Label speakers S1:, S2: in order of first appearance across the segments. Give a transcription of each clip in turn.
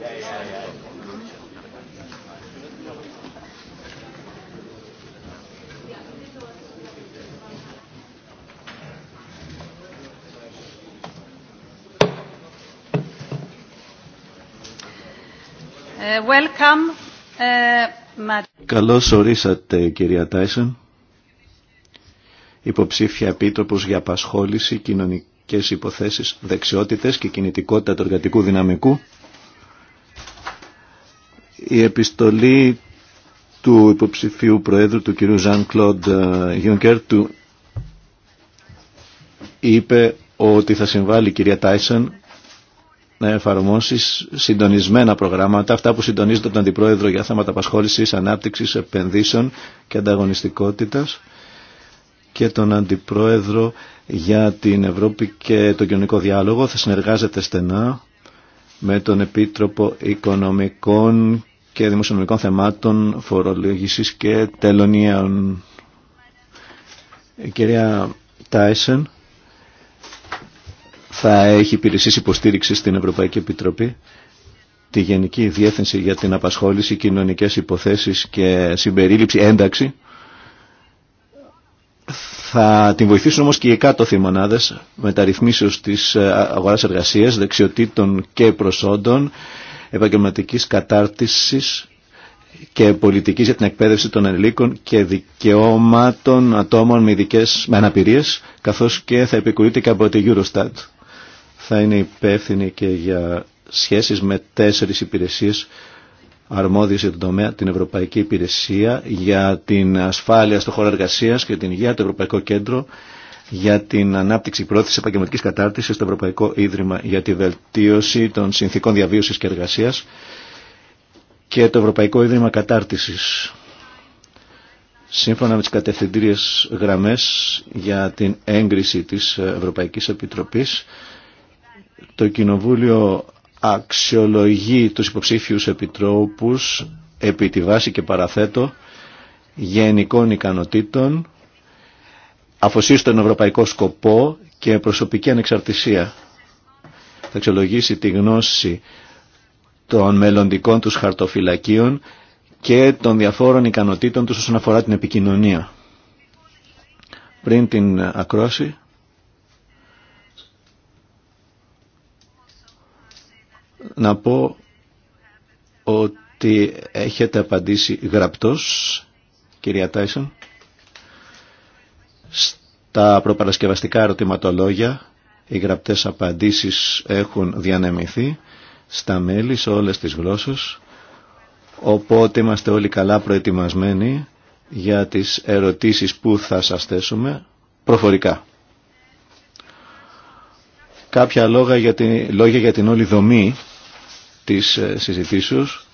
S1: Ε, ε,
S2: Καλώς ορίσατε κυρία Τάισον, υποψήφια επίτροπος για απασχόληση, κοινωνικές υποθέσεις, δεξιότητες και κινητικότητα του εργατικού δυναμικού η επιστολή του υποψηφίου Προέδρου του κ. Ζαν Κλοντ Γιονκέρ του είπε ότι θα συμβάλει η κυρία Τάισον να εφαρμόσει συντονισμένα προγράμματα, αυτά που συντονίζονται τον Αντιπρόεδρο για θέματα απασχόλησης, ανάπτυξης, επενδύσεων και ανταγωνιστικότητας και τον Αντιπρόεδρο για την Ευρώπη και τον κοινωνικό διάλογο. Θα συνεργάζεται στενά με τον Επίτροπο Οικονομικών και δημοσιονομικών θεμάτων, φορολογήσης και τελωνίων. Η κυρία Τάισεν θα έχει υπηρεσίες υποστήριξη στην Ευρωπαϊκή Επιτροπή, τη Γενική Διεύθυνση για την Απασχόληση, Κοινωνικές Υποθέσεις και Συμπερίληψη, Ένταξη. Θα την βοηθήσουν όμως και οι κάτω μονάδες μεταρρυθμίσεως της αγοράς εργασίας, δεξιοτήτων και προσόντων επαγγελματικής κατάρτισης και πολιτικής για την εκπαίδευση των ανηλίκων και δικαιώματων ατόμων με, ειδικές, με αναπηρίες, καθώς και θα επικουρείται και από τη Eurostat. Θα είναι υπεύθυνη και για σχέσεις με τέσσερις υπηρεσίες αρμόδιες για τον τομέα, την Ευρωπαϊκή Υπηρεσία για την ασφάλεια στο χώρο εργασίας και την υγεία, το Ευρωπαϊκό Κέντρο για την ανάπτυξη πρόθεση επαγγελματική κατάρτιση στο Ευρωπαϊκό Ίδρυμα για τη βελτίωση των συνθήκων διαβίωση και εργασία και το Ευρωπαϊκό Ίδρυμα Κατάρτιση. Σύμφωνα με τι κατευθυντήριε γραμμέ για την έγκριση τη Ευρωπαϊκή Επιτροπή, το Κοινοβούλιο αξιολογεί τους υποψήφιους επιτρόπους επί τη βάση και παραθέτω γενικών ικανοτήτων αφοσίωση τον ευρωπαϊκό σκοπό και προσωπική ανεξαρτησία. Θα αξιολογήσει τη γνώση των μελλοντικών τους χαρτοφυλακίων και των διαφόρων ικανοτήτων τους όσον αφορά την επικοινωνία. Πριν την ακρόση, να πω ότι έχετε απαντήσει γραπτός, κυρία Τάισον, στα προπαρασκευαστικά ερωτηματολόγια οι γραπτές απαντήσεις έχουν διανεμηθεί στα μέλη σε όλες τις γλώσσες οπότε είμαστε όλοι καλά προετοιμασμένοι για τις ερωτήσεις που θα σας θέσουμε προφορικά. Κάποια λόγια για την, την όλη δομή της ε, συζητήσεως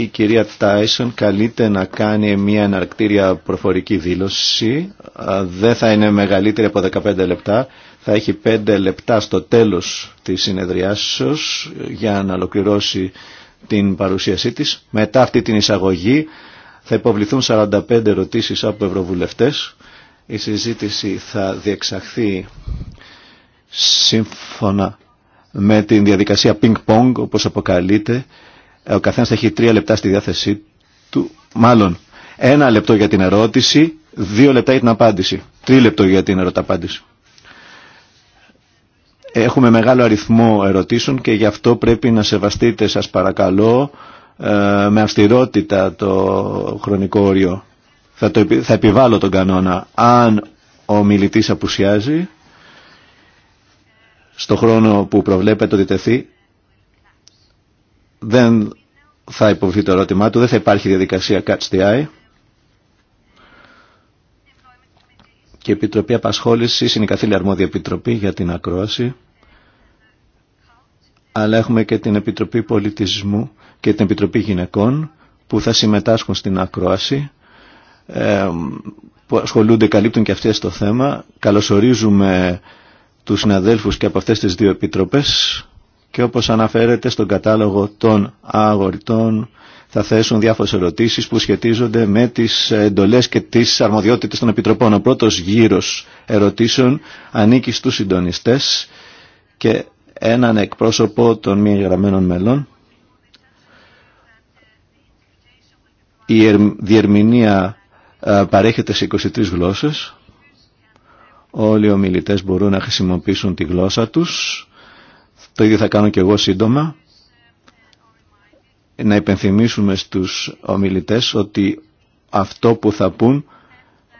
S2: η κυρία Τάισον καλείται να κάνει μια εναρκτήρια προφορική δήλωση. Δεν θα είναι μεγαλύτερη από 15 λεπτά. Θα έχει 5 λεπτά στο τέλος της συνεδριάσεως για να ολοκληρώσει την παρουσίασή της. Μετά αυτή την εισαγωγή θα υποβληθούν 45 ερωτήσεις από ευρωβουλευτές. Η συζήτηση θα διεξαχθεί σύμφωνα με την διαδικασία ping-pong όπως αποκαλείται ε, ο καθένα θα έχει τρία λεπτά στη διάθεσή του. Μάλλον, ένα λεπτό για την ερώτηση, δύο λεπτά για την απάντηση. Τρία λεπτό για την ερωταπάντηση. Έχουμε μεγάλο αριθμό ερωτήσεων και γι' αυτό πρέπει να σεβαστείτε σας παρακαλώ ε, με αυστηρότητα το χρονικό όριο. Θα, θα επιβάλλω τον κανόνα. Αν ο μιλητής απουσιάζει, στο χρόνο που προβλέπεται ότι τεθεί, δεν θα υποβληθεί το ερώτημά του, δεν θα υπάρχει διαδικασία catch the eye. Και η Επιτροπή Απασχόλησης είναι η καθήλια αρμόδια επιτροπή για την ακρόαση. Αλλά έχουμε και την Επιτροπή Πολιτισμού και την Επιτροπή Γυναικών που θα συμμετάσχουν στην ακρόαση ε, που ασχολούνται, καλύπτουν και αυτές το θέμα. Καλωσορίζουμε τους συναδέλφους και από αυτές τις δύο επιτροπές και όπως αναφέρεται στον κατάλογο των αγορητών θα θέσουν διάφορες ερωτήσεις που σχετίζονται με τις εντολές και τις αρμοδιότητες των επιτροπών. Ο πρώτος γύρος ερωτήσεων ανήκει στους συντονιστές και έναν εκπρόσωπο των μη εγγραμμένων μελών. Η διερμηνία ε, παρέχεται σε 23 γλώσσες. Όλοι οι ομιλητές μπορούν να χρησιμοποιήσουν τη γλώσσα τους το ίδιο θα κάνω και εγώ σύντομα. Να υπενθυμίσουμε στους ομιλητές ότι αυτό που θα πούν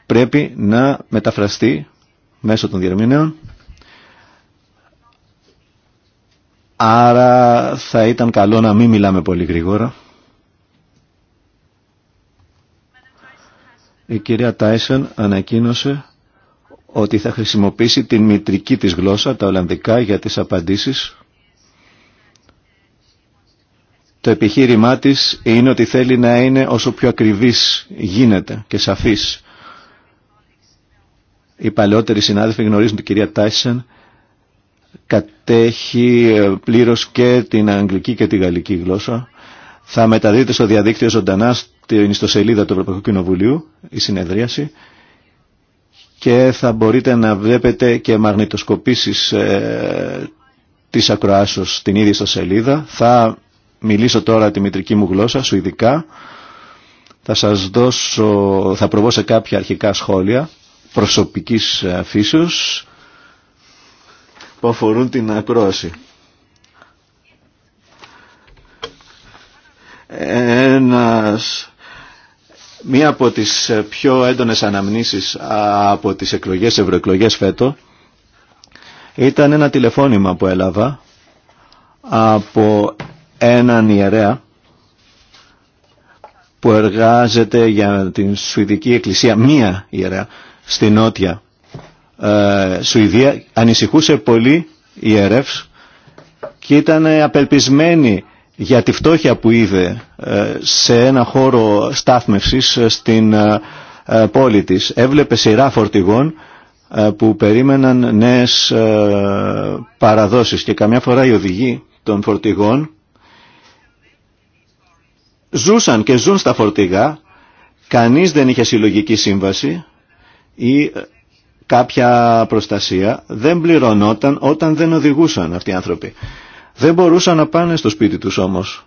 S2: πρέπει να μεταφραστεί μέσω των διερμηνέων. Άρα θα ήταν καλό να μην μιλάμε πολύ γρήγορα. Η κυρία Τάισεν ανακοίνωσε ότι θα χρησιμοποιήσει την μητρική της γλώσσα, τα Ολλανδικά, για τις απαντήσεις το επιχείρημά της είναι ότι θέλει να είναι όσο πιο ακριβής γίνεται και σαφής. Οι παλαιότεροι συνάδελφοι γνωρίζουν την κυρία Τάισεν κατέχει ε, πλήρως και την αγγλική και τη γαλλική γλώσσα. Θα μεταδίδεται στο διαδίκτυο ζωντανά στην ιστοσελίδα του Ευρωπαϊκού Κοινοβουλίου η συνεδρίαση και θα μπορείτε να βλέπετε και μαγνητοσκοπήσεις ε, της ακροάσεως στην ίδια ιστοσελίδα. Θα μιλήσω τώρα τη μητρική μου γλώσσα, σου ειδικά. Θα σας δώσω, θα προβώ σε κάποια αρχικά σχόλια προσωπικής ε, φύσεως που αφορούν την ακρόαση. Ένας, μία από τις ε, πιο έντονες αναμνήσεις από τις εκλογές, ευρωεκλογές φέτο ήταν ένα τηλεφώνημα που έλαβα από έναν ιερέα που εργάζεται για την Σουηδική Εκκλησία, μία ιερέα, στη Νότια ε, Σουηδία, ανησυχούσε πολύ ιερεύς και ήταν απελπισμένη για τη φτώχεια που είδε ε, σε ένα χώρο στάθμευσης ε, στην πόλη της. Έβλεπε σειρά φορτηγών που περίμεναν νέες παραδόσεις και καμιά φορά οι οδηγοί των φορτηγών ζούσαν και ζουν στα φορτηγά, κανείς δεν είχε συλλογική σύμβαση ή ε, κάποια προστασία, δεν πληρωνόταν όταν δεν οδηγούσαν αυτοί οι άνθρωποι. Δεν μπορούσαν να πάνε στο σπίτι τους όμως.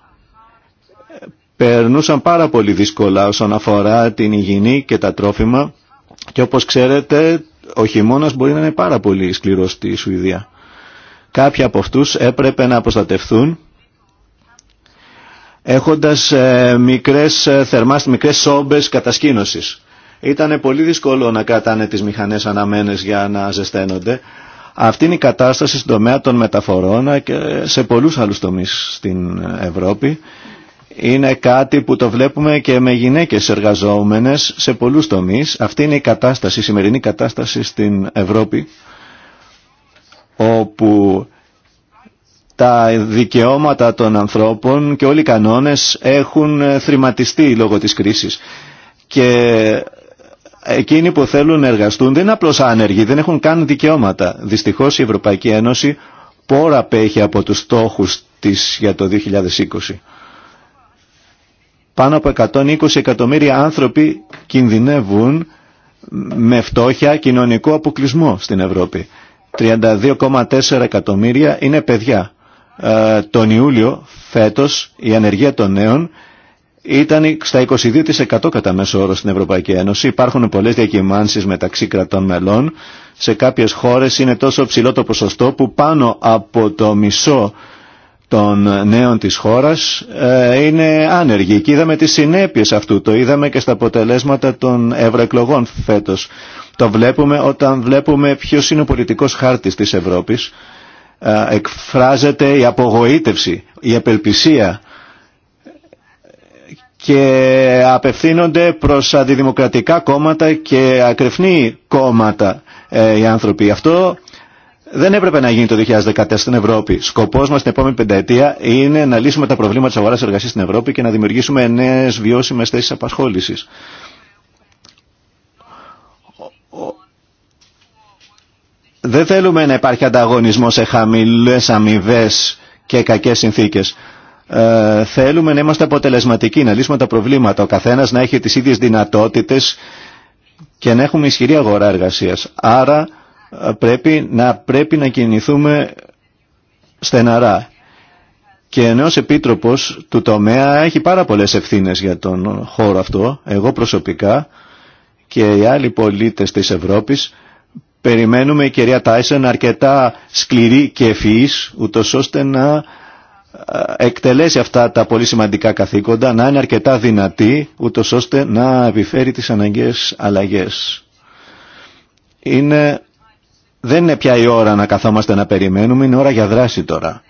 S2: Περνούσαν πάρα πολύ δύσκολα όσον αφορά την υγιεινή και τα τρόφιμα και όπως ξέρετε ο χειμώνα μπορεί να είναι πάρα πολύ σκληρός στη Σουηδία. Κάποιοι από αυτούς έπρεπε να προστατευθούν έχοντας ε, μικρές ε, θερμάς, μικρές σόμπες κατασκήνωσης. Ήταν πολύ δύσκολο να κρατάνε τις μηχανές αναμένες για να ζεσταίνονται. Αυτή είναι η κατάσταση στον τομέα των μεταφορών και σε πολλούς άλλους τομείς στην Ευρώπη. Είναι κάτι που το βλέπουμε και με γυναίκες εργαζόμενες σε πολλούς τομείς. Αυτή είναι η κατάσταση, η σημερινή κατάσταση στην Ευρώπη όπου τα δικαιώματα των ανθρώπων και όλοι οι κανόνες έχουν ε, θρηματιστεί λόγω της κρίσης. Και εκείνοι που θέλουν να εργαστούν δεν είναι απλώς άνεργοι, δεν έχουν καν δικαιώματα. Δυστυχώς η Ευρωπαϊκή Ένωση πόρα απέχει από τους στόχους της για το 2020. Πάνω από 120 εκατομμύρια άνθρωποι κινδυνεύουν με φτώχεια κοινωνικό αποκλεισμό στην Ευρώπη. 32,4 εκατομμύρια είναι παιδιά. Ε, τον Ιούλιο φέτος η ανεργία των νέων ήταν στα 22% κατά μέσο όρο στην Ευρωπαϊκή Ένωση. Υπάρχουν πολλές διακυμάνσεις μεταξύ κρατών μελών. Σε κάποιες χώρες είναι τόσο ψηλό το ποσοστό που πάνω από το μισό των νέων της χώρας ε, είναι άνεργοι. Και είδαμε τις συνέπειες αυτού. Το είδαμε και στα αποτελέσματα των ευρωεκλογών φέτος. Το βλέπουμε όταν βλέπουμε ποιος είναι ο πολιτικός χάρτης της Ευρώπης ε, εκφράζεται η απογοήτευση, η απελπισία και απευθύνονται προς αντιδημοκρατικά κόμματα και ακρεφνή κόμματα ε, οι άνθρωποι. Αυτό δεν έπρεπε να γίνει το 2014 στην Ευρώπη. Σκοπός μας την επόμενη πενταετία είναι να λύσουμε τα προβλήματα της αγοράς εργασίας στην Ευρώπη και να δημιουργήσουμε νέες βιώσιμες θέσεις απασχόλησης. Δεν θέλουμε να υπάρχει ανταγωνισμό σε χαμηλές αμοιβέ και κακές συνθήκες. Ε, θέλουμε να είμαστε αποτελεσματικοί, να λύσουμε τα προβλήματα. Ο καθένας να έχει τις ίδιες δυνατότητες και να έχουμε ισχυρή αγορά εργασίας. Άρα ε, πρέπει να, πρέπει να κινηθούμε στεναρά. Και ο νέος επίτροπος του τομέα έχει πάρα πολλές ευθύνες για τον χώρο αυτό. Εγώ προσωπικά και οι άλλοι πολίτες της Ευρώπης περιμένουμε η κυρία Τάισεν αρκετά σκληρή και ευφυής, ούτως ώστε να ε, εκτελέσει αυτά τα πολύ σημαντικά καθήκοντα, να είναι αρκετά δυνατή, ούτως ώστε να επιφέρει τις αναγκαίες αλλαγές. Είναι, δεν είναι πια η ώρα να καθόμαστε να περιμένουμε, είναι ώρα για δράση τώρα.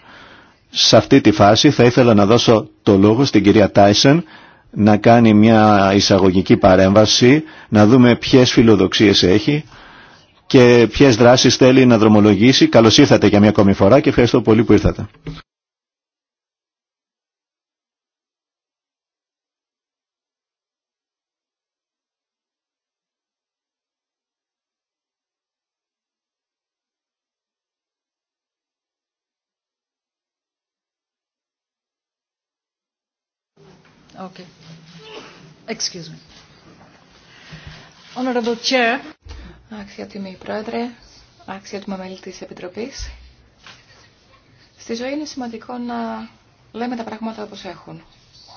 S2: Σε αυτή τη φάση θα ήθελα να δώσω το λόγο στην κυρία Τάισεν να κάνει μια εισαγωγική παρέμβαση, να δούμε ποιες φιλοδοξίες έχει και ποιε δράσεις θέλει να δρομολογήσει. καλώ ήρθατε για μια ακόμη φορά και ευχαριστώ πολύ που ήρθατε.
S3: Okay. Excuse me. Honorable Chair τιμή, Πρόεδρε, αξιότιμα μέλη της Επιτροπής. Στη ζωή είναι σημαντικό να λέμε τα πράγματα όπως έχουν,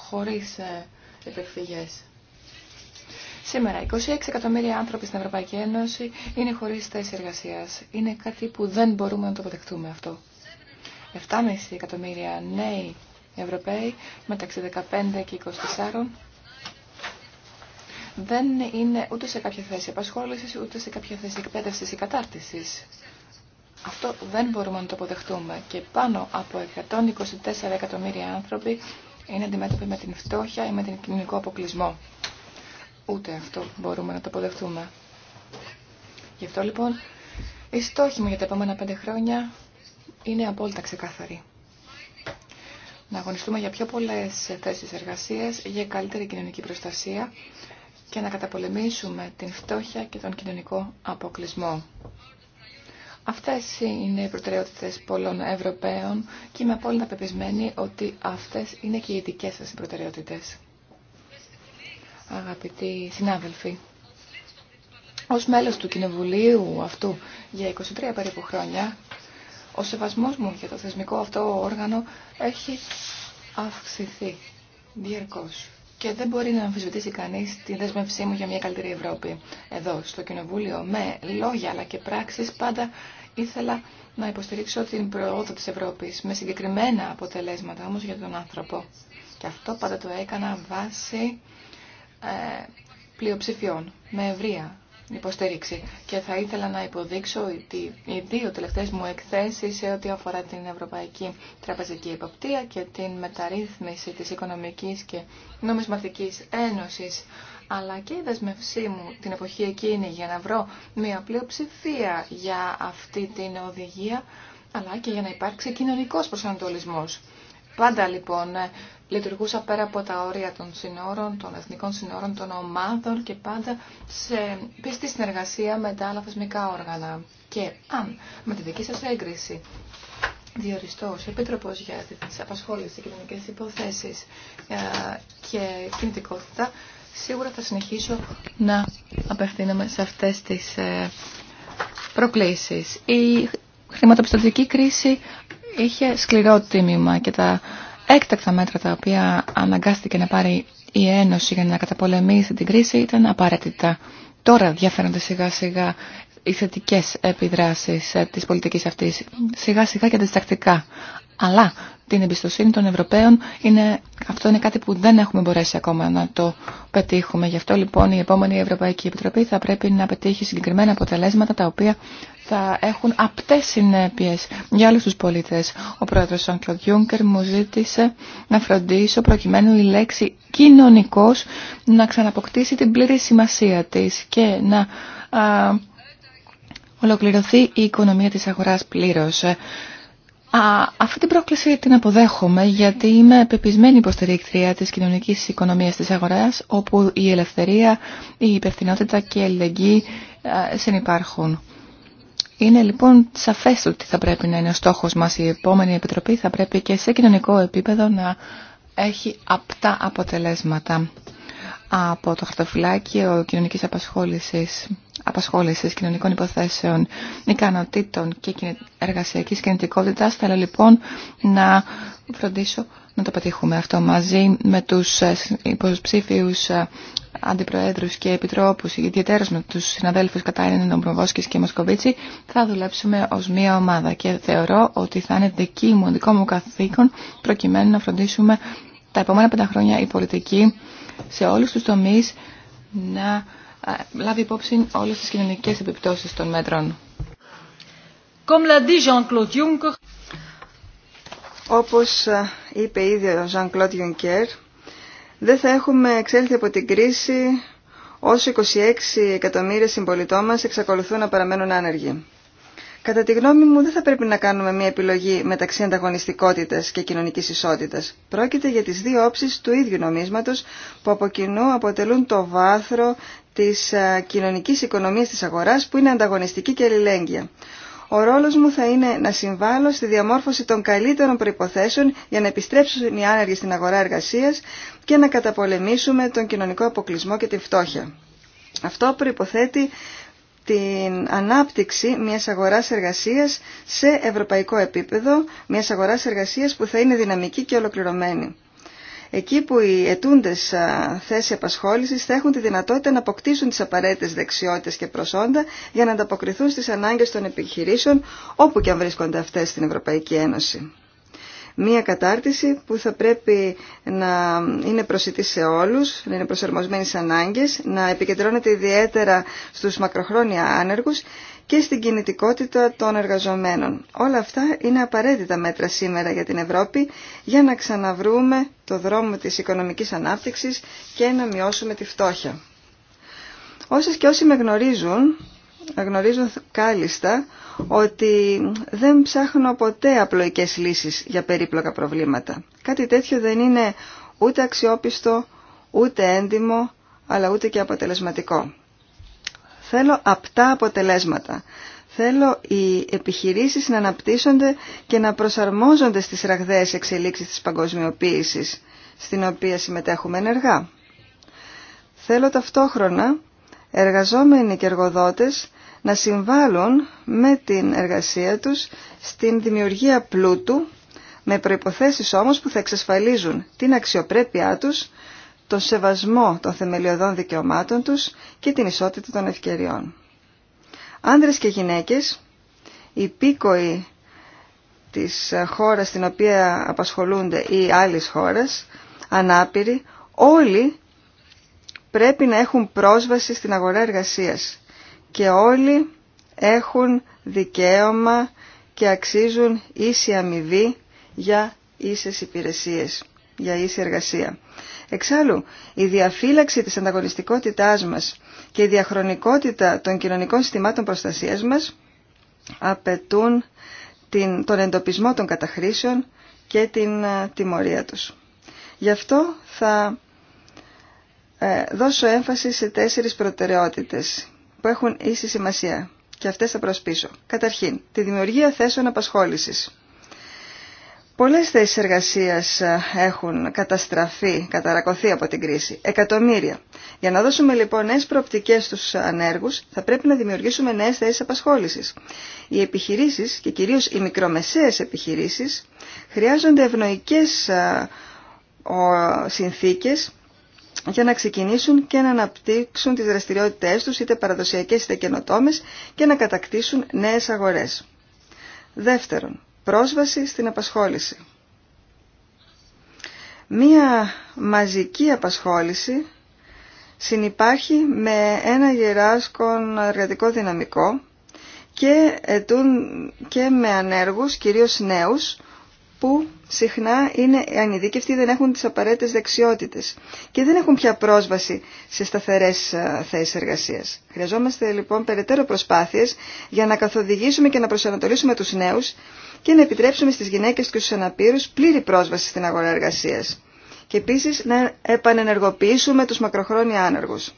S3: χωρίς ε, επεκφυγές. Σήμερα, 26 εκατομμύρια άνθρωποι στην Ευρωπαϊκή Ένωση είναι χωρίς θέση εργασία. Είναι κάτι που δεν μπορούμε να το αποδεχτούμε αυτό. 7,5 εκατομμύρια νέοι Ευρωπαίοι μεταξύ 15 και 24 δεν είναι ούτε σε κάποια θέση απασχόλησης, ούτε σε κάποια θέση εκπαίδευσης ή κατάρτισης. Αυτό δεν μπορούμε να το αποδεχτούμε και πάνω από 124 εκατομμύρια άνθρωποι είναι αντιμέτωποι με την φτώχεια ή με την κοινωνικό αποκλεισμό. Ούτε αυτό μπορούμε να το αποδεχτούμε. Γι' αυτό λοιπόν η στόχη μου για τα επόμενα πέντε χρόνια είναι απόλυτα ξεκάθαρη. Να αγωνιστούμε για πιο πολλές θέσεις εργασίας, για καλύτερη κοινωνική προστασία, και να καταπολεμήσουμε την φτώχεια και τον κοινωνικό αποκλεισμό. Αυτές είναι οι προτεραιότητες πολλών Ευρωπαίων και είμαι απόλυτα πεπισμένη ότι αυτές είναι και οι δικές σας προτεραιότητες. Αγαπητοί συνάδελφοι, ως μέλος του Κοινοβουλίου αυτού για 23 περίπου χρόνια, ο σεβασμός μου για το θεσμικό αυτό όργανο έχει αυξηθεί διαρκώς και δεν μπορεί να αμφισβητήσει κανεί τη δέσμευσή μου για μια καλύτερη Ευρώπη. Εδώ, στο Κοινοβούλιο, με λόγια αλλά και πράξεις, πάντα ήθελα να υποστηρίξω την προόδο της Ευρώπης με συγκεκριμένα αποτελέσματα όμως για τον άνθρωπο. Και αυτό πάντα το έκανα βάσει ε, πλειοψηφιών, με ευρεία υποστήριξη. Και θα ήθελα να υποδείξω ότι οι δύο τελευταίες μου εκθέσεις σε ό,τι αφορά την Ευρωπαϊκή Τραπεζική Υποπτία και την μεταρρύθμιση της Οικονομικής και Νομισματικής Ένωσης αλλά και η δεσμευσή μου την εποχή εκείνη για να βρω μια πλειοψηφία για αυτή την οδηγία αλλά και για να υπάρξει κοινωνικός προσανατολισμός. Πάντα λοιπόν ε, λειτουργούσα πέρα από τα όρια των συνόρων, των εθνικών συνόρων, των ομάδων και πάντα σε πιστή συνεργασία με τα άλλα θεσμικά όργανα. Και αν με τη δική σας έγκριση διοριστώ ως Επίτροπος για τις απασχόλησης και κοινωνικές υποθέσεις ε, και κινητικότητα, σίγουρα θα συνεχίσω να απευθύνομαι σε αυτές τις ε, προκλήσεις. Η χρηματοπιστωτική κρίση είχε σκληρό τίμημα και τα έκτακτα μέτρα τα οποία αναγκάστηκε να πάρει η Ένωση για να καταπολεμήσει την κρίση ήταν απαραίτητα. Τώρα διαφέρονται σιγά σιγά οι θετικέ επιδράσεις ε, της πολιτικής αυτής, σιγά σιγά και αντιστακτικά. Αλλά την εμπιστοσύνη των Ευρωπαίων, είναι, αυτό είναι κάτι που δεν έχουμε μπορέσει ακόμα να το πετύχουμε. Γι' αυτό λοιπόν η επόμενη Ευρωπαϊκή Επιτροπή θα πρέπει να πετύχει συγκεκριμένα αποτελέσματα τα οποία θα έχουν απτές συνέπειες για όλους τους πολίτες. Ο πρόεδρος Σαν Γιούνκερ μου ζήτησε να φροντίσω προκειμένου η λέξη κοινωνικός να ξαναποκτήσει την πλήρη σημασία της και να ολοκληρωθεί η οικονομία της αγοράς πλήρως. Α, αυτή την πρόκληση την αποδέχομαι γιατί είμαι πεπισμένη υποστηρίκτρια της κοινωνικής οικονομίας της αγοράς όπου η ελευθερία, η υπευθυνότητα και η αλληλεγγύη ε, συνυπάρχουν. Είναι λοιπόν σαφές ότι θα πρέπει να είναι ο στόχος μας η επόμενη επιτροπή θα πρέπει και σε κοινωνικό επίπεδο να έχει απτά αποτελέσματα από το ο κοινωνικής απασχόλησης απασχόλησης κοινωνικών υποθέσεων, ικανοτήτων και εργασιακής κινητικότητας. Θέλω λοιπόν να φροντίσω να το πετύχουμε αυτό μαζί με τους ε, υποψήφιους ε, αντιπροέδρους και επιτρόπους, ιδιαίτερως με τους συναδέλφους Κατάριν Νομπροβόσκης και Μοσκοβίτση, θα δουλέψουμε ως μία ομάδα και θεωρώ ότι θα είναι δική μου, δικό μου καθήκον προκειμένου να φροντίσουμε τα επόμενα πέντε χρόνια η πολιτική σε όλους τους τομείς να λάβει υπόψη όλες τις κοινωνικές επιπτώσεις των μέτρων.
S4: Όπως ε, είπε ήδη ο Jean-Claude Juncker, δεν θα έχουμε εξέλθει από την κρίση όσο 26 εκατομμύρια συμπολιτών μας εξακολουθούν να παραμένουν άνεργοι. Κατά τη γνώμη μου δεν θα πρέπει να κάνουμε μια επιλογή μεταξύ ανταγωνιστικότητας και κοινωνικής ισότητας. Πρόκειται για τις δύο όψεις του ίδιου νομίσματος που από κοινού αποτελούν το βάθρο της ε, κοινωνικής οικονομίας της αγοράς που είναι ανταγωνιστική και αλληλέγγυα. Ο ρόλος μου θα είναι να συμβάλλω στη διαμόρφωση των καλύτερων προϋποθέσεων για να επιστρέψουν οι άνεργοι στην αγορά εργασίας και να καταπολεμήσουμε τον κοινωνικό αποκλεισμό και την φτώχεια. Αυτό προϋποθέτει την ανάπτυξη μιας αγοράς εργασίας σε ευρωπαϊκό επίπεδο, μιας αγοράς εργασίας που θα είναι δυναμική και ολοκληρωμένη εκεί που οι ετούντες θέση απασχόλησης θα έχουν τη δυνατότητα να αποκτήσουν τις απαραίτητες δεξιότητες και προσόντα για να ανταποκριθούν στις ανάγκες των επιχειρήσεων όπου και αν βρίσκονται αυτές στην Ευρωπαϊκή Ένωση. Μία κατάρτιση που θα πρέπει να είναι προσιτή σε όλους, να είναι προσαρμοσμένη στις ανάγκες, να επικεντρώνεται ιδιαίτερα στους μακροχρόνια άνεργους και στην κινητικότητα των εργαζομένων. Όλα αυτά είναι απαραίτητα μέτρα σήμερα για την Ευρώπη για να ξαναβρούμε το δρόμο της οικονομικής ανάπτυξης και να μειώσουμε τη φτώχεια. Όσες και όσοι με γνωρίζουν, γνωρίζουν κάλλιστα ότι δεν ψάχνω ποτέ απλοϊκές λύσεις για περίπλοκα προβλήματα. Κάτι τέτοιο δεν είναι ούτε αξιόπιστο, ούτε έντιμο, αλλά ούτε και αποτελεσματικό. Θέλω απτά αποτελέσματα. Θέλω οι επιχειρήσεις να αναπτύσσονται και να προσαρμόζονται στις ραγδαίες εξελίξεις της παγκοσμιοποίησης, στην οποία συμμετέχουμε ενεργά. Θέλω ταυτόχρονα εργαζόμενοι και εργοδότες να συμβάλλουν με την εργασία τους στην δημιουργία πλούτου, με προϋποθέσεις όμως που θα εξασφαλίζουν την αξιοπρέπειά τους τον σεβασμό των θεμελιωδών δικαιωμάτων τους και την ισότητα των ευκαιριών. Άνδρες και γυναίκες, υπήκοοι της χώρας στην οποία απασχολούνται ή άλλης χώρας, ανάπηροι, όλοι πρέπει να έχουν πρόσβαση στην αγορά εργασίας και όλοι έχουν δικαίωμα και αξίζουν ίση αμοιβή για ίσες υπηρεσίες για ίση εργασία. Εξάλλου, η διαφύλαξη της ανταγωνιστικότητάς μας και η διαχρονικότητα των κοινωνικών συστημάτων προστασίας μας απαιτούν την, τον εντοπισμό των καταχρήσεων και την ε, τιμωρία τους. Γι' αυτό θα ε, δώσω έμφαση σε τέσσερις προτεραιότητες που έχουν ίση σημασία και αυτές θα προσπίσω. Καταρχήν, τη δημιουργία θέσεων απασχόλησης. Πολλές θέσεις εργασίας ε, έχουν καταστραφεί, καταρακωθεί από την κρίση. Εκατομμύρια. Για να δώσουμε λοιπόν νέες προοπτικές στους ανέργους, θα πρέπει να δημιουργήσουμε νέες θέσεις απασχόλησης. Οι επιχειρήσεις και κυρίως οι μικρομεσαίες επιχειρήσεις χρειάζονται ευνοϊκές ε, συνθήκες για να ξεκινήσουν και να αναπτύξουν τις δραστηριότητές τους, είτε παραδοσιακές είτε καινοτόμες, και να κατακτήσουν νέες αγορές. Δεύτερον, πρόσβαση στην απασχόληση. Μία μαζική απασχόληση συνυπάρχει με ένα γεράσκον εργατικό δυναμικό και, και με ανέργους, κυρίως νέους, που συχνά είναι ανειδίκευτοι, δεν έχουν τις απαραίτητες δεξιότητες και δεν έχουν πια πρόσβαση σε σταθερές ε, θέσεις εργασίας. Χρειαζόμαστε λοιπόν περαιτέρω προσπάθειες για να καθοδηγήσουμε και να προσανατολίσουμε τους νέους και να επιτρέψουμε στις γυναίκες και στους αναπήρους πλήρη πρόσβαση στην αγορά εργασίας. Και επίσης να επανενεργοποιήσουμε τους μακροχρόνια άνεργους.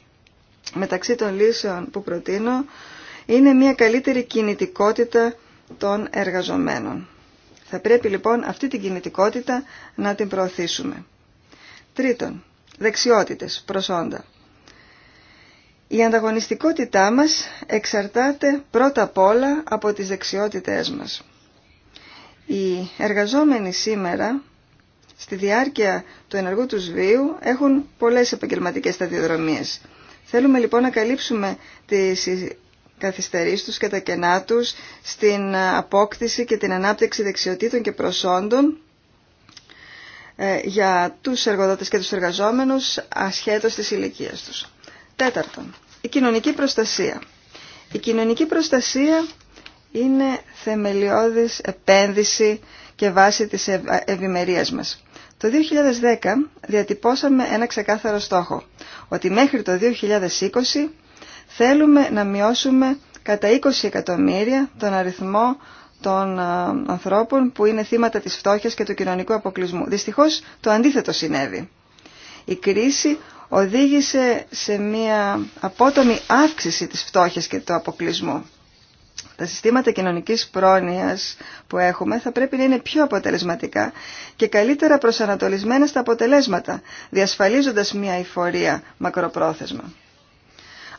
S4: Μεταξύ των λύσεων που προτείνω είναι μια καλύτερη κινητικότητα των εργαζομένων. Θα πρέπει λοιπόν αυτή την κινητικότητα να την προωθήσουμε. Τρίτον, δεξιότητες, προσόντα. Η ανταγωνιστικότητά μας εξαρτάται πρώτα απ' όλα από τις δεξιότητές μας. Οι εργαζόμενοι σήμερα στη διάρκεια του ενεργού τους βίου έχουν πολλές επαγγελματικές σταδιοδρομίες. Θέλουμε λοιπόν να καλύψουμε τις καθυστερήσεις τους και τα κενά τους στην απόκτηση και την ανάπτυξη δεξιοτήτων και προσόντων ε, για τους εργοδότες και τους εργαζόμενους ασχέτως της ηλικία τους. Τέταρτον, η κοινωνική προστασία. Η κοινωνική προστασία είναι θεμελιώδης επένδυση και βάση της ευημερία μας. Το 2010 διατυπώσαμε ένα ξεκάθαρο στόχο, ότι μέχρι το 2020 θέλουμε να μειώσουμε κατά 20 εκατομμύρια τον αριθμό των ανθρώπων που είναι θύματα της φτώχειας και του κοινωνικού αποκλεισμού. Δυστυχώς το αντίθετο συνέβη. Η κρίση οδήγησε σε μια απότομη αύξηση της φτώχειας και του αποκλεισμού τα συστήματα κοινωνικής πρόνοιας που έχουμε θα πρέπει να είναι πιο αποτελεσματικά και καλύτερα προσανατολισμένα στα αποτελέσματα, διασφαλίζοντας μια εφορία μακροπρόθεσμα.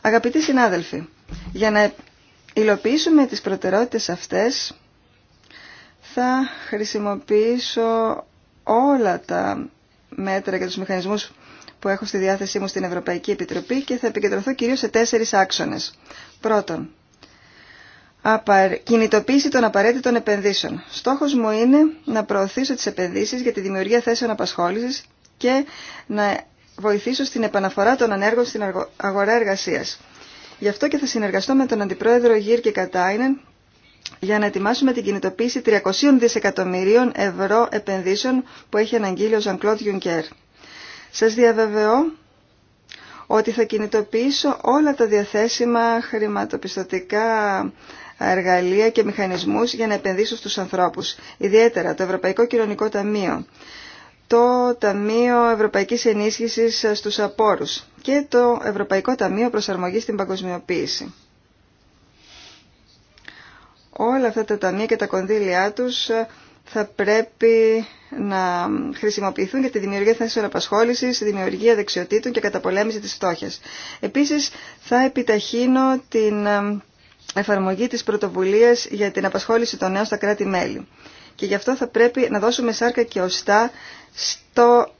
S4: Αγαπητοί συνάδελφοι, για να υλοποιήσουμε τις προτεραιότητες αυτές θα χρησιμοποιήσω όλα τα μέτρα και τους μηχανισμούς που έχω στη διάθεσή μου στην Ευρωπαϊκή Επιτροπή και θα επικεντρωθώ κυρίως σε τέσσερις άξονες. Πρώτον, Κινητοποίηση των απαραίτητων επενδύσεων. Στόχος μου είναι να προωθήσω τις επενδύσεις για τη δημιουργία θέσεων απασχόλησης και να βοηθήσω στην επαναφορά των ανέργων στην αγορά εργασίας. Γι' αυτό και θα συνεργαστώ με τον Αντιπρόεδρο Γύρ και Κατάινεν για να ετοιμάσουμε την κινητοποίηση 300 δισεκατομμυρίων ευρώ επενδύσεων που έχει αναγγείλει ο Ζανκλώδ Γιουνκέρ. Σας διαβεβαιώ ότι θα κινητοποιήσω όλα τα διαθέσιμα χρηματοπιστωτικά εργαλεία και μηχανισμούς για να επενδύσουν στους ανθρώπους. Ιδιαίτερα το Ευρωπαϊκό Κοινωνικό Ταμείο, το Ταμείο Ευρωπαϊκής Ενίσχυσης στους Απόρους και το Ευρωπαϊκό Ταμείο Προσαρμογής στην Παγκοσμιοποίηση. Όλα αυτά τα ταμεία και τα κονδύλια τους θα πρέπει να χρησιμοποιηθούν για τη δημιουργία θέσεων απασχόληση, δημιουργία δεξιοτήτων και καταπολέμηση τη φτώχεια. Επίση, θα επιταχύνω την εφαρμογή της πρωτοβουλίας για την απασχόληση των νέων στα κράτη-μέλη. Και γι' αυτό θα πρέπει να δώσουμε σάρκα και οστά στο,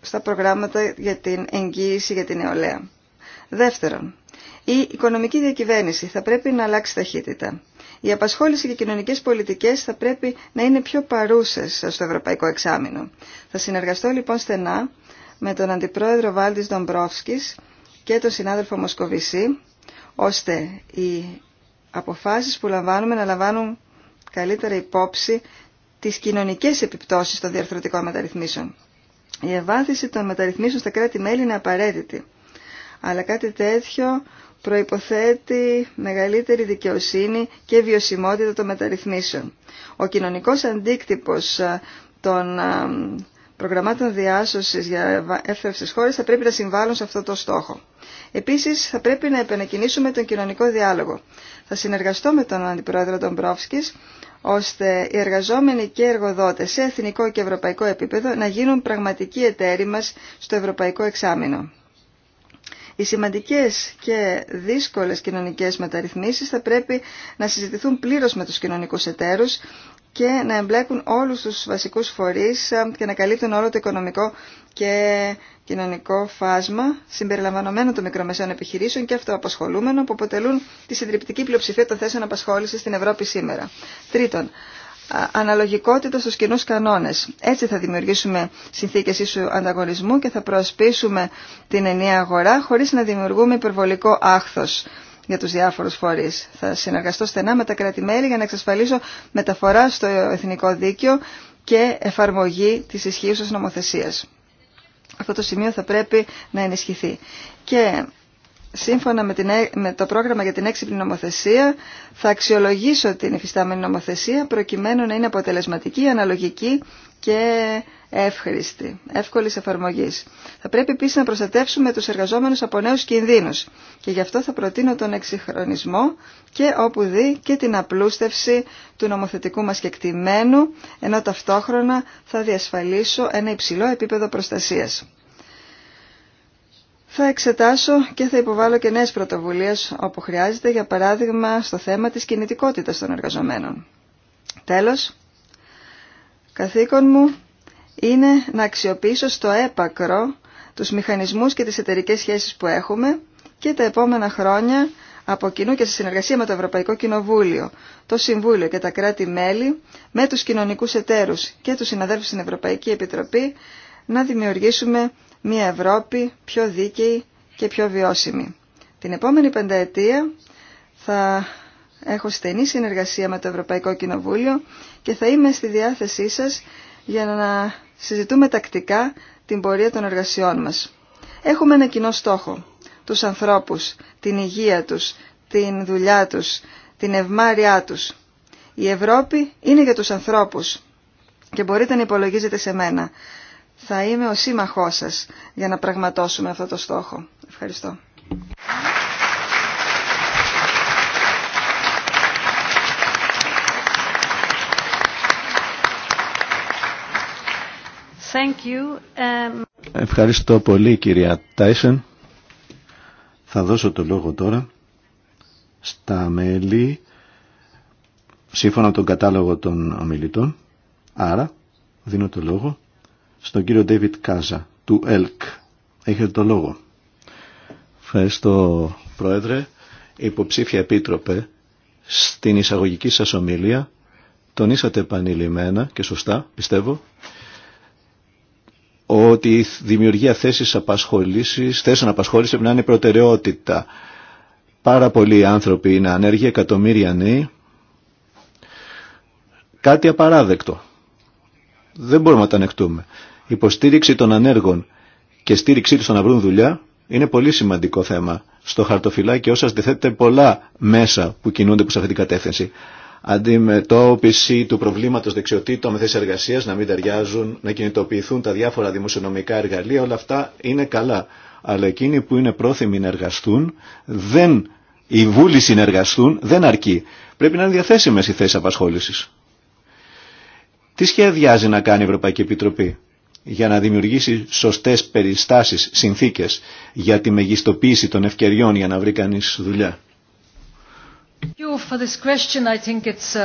S4: στα προγράμματα για την εγγύηση για την νεολαία. Δεύτερον, η οικονομική διακυβέρνηση θα πρέπει να αλλάξει ταχύτητα. Η απασχόληση και οι κοινωνικέ πολιτικέ θα πρέπει να είναι πιο παρούσε στο Ευρωπαϊκό Εξάμεινο. Θα συνεργαστώ λοιπόν στενά με τον Αντιπρόεδρο Βάλτη Ντομπρόφσκη και τον συνάδελφο Μοσκοβισή ώστε οι αποφάσεις που λαμβάνουμε να λαμβάνουν καλύτερα υπόψη τις κοινωνικές επιπτώσεις των διαρθρωτικών μεταρρυθμίσεων. Η ευάθυνση των μεταρρυθμίσεων στα κράτη-μέλη είναι απαραίτητη. Αλλά κάτι τέτοιο προϋποθέτει μεγαλύτερη δικαιοσύνη και βιωσιμότητα των μεταρρυθμίσεων. Ο κοινωνικός αντίκτυπος ε, των ε, προγραμμάτων διάσωση για εύθευστε χώρε θα πρέπει να συμβάλλουν σε αυτό το στόχο. Επίση, θα πρέπει να επανακινήσουμε τον κοινωνικό διάλογο. Θα συνεργαστώ με τον Αντιπρόεδρο των ώστε οι εργαζόμενοι και οι εργοδότε σε εθνικό και ευρωπαϊκό επίπεδο να γίνουν πραγματικοί εταίροι μα στο ευρωπαϊκό εξάμεινο. Οι σημαντικέ και δύσκολε κοινωνικέ μεταρρυθμίσει θα πρέπει να συζητηθούν πλήρω με του κοινωνικού εταίρου και να εμπλέκουν όλους τους βασικούς φορείς ε, και να καλύπτουν όλο το οικονομικό και κοινωνικό φάσμα συμπεριλαμβανομένων των μικρομεσαίων επιχειρήσεων και αυτοαπασχολούμενων που αποτελούν τη συντριπτική πλειοψηφία των θέσεων απασχόλησης στην Ευρώπη σήμερα. Τρίτον, αναλογικότητα στους κοινού κανόνες. Έτσι θα δημιουργήσουμε συνθήκες ίσου ανταγωνισμού και θα προσπίσουμε την ενιαία αγορά χωρίς να δημιουργούμε υπερβολικό άχθος για τους διάφορους φορείς. Θα συνεργαστώ στενά με τα κράτη-μέλη για να εξασφαλίσω μεταφορά στο εθνικό δίκαιο και εφαρμογή της ισχύουσας νομοθεσίας. Αυτό το σημείο θα πρέπει να ενισχυθεί. Και σύμφωνα με, την, με το πρόγραμμα για την έξυπνη νομοθεσία, θα αξιολογήσω την υφιστάμενη νομοθεσία προκειμένου να είναι αποτελεσματική, αναλογική και εύχρηστη, εύκολης εφαρμογής. Θα πρέπει επίσης να προστατεύσουμε τους εργαζόμενους από νέους κινδύνους και γι' αυτό θα προτείνω τον εξυγχρονισμό και όπου δει και την απλούστευση του νομοθετικού μας κεκτημένου, ενώ ταυτόχρονα θα διασφαλίσω ένα υψηλό επίπεδο προστασίας. Θα εξετάσω και θα υποβάλω και νέες πρωτοβουλίες όπου χρειάζεται, για παράδειγμα στο θέμα της κινητικότητας των εργαζομένων. Τέλος, καθήκον μου είναι να αξιοποιήσω στο έπακρο τους μηχανισμούς και τις εταιρικές σχέσεις που έχουμε και τα επόμενα χρόνια από κοινού και σε συνεργασία με το Ευρωπαϊκό Κοινοβούλιο, το Συμβούλιο και τα κράτη-μέλη, με τους κοινωνικούς εταίρους και τους συναδέλφους στην Ευρωπαϊκή Επιτροπή, να δημιουργήσουμε μια Ευρώπη πιο δίκαιη και πιο βιώσιμη. Την επόμενη πενταετία θα έχω στενή συνεργασία με το Ευρωπαϊκό Κοινοβούλιο και θα είμαι στη διάθεσή σας για να συζητούμε τακτικά την πορεία των εργασιών μας. Έχουμε ένα κοινό στόχο. Τους ανθρώπους, την υγεία τους, την δουλειά τους, την ευμάρειά τους. Η Ευρώπη είναι για τους ανθρώπους και μπορείτε να υπολογίζετε σε μένα. Θα είμαι ο σύμμαχός σας για να πραγματώσουμε αυτό το στόχο. Ευχαριστώ.
S1: Um,
S2: Ευχαριστώ πολύ κυρία Τάισεν. Θα δώσω το λόγο τώρα στα μέλη σύμφωνα με τον κατάλογο των ομιλητών. Άρα δίνω το λόγο στον κύριο David Κάζα του ΕΛΚ. Έχετε το λόγο. Ευχαριστώ Πρόεδρε. Υποψήφια Επίτροπε, στην εισαγωγική σας ομιλία τονίσατε επανειλημμένα και σωστά, πιστεύω, ότι η δημιουργία θέσεις απασχόλησης, θέσεων απασχόλησης πρέπει να είναι προτεραιότητα. Πάρα πολλοί άνθρωποι είναι ανέργοι, εκατομμύρια νέοι. Κάτι απαράδεκτο. Δεν μπορούμε να τα ανεχτούμε. Η υποστήριξη των ανέργων και στήριξή τους να βρουν δουλειά είναι πολύ σημαντικό θέμα. Στο χαρτοφυλάκι όσα αντιθέτεται πολλά μέσα που κινούνται προς αυτή την κατεύθυνση αντιμετώπιση του προβλήματος δεξιοτήτων με θέσεις εργασίας, να μην ταιριάζουν, να κινητοποιηθούν τα διάφορα δημοσιονομικά εργαλεία, όλα αυτά είναι καλά. Αλλά εκείνοι που είναι πρόθυμοι να εργαστούν, δεν, οι βούληση να δεν αρκεί. Πρέπει να είναι διαθέσιμες οι θέσεις απασχόλησης. Τι σχεδιάζει να κάνει η Ευρωπαϊκή Επιτροπή για να δημιουργήσει σωστές περιστάσεις, συνθήκες για τη μεγιστοποίηση των ευκαιριών για να βρει κανείς δουλειά.
S1: Uh,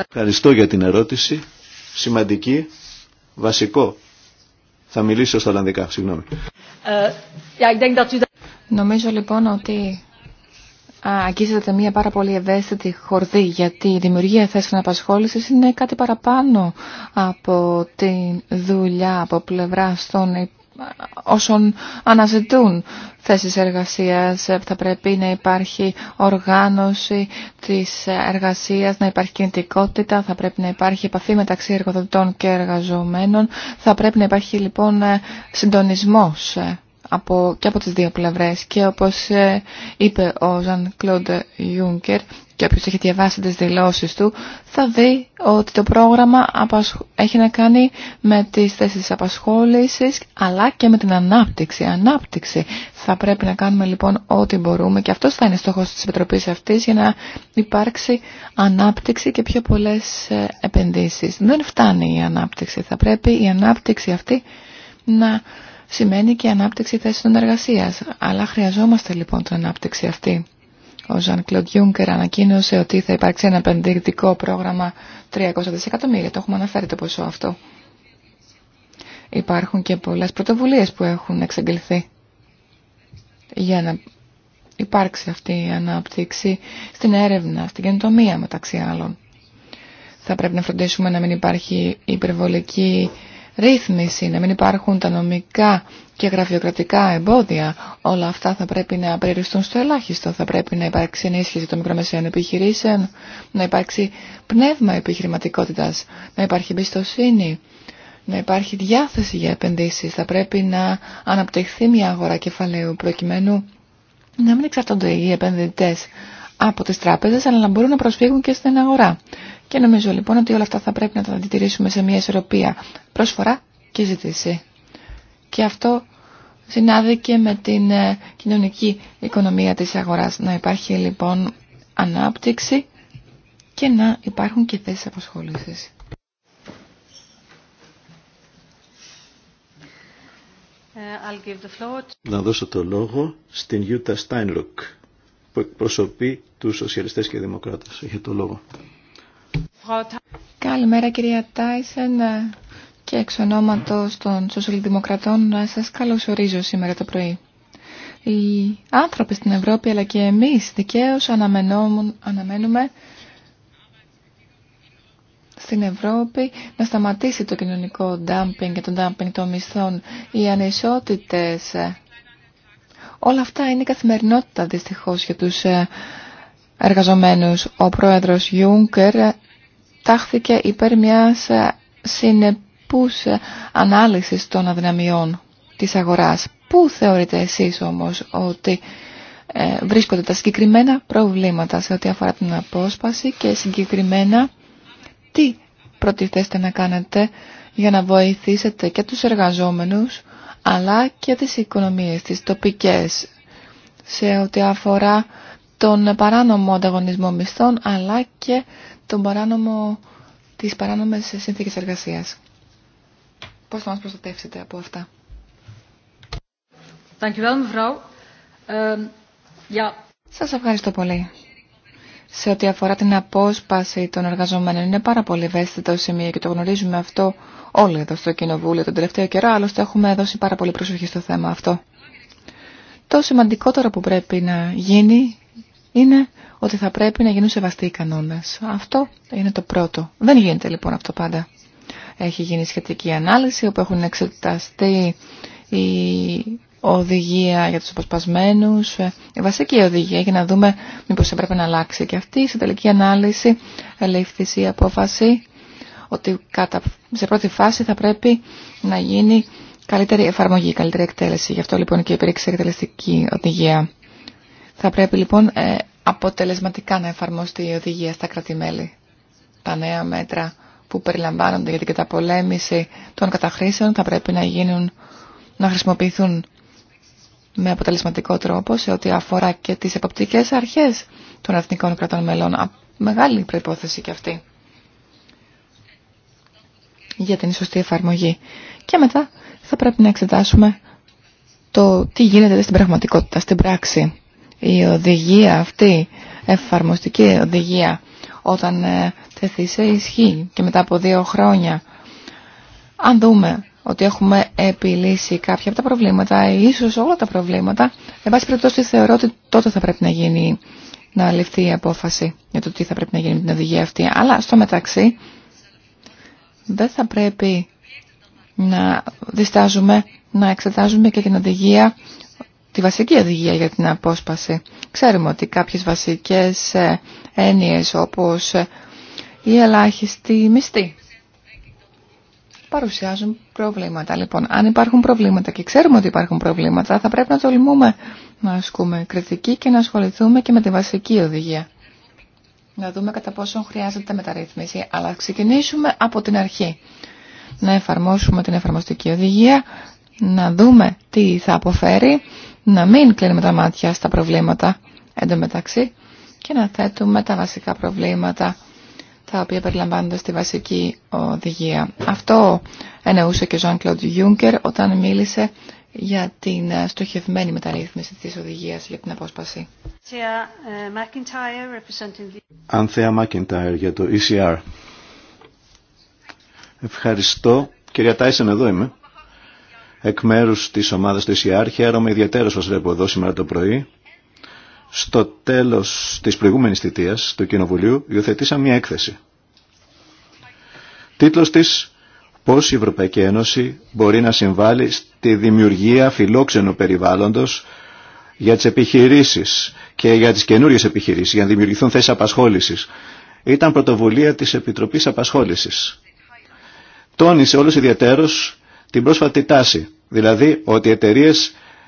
S2: Ευχαριστώ για την ερώτηση. Σημαντική, βασικό. Θα μιλήσω στα Ολλανδικά, συγγνώμη.
S3: Uh, Νομίζω λοιπόν ότι αγγίζεται μια πάρα πολύ ευαίσθητη χορδή γιατί η δημιουργία θέσεων απασχόληση είναι κάτι παραπάνω από τη δουλειά από πλευρά των όσων αναζητούν θέσεις εργασίας. Θα πρέπει να υπάρχει οργάνωση της εργασίας, να υπάρχει κινητικότητα, θα πρέπει να υπάρχει επαφή μεταξύ εργοδοτών και εργαζομένων. Θα πρέπει να υπάρχει λοιπόν συντονισμός από, και από τις δύο πλευρές και όπως ε, είπε ο Ζαν Κλοντ Ιούνκερ και όποιος έχει διαβάσει τις δηλώσεις του θα δει ότι το πρόγραμμα έχει να κάνει με τις θέσεις απασχόλησης αλλά και με την ανάπτυξη. Ανάπτυξη θα πρέπει να κάνουμε λοιπόν ό,τι μπορούμε και αυτός θα είναι στόχος της Επιτροπής αυτής για να υπάρξει ανάπτυξη και πιο πολλές ε, επενδύσεις. Δεν φτάνει η ανάπτυξη. Θα πρέπει η ανάπτυξη αυτή να σημαίνει και ανάπτυξη θέσεων εργασίας. Αλλά χρειαζόμαστε λοιπόν την ανάπτυξη αυτή. Ο Ζαν Κλοντ Γιούγκερ ανακοίνωσε ότι θα υπάρξει ένα επενδυτικό πρόγραμμα 300 δισεκατομμύρια. Το έχουμε αναφέρει το ποσό αυτό. Υπάρχουν και πολλές πρωτοβουλίες που έχουν εξαγγελθεί για να υπάρξει αυτή η ανάπτυξη στην έρευνα, στην καινοτομία μεταξύ άλλων. Θα πρέπει να φροντίσουμε να μην υπάρχει υπερβολική ρύθμιση, να μην υπάρχουν τα νομικά και γραφειοκρατικά εμπόδια. Όλα αυτά θα πρέπει να περιοριστούν στο ελάχιστο. Θα πρέπει να υπάρξει ενίσχυση των μικρομεσαίων επιχειρήσεων, να υπάρξει πνεύμα επιχειρηματικότητας, να υπάρχει εμπιστοσύνη, να υπάρχει διάθεση για επενδύσεις. Θα πρέπει να αναπτυχθεί μια αγορά κεφαλαίου προκειμένου να μην εξαρτώνται οι επενδυτές από τις τράπεζες, αλλά να μπορούν να προσφύγουν και στην αγορά. Και νομίζω λοιπόν ότι όλα αυτά θα πρέπει να τα αντιτηρήσουμε σε μια ισορροπία προσφορά και ζήτηση. Και αυτό συνάδει και με την ε, κοινωνική οικονομία της αγοράς. Να υπάρχει λοιπόν ανάπτυξη και να υπάρχουν και θέσεις αποσχόλησης.
S2: Ε, να δώσω το λόγο στην Γιούτα Στάινλουκ που εκπροσωπεί τους σοσιαλιστές και δημοκράτες. Είχε το λόγο.
S3: Καλημέρα κυρία Τάισεν ε, και εξ ονόματος των σοσιαλδημοκρατών ε, σας καλωσορίζω σήμερα το πρωί. Οι άνθρωποι στην Ευρώπη αλλά και εμείς δικαίως αναμένουμε στην Ευρώπη να σταματήσει το κοινωνικό ντάμπινγκ και το ντάμπινγκ των μισθών, οι ανισότητες. Ε, όλα αυτά είναι η καθημερινότητα δυστυχώς για τους εργαζομένους. Ο πρόεδρος Γιούγκερ τάχθηκε υπέρ μιας ε, συνεπούς ε, ανάλυσης των αδυναμιών της αγοράς. Πού θεωρείτε εσείς όμως ότι ε, βρίσκονται τα συγκεκριμένα προβλήματα σε ό,τι αφορά την απόσπαση και συγκεκριμένα τι προτιθέστε να κάνετε για να βοηθήσετε και τους εργαζόμενους αλλά και τις οικονομίες, τις τοπικές σε ό,τι αφορά τον παράνομο ανταγωνισμό μισθών αλλά και τον παράνομο, τις παράνομες συνθήκες εργασίας. Πώς θα μας προστατεύσετε από αυτά.
S1: Ehm,
S3: Σας ευχαριστώ πολύ. Σε ό,τι αφορά την απόσπαση των εργαζομένων είναι πάρα πολύ ευαίσθητο σημείο και το γνωρίζουμε αυτό όλοι εδώ στο Κοινοβούλιο τον τελευταίο καιρό, άλλωστε έχουμε δώσει πάρα πολύ προσοχή στο θέμα αυτό. Το σημαντικότερο που πρέπει να γίνει είναι ότι θα πρέπει να γίνουν σεβαστοί οι κανόνες. Αυτό είναι το πρώτο. Δεν γίνεται λοιπόν αυτό πάντα. Έχει γίνει σχετική ανάλυση όπου έχουν εξεταστεί η οδηγία για τους αποσπασμένους, η βασική οδηγία για να δούμε μήπως πρέπει να αλλάξει. Και αυτή η τελική ανάλυση ελήφθησε η απόφαση ότι σε πρώτη φάση θα πρέπει να γίνει καλύτερη εφαρμογή, καλύτερη εκτέλεση. Γι' αυτό λοιπόν και υπήρξε εκτελεστική οδηγία. Θα πρέπει λοιπόν ε, αποτελεσματικά να εφαρμοστεί η οδηγία στα κράτη-μέλη. Τα νέα μέτρα που περιλαμβάνονται για την καταπολέμηση των καταχρήσεων θα πρέπει να γίνουν, να χρησιμοποιηθούν με αποτελεσματικό τρόπο σε ό,τι αφορά και τις εποπτικές αρχές των εθνικών κρατών μελών. Μεγάλη προϋπόθεση και αυτή για την σωστή εφαρμογή. Και μετά θα πρέπει να εξετάσουμε το τι γίνεται στην πραγματικότητα, στην πράξη η οδηγία αυτή, εφαρμοστική οδηγία, όταν ε, τεθεί σε ισχύ και μετά από δύο χρόνια, αν δούμε ότι έχουμε επιλύσει κάποια από τα προβλήματα, ίσως όλα τα προβλήματα, εν πάση περιπτώσει θεωρώ ότι τότε θα πρέπει να γίνει να ληφθεί η απόφαση για το τι θα πρέπει να γίνει με την οδηγία αυτή. Αλλά στο μεταξύ δεν θα πρέπει να διστάζουμε, να εξετάζουμε και την οδηγία τη βασική οδηγία για την απόσπαση. Ξέρουμε ότι κάποιες βασικές ε, έννοιες όπως ε, η ελάχιστη μισθή παρουσιάζουν προβλήματα. Λοιπόν, αν υπάρχουν προβλήματα και ξέρουμε ότι υπάρχουν προβλήματα, θα πρέπει να τολμούμε να ασκούμε κριτική και να ασχοληθούμε και με τη βασική οδηγία. Να δούμε κατά πόσο χρειάζεται μεταρρύθμιση, αλλά ξεκινήσουμε από την αρχή. Να εφαρμόσουμε την εφαρμοστική οδηγία, να δούμε τι θα αποφέρει να μην κλείνουμε τα μάτια στα προβλήματα εντωμεταξύ και να θέτουμε τα βασικά προβλήματα τα οποία περιλαμβάνονται στη βασική οδηγία. Αυτό εννοούσε και ο Ζαν Κλοντ Γιούγκερ όταν μίλησε για την στοχευμένη μεταρρύθμιση της οδηγίας για την απόσπαση.
S2: Ανθέα Μάκιντάιρ για το ECR. Ευχαριστώ. Κυρία Τάισεν, εδώ είμαι. Εκ μέρους της ομάδας του ΕΣΥΑΡ. χαίρομαι ιδιαίτερα σας βλέπω εδώ σήμερα το πρωί. Στο τέλος της προηγούμενης θητείας του Κοινοβουλίου υιοθετήσαμε μια έκθεση. Τίτλος της «Πώς η Ευρωπαϊκή Ένωση μπορεί να συμβάλλει στη δημιουργία φιλόξενου περιβάλλοντος για τις επιχειρήσεις και για τις καινούριες επιχειρήσεις, για να δημιουργηθούν θέσεις απασχόλησης». Ήταν πρωτοβουλία της Επιτροπής Απασχόλησης. Τόνισε όλος ιδιαίτερος την πρόσφατη τάση Δηλαδή ότι οι εταιρείε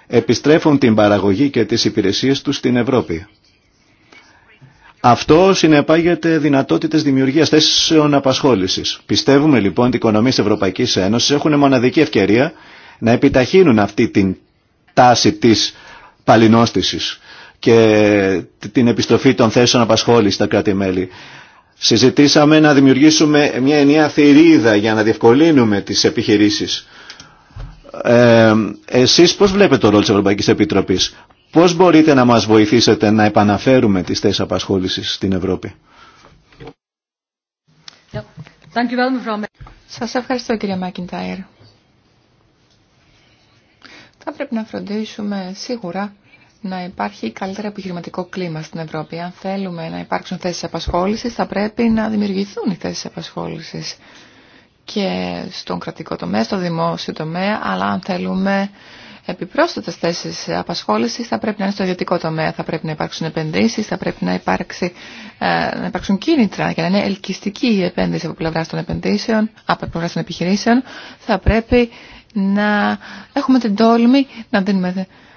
S2: επιστρέφουν την παραγωγή και τις υπηρεσίες τους στην Ευρώπη. Αυτό συνεπάγεται δυνατότητες δημιουργίας θέσεων απασχόλησης. Πιστεύουμε λοιπόν ότι οι οικονομίες της Ευρωπαϊκής Ένωσης έχουν μοναδική ευκαιρία να επιταχύνουν αυτή την τάση της παλινόστησης και την επιστροφή των θέσεων απασχόλησης στα κράτη-μέλη. Συζητήσαμε να δημιουργήσουμε μια ενιαία θηρίδα για να διευκολύνουμε τις επιχειρήσεις ε, εσείς πώς βλέπετε το ρόλο της Ευρωπαϊκής Επιτροπής. Πώς μπορείτε να μας βοηθήσετε να επαναφέρουμε τις θέσεις απασχόλησης στην Ευρώπη.
S3: Σας ευχαριστώ κύριε Μάκιντάιρ. Θα πρέπει να φροντίσουμε σίγουρα να υπάρχει καλύτερο επιχειρηματικό κλίμα στην Ευρώπη. Αν θέλουμε να υπάρξουν θέσεις απασχόλησης, θα πρέπει να δημιουργηθούν οι θέσεις απασχόλησης και στον κρατικό τομέα, στο δημόσιο τομέα, αλλά αν θέλουμε επιπρόσθετες θέσεις απασχόλησης θα πρέπει να είναι στο ιδιωτικό τομέα, θα πρέπει να υπάρξουν επενδύσει, θα πρέπει να, υπάρξει, ε, να υπάρξουν κίνητρα για να είναι ελκυστική η επένδυση από πλευρά των επενδύσεων, από πλευρά των επιχειρήσεων, θα πρέπει να έχουμε την τόλμη να δίνουμε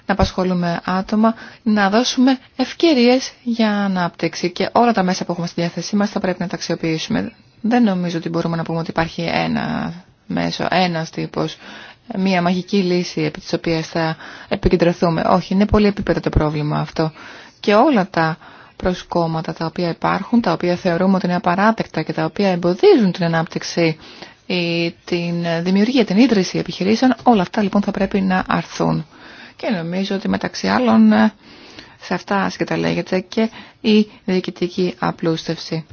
S3: να απασχολούμε άτομα, να δώσουμε ευκαιρίες για ανάπτυξη και όλα τα μέσα που έχουμε στη διάθεσή μας θα πρέπει να τα αξιοποιήσουμε. Δεν νομίζω ότι μπορούμε να πούμε ότι υπάρχει ένα μέσο, ένας τύπος, μία μαγική λύση επί της οποίας θα επικεντρωθούμε. Όχι, είναι πολύ επίπεδο το πρόβλημα αυτό. Και όλα τα προσκόμματα τα οποία υπάρχουν, τα οποία θεωρούμε ότι είναι απαράδεκτα και τα οποία εμποδίζουν την ανάπτυξη ή την δημιουργία, την ίδρυση επιχειρήσεων, όλα αυτά λοιπόν θα πρέπει να αρθούν. Και νομίζω ότι μεταξύ άλλων ε, σε αυτά ασκεταλέγεται και η διοικητική απλούστευση.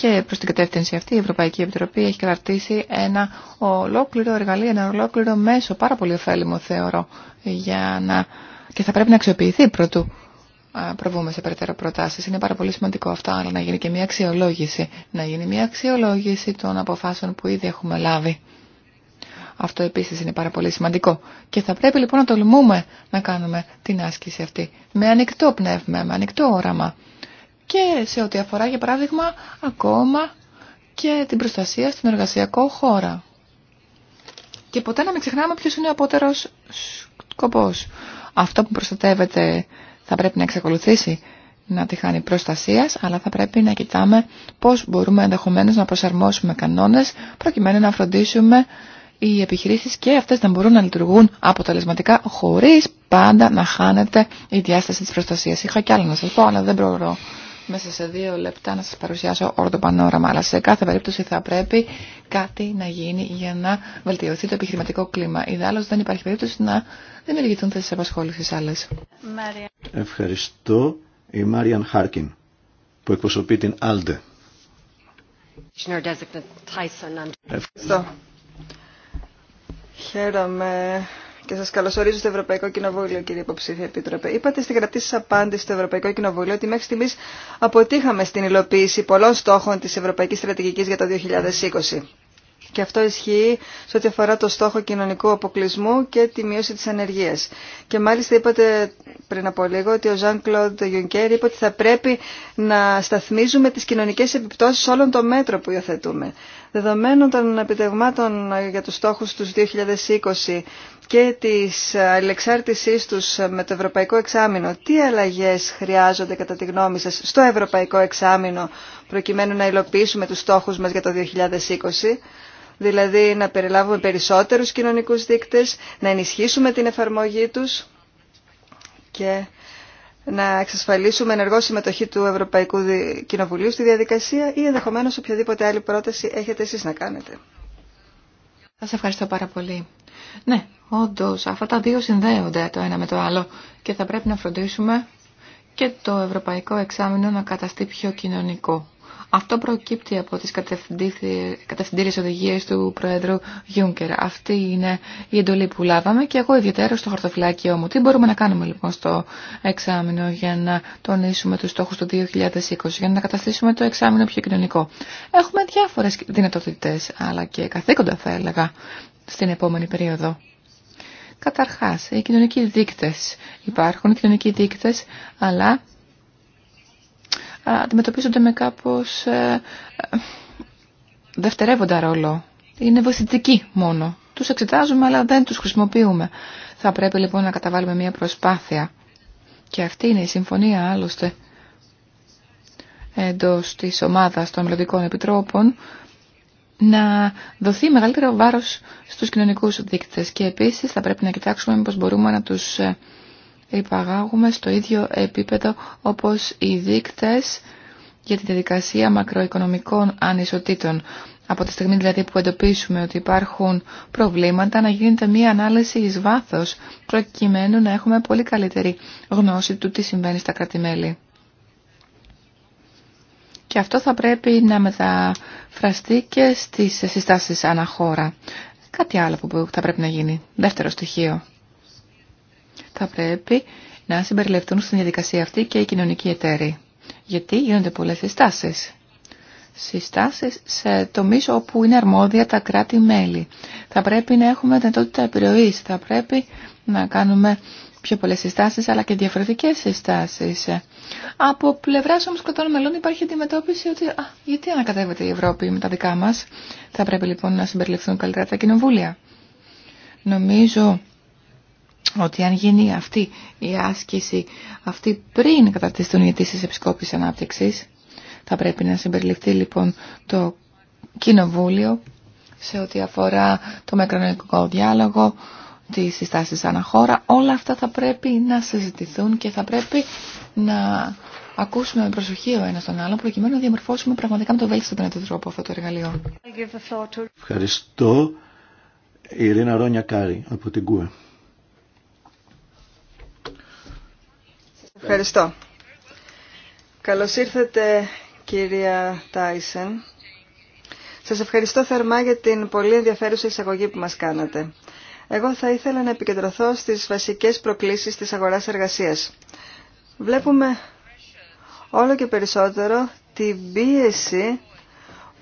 S3: Και προ την κατεύθυνση αυτή η Ευρωπαϊκή Επιτροπή έχει κρατήσει ένα ολόκληρο εργαλείο, ένα ολόκληρο μέσο, πάρα πολύ ωφέλιμο θεωρώ, για να... και θα πρέπει να αξιοποιηθεί πρωτού προβούμε σε περαιτέρω προτάσεις. Είναι πάρα πολύ σημαντικό αυτό, αλλά να γίνει και μια αξιολόγηση. Να γίνει μια αξιολόγηση των αποφάσεων που ήδη έχουμε λάβει. Αυτό επίσης είναι πάρα πολύ σημαντικό. Και θα πρέπει λοιπόν να τολμούμε να κάνουμε την άσκηση αυτή. Με ανοιχτό πνεύμα, με ανοιχτό όραμα και σε ό,τι αφορά, για παράδειγμα, ακόμα και την προστασία στον εργασιακό χώρο. Και ποτέ να μην ξεχνάμε ποιος είναι ο απότερος σκοπός. Αυτό που προστατεύεται θα πρέπει να εξακολουθήσει να τη χάνει προστασία, αλλά θα πρέπει να κοιτάμε πώς μπορούμε ενδεχομένως να προσαρμόσουμε κανόνες προκειμένου να φροντίσουμε οι επιχειρήσεις και αυτές να μπορούν να λειτουργούν αποτελεσματικά χωρίς πάντα να χάνεται η διάσταση της προστασίας. Είχα κι άλλο να σας πω, αλλά δεν προωρώ μέσα σε δύο λεπτά να σας παρουσιάσω όλο το πανόραμα, αλλά σε κάθε περίπτωση θα πρέπει κάτι να γίνει για να βελτιωθεί το επιχειρηματικό κλίμα. Ιδάλλως δεν υπάρχει περίπτωση να δημιουργηθούν θέσεις απασχόλησης άλλες.
S2: Ευχαριστώ η Μάριαν Χάρκιν που εκπροσωπεί την Άλντε. Ευχαριστώ.
S4: Χαίρομαι και σα καλωσορίζω στο Ευρωπαϊκό Κοινοβούλιο, κύριε Υποψήφια Επίτροπε. Είπατε στην κρατή σα απάντηση στο Ευρωπαϊκό Κοινοβούλιο ότι μέχρι στιγμή αποτύχαμε στην υλοποίηση πολλών στόχων τη Ευρωπαϊκή Στρατηγική για το 2020. Και αυτό ισχύει σε ό,τι αφορά το στόχο κοινωνικού αποκλεισμού και τη μείωση τη ανεργία. Και μάλιστα είπατε πριν από λίγο ότι ο Ζαν Κλοντ Γιουνκέρ είπε ότι θα πρέπει να σταθμίζουμε τι κοινωνικέ επιπτώσει όλων των μέτρων που υιοθετούμε. Δεδομένων των επιτευγμάτων για του στόχου του 2020 και της αλληλεξάρτησής τους με το Ευρωπαϊκό Εξάμεινο, τι αλλαγές χρειάζονται κατά τη γνώμη σας στο Ευρωπαϊκό Εξάμεινο προκειμένου να υλοποιήσουμε τους στόχους μας για το 2020, δηλαδή να περιλάβουμε περισσότερους κοινωνικούς δείκτες, να ενισχύσουμε την εφαρμογή τους και να εξασφαλίσουμε ενεργό συμμετοχή του Ευρωπαϊκού Κοινοβουλίου στη διαδικασία ή ενδεχομένως οποιαδήποτε άλλη πρόταση έχετε εσείς να κάνετε.
S3: Σας ευχαριστώ πάρα πολύ. Ναι, όντω, αυτά τα δύο συνδέονται το ένα με το άλλο και θα πρέπει να φροντίσουμε και το ευρωπαϊκό εξάμεινο να καταστεί πιο κοινωνικό. Αυτό προκύπτει από τις κατευθυντήριες οδηγίες του Προέδρου Γιούγκερ. Αυτή είναι η εντολή που λάβαμε και εγώ ιδιαίτερα στο χαρτοφυλάκιό μου. Τι μπορούμε να κάνουμε λοιπόν στο εξάμεινο για να τονίσουμε τους στόχους του 2020, για να καταστήσουμε το εξάμεινο πιο κοινωνικό. Έχουμε διάφορες δυνατότητες, αλλά και καθήκοντα θα έλεγα, στην επόμενη περίοδο. Καταρχάς, οι κοινωνικοί δείκτες. Υπάρχουν κοινωνικοί δείκτες, αλλά ε, αντιμετωπίζονται με κάπως ε, ε, δευτερεύοντα ρόλο. Είναι βοηθητικοί μόνο. Τους εξετάζουμε αλλά δεν τους χρησιμοποιούμε. Θα πρέπει λοιπόν να καταβάλουμε μια προσπάθεια. Και αυτή είναι η συμφωνία άλλωστε εντό της ομάδας των μελλοντικών επιτρόπων να δοθεί μεγαλύτερο βάρος στους κοινωνικούς δείκτες και επίσης θα πρέπει να κοιτάξουμε πώς μπορούμε να τους υπαγάγουμε στο ίδιο επίπεδο όπως οι δείκτες για τη διαδικασία μακροοικονομικών ανισοτήτων. Από τη στιγμή δηλαδή που εντοπίσουμε ότι υπάρχουν προβλήματα, να γίνεται μία ανάλυση εις βάθος, προκειμένου να έχουμε πολύ καλύτερη γνώση του τι συμβαίνει στα κρατημέλη. Και αυτό θα πρέπει να μεταφραστεί και στις συστάσεις αναχώρα. Κάτι άλλο που θα πρέπει να γίνει. Δεύτερο στοιχείο θα πρέπει να συμπεριληφθούν στην διαδικασία αυτή και οι κοινωνικοί εταίροι. Γιατί γίνονται πολλές συστάσεις. Συστάσει σε τομεί όπου είναι αρμόδια τα κράτη-μέλη. Θα πρέπει να έχουμε δυνατότητα επιρροή, Θα πρέπει να κάνουμε πιο πολλέ συστάσει, αλλά και διαφορετικέ συστάσει. Από πλευρά όμω κρατών μελών υπάρχει αντιμετώπιση ότι α, γιατί ανακατεύεται η Ευρώπη με τα δικά μα, Θα πρέπει λοιπόν να συμπεριληφθούν καλύτερα τα κοινοβούλια. Νομίζω ότι αν γίνει αυτή η άσκηση, αυτή πριν καταρτιστούν οι αιτήσεις Επισκόπηση ανάπτυξης, θα πρέπει να συμπεριληφθεί λοιπόν το κοινοβούλιο σε ό,τι αφορά το μεκρονοϊκό διάλογο, τι συστάσεις αναχώρα. Όλα αυτά θα πρέπει να συζητηθούν και θα πρέπει να ακούσουμε με προσοχή ο ένας τον άλλον προκειμένου να διαμορφώσουμε πραγματικά με το βέλτιστο δυνατό τρόπο αυτό το εργαλείο.
S2: Ευχαριστώ. Ειρήνα Ρόνια Κάρη από την ΚΟΕ.
S4: Ευχαριστώ. Καλώς ήρθατε κυρία Τάισεν. Σας ευχαριστώ θερμά για την πολύ ενδιαφέρουσα εισαγωγή που μας κάνατε. Εγώ θα ήθελα να επικεντρωθώ στις βασικές προκλήσεις της αγοράς εργασίας. Βλέπουμε όλο και περισσότερο την πίεση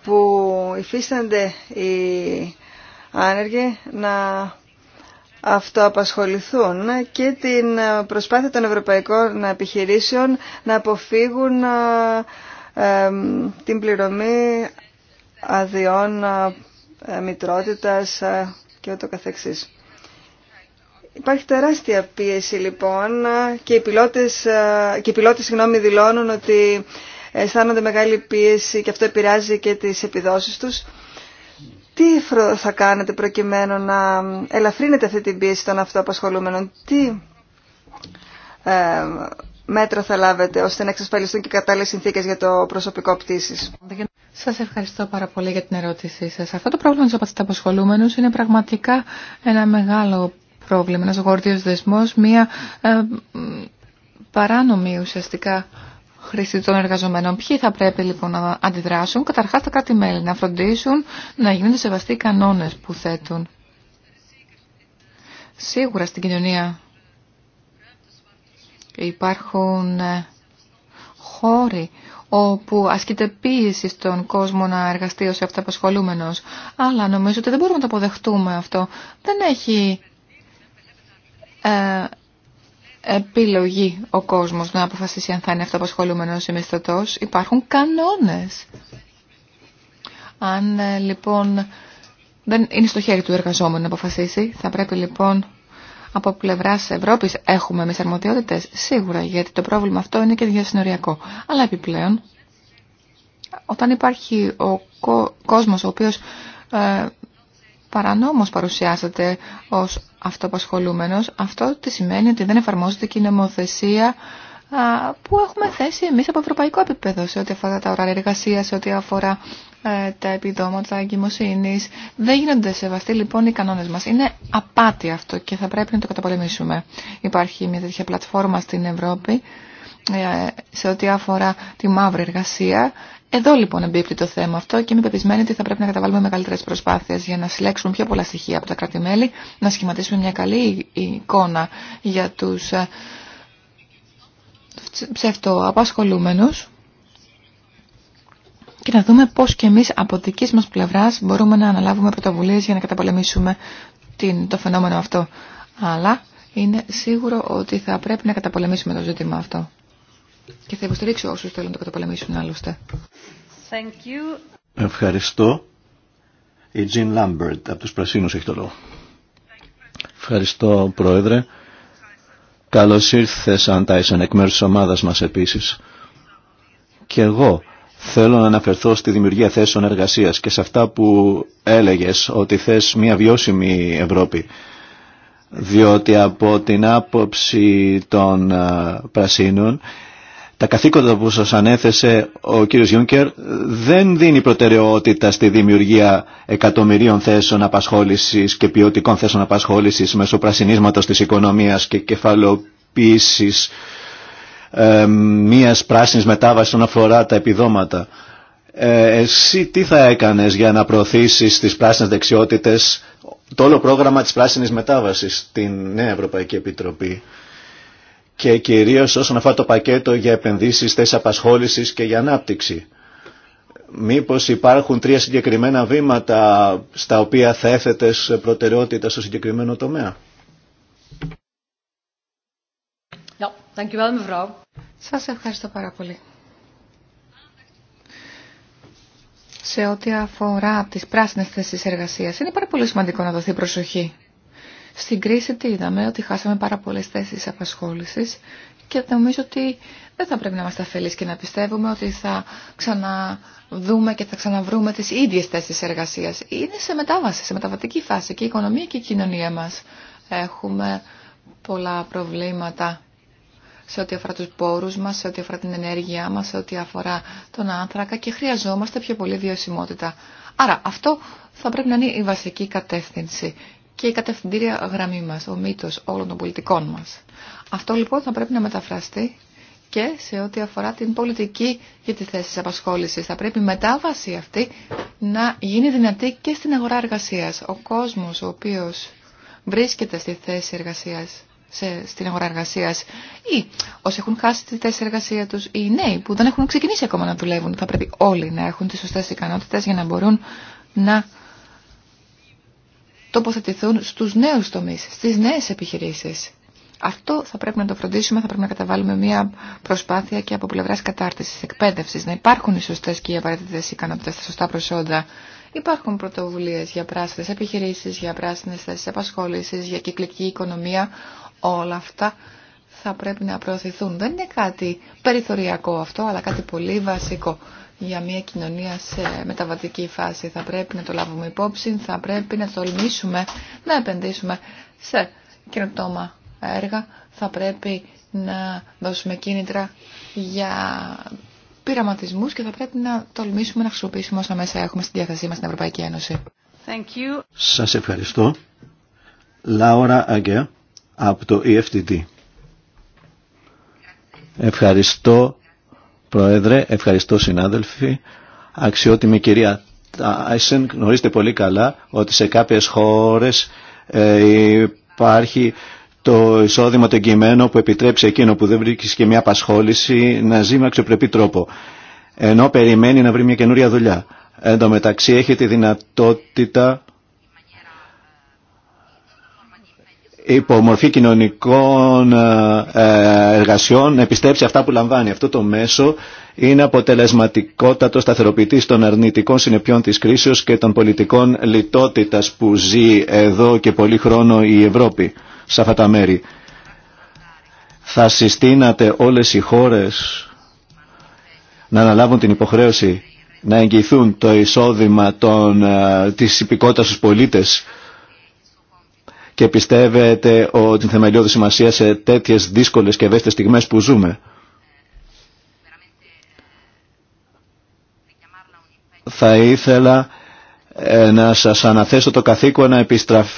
S4: που υφίστανται οι άνεργοι να αυτοαπασχοληθούν και την προσπάθεια των ευρωπαϊκών επιχειρήσεων να αποφύγουν ε, την πληρωμή αδειών ε, μητρότητας ε, και ούτω καθεξής. Υπάρχει τεράστια πίεση λοιπόν και οι πιλότες, και οι πιλότες συγγνώμη, δηλώνουν ότι αισθάνονται μεγάλη πίεση και αυτό επηρεάζει και τις επιδόσεις τους. Τι θα κάνετε προκειμένου να ελαφρύνετε αυτή την πίεση των αυτοαπασχολούμενων, τι ε, μέτρα θα λάβετε ώστε να εξασφαλιστούν και κατάλληλες συνθήκες για το προσωπικό πτήσης.
S3: Σας ευχαριστώ πάρα πολύ για την ερώτησή σας. Αυτό το πρόβλημα του απασχολούμενου είναι πραγματικά ένα μεγάλο πρόβλημα, ένας γορτίος δεσμός, μια ε, παράνομη ουσιαστικά χρήση των εργαζομένων. Ποιοι θα πρέπει λοιπόν να αντιδράσουν, καταρχάς τα κράτη-μέλη, να φροντίσουν να γίνονται σεβαστοί οι κανόνες που θέτουν. Σίγουρα στην κοινωνία υπάρχουν ε, χώροι όπου ασκείται πίεση στον κόσμο να εργαστεί ως αυταπασχολούμενος. Αλλά νομίζω ότι δεν μπορούμε να το αποδεχτούμε αυτό. Δεν έχει ε, επιλογή ο κόσμος να αποφασίσει αν θα είναι αυτοαπασχολούμενος ή μισθωτός. Υπάρχουν κανόνες. Αν ε, λοιπόν δεν είναι στο χέρι του εργαζόμενου να αποφασίσει, θα πρέπει λοιπόν από πλευρά Ευρώπη έχουμε εμεί σίγουρα, γιατί το πρόβλημα αυτό είναι και διασυνοριακό. Αλλά επιπλέον, όταν υπάρχει ο κόσμος ο οποίος ε, παρανόμως παρουσιάζεται ως αυτοπασχολούμενος, αυτό τι σημαίνει ότι δεν εφαρμόζεται και η νομοθεσία που έχουμε θέσει εμείς από ευρωπαϊκό επίπεδο σε ό,τι αφορά τα ωραία εργασία, σε ό,τι αφορά ε, τα επιδόματα εγκυμοσύνης. Δεν γίνονται σεβαστοί λοιπόν οι κανόνες μας. Είναι απάτη αυτό και θα πρέπει να το καταπολεμήσουμε. Υπάρχει μια τέτοια πλατφόρμα στην Ευρώπη ε, σε ό,τι αφορά τη μαύρη εργασία εδώ λοιπόν εμπίπτει το θέμα αυτό και είμαι πεπισμένη ότι θα πρέπει να καταβάλουμε μεγαλύτερε προσπάθειε για να συλλέξουμε πιο πολλά στοιχεία από τα κράτη-μέλη, να σχηματίσουμε μια καλή εικόνα για του ε, ψευτοαπασχολούμενου και να δούμε πώ και εμεί από δική μα πλευρά μπορούμε να αναλάβουμε πρωτοβουλίε για να καταπολεμήσουμε το φαινόμενο αυτό. Αλλά είναι σίγουρο ότι θα πρέπει να καταπολεμήσουμε το ζήτημα αυτό. Και θα υποστηρίξω όσους θέλουν να το καταπολεμήσουν άλλωστε.
S1: Thank you.
S2: Ευχαριστώ. Η Τζιν Λάμπερτ από τους Πρασίνους έχει το λόγο. Ευχαριστώ Πρόεδρε. Καλώς ήρθες Αντάισεν εκ μέρους της ομάδας μας επίσης. Και εγώ θέλω να αναφερθώ στη δημιουργία θέσεων εργασίας και σε αυτά που έλεγες ότι θες μια βιώσιμη Ευρώπη. Διότι από την άποψη των ε, Πρασίνων τα καθήκοντα που σας ανέθεσε ο κύριος Γιούνκερ δεν δίνει προτεραιότητα στη δημιουργία εκατομμυρίων θέσεων απασχόλησης και ποιοτικών θέσεων απασχόλησης μέσω πρασινίσματος της οικονομίας και κεφαλοποίησης ε, μιας πράσινης μετάβασης όσον αφορά τα επιδόματα. Ε, εσύ τι θα έκανες για να προωθήσεις τις πράσινες δεξιότητες το όλο πρόγραμμα της πράσινης μετάβασης στην Νέα Ευρωπαϊκή Επιτροπή και κυρίως όσον αφορά το πακέτο για επενδύσεις, θέσεις απασχόλησης και για ανάπτυξη. Μήπως υπάρχουν τρία συγκεκριμένα βήματα στα οποία θα έθετες προτεραιότητα στο συγκεκριμένο τομέα.
S1: Σα
S3: Σας ευχαριστώ πάρα πολύ. Σε ό,τι αφορά τις πράσινες θέσεις εργασίας, είναι πάρα πολύ σημαντικό να δοθεί προσοχή στην κρίση τι είδαμε, ότι χάσαμε πάρα πολλές θέσεις απασχόλησης και νομίζω ότι δεν θα πρέπει να είμαστε αφελείς και να πιστεύουμε ότι θα ξαναδούμε και θα ξαναβρούμε τις ίδιες θέσεις εργασίας. Είναι σε μετάβαση, σε μεταβατική φάση και η οικονομία και η κοινωνία μας. Έχουμε πολλά προβλήματα σε ό,τι αφορά τους πόρους μας, σε ό,τι αφορά την ενέργειά μας, σε ό,τι αφορά τον άνθρακα και χρειαζόμαστε πιο πολύ βιωσιμότητα. Άρα αυτό θα πρέπει να είναι η βασική κατεύθυνση και η κατευθυντήρια γραμμή μας, ο μύτος όλων των πολιτικών μας. Αυτό λοιπόν θα πρέπει να μεταφραστεί και σε ό,τι αφορά την πολιτική για τη θέση της απασχόλησης. Θα πρέπει η μετάβαση αυτή να γίνει δυνατή και στην αγορά εργασίας. Ο κόσμος ο οποίος βρίσκεται στη θέση εργασίας, σε, στην αγορά εργασίας ή όσοι έχουν χάσει τη θέση εργασία τους ή οι νέοι που δεν έχουν ξεκινήσει ακόμα να δουλεύουν, θα πρέπει όλοι να έχουν τις σωστές ικανότητες για να μπορούν να τοποθετηθούν στους νέους τομείς, στις νέες επιχειρήσεις. Αυτό θα πρέπει να το φροντίσουμε, θα πρέπει να καταβάλουμε μια προσπάθεια και από πλευρά κατάρτιση, εκπαίδευση, να υπάρχουν οι σωστέ και οι απαραίτητε ικανότητε, τα σωστά προσόντα. Υπάρχουν πρωτοβουλίε για πράσινε επιχειρήσει, για πράσινε θέσει απασχόληση, για κυκλική οικονομία. Όλα αυτά θα πρέπει να προωθηθούν. Δεν είναι κάτι περιθωριακό αυτό, αλλά κάτι πολύ βασικό για μια κοινωνία σε μεταβατική φάση. Θα πρέπει να το λάβουμε υπόψη, θα πρέπει να τολμήσουμε να επενδύσουμε σε καινοτόμα έργα, θα πρέπει να δώσουμε κίνητρα για πειραματισμούς και θα πρέπει να τολμήσουμε να χρησιμοποιήσουμε όσα μέσα έχουμε στη διάθεσή μας στην Ευρωπαϊκή Ένωση. Thank
S1: you.
S2: Σας ευχαριστώ. Λάωρα Αγκέα από το EFTD. Ευχαριστώ Πρόεδρε, ευχαριστώ συνάδελφοι. Αξιότιμη κυρία Τάισεν, γνωρίζετε πολύ καλά ότι σε κάποιες χώρες ε, υπάρχει το εισόδημα το κειμένων που επιτρέψει εκείνο που δεν βρίσκει και μια απασχόληση να ζει με αξιοπρεπή τρόπο. Ενώ περιμένει να βρει μια καινούρια δουλειά. Εν τω μεταξύ έχει τη δυνατότητα υπό μορφή κοινωνικών ε, εργασιών επιστρέψει αυτά που λαμβάνει. Αυτό το μέσο είναι αποτελεσματικότατο σταθεροποιητή των αρνητικών συνεπειών της κρίσεως και των πολιτικών λιτότητας που ζει εδώ και πολύ χρόνο η Ευρώπη σε αυτά τα μέρη. Θα συστήνατε όλες οι χώρες να αναλάβουν την υποχρέωση να εγγυηθούν το εισόδημα των, ε, της υπηκότητας στους πολίτες και πιστεύετε ότι είναι θεμελιώδη σημασία σε τέτοιες δύσκολες και ευαίσθητες στιγμές που ζούμε. Θα ήθελα ε, να σας αναθέσω το καθήκον να,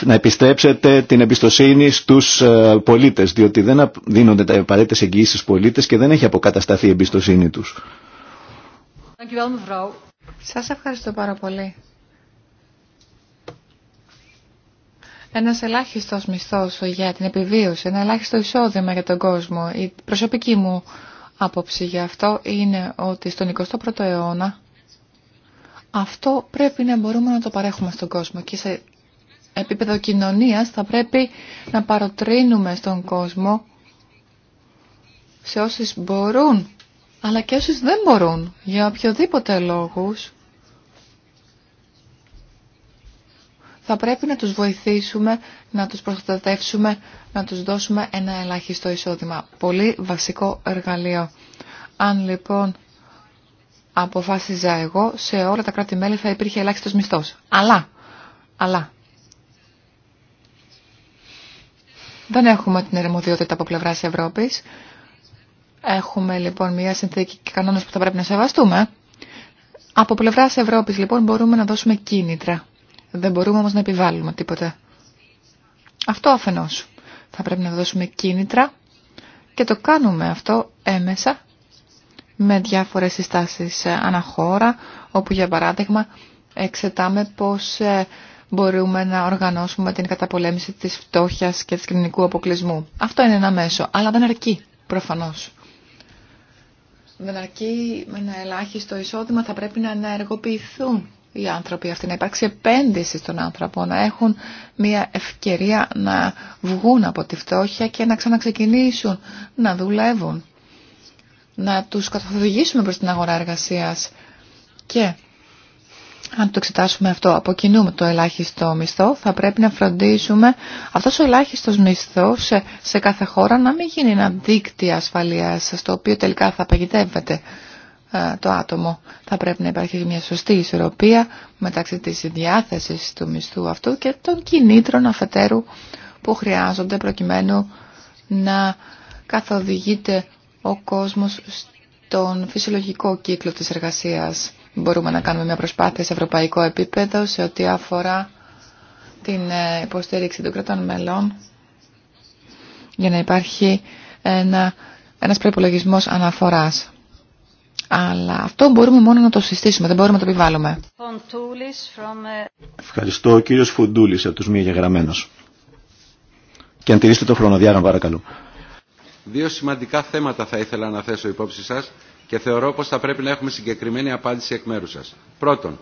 S2: να επιστρέψετε την εμπιστοσύνη στους ε, πολίτες, διότι δεν δίνονται τα απαραίτητες εγγυήσεις στους πολίτες και δεν έχει αποκατασταθεί η εμπιστοσύνη τους.
S1: Σας ευχαριστώ πάρα πολύ.
S3: Ένα ελάχιστο μισθός για την επιβίωση, ένα ελάχιστο εισόδημα για τον κόσμο. Η προσωπική μου άποψη για αυτό είναι ότι στον 21ο αιώνα αυτό πρέπει να μπορούμε να το παρέχουμε στον κόσμο και σε επίπεδο κοινωνίας θα πρέπει να παροτρύνουμε στον κόσμο σε όσους μπορούν αλλά και όσους δεν μπορούν για οποιοδήποτε λόγους θα πρέπει να τους βοηθήσουμε, να τους προστατεύσουμε, να τους δώσουμε ένα ελάχιστο εισόδημα. Πολύ βασικό εργαλείο. Αν λοιπόν αποφάσιζα εγώ, σε όλα τα κράτη-μέλη θα υπήρχε ελάχιστος μισθός. Αλλά, αλλά, δεν έχουμε την ερμοδιότητα από πλευράς Ευρώπης. Έχουμε λοιπόν μια συνθήκη και κανόνες που θα πρέπει να σεβαστούμε. Από πλευράς Ευρώπης λοιπόν μπορούμε να δώσουμε κίνητρα δεν μπορούμε όμως να επιβάλλουμε τίποτα. Αυτό αφενός. Θα πρέπει να δώσουμε κίνητρα και το κάνουμε αυτό έμεσα με διάφορες συστάσεις αναχώρα, όπου για παράδειγμα εξετάμε πώς ε, μπορούμε να οργανώσουμε την καταπολέμηση της φτώχειας και της κοινωνικού αποκλεισμού. Αυτό είναι ένα μέσο, αλλά δεν αρκεί προφανώς. Δεν αρκεί με ένα ελάχιστο εισόδημα, θα πρέπει να ενεργοποιηθούν οι άνθρωποι αυτοί, να υπάρξει επένδυση στον άνθρωπο, να έχουν μια ευκαιρία να βγουν από τη φτώχεια και να ξαναξεκινήσουν, να δουλεύουν, να τους καθοδηγήσουμε προς την αγορά εργασίας. Και αν το εξετάσουμε αυτό αποκινούμε το ελάχιστο μισθό, θα πρέπει να φροντίσουμε αυτός ο ελάχιστος μισθός σε, κάθε χώρα να μην γίνει ένα δίκτυο ασφαλείας, στο οποίο τελικά θα παγιδεύεται ε, το άτομο. Θα πρέπει να υπάρχει μια σωστή ισορροπία μεταξύ της διάθεσης του μισθού αυτού και των κινήτρων αφετέρου που χρειάζονται προκειμένου να καθοδηγείται ο κόσμος στον φυσιολογικό κύκλο της εργασίας. Μπορούμε να κάνουμε μια προσπάθεια σε ευρωπαϊκό επίπεδο σε ό,τι αφορά την ε, υποστήριξη των κρατών μελών για να υπάρχει ένα, ένας προϋπολογισμός αναφοράς. Αλλά αυτό μπορούμε μόνο να το συστήσουμε, δεν μπορούμε να το επιβάλλουμε. Ε,
S2: Ευχαριστώ ο κύριος Φουντούλης από τους μη εγγεγραμμένους. Και αν τηρήσετε το χρονοδιάγραμμα παρακαλώ.
S5: Δύο σημαντικά θέματα θα ήθελα να θέσω υπόψη σας και θεωρώ πως θα πρέπει να έχουμε συγκεκριμένη απάντηση εκ μέρου σας. Πρώτον,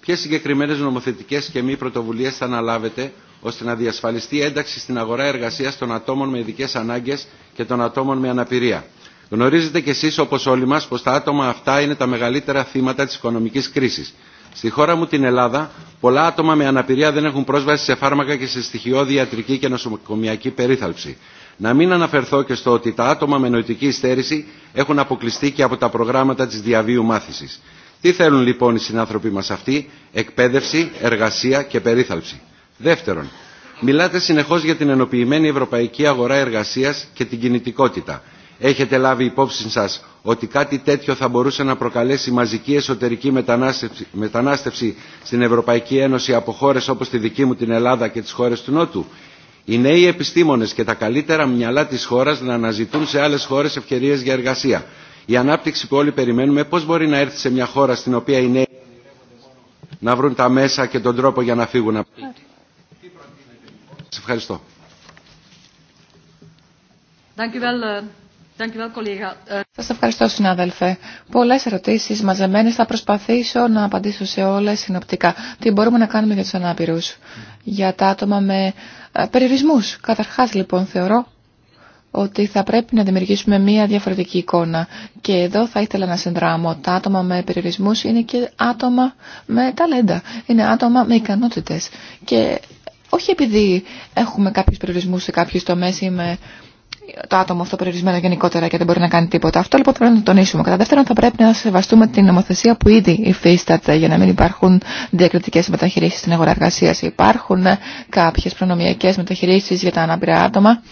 S5: ποιες συγκεκριμένες νομοθετικές και μη πρωτοβουλίες θα αναλάβετε ώστε να διασφαλιστεί ένταξη στην αγορά εργασίας των ατόμων με ειδικέ ανάγκες και των ατόμων με αναπηρία. Γνωρίζετε κι εσείς όπως όλοι μας πως τα άτομα αυτά είναι τα μεγαλύτερα θύματα της οικονομικής κρίσης. Στη χώρα μου την Ελλάδα, πολλά άτομα με αναπηρία δεν έχουν πρόσβαση σε φάρμακα και σε στοιχειώδη ιατρική και νοσοκομιακή περίθαλψη. Να μην αναφερθώ και στο ότι τα άτομα με νοητική υστέρηση έχουν αποκλειστεί και από τα προγράμματα της διαβίου μάθησης. Τι θέλουν λοιπόν οι συνάνθρωποι μας αυτοί, εκπαίδευση, εργασία και περίθαλψη. Δεύτερον, μιλάτε συνεχώ για την ενοποιημένη ευρωπαϊκή αγορά εργασίας και την κινητικότητα έχετε λάβει υπόψη σας ότι κάτι τέτοιο θα μπορούσε να προκαλέσει μαζική εσωτερική μετανάστευση, μετανάστευση στην Ευρωπαϊκή Ένωση από χώρες όπως τη δική μου την Ελλάδα και τις χώρες του Νότου. Οι νέοι επιστήμονες και τα καλύτερα μυαλά της χώρας να αναζητούν σε άλλες χώρες ευκαιρίες για εργασία. Η ανάπτυξη που όλοι περιμένουμε πώς μπορεί να έρθει σε μια χώρα στην οποία οι νέοι να βρουν τα μέσα και τον τρόπο για να φύγουν από ευχαριστώ.
S1: Eh, Uh,
S3: Σας ευχαριστώ συνάδελφε. Πολλές ερωτήσεις μαζεμένες θα προσπαθήσω να απαντήσω σε όλες συνοπτικά. Τι μπορούμε να κάνουμε για τους ανάπηρους, για τα άτομα με ε, περιορισμούς. Καταρχάς λοιπόν θεωρώ ότι θα πρέπει να δημιουργήσουμε μία διαφορετική εικόνα. Και εδώ θα ήθελα να συνδράμω. Τα άτομα με περιορισμούς είναι και άτομα με ταλέντα. Είναι άτομα με ικανότητες. Και όχι επειδή έχουμε κάποιους περιορισμούς σε κάποιους τομές ή με το άτομο αυτό περιορισμένο γενικότερα και δεν μπορεί να κάνει τίποτα. Αυτό λοιπόν θα πρέπει να τονίσουμε. Κατά δεύτερον, θα πρέπει να σεβαστούμε την νομοθεσία που ήδη υφίσταται για να μην υπάρχουν διακριτικέ μεταχειρήσει στην αγορά εργασία. Υπάρχουν κάποιε προνομιακέ μεταχειρήσει για τα αναπηρά άτομα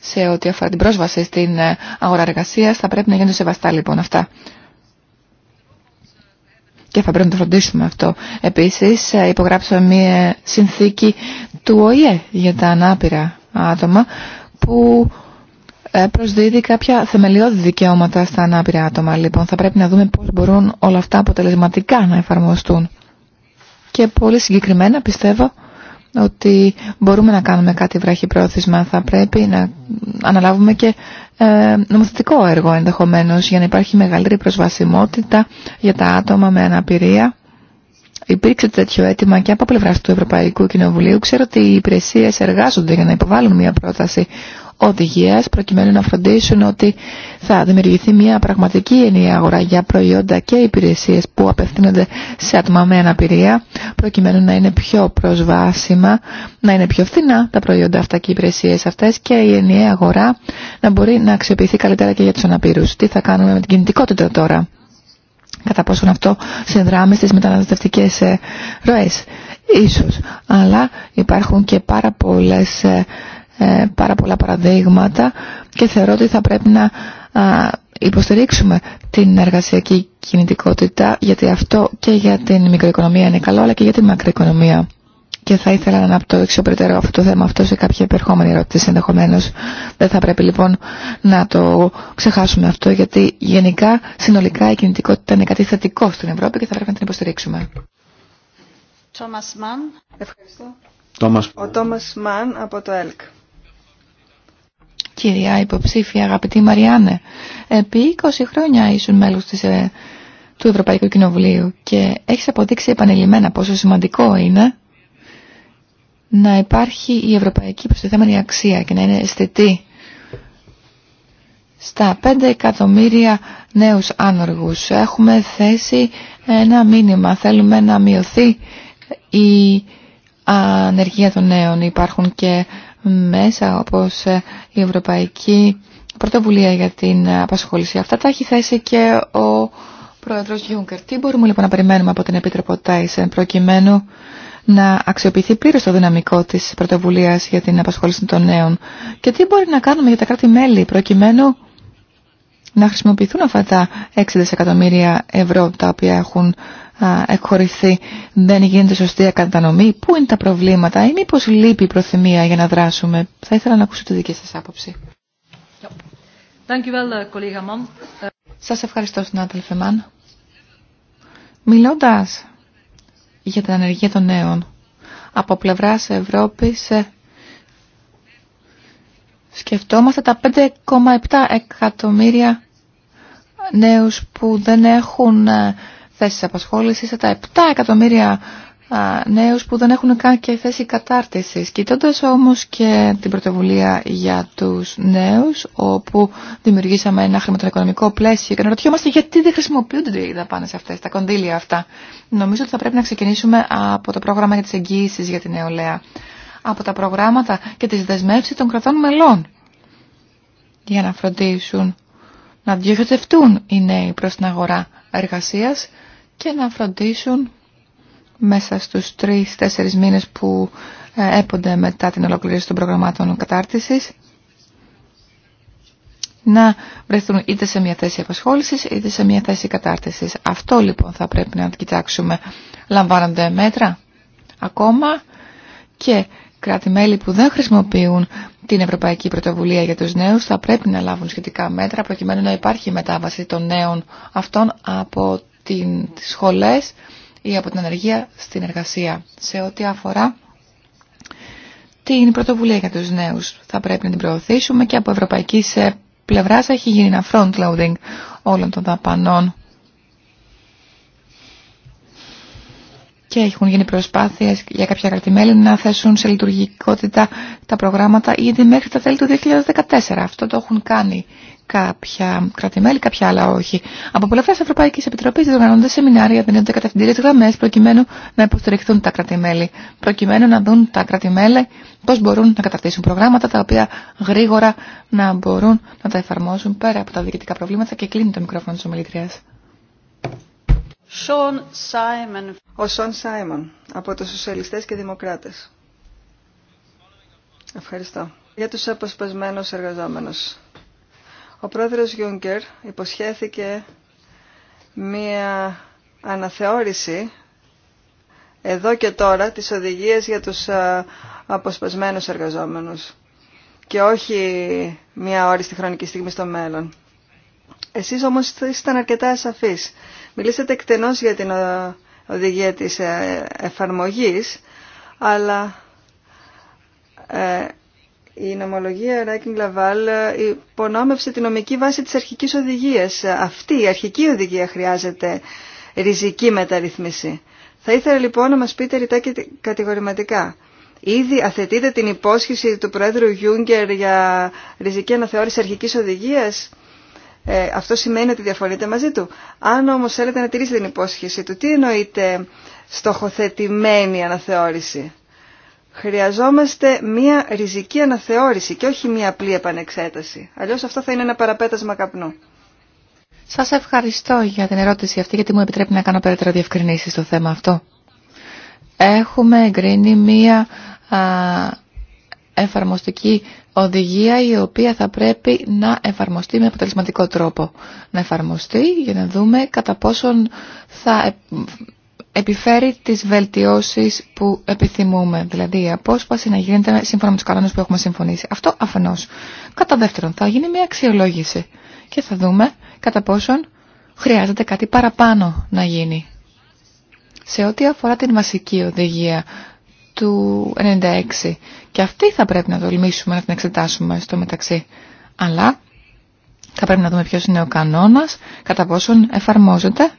S3: σε ό,τι αφορά την πρόσβαση στην αγορά εργασία. Θα πρέπει να γίνονται σεβαστά λοιπόν αυτά. Και θα πρέπει να το φροντίσουμε αυτό. Επίση, υπογράψαμε μία συνθήκη του ΟΗΕ για τα ανάπηρα άτομα που ε, προσδίδει κάποια θεμελιώδη δικαιώματα στα ανάπηρα άτομα. Λοιπόν, θα πρέπει να δούμε πώς μπορούν όλα αυτά αποτελεσματικά να εφαρμοστούν. Και πολύ συγκεκριμένα πιστεύω ότι μπορούμε να κάνουμε κάτι βραχυπρόθεσμα. Θα πρέπει να αναλάβουμε και ε, νομοθετικό έργο ενδεχομένως για να υπάρχει μεγαλύτερη προσβασιμότητα για τα άτομα με αναπηρία. Υπήρξε τέτοιο αίτημα και από πλευρά του Ευρωπαϊκού Κοινοβουλίου. Ξέρω ότι οι υπηρεσίε εργάζονται για να υποβάλουν μια πρόταση οδηγίας προκειμένου να φροντίσουν ότι θα δημιουργηθεί μια πραγματική ενιαία αγορά για προϊόντα και υπηρεσίες που απευθύνονται σε άτομα με αναπηρία προκειμένου να είναι πιο προσβάσιμα, να είναι πιο φθηνά τα προϊόντα αυτά και οι υπηρεσίες αυτές και η ενιαία αγορά να μπορεί να αξιοποιηθεί καλύτερα και για τους αναπήρους. Τι θα κάνουμε με την κινητικότητα τώρα κατά πόσον αυτό συνδράμει στις μεταναστευτικές ε, ροές. Ίσως. Αλλά υπάρχουν και πάρα πολλές ε, ε, πάρα πολλά παραδείγματα και θεωρώ ότι θα πρέπει να υποστηρίξουμε την εργασιακή κινητικότητα γιατί αυτό και για την μικροοικονομία είναι καλό αλλά και για την μακροοικονομία. Και θα ήθελα να αναπτύξω περαιτέρω αυτό το θέμα αυτό σε κάποια επερχόμενη ερώτηση ενδεχομένω. Δεν θα πρέπει λοιπόν να το ξεχάσουμε αυτό, γιατί γενικά συνολικά η κινητικότητα είναι κάτι θετικό στην Ευρώπη και θα πρέπει να την υποστηρίξουμε.
S1: Thomas Mann. Ευχαριστώ.
S4: Thomas. Ο Τόμας Μαν από το ΕΛΚ.
S3: Κυρία υποψήφια, αγαπητή Μαριάννε, επί 20 χρόνια ήσουν μέλος ε, του Ευρωπαϊκού Κοινοβουλίου και έχεις αποδείξει επανειλημμένα πόσο σημαντικό είναι να υπάρχει η ευρωπαϊκή προστιθέμενη αξία και να είναι αισθητή στα 5 εκατομμύρια νέους άνοργους. Έχουμε θέσει ένα μήνυμα. Θέλουμε να μειωθεί η ανεργία των νέων. Υπάρχουν και μέσα όπως ε, η Ευρωπαϊκή Πρωτοβουλία για την Απασχόληση. Αυτά τα έχει θέσει και ο Πρόεδρος Γιούγκερ. Τι μπορούμε λοιπόν να περιμένουμε από την Επίτροπο Τάισεν προκειμένου να αξιοποιηθεί πλήρω το δυναμικό τη πρωτοβουλία για την απασχόληση των νέων και τι μπορεί να κάνουμε για τα κράτη-μέλη προκειμένου να χρησιμοποιηθούν αυτά τα 6 δισεκατομμύρια ευρώ τα οποία έχουν εκχωρηθεί, δεν γίνεται σωστή κατανομή, πού είναι τα προβλήματα ή μήπως λείπει η προθυμία για να δράσουμε. Θα ήθελα να ακούσω τη δική σας άποψη.
S1: Eh, ε,
S3: σας ευχαριστώ, συνάδελφε Μαν. Μιλώντας για την ανεργία των νέων, από πλευράς Ευρώπης ε, σκεφτόμαστε τα 5,7 εκατομμύρια νέους που δεν έχουν ε, θέσεις απασχόλησης τα 7 εκατομμύρια νέους που δεν έχουν καν και θέση κατάρτισης. κοιτώντα όμως και την πρωτοβουλία για τους νέους, όπου δημιουργήσαμε ένα χρηματοοικονομικό πλαίσιο και αναρωτιόμαστε γιατί δεν χρησιμοποιούνται οι δαπάνε αυτές, τα κονδύλια αυτά. Νομίζω ότι θα πρέπει να ξεκινήσουμε από το πρόγραμμα για τις εγγύησεις για την νεολαία, από τα προγράμματα και τις δεσμεύσεις των κρατών μελών για να φροντίσουν να διοχετευτούν οι νέοι προς την αγορά εργασίας και να φροντίσουν μέσα στους τρεις-τέσσερις μήνες που ε, έπονται μετά την ολοκλήρωση των προγραμμάτων κατάρτισης να βρεθούν είτε σε μια θέση απασχόλησης είτε σε μια θέση κατάρτισης. Αυτό λοιπόν θα πρέπει να κοιτάξουμε. Λαμβάνονται μέτρα ακόμα και κράτη-μέλη που δεν χρησιμοποιούν την Ευρωπαϊκή Πρωτοβουλία για τους νέους θα πρέπει να λάβουν σχετικά μέτρα προκειμένου να υπάρχει μετάβαση των νέων αυτών από την, τις σχολές ή από την ανεργία στην εργασία. Σε ό,τι αφορά την πρωτοβουλία για τους νέους θα πρέπει να την προωθήσουμε και απο ευρωπαικη πλευρά πλευράς έχει γίνει ένα front-loading όλων των δαπανών. και έχουν γίνει προσπάθειες για κάποια κρατημέλη να θέσουν σε λειτουργικότητα τα προγράμματα ήδη μέχρι τα τέλη του 2014. Αυτό το έχουν κάνει κάποια κρατημέλη, κάποια άλλα όχι. Από πλευρά Ευρωπαϊκή Επιτροπή διοργανώνονται σεμινάρια, δίνονται κατευθυντήριε γραμμέ προκειμένου να υποστηριχθούν τα κρατημέλη. Προκειμένου να δουν τα κρατημέλη πώ μπορούν να καταρτήσουν προγράμματα τα οποία γρήγορα να μπορούν να τα εφαρμόσουν πέρα από τα διοικητικά προβλήματα και κλείνει το μικρόφωνο τη ομιλητρία.
S4: Ο Σον Σάιμον από του Σοσιαλιστέ και Δημοκράτε. Ευχαριστώ. Για τους αποσπασμένους εργαζόμενους. Ο πρόεδρος Γιούγκερ υποσχέθηκε μία αναθεώρηση εδώ και τώρα τις οδηγίες για τους ε, αποσπασμένους εργαζόμενους και όχι μία όριστη χρονική στιγμή στο μέλλον. Εσείς όμως ήσταν αρκετά ασαφείς. Μιλήσατε εκτενώς για την ε, οδηγία της ε, εφαρμογής, αλλά η νομολογία Ράκιν Λαβάλ υπονόμευσε τη νομική βάση της αρχικής οδηγίας. Αυτή η αρχική οδηγία χρειάζεται ριζική μεταρρύθμιση. Θα ήθελα λοιπόν να μας πείτε ρητά και κατηγορηματικά. Ήδη αθετείτε την υπόσχεση του Πρόεδρου Γιούγκερ για ριζική αναθεώρηση αρχικής οδηγίας. Ε, αυτό σημαίνει ότι διαφωνείτε μαζί του. Αν όμως θέλετε να τηρήσετε την υπόσχεση του, τι εννοείται στοχοθετημένη αναθεώρηση. Χρειαζόμαστε μία ριζική αναθεώρηση και όχι μία απλή επανεξέταση. Αλλιώς αυτό θα είναι ένα παραπέτασμα καπνού.
S3: Σας ευχαριστώ για την ερώτηση αυτή γιατί μου επιτρέπει να κάνω περαιτέρω διευκρινήσεις στο θέμα αυτό. Έχουμε εγκρίνει μία εφαρμοστική οδηγία η οποία θα πρέπει να εφαρμοστεί με αποτελεσματικό τρόπο. Να εφαρμοστεί για να δούμε κατά πόσον θα ε, επιφέρει τις βελτιώσεις που επιθυμούμε, δηλαδή η απόσπαση να γίνεται σύμφωνα με τους κανόνες που έχουμε συμφωνήσει. Αυτό αφενός. Κατά δεύτερον, θα γίνει μια αξιολόγηση και θα δούμε κατά πόσον χρειάζεται κάτι παραπάνω να γίνει. Σε ό,τι αφορά την βασική οδηγία του 96 και αυτή θα πρέπει να τολμήσουμε να την εξετάσουμε στο μεταξύ. Αλλά θα πρέπει να δούμε ποιος είναι ο κανόνας, κατά πόσον εφαρμόζεται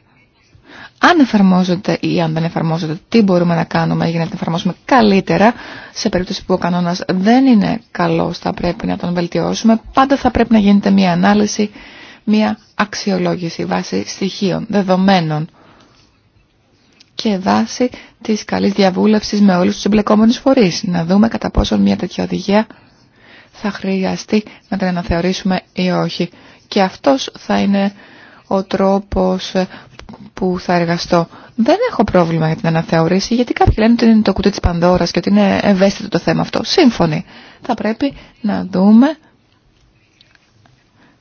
S3: αν εφαρμόζονται ή αν δεν εφαρμόζονται, τι μπορούμε να κάνουμε για να την εφαρμόσουμε καλύτερα. Σε περίπτωση που ο κανόνας δεν είναι καλός, θα πρέπει να τον βελτιώσουμε. Πάντα θα πρέπει να γίνεται μια ανάλυση, μια αξιολόγηση βάσει στοιχείων, δεδομένων και βάσει της καλής διαβούλευσης με όλους τους εμπλεκόμενους φορείς. Να δούμε κατά πόσο μια τέτοια οδηγία θα χρειαστεί να την αναθεωρήσουμε ή όχι. Και αυτός θα είναι ο τρόπος που θα εργαστώ. Δεν έχω πρόβλημα για την αναθεώρηση, γιατί κάποιοι λένε ότι είναι το κουτί της Πανδώρας και ότι είναι ευαίσθητο το θέμα αυτό. Σύμφωνοι. Θα πρέπει να δούμε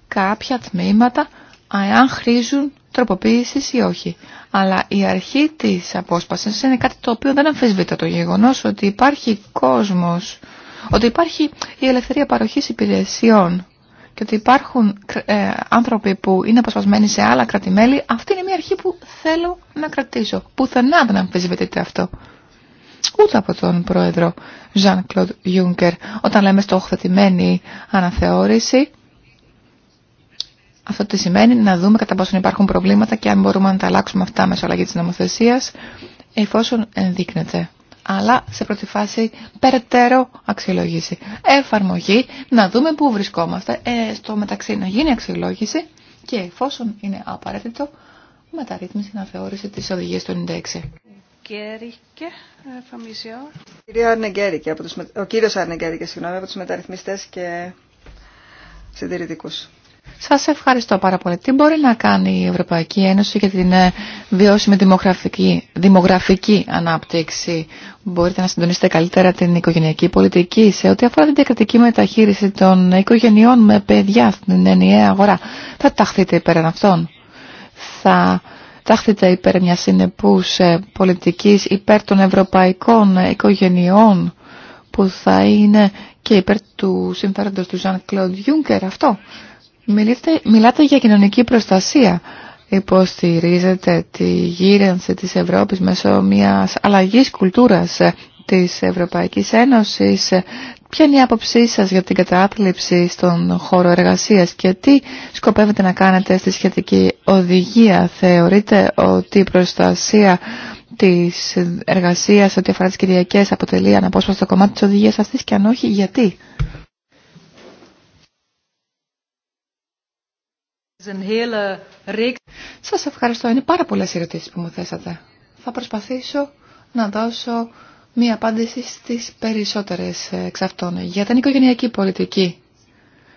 S3: κάποια τμήματα, αν χρήζουν τροποποίησης ή όχι. Αλλά η αρχή της απόσπασης είναι κάτι το οποίο δεν αμφισβήτα το γεγονός ότι υπάρχει κόσμος, ότι υπάρχει η ελευθερία παροχής υπηρεσιών και ότι υπάρχουν ε, άνθρωποι που είναι αποσπασμένοι σε άλλα κρατημέλη, αυτή είναι μια αρχή που θέλω να κρατήσω. Πουθενά δεν αμφισβητείται αυτό. Ούτε από τον πρόεδρο Ζαν Jean-Claude Juncker, Όταν λέμε στοχθετημένη αναθεώρηση, αυτό τι σημαίνει να δούμε κατά πόσο υπάρχουν προβλήματα και αν μπορούμε να τα αλλάξουμε αυτά μέσω αλλαγή της νομοθεσίας εφόσον ενδείκνεται αλλά σε πρώτη φάση περαιτέρω αξιολόγηση. Εφαρμογή, να δούμε πού βρισκόμαστε, ε, στο μεταξύ να γίνει αξιολόγηση και εφόσον είναι απαραίτητο, μεταρρύθμιση να θεώρησε τις οδηγίες του 96.
S4: Ε, ο κύριος Αρνεγκέρικε, συγγνώμη, από τους μεταρρυθμιστές και συντηρητικούς.
S3: Σας ευχαριστώ πάρα πολύ. Τι μπορεί να κάνει η Ευρωπαϊκή Ένωση για την ε, βιώσιμη δημογραφική, δημογραφική ανάπτυξη. Μπορείτε να συντονίσετε καλύτερα την οικογενειακή πολιτική σε ό,τι αφορά την διακριτική μεταχείριση των οικογενειών με παιδιά στην ενιαία αγορά. Θα ταχθείτε υπέρ αυτών. Θα ταχθείτε υπέρ μια συνεπούς ε, πολιτικής υπέρ των ευρωπαϊκών οικογενειών που θα είναι και υπέρ του συμφέροντος του Ζαν Κλοντ Γιούγκερ αυτό μιλάτε για κοινωνική προστασία. Υποστηρίζετε τη γύρανση της Ευρώπης μέσω μιας αλλαγής κουλτούρας της Ευρωπαϊκής Ένωσης. Ποια είναι η άποψή σας για την κατάπληψη στον χώρο εργασίας και τι σκοπεύετε να κάνετε στη σχετική οδηγία. Θεωρείτε ότι η προστασία της εργασίας ό,τι αφορά τις Κυριακές αποτελεί αναπόσπαστο κομμάτι της οδηγίας αυτής και αν όχι γιατί. Σας ευχαριστώ. Είναι πάρα πολλές ερωτήσεις που μου θέσατε. Θα προσπαθήσω να δώσω μία απάντηση στις περισσότερες ε, εξ αυτών. Για την οικογενειακή πολιτική.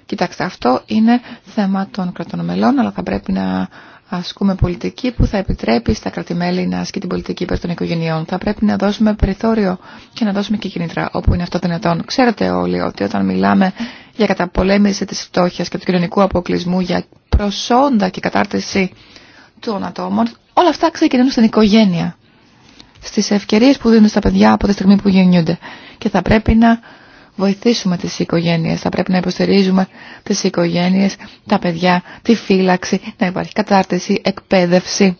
S3: Κοιτάξτε, αυτό είναι θέμα των κρατών μελών, αλλά θα πρέπει να ασκούμε πολιτική που θα επιτρέπει στα κρατημέλη να ασκεί την πολιτική υπέρ των οικογενειών. Θα πρέπει να δώσουμε περιθώριο και να δώσουμε και κινήτρα όπου είναι αυτό δυνατόν. Ξέρετε όλοι ότι όταν μιλάμε για καταπολέμηση της φτώχειας και του κοινωνικού αποκλεισμού, για προσόντα και κατάρτιση των ατόμων, όλα αυτά ξεκινούν στην οικογένεια, στις ευκαιρίες που δίνουν στα παιδιά από τη στιγμή που γεννιούνται. Και θα πρέπει να βοηθήσουμε τις οικογένειες, θα πρέπει να υποστηρίζουμε τις οικογένειες, τα παιδιά, τη φύλαξη, να υπάρχει κατάρτιση, εκπαίδευση.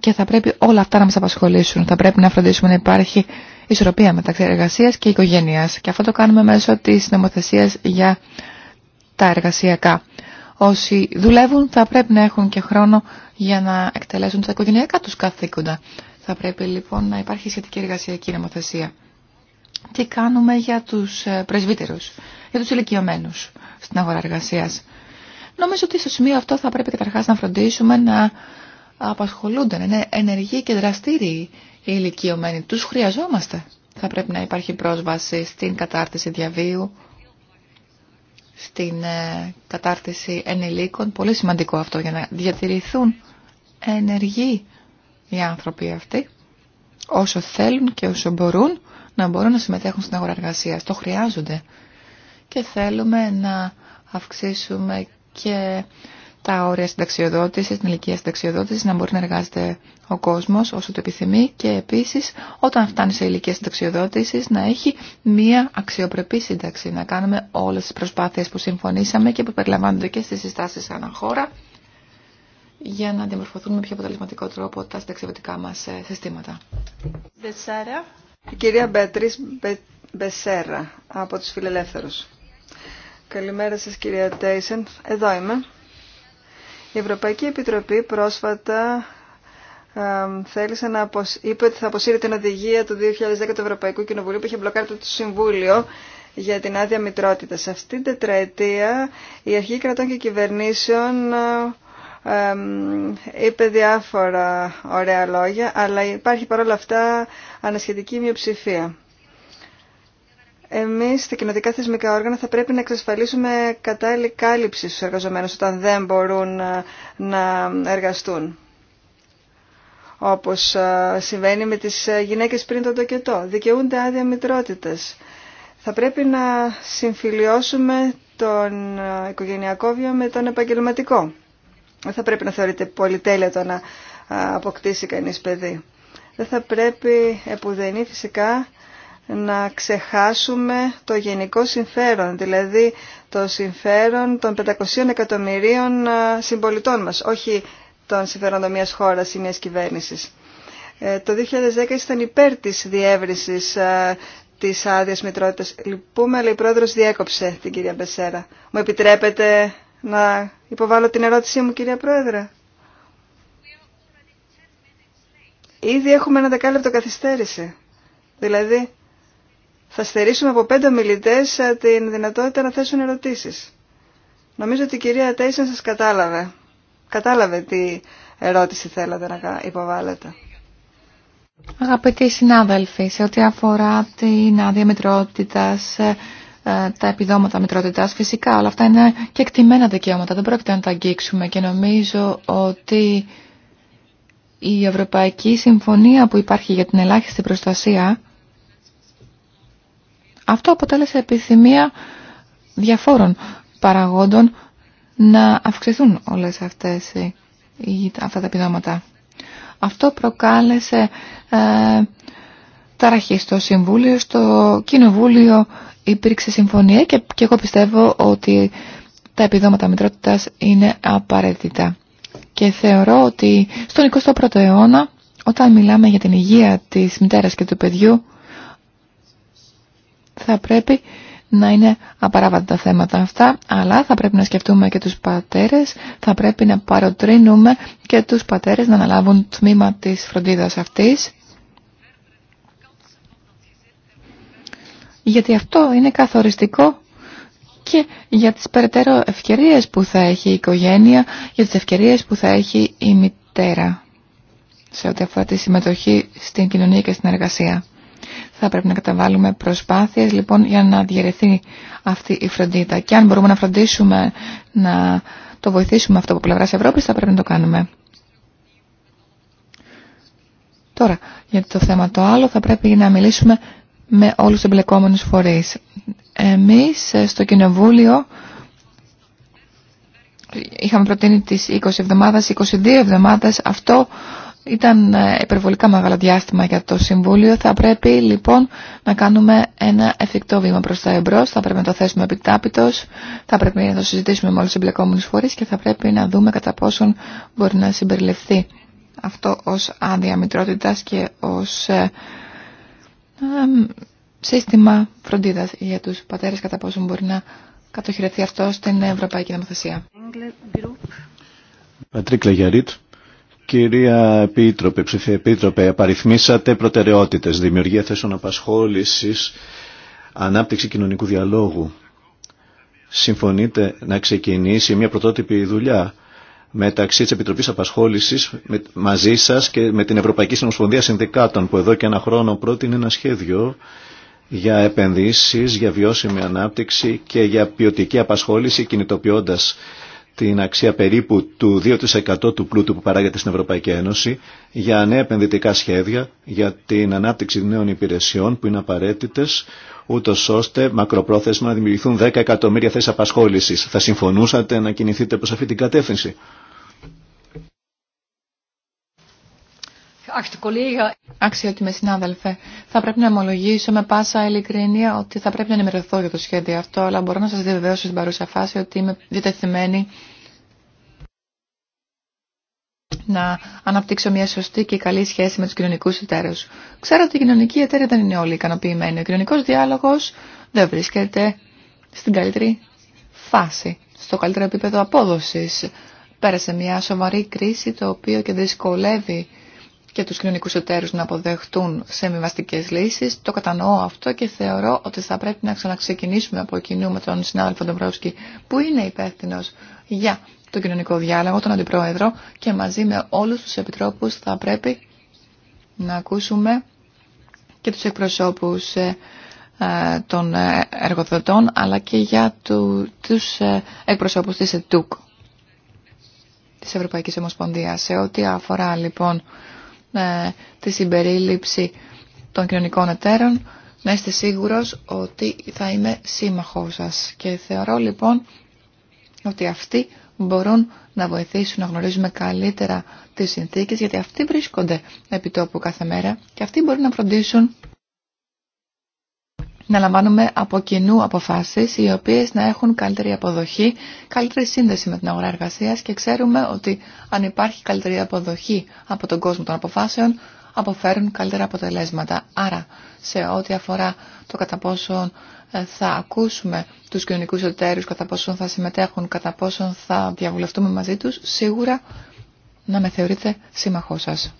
S3: Και θα πρέπει όλα αυτά να μας απασχολήσουν. Θα πρέπει να φροντίσουμε να υπάρχει ισορροπία μεταξύ εργασία και οικογένεια. Και αυτό το κάνουμε μέσω τη νομοθεσία για τα εργασιακά. Όσοι δουλεύουν θα πρέπει να έχουν και χρόνο για να εκτελέσουν τα οικογενειακά του καθήκοντα. Θα πρέπει λοιπόν να υπάρχει σχετική εργασιακή νομοθεσία. Τι κάνουμε για του ε, πρεσβύτερου, για του ηλικιωμένου στην αγορά εργασία. Νομίζω ότι στο σημείο αυτό θα πρέπει καταρχά να φροντίσουμε να απασχολούνται, να είναι ενεργοί και δραστήριοι οι ηλικιωμένοι. Τους χρειαζόμαστε. Θα πρέπει να υπάρχει πρόσβαση στην κατάρτιση διαβίου, στην ε, κατάρτιση ενηλίκων. Πολύ σημαντικό αυτό για να διατηρηθούν ενεργοί οι άνθρωποι αυτοί όσο θέλουν και όσο μπορούν να μπορούν να συμμετέχουν στην αγορά εργασία. Το χρειάζονται. Και θέλουμε να αυξήσουμε και τα όρια συνταξιοδότησης, την ηλικία συνταξιοδότησης, να μπορεί να εργάζεται ο κόσμος όσο το επιθυμεί και επίσης όταν φτάνει σε ηλικία συνταξιοδότησης να έχει μία αξιοπρεπή σύνταξη, να κάνουμε όλες τις προσπάθειες που συμφωνήσαμε και που περιλαμβάνονται και στις συστάσεις ανά χώρα για να διαμορφωθούν με πιο αποτελεσματικό τρόπο τα συνταξιοδοτικά μας ε, συστήματα. Η κυρία Μπέτρις
S4: Μπεσέρα από τους Φιλελεύθερους. Καλημέρα σας κυρία Τέισεν. Εδώ είμαι. Η Ευρωπαϊκή Επιτροπή πρόσφατα θέλησε να είπε ότι θα αποσύρει την οδηγία του 2010 του Ευρωπαϊκού Κοινοβουλίου που είχε μπλοκάρει το Συμβούλιο για την άδεια μητρότητα. Σε αυτήν την τετραετία η αρχή κρατών και κυβερνήσεων είπε διάφορα ωραία λόγια, αλλά υπάρχει παρόλα αυτά ανασχετική μειοψηφία εμείς τα κοινοτικά θεσμικά όργανα θα πρέπει να εξασφαλίσουμε κατάλληλη κάλυψη στους εργαζομένους όταν δεν μπορούν ε, να εργαστούν. Όπως ε, συμβαίνει με τις ε, γυναίκες πριν τον τοκετό. Δικαιούνται άδεια μητρότητας. Θα πρέπει να συμφιλιώσουμε τον οικογενειακό βίο με τον επαγγελματικό. Δεν θα πρέπει να θεωρείται πολυτέλεια το να αποκτήσει κανείς παιδί. Δεν θα πρέπει επουδενή φυσικά να ξεχάσουμε το γενικό συμφέρον, δηλαδή το συμφέρον των 500 εκατομμυρίων συμπολιτών μας, όχι των συμφέροντων μιας χώρας ή μιας κυβέρνησης. Ε, το 2010 ήταν υπέρ της διεύρυνσης της άδειας μητρότητας. Λυπούμε, αλλά η πρόεδρος διέκοψε την κυρία Μπεσέρα. Μου επιτρέπετε να υποβάλω την ερώτησή μου, κυρία Πρόεδρε. Ήδη έχουμε ένα δεκάλεπτο καθυστέρηση. Δηλαδή, θα στερήσουμε από πέντε ομιλητέ ε, την δυνατότητα να θέσουν ερωτήσεις. Νομίζω ότι η κυρία Τέισεν σας κατάλαβε. Κατάλαβε τι ερώτηση θέλατε να υποβάλλετε.
S3: Αγαπητοί συνάδελφοι, σε ό,τι αφορά την άδεια μητρότητας, ε, ε, τα επιδόματα μητρότητα. φυσικά όλα αυτά είναι και εκτιμένα δικαιώματα, δεν πρόκειται να τα αγγίξουμε και νομίζω ότι η Ευρωπαϊκή Συμφωνία που υπάρχει για την ελάχιστη προστασία αυτό αποτέλεσε επιθυμία διαφόρων παραγόντων να αυξηθούν όλες αυτές αυτά τα επιδόματα. Αυτό προκάλεσε ε, ταραχή στο Συμβούλιο, στο Κοινοβούλιο υπήρξε συμφωνία και, και εγώ πιστεύω ότι τα επιδόματα μητρότητας είναι απαραίτητα. Και θεωρώ ότι στον 21ο αιώνα, όταν μιλάμε για την υγεία της μητέρας και του παιδιού, θα πρέπει να είναι απαράβατα τα θέματα αυτά, αλλά θα πρέπει να σκεφτούμε και τους πατέρες, θα πρέπει να παροτρύνουμε και τους πατέρες να αναλάβουν τμήμα της φροντίδας αυτής. Γιατί αυτό είναι καθοριστικό και για τις περαιτέρω ευκαιρίες που θα έχει η οικογένεια, για τις ευκαιρίες που θα έχει η μητέρα σε ό,τι αφορά τη συμμετοχή στην κοινωνία και στην εργασία. Θα πρέπει να καταβάλουμε προσπάθειες λοιπόν για να διαιρεθεί αυτή η φροντίδα. Και αν μπορούμε να φροντίσουμε να το βοηθήσουμε αυτό από πλευρά Ευρώπη, θα πρέπει να το κάνουμε. Τώρα, για το θέμα το άλλο θα πρέπει να μιλήσουμε με όλους τους εμπλεκόμενους φορείς. Εμείς ε, στο Κοινοβούλιο είχαμε προτείνει τις 20 εβδομάδες, 22 εβδομάδες. Αυτό ήταν ε, υπερβολικά μεγάλο διάστημα για το Συμβούλιο. Θα πρέπει λοιπόν να κάνουμε ένα εφικτό βήμα προς τα εμπρός. Θα πρέπει να το θέσουμε επιτάπητος. Θα πρέπει να το συζητήσουμε με όλους τους εμπλεκόμενους φορείς και θα πρέπει να δούμε κατά πόσον μπορεί να συμπεριληφθεί αυτό ως άδεια και ως ε, σύστημα φροντίδας για τους πατέρες κατά πόσον μπορεί να κατοχυρεθεί αυτό στην Ευρωπαϊκή Νομοθεσία.
S2: Κυρία Επίτροπε, ψηφία Επίτροπε, απαριθμίσατε προτεραιότητες, δημιουργία θέσεων απασχόλησης, ανάπτυξη κοινωνικού διαλόγου. Συμφωνείτε να ξεκινήσει μια πρωτότυπη δουλειά μεταξύ της Επιτροπής Απασχόλησης μαζί σας και με την Ευρωπαϊκή Συνομοσπονδία Συνδικάτων που εδώ και ένα χρόνο πρότεινε ένα σχέδιο για επενδύσεις, για βιώσιμη ανάπτυξη και για ποιοτική απασχόληση κινητοποιώντας την αξία περίπου του 2% του πλούτου που παράγεται στην Ευρωπαϊκή Ένωση για νέα επενδυτικά σχέδια, για την ανάπτυξη νέων υπηρεσιών που είναι απαραίτητε, ούτω ώστε μακροπρόθεσμα να δημιουργηθούν 10 εκατομμύρια θέσεις απασχόληση. Θα συμφωνούσατε να κινηθείτε προ αυτή την κατεύθυνση.
S3: Αξιότιμε συνάδελφε, θα πρέπει να ομολογήσω με πάσα ειλικρίνεια ότι θα πρέπει να ενημερωθώ για το σχέδιο αυτό, αλλά μπορώ να σα διαβεβαιώσω στην παρούσα φάση ότι είμαι διατεθειμένη να αναπτύξω μια σωστή και καλή σχέση με του κοινωνικού εταίρου. Ξέρω ότι οι κοινωνικοί εταίροι δεν είναι όλοι ικανοποιημένοι. Ο κοινωνικό διάλογο δεν βρίσκεται στην καλύτερη φάση, στο καλύτερο επίπεδο απόδοση. Πέρασε μια σοβαρή κρίση το οποίο και δυσκολεύει και τους κοινωνικούς εταίρους να αποδεχτούν σε λύσεις. Το κατανοώ αυτό και θεωρώ ότι θα πρέπει να ξαναξεκινήσουμε από κοινού με τον συνάδελφο τον που είναι υπεύθυνο για τον κοινωνικό διάλογο, τον Αντιπρόεδρο και μαζί με όλους τους επιτρόπους θα πρέπει να ακούσουμε και τους εκπροσώπους ε, ε, των ε, εργοδοτών αλλά και για τους εκπροσώπους της ΕΤΟΚ της Ευρωπαϊκής Ομοσπονδίας. Σε ό,τι αφορά λοιπόν τη συμπερίληψη των κοινωνικών εταίρων, να είστε σίγουρος ότι θα είμαι σύμμαχός σας. Και θεωρώ λοιπόν ότι αυτοί μπορούν να βοηθήσουν να γνωρίζουμε καλύτερα τις συνθήκες, γιατί αυτοί βρίσκονται επί τόπου κάθε μέρα και αυτοί μπορούν να φροντίσουν να λαμβάνουμε από κοινού αποφάσεις οι οποίες να έχουν καλύτερη αποδοχή, καλύτερη σύνδεση με την αγορά εργασίας και ξέρουμε ότι αν υπάρχει καλύτερη αποδοχή από τον κόσμο των αποφάσεων αποφέρουν καλύτερα αποτελέσματα. Άρα σε ό,τι αφορά το κατά πόσο ε, θα ακούσουμε τους κοινωνικού εταίρους, κατά πόσο θα συμμετέχουν, κατά πόσο θα διαβουλευτούμε μαζί τους, σίγουρα να με θεωρείτε σύμμαχό σας.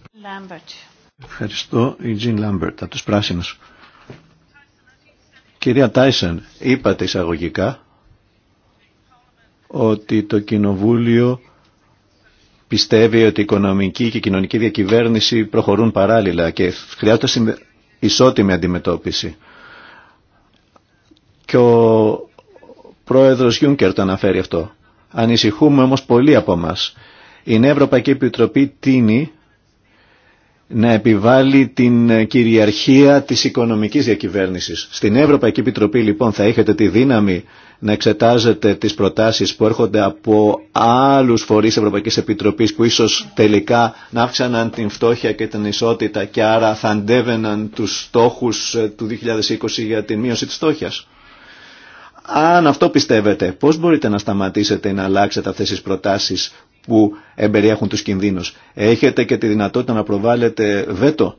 S2: Ευχαριστώ, Lambert, από Κυρία Τάισεν, είπατε εισαγωγικά ότι το Κοινοβούλιο πιστεύει ότι η οικονομική και η κοινωνική διακυβέρνηση προχωρούν παράλληλα και χρειάζεται ισότιμη αντιμετώπιση. Και ο πρόεδρος Γιούνκερ το αναφέρει αυτό. Ανησυχούμε όμως πολύ από μας. Η Νέα Ευρωπαϊκή Επιτροπή τίνει να επιβάλλει την ε, κυριαρχία της οικονομικής διακυβέρνησης. Στην Ευρωπαϊκή Επιτροπή λοιπόν θα έχετε τη δύναμη να εξετάζετε τις προτάσεις που έρχονται από άλλους φορείς Ευρωπαϊκής Επιτροπής που ίσως τελικά να αύξαναν την φτώχεια και την ισότητα και άρα θα αντέβαιναν τους στόχους ε, του 2020 για την μείωση της φτώχειας. Αν αυτό πιστεύετε, πώς μπορείτε να σταματήσετε να αλλάξετε αυτές τις προτάσεις που εμπεριέχουν τους κινδύνους. Έχετε και τη δυνατότητα να προβάλλετε βέτο.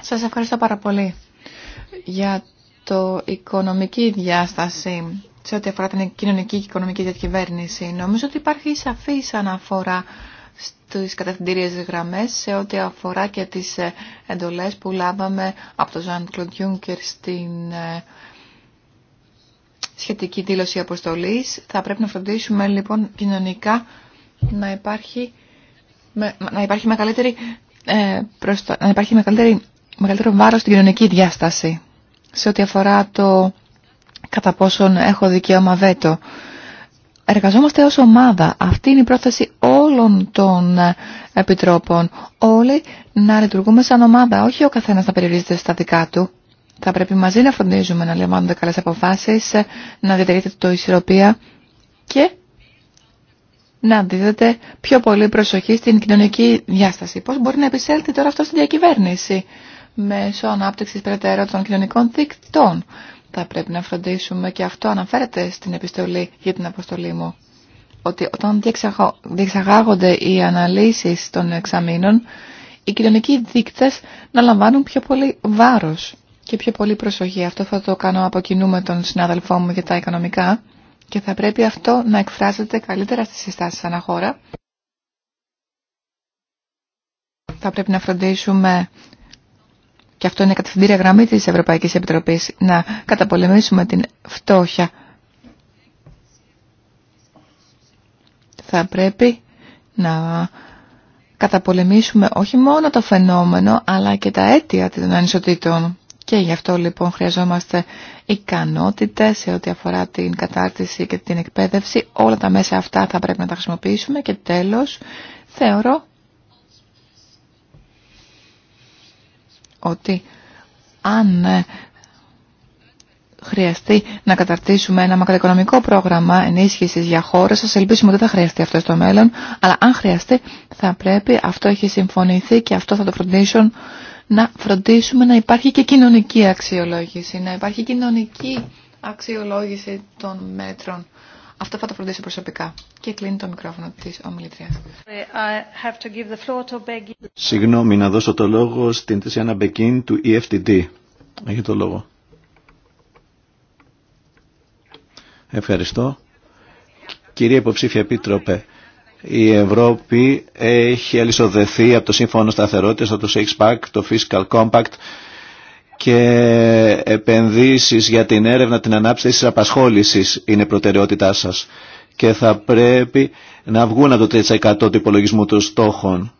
S3: Σας ευχαριστώ πάρα πολύ για το οικονομική διάσταση σε ό,τι αφορά την κοινωνική και οικονομική διακυβέρνηση. Νομίζω ότι υπάρχει σαφής αναφορά στις κατευθυντήριες γραμμές σε ό,τι αφορά και τις εντολές που λάβαμε από τον Ζαν Κλοντ Γιούγκερ στην ε, σχετική δήλωση αποστολής. Θα πρέπει να φροντίσουμε λοιπόν κοινωνικά να υπάρχει, να υπάρχει μεγαλύτερη, ε, να υπάρχει μεγαλύτερη, μεγαλύτερο βάρος στην κοινωνική διάσταση σε ό,τι αφορά το κατά πόσον έχω δικαίωμα βέτο. Εργαζόμαστε ως ομάδα. Αυτή είναι η πρόθεση όλων των επιτρόπων. Όλοι να λειτουργούμε σαν ομάδα, όχι ο καθένας να περιορίζεται στα δικά του. Θα πρέπει μαζί να φροντίζουμε να λαμβάνονται καλές αποφάσεις, να διατηρείται το ισορροπία και να δίδεται πιο πολύ προσοχή στην κοινωνική διάσταση. Πώς μπορεί να επισέλθει τώρα αυτό στην διακυβέρνηση μέσω ανάπτυξη περαιτέρω των κοινωνικών δικτών. Θα πρέπει να φροντίσουμε και αυτό αναφέρεται στην επιστολή για την αποστολή μου. Ότι όταν διεξαγάγονται οι αναλύσεις των εξαμήνων, οι κοινωνικοί δείκτες να λαμβάνουν πιο πολύ βάρος και πιο πολύ προσοχή. Αυτό θα το κάνω από κοινού με τον συνάδελφό μου για τα οικονομικά και θα πρέπει αυτό να εκφράζεται καλύτερα στις συστάσεις χώρα. Θα πρέπει να φροντίσουμε και αυτό είναι κατευθυντήρια γραμμή της Ευρωπαϊκής Επιτροπής, να καταπολεμήσουμε την φτώχεια. Θα πρέπει να καταπολεμήσουμε όχι μόνο το φαινόμενο, αλλά και τα αίτια των ανισοτήτων. Και γι' αυτό λοιπόν χρειαζόμαστε ικανότητες σε ό,τι αφορά την κατάρτιση και την εκπαίδευση. Όλα τα μέσα αυτά θα πρέπει να τα χρησιμοποιήσουμε και τέλος θεωρώ ότι αν ε, χρειαστεί να καταρτήσουμε ένα μακροοικονομικό πρόγραμμα ενίσχυσης για χώρες, σας ελπίσουμε ότι δεν θα χρειαστεί αυτό στο μέλλον, αλλά αν χρειαστεί θα πρέπει, αυτό έχει συμφωνηθεί και αυτό θα το φροντίσουν να φροντίσουμε να υπάρχει και κοινωνική αξιολόγηση, να υπάρχει κοινωνική αξιολόγηση των μέτρων. Αυτό θα το φροντίσω προσωπικά. Και κλείνει το μικρόφωνο της ομιλητρία.
S2: Συγγνώμη, να δώσω το λόγο στην Τσιάννα Μπεκίν του EFTD. Έχει το λόγο. Ευχαριστώ. Κυρία Υποψήφια Επίτροπε, η Ευρώπη έχει αλυσοδεθεί από το Σύμφωνο Σταθερότητας, από το Six Pack, το Fiscal Compact και επενδύσεις για την έρευνα, την ανάπτυξη της απασχόλησης είναι προτεραιότητά σας και θα πρέπει να βγουν από το 3% του υπολογισμού των στόχων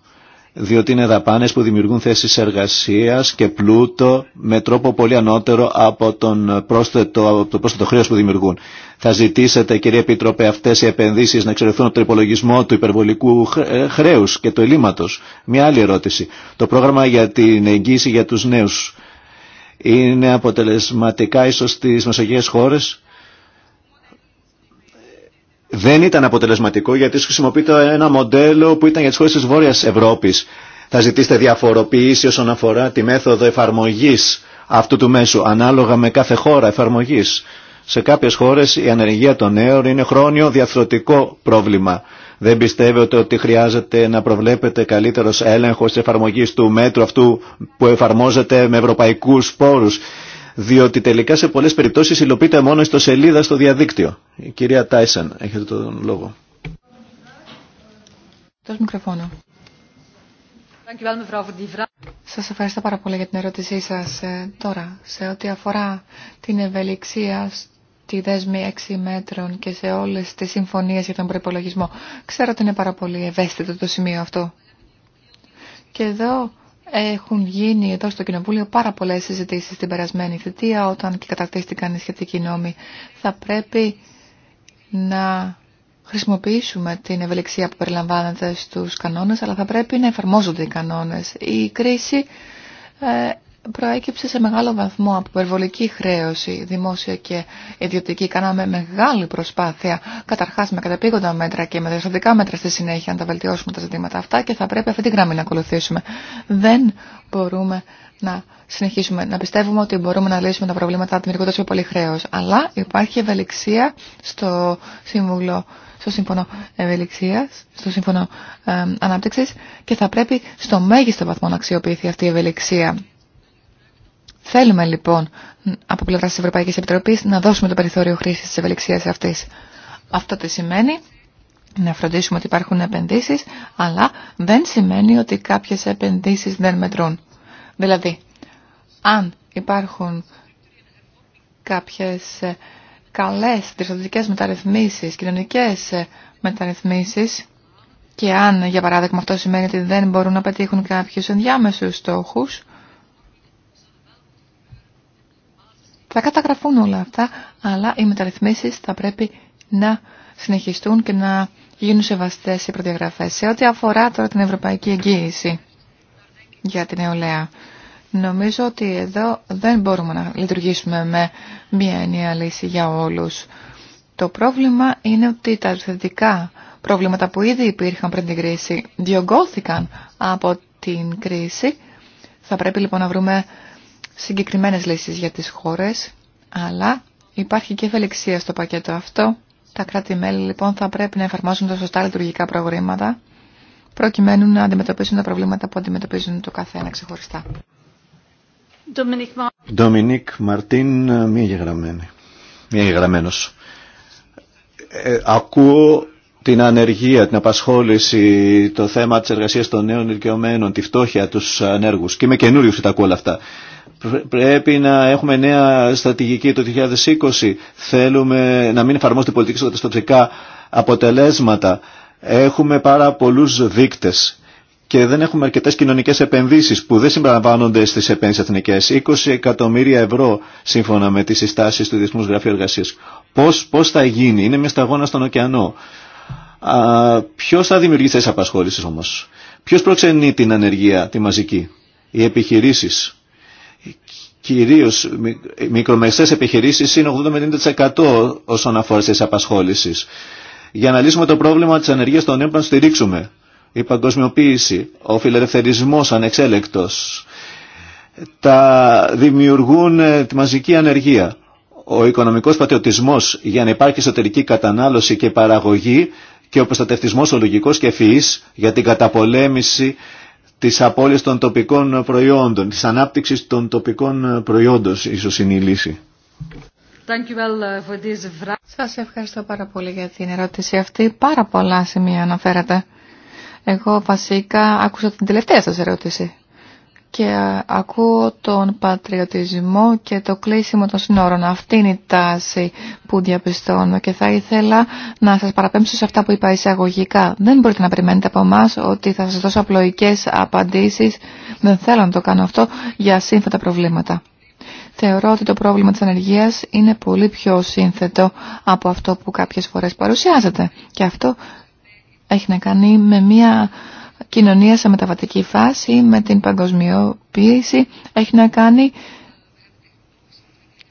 S2: διότι είναι δαπάνες που δημιουργούν θέσεις εργασίας και πλούτο με τρόπο πολύ ανώτερο από, τον από το πρόσθετο χρέος που δημιουργούν. Θα ζητήσετε, κύριε Επίτροπε, αυτές οι επενδύσεις να εξαιρεθούν από τον υπολογισμό του υπερβολικού ε, χρέους και του ελλείμματος. Μια άλλη ερώτηση. Το πρόγραμμα για την εγγύηση για τους νέους είναι αποτελεσματικά ίσως στις μεσογειακές χώρες. Δεν ήταν αποτελεσματικό γιατί χρησιμοποιείται ένα μοντέλο που ήταν για τις χώρες της Βόρειας Ευρώπης. Θα ζητήσετε διαφοροποίηση όσον αφορά τη μέθοδο εφαρμογής αυτού του μέσου, ανάλογα με κάθε χώρα εφαρμογής. Σε κάποιες χώρες η ανεργία των νέων είναι χρόνιο διαθροτικό πρόβλημα. Δεν πιστεύετε ότι χρειάζεται να προβλέπετε καλύτερος έλεγχος εφαρμογής του μέτρου αυτού που εφαρμόζεται με ευρωπαϊκούς πόρους. Διότι τελικά σε πολλές περιπτώσεις υλοποιείται μόνο στο σελίδα στο διαδίκτυο. Η κυρία Τάισαν, έχετε τον λόγο.
S3: Σας ευχαριστώ πάρα πολύ για την ερώτησή σας ε, τώρα. Σε ό,τι αφορά την ευελιξία στη δέσμη 6 μέτρων και σε όλες τις συμφωνίες για τον προπολογισμό. Ξέρω ότι είναι πάρα πολύ ευαίσθητο το σημείο αυτό. Και εδώ έχουν γίνει εδώ στο Κοινοβούλιο πάρα πολλέ συζητήσει την περασμένη θητεία όταν και καταρτίστηκαν οι σχετικοί νόμοι. Θα πρέπει να χρησιμοποιήσουμε την ευελιξία που περιλαμβάνεται στους κανόνες, αλλά θα πρέπει να εφαρμόζονται οι κανόνες. Η κρίση ε, προέκυψε σε μεγάλο βαθμό από υπερβολική χρέωση δημόσια και ιδιωτική. Κάναμε μεγάλη προσπάθεια, καταρχάς με καταπήγοντα μέτρα και με διαστατικά μέτρα στη συνέχεια, να τα βελτιώσουμε τα ζητήματα αυτά και θα πρέπει αυτή τη γραμμή να ακολουθήσουμε. Δεν μπορούμε να συνεχίσουμε να πιστεύουμε ότι μπορούμε να λύσουμε τα προβλήματα δημιουργώντας πιο πολύ χρέο. Αλλά υπάρχει ευελιξία στο σύμβουλο, στο σύμφωνο ευελιξία, στο σύμφωνο ε, ανάπτυξη και θα πρέπει στο μέγιστο βαθμό να αξιοποιηθεί αυτή η ευελιξία Θέλουμε λοιπόν από πλευρά τη Ευρωπαϊκή Επιτροπή να δώσουμε το περιθώριο χρήση τη ευελιξία αυτή. Αυτό τι σημαίνει, να φροντίσουμε ότι υπάρχουν επενδύσει, αλλά δεν σημαίνει ότι κάποιε επενδύσει δεν μετρούν. Δηλαδή, αν υπάρχουν κάποιε ε, καλέ διστατικέ μεταρρυθμίσει, κοινωνικέ ε, μεταρρυθμίσει, και αν, για παράδειγμα, αυτό σημαίνει ότι δεν μπορούν να πετύχουν κάποιου ενδιάμεσου στόχου, Θα καταγραφούν όλα αυτά, αλλά οι μεταρρυθμίσεις θα πρέπει να συνεχιστούν και να γίνουν σεβαστές οι προδιαγραφές. Σε ό,τι αφορά τώρα την ευρωπαϊκή εγγύηση για την νεολαία, νομίζω ότι εδώ δεν μπορούμε να λειτουργήσουμε με μία ενιαία λύση για όλους. Το πρόβλημα είναι ότι τα θετικά προβλήματα που ήδη υπήρχαν πριν την κρίση διωγγώθηκαν από την κρίση. Θα πρέπει λοιπόν να βρούμε συγκεκριμένες λύσεις για τις χώρες, αλλά υπάρχει και ευελιξία στο πακέτο αυτό. Τα κράτη-μέλη λοιπόν θα πρέπει να εφαρμόσουν τα σωστά λειτουργικά προγράμματα, προκειμένου να αντιμετωπίσουν τα προβλήματα που αντιμετωπίζουν το καθένα ξεχωριστά.
S2: Ντομινίκ Μαρτίν, μία γεγραμμένη. Μία γεγραμμένος. Ε, ακούω την ανεργία, την απασχόληση, το θέμα της εργασίας των νέων ηλικιωμένων, τη φτώχεια, τους ανέργους. Και είμαι καινούριο που τα ακούω όλα αυτά. Πρέπει να έχουμε νέα στρατηγική το 2020. Θέλουμε να μην εφαρμόζεται η πολιτική στα αποτελέσματα. Έχουμε πάρα πολλούς δείκτες και δεν έχουμε αρκετέ κοινωνικέ επενδύσει που δεν συμπεριλαμβάνονται στι επένδυσει εθνικέ. 20 εκατομμύρια ευρώ σύμφωνα με τι συστάσει του Διεθνού Γραφείου Εργασία. Πώ πώς θα γίνει, είναι μια σταγόνα στον ωκεανό. Ποιο θα δημιουργήσει θέσει απασχόληση όμω, Ποιο προξενεί την ανεργία, τη μαζική, οι επιχειρήσει κυρίως μικρομεσαίες επιχειρήσεις είναι 80-90% όσον αφορά στις απασχόλησεις. Για να λύσουμε το πρόβλημα της ανεργίας των νέων να στηρίξουμε. Η παγκοσμιοποίηση, ο φιλελευθερισμός ανεξέλεκτος, τα δημιουργούν ε, τη μαζική ανεργία. Ο οικονομικός πατριωτισμός για να υπάρχει εσωτερική κατανάλωση και παραγωγή και ο προστατευτισμός ολογικό και φυής για την καταπολέμηση της απώλειας των τοπικών προϊόντων, της ανάπτυξης των τοπικών προϊόντων ίσως είναι η λύση.
S3: Uh, σας ευχαριστώ πάρα πολύ για την ερώτηση αυτή. Πάρα πολλά σημεία αναφέρατε. Εγώ βασικά άκουσα την τελευταία σας ερώτηση και ακούω τον πατριωτισμό και το κλείσιμο των συνόρων. Αυτή είναι η τάση που διαπιστώνω και θα ήθελα να σας παραπέμψω σε αυτά που είπα εισαγωγικά. Δεν μπορείτε να περιμένετε από εμά ότι θα σας δώσω απλοϊκές απαντήσεις, δεν θέλω να το κάνω αυτό, για σύνθετα προβλήματα. Θεωρώ ότι το πρόβλημα της ανεργίας είναι πολύ πιο σύνθετο από αυτό που κάποιες φορές παρουσιάζεται. Και αυτό έχει να κάνει με μια κοινωνία σε μεταβατική φάση με την παγκοσμιοποίηση έχει να κάνει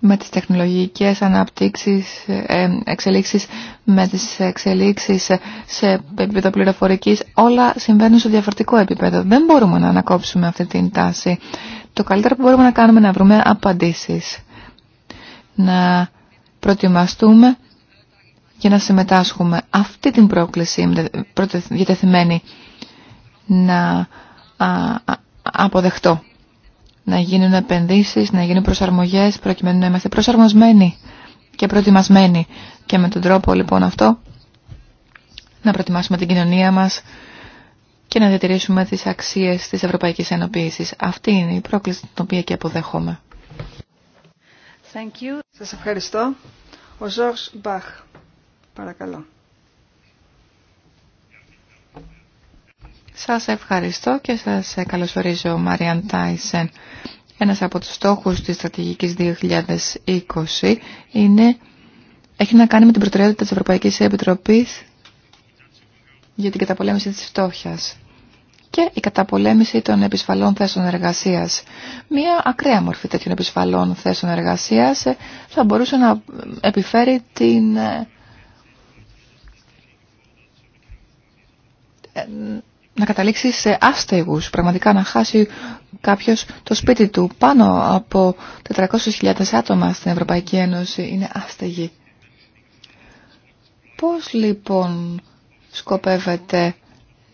S3: με τις τεχνολογικές αναπτύξεις, ε, εξελίξεις, με τις εξελίξεις σε επίπεδο πληροφορικής. Όλα συμβαίνουν σε διαφορετικό επίπεδο. Δεν μπορούμε να ανακόψουμε αυτή την τάση. Το καλύτερο που μπορούμε να κάνουμε είναι να βρούμε απαντήσεις. Να προετοιμαστούμε και να συμμετάσχουμε. Αυτή την πρόκληση διατεθειμένη να αποδεχτώ. Να γίνουν επενδύσεις, να γίνουν προσαρμογές προκειμένου να είμαστε προσαρμοσμένοι και προετοιμασμένοι. Και με τον τρόπο λοιπόν αυτό να προετοιμάσουμε την κοινωνία μας και να διατηρήσουμε τις αξίες της Ευρωπαϊκής Ενοποίησης. Αυτή είναι η πρόκληση την οποία και αποδέχομαι.
S4: Thank you. Σας ευχαριστώ. Ο Ζορς Μπαχ, παρακαλώ.
S3: Σας ευχαριστώ και σας καλωσορίζω Μαριάν Τάισεν. Ένας από τους στόχους της στρατηγικής 2020 είναι, έχει να κάνει με την προτεραιότητα της Ευρωπαϊκής Επιτροπής για την καταπολέμηση της φτώχειας και η καταπολέμηση των επισφαλών θέσεων εργασίας. Μία ακραία μορφή τέτοιων επισφαλών θέσεων εργασίας θα μπορούσε να επιφέρει την ε, να καταλήξει σε άστεγους, πραγματικά να χάσει κάποιος το σπίτι του. Πάνω από 400.000 άτομα στην Ευρωπαϊκή Ένωση είναι άστεγοι. Πώς λοιπόν σκοπεύετε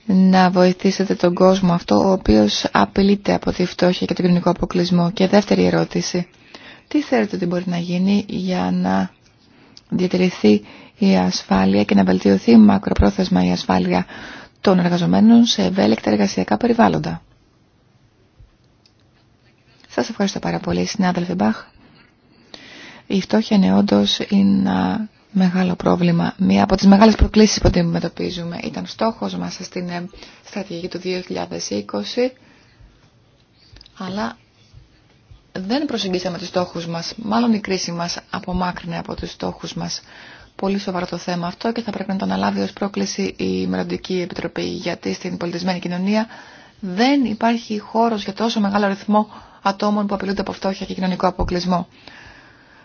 S3: να βοηθήσετε τον κόσμο αυτό ο οποίος απειλείται από τη φτώχεια και τον κοινωνικό αποκλεισμό. Και δεύτερη ερώτηση. Τι θέλετε ότι μπορεί να γίνει για να διατηρηθεί η ασφάλεια και να βελτιωθεί μακροπρόθεσμα η ασφάλεια των εργαζομένων σε ευέλικτα εργασιακά περιβάλλοντα. Σας ευχαριστώ πάρα πολύ, συνάδελφε Μπαχ. Η φτώχεια ναι, είναι όντω ένα μεγάλο πρόβλημα. Μία από τις μεγάλες προκλήσεις που αντιμετωπίζουμε ήταν στόχος μας στην στρατηγική του 2020, αλλά δεν προσεγγίσαμε του στόχους μας. Μάλλον η κρίση μας απομάκρυνε από τους στόχους μας πολύ σοβαρό το θέμα αυτό και θα πρέπει να το αναλάβει ως πρόκληση η Μεροντική Επιτροπή γιατί στην πολιτισμένη κοινωνία δεν υπάρχει χώρος για τόσο μεγάλο ρυθμό ατόμων που απειλούνται από φτώχεια και κοινωνικό αποκλεισμό.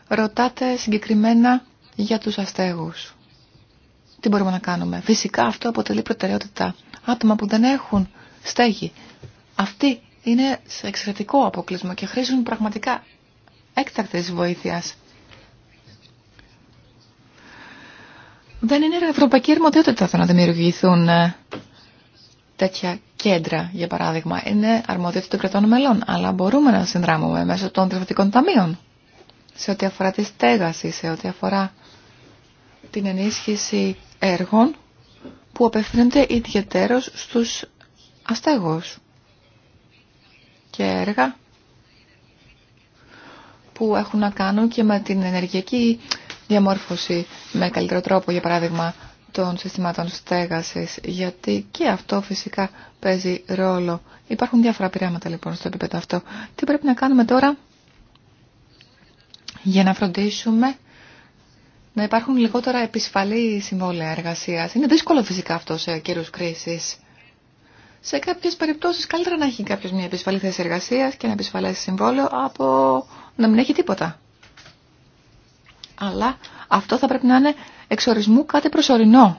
S3: Ρωτάτε συγκεκριμένα για τους αστέγους. Τι μπορούμε να κάνουμε. Φυσικά αυτό αποτελεί προτεραιότητα. Άτομα που δεν έχουν στέγη. Αυτοί είναι σε εξαιρετικό αποκλεισμό και χρήζουν πραγματικά έκτακτες βοήθειας. δεν είναι ευρωπαϊκή αρμοδιότητα το να δημιουργηθούν ε, τέτοια κέντρα, για παράδειγμα. Είναι αρμοδιότητα των κρατών μελών, αλλά μπορούμε να συνδράμουμε μέσω των διευθυντικών ταμείων σε ό,τι αφορά τη στέγαση, σε ό,τι αφορά την ενίσχυση έργων που απευθύνονται ιδιαίτερως στους αστέγους και έργα που έχουν να κάνουν και με την ενεργειακή διαμόρφωση με καλύτερο τρόπο, για παράδειγμα, των συστημάτων στέγασης, γιατί και αυτό φυσικά παίζει ρόλο. Υπάρχουν διάφορα πειράματα λοιπόν στο επίπεδο αυτό. Τι πρέπει να κάνουμε τώρα για να φροντίσουμε να υπάρχουν λιγότερα επισφαλή συμβόλαια εργασία. Είναι δύσκολο φυσικά αυτό σε κύριους κρίση. Σε κάποιε περιπτώσει καλύτερα να έχει κάποιο μια επισφαλή θέση εργασία και ένα επισφαλές συμβόλαιο από να μην έχει τίποτα αλλά αυτό θα πρέπει να είναι εξορισμού κάτι προσωρινό.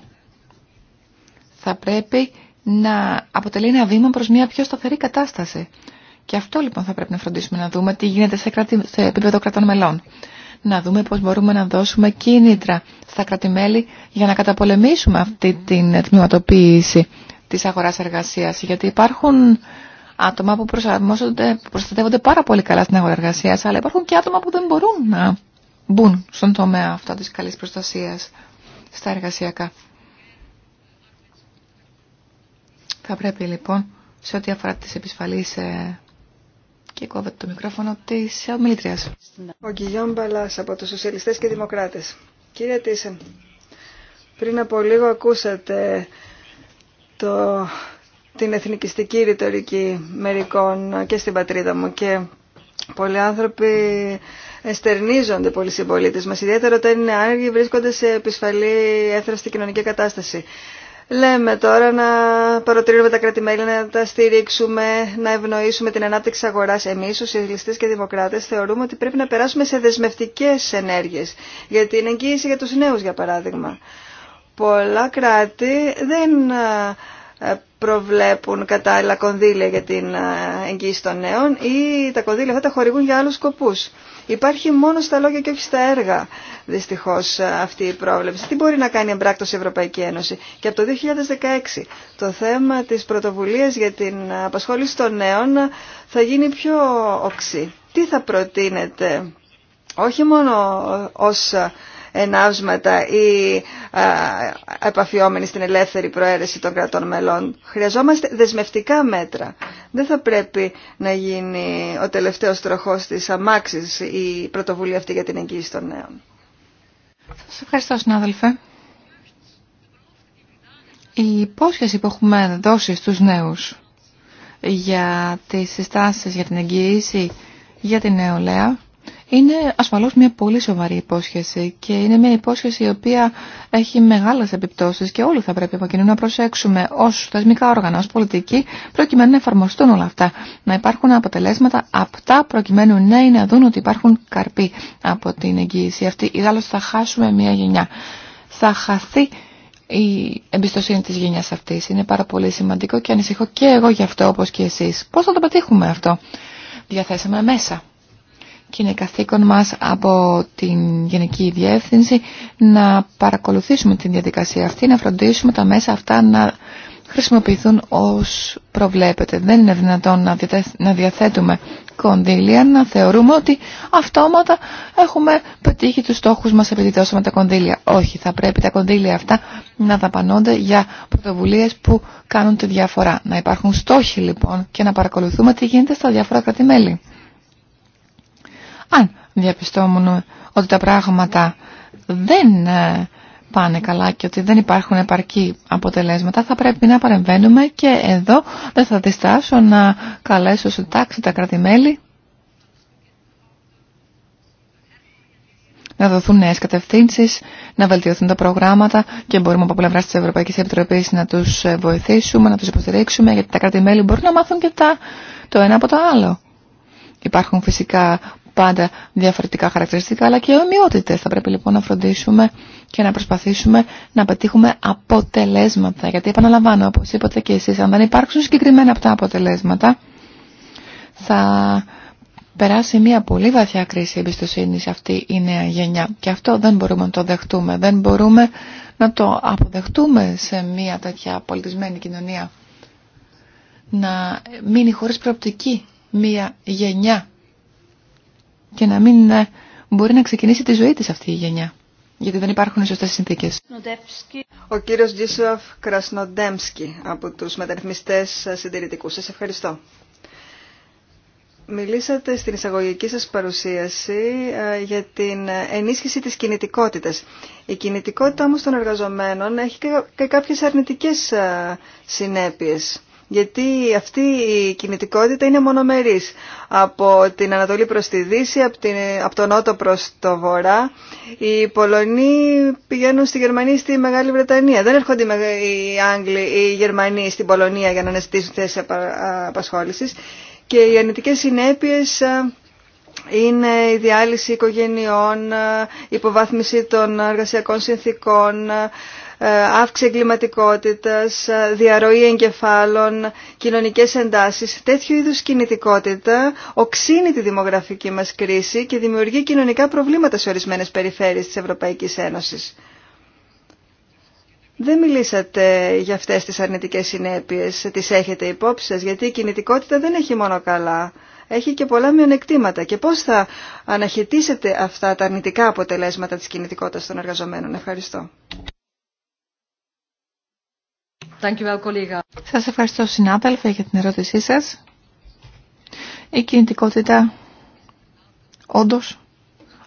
S3: Θα πρέπει να αποτελεί ένα βήμα προς μια πιο σταθερή κατάσταση. Και αυτό λοιπόν θα πρέπει να φροντίσουμε να δούμε τι γίνεται σε, κράτη, σε επίπεδο κρατών μελών. Να δούμε πώς μπορούμε να δώσουμε κίνητρα στα κρατημέλη για να καταπολεμήσουμε αυτή την τμηματοποίηση της αγοράς εργασίας. Γιατί υπάρχουν άτομα που, προσαρμόζονται, που προστατεύονται πάρα πολύ καλά στην αγορά εργασίας, αλλά υπάρχουν και άτομα που δεν μπορούν να μπουν στον τομέα αυτά της καλής προστασίας στα εργασιακά. Θα πρέπει λοιπόν σε ό,τι αφορά τις επισφαλείς ε, και κόβεται το μικρόφωνο της ομιλήτριας.
S4: Ο Γκυγιόν Μπαλάς από τους Σοσιαλιστές και Δημοκράτες. Κύριε Τίσεν, πριν από λίγο ακούσατε το, την εθνικιστική ρητορική μερικών και στην πατρίδα μου και πολλοί άνθρωποι εστερνίζονται πολλοί συμπολίτε μα, ιδιαίτερα όταν είναι άνεργοι βρίσκονται σε επισφαλή έθραστη κοινωνική κατάσταση. Λέμε τώρα να παροτρύνουμε τα κρατημέλη, να τα στηρίξουμε, να ευνοήσουμε την ανάπτυξη αγορά. Εμεί, οι σοσιαλιστέ και δημοκράτε, θεωρούμε ότι πρέπει να περάσουμε σε δεσμευτικέ ενέργειε. Για την εγγύηση για του νέου, για παράδειγμα. Πολλά κράτη δεν ε, προβλέπουν κατάλληλα κονδύλια για την ε, εγγύηση των νέων ή τα κονδύλια αυτά τα χορηγούν για άλλους σκοπούς. Υπάρχει μόνο στα λόγια και όχι στα έργα, δυστυχώ, αυτή η πρόβλεψη. Τι μπορεί να κάνει εμπράκτο η Ευρωπαϊκή Ένωση. Και από το 2016 το θέμα τη πρωτοβουλία για την απασχόληση των νέων θα γίνει πιο οξύ. Τι θα προτείνετε, όχι μόνο ως ενάυσματα ή επαφιόμενοι στην ελεύθερη προαίρεση των κρατών μελών. Χρειαζόμαστε δεσμευτικά μέτρα. Δεν θα πρέπει να γίνει ο τελευταίος τροχός της αμάξης η πρωτοβουλία αυτή για την εγγύηση των νέων.
S3: Σας ευχαριστώ συνάδελφε. Η υπόσχεση που έχουμε δώσει στους νέους για τις συστάσεις για την εγγύηση για την νεολαία είναι ασφαλώς μια πολύ σοβαρή υπόσχεση και είναι μια υπόσχεση η οποία έχει μεγάλες επιπτώσεις και όλοι θα πρέπει από κοινού να προσέξουμε ως θεσμικά όργανα, ως πολιτικοί, προκειμένου να εφαρμοστούν όλα αυτά. Να υπάρχουν αποτελέσματα αυτά προκειμένου νέοι ναι να δουν ότι υπάρχουν καρποί από την εγγύηση αυτή. Ιδάλλως θα χάσουμε μια γενιά. Θα χαθεί η εμπιστοσύνη της γενιάς αυτής. Είναι πάρα πολύ σημαντικό και ανησυχώ και εγώ γι' αυτό όπως και εσείς. Πώς θα το πετύχουμε αυτό. Διαθέσαμε μέσα και είναι καθήκον μας από την Γενική Διεύθυνση να παρακολουθήσουμε την διαδικασία αυτή, να φροντίσουμε τα μέσα αυτά να χρησιμοποιηθούν ως προβλέπεται. Δεν είναι δυνατόν να διαθέτουμε κονδύλια, να θεωρούμε ότι αυτόματα έχουμε πετύχει τους στόχους μας επειδή δώσαμε τα κονδύλια. Όχι, θα πρέπει τα κονδύλια αυτά να δαπανώνται για πρωτοβουλίες που κάνουν τη διαφορά. Να υπάρχουν στόχοι λοιπόν και να παρακολουθούμε τι γίνεται στα διάφορα κρατημέλη. Αν διαπιστώμουν ότι τα πράγματα δεν ε, πάνε καλά και ότι δεν υπάρχουν επαρκή αποτελέσματα, θα πρέπει να παρεμβαίνουμε και εδώ δεν θα διστάσω να καλέσω σε τάξη τα κρατημέλη να δοθούν νέε κατευθύνσει, να βελτιωθούν τα προγράμματα και μπορούμε από πλευρά τη Ευρωπαϊκή Επιτροπή να τους ε, βοηθήσουμε, να τους υποστηρίξουμε, γιατί τα κράτη-μέλη μπορούν να μάθουν και τα, το ένα από το άλλο. Υπάρχουν φυσικά πάντα διαφορετικά χαρακτηριστικά αλλά και ομοιότητες. Θα πρέπει λοιπόν να φροντίσουμε και να προσπαθήσουμε να πετύχουμε αποτελέσματα. Γιατί επαναλαμβάνω όπως είπατε και εσείς, αν δεν υπάρξουν συγκεκριμένα από τα αποτελέσματα θα περάσει μια πολύ βαθιά κρίση εμπιστοσύνη σε αυτή η νέα γενιά. Και αυτό δεν μπορούμε να το δεχτούμε. Δεν μπορούμε να το αποδεχτούμε σε μια τέτοια πολιτισμένη κοινωνία. Να μείνει χωρίς προοπτική μια γενιά και να μην ε, μπορεί να ξεκινήσει τη ζωή της αυτή η γενιά. Γιατί δεν υπάρχουν οι σωστές
S4: Ο κύριος Τζίσουαφ Κρασνοντέμσκι από τους μεταρρυθμιστέ συντηρητικού, σα ευχαριστώ. Μιλήσατε στην εισαγωγική σας παρουσίαση ε, για την ενίσχυση της κινητικότητας. Η κινητικότητα όμως των εργαζομένων έχει και κάποιες αρνητικές ε, συνέπειες γιατί αυτή η κινητικότητα είναι μονομερής. Από την Ανατολή προς τη Δύση, από, την, από τον Νότο προς το Βορρά, οι Πολωνοί πηγαίνουν στη Γερμανία στη Μεγάλη Βρετανία. Δεν έρχονται οι Άγγλοι οι Γερμανοί στην Πολωνία για να αναζητήσουν θέσεις απασχόλησης. Και οι αρνητικές συνέπειες ε, είναι η διάλυση οικογενειών, ε, υποβάθμιση των εργασιακών συνθήκων, ε, ε, αύξηση εγκληματικότητας, ε, διαρροή εγκεφάλων, κοινωνικές εντάσεις. Τέτοιου είδους κινητικότητα οξύνει τη δημογραφική μας κρίση και δημιουργεί κοινωνικά προβλήματα σε ορισμένες περιφέρειες της Ευρωπαϊκής Ένωσης. Δεν μιλήσατε για αυτές τις αρνητικές συνέπειες, τις έχετε υπόψη σας, γιατί η κινητικότητα δεν έχει μόνο καλά, έχει και πολλά μειονεκτήματα. Και πώς θα αναχαιτήσετε αυτά τα αρνητικά αποτελέσματα της κινητικότητας των εργαζομένων. Ευχαριστώ.
S3: Σας ευχαριστώ συνάδελφε για την ερώτησή σας. Η κινητικότητα όντως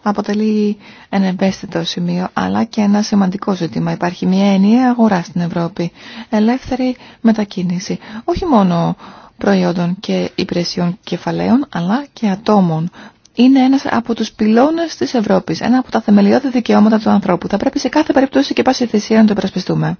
S3: αποτελεί ένα ευαίσθητο σημείο αλλά και ένα σημαντικό ζήτημα. Υπάρχει μια ενιαία αγορά στην Ευρώπη, ελεύθερη μετακίνηση, όχι μόνο προϊόντων και υπηρεσιών κεφαλαίων αλλά και ατόμων. Είναι ένας από τους πυλώνες της Ευρώπης, ένα από τα θεμελιώδη δικαιώματα του ανθρώπου. Θα πρέπει σε κάθε περίπτωση και πάση θυσία να το υπερασπιστούμε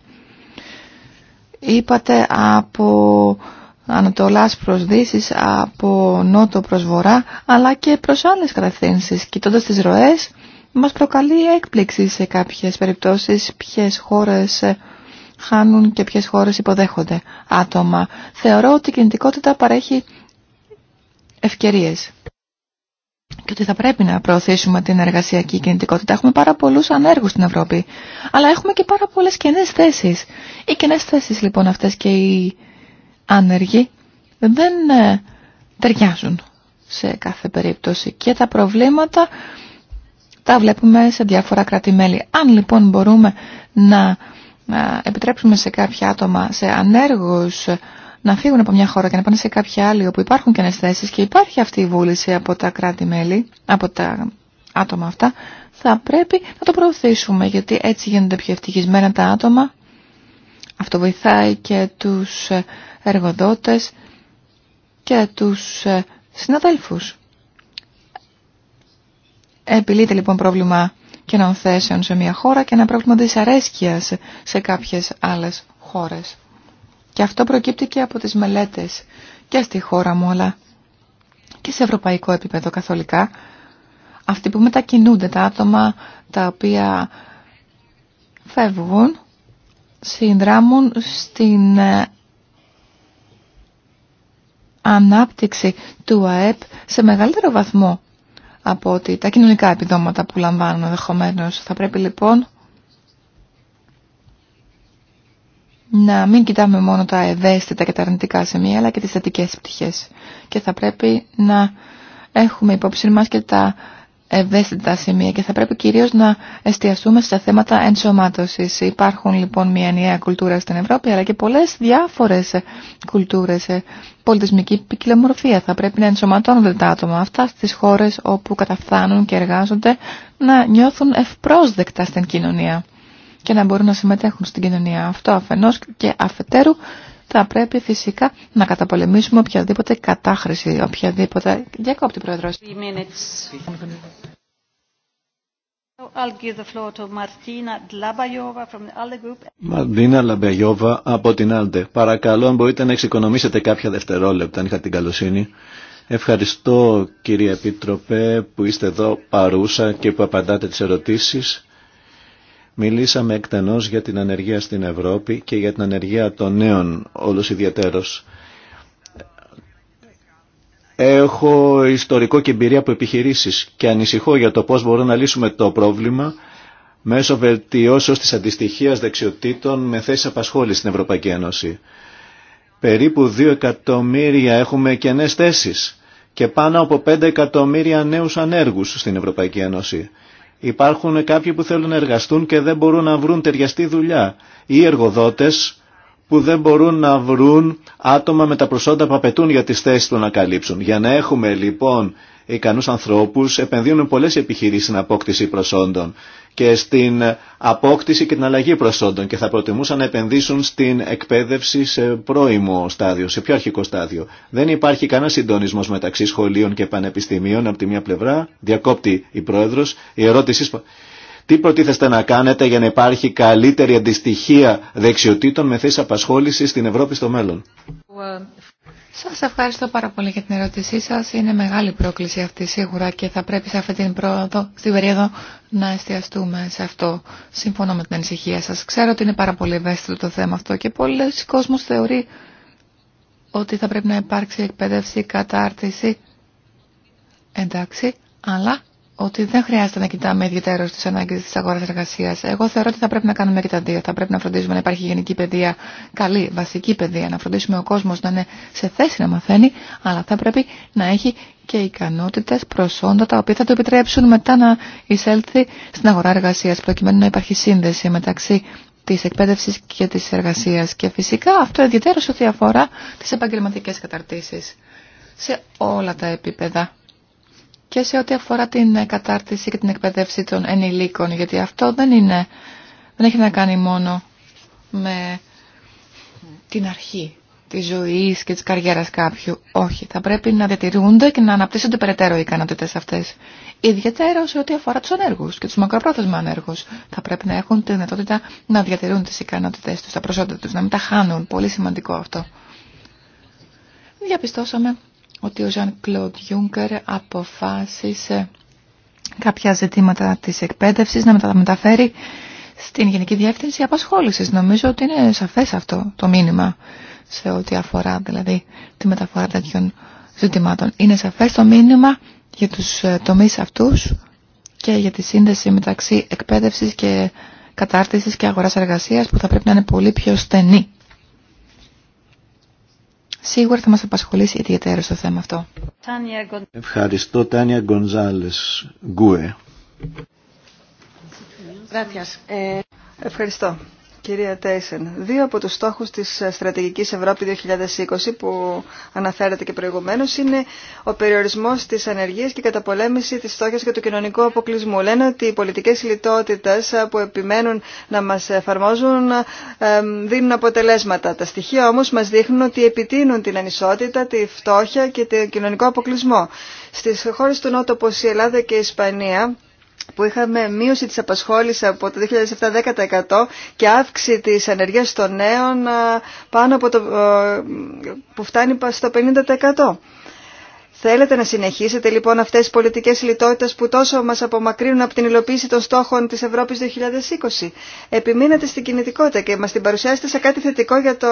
S3: είπατε από ανατολάς προς από νότο προς βορρά, αλλά και προς άλλες κατευθύνσεις. Κοιτώντας τις ροές, μας προκαλεί έκπληξη σε κάποιες περιπτώσεις ποιες χώρες χάνουν και ποιες χώρες υποδέχονται άτομα. Θεωρώ ότι η κινητικότητα παρέχει ευκαιρίες και ότι θα πρέπει να προωθήσουμε την εργασιακή κινητικότητα. Έχουμε πάρα πολλού ανέργου στην Ευρώπη, αλλά έχουμε και πάρα πολλέ κενέ θέσει. Οι κενέ θέσει λοιπόν αυτέ και οι άνεργοι δεν ε, ταιριάζουν σε κάθε περίπτωση και τα προβλήματα τα βλέπουμε σε διάφορα κράτη-μέλη. Αν λοιπόν μπορούμε να ε, επιτρέψουμε σε κάποια άτομα, σε ανέργους να φύγουν από μια χώρα και να πάνε σε κάποια άλλη όπου υπάρχουν και θέσεις και υπάρχει αυτή η βούληση από τα κράτη-μέλη, από τα άτομα αυτά, θα πρέπει να το προωθήσουμε γιατί έτσι γίνονται πιο ευτυχισμένα τα άτομα. Αυτό βοηθάει και τους ε, εργοδότες και τους ε, συναδέλφους. Επιλείται λοιπόν πρόβλημα καινών θέσεων σε μια χώρα και ένα πρόβλημα δυσαρέσκειας σε κάποιες άλλες χώρες. Και αυτό προκύπτει και από τις μελέτες και στη χώρα μου αλλά και σε ευρωπαϊκό επίπεδο καθολικά. Αυτοί που μετακινούνται, τα άτομα τα οποία φεύγουν, συνδράμουν στην ε, ανάπτυξη του ΑΕΠ σε μεγαλύτερο βαθμό από ότι τα κοινωνικά επιδόματα που λαμβάνουν ενδεχομένω. Θα πρέπει λοιπόν να μην κοιτάμε μόνο τα ευαίσθητα και τα αρνητικά σημεία, αλλά και τις θετικές πτυχές. Και θα πρέπει να έχουμε υπόψη μας και τα ευαίσθητα σημεία και θα πρέπει κυρίως να εστιαστούμε στα θέματα ενσωμάτωσης. Υπάρχουν λοιπόν μια νέα κουλτούρα στην Ευρώπη αλλά και πολλές διάφορες κουλτούρες. Πολιτισμική ποικιλομορφία θα πρέπει να ενσωματώνονται τα άτομα αυτά στις χώρες όπου καταφθάνουν και εργάζονται να νιώθουν ευπρόσδεκτα στην κοινωνία και να μπορούν να συμμετέχουν στην κοινωνία. Αυτό αφενός και αφετέρου θα πρέπει φυσικά να καταπολεμήσουμε οποιαδήποτε κατάχρηση, οποιαδήποτε... Διακόπτη, Πρόεδρος.
S2: Μαρτίνα Λαμπεγιόβα από την Άλτε. Παρακαλώ, αν μπορείτε να εξοικονομήσετε κάποια δευτερόλεπτα, αν είχα την καλοσύνη. Ευχαριστώ, κύριε Επίτροπε, που είστε εδώ παρούσα και που απαντάτε τις ερωτήσεις. Μιλήσαμε εκτενώς για την ανεργία στην Ευρώπη και για την ανεργία των νέων όλος ιδιαίτερος. Έχω ιστορικό και εμπειρία από επιχειρήσεις και ανησυχώ για το πώς μπορούμε να λύσουμε το πρόβλημα μέσω βελτιώσεως της αντιστοιχίας δεξιοτήτων με θέσεις απασχόλησης στην Ευρωπαϊκή Ένωση. Περίπου 2 εκατομμύρια έχουμε κενές θέσεις και πάνω από 5 εκατομμύρια νέους ανέργους στην Ευρωπαϊκή Ένωση. Υπάρχουν κάποιοι που θέλουν να εργαστούν και δεν μπορούν να βρουν ταιριαστή δουλειά. Ή εργοδότες που δεν μπορούν να βρουν άτομα με τα προσόντα που απαιτούν για τις θέσεις του να καλύψουν. Για να έχουμε λοιπόν ικανούς ανθρώπους επενδύουν πολλές επιχειρήσεις στην απόκτηση προσόντων και στην απόκτηση και την αλλαγή προσόντων και θα προτιμούσαν να επενδύσουν στην εκπαίδευση σε πρώιμο στάδιο, σε πιο αρχικό στάδιο. Δεν υπάρχει κανένα συντονισμό μεταξύ σχολείων και πανεπιστημίων από τη μία πλευρά. Διακόπτει η πρόεδρο. Η ερώτηση. Τι προτίθεστε να κάνετε για να υπάρχει καλύτερη αντιστοιχία δεξιοτήτων με θέση απασχόληση στην Ευρώπη στο μέλλον.
S3: Σας ευχαριστώ πάρα πολύ για την ερώτησή σας. Είναι μεγάλη πρόκληση αυτή σίγουρα και θα πρέπει σε αυτή την πρόοδο, στην περίοδο να εστιαστούμε σε αυτό. Συμφωνώ με την ανησυχία σας. Ξέρω ότι είναι πάρα πολύ ευαίσθητο το θέμα αυτό και πολλοί κόσμος θεωρεί ότι θα πρέπει να υπάρξει εκπαίδευση, κατάρτιση. Εντάξει, αλλά ότι δεν χρειάζεται να κοιτάμε ιδιαίτερω τι ανάγκε τη αγορά εργασία. Εγώ θεωρώ ότι θα πρέπει να κάνουμε και τα δύο. Θα πρέπει να φροντίζουμε να υπάρχει γενική παιδεία, καλή, βασική παιδεία, να φροντίσουμε ο κόσμο να είναι σε θέση να μαθαίνει, αλλά θα πρέπει να έχει και ικανότητε, προσόντα τα οποία θα του επιτρέψουν μετά να εισέλθει στην αγορά εργασία, προκειμένου να υπάρχει σύνδεση μεταξύ τη εκπαίδευση και τη εργασία. Και φυσικά αυτό ιδιαίτερω ό,τι αφορά τι επαγγελματικέ καταρτήσει σε όλα τα επίπεδα και σε ό,τι αφορά την κατάρτιση και την εκπαίδευση των ενηλίκων, γιατί αυτό δεν, είναι, δεν έχει να κάνει μόνο με την αρχή της ζωής και της καριέρας κάποιου. Όχι, θα πρέπει να διατηρούνται και να αναπτύσσονται περαιτέρω οι ικανότητες αυτές. Ιδιαίτερα σε ό,τι αφορά τους ανέργους και τους μακροπρόθεσμα ανέργους. Θα πρέπει να έχουν τη δυνατότητα να διατηρούν τι ικανότητέ του, τα προσόντα τους. να μην τα χάνουν. Πολύ σημαντικό αυτό. Διαπιστώσαμε ότι ο Ζαν Κλοντ Γιούγκερ αποφάσισε κάποια ζητήματα της εκπαίδευσης να τα μεταφέρει στην Γενική Διεύθυνση Απασχόλησης. Νομίζω ότι είναι σαφές αυτό το μήνυμα σε ό,τι αφορά δηλαδή τη μεταφορά τέτοιων ζητημάτων. Είναι σαφές το μήνυμα για τους ε, τομείς αυτούς και για τη σύνδεση μεταξύ εκπαίδευσης και κατάρτισης και αγοράς εργασίας που θα πρέπει να είναι πολύ πιο στενή σίγουρα θα μας απασχολήσει ιδιαίτερα στο θέμα αυτό.
S2: Ευχαριστώ Τάνια Γκονζάλες Γκουέ.
S4: Ευχαριστώ. Κυρία Τέισεν, δύο από τους στόχους της Στρατηγικής Ευρώπη 2020 που αναφέρατε και προηγουμένως είναι ο περιορισμός της ανεργίας και η καταπολέμηση της στόχης και του κοινωνικού αποκλεισμού. Λένε ότι οι πολιτικές λιτότητες που επιμένουν να μας εφαρμόζουν δίνουν αποτελέσματα. Τα στοιχεία όμως μας δείχνουν ότι επιτείνουν την ανισότητα, τη φτώχεια και τον κοινωνικό αποκλεισμό. Στις χώρες του Νότου όπως η Ελλάδα και η Ισπανία που είχαμε μείωση της απασχόλησης από το 2007 10% και αύξηση της ανεργίας των νέων πάνω από το, που φτάνει στο 50%. Θέλετε να συνεχίσετε λοιπόν αυτές τις πολιτικές λιτότητες που τόσο μας απομακρύνουν από την υλοποίηση των στόχων της Ευρώπης 2020. Επιμείνετε στην κινητικότητα και μας την παρουσιάσετε σαν κάτι θετικό για, το,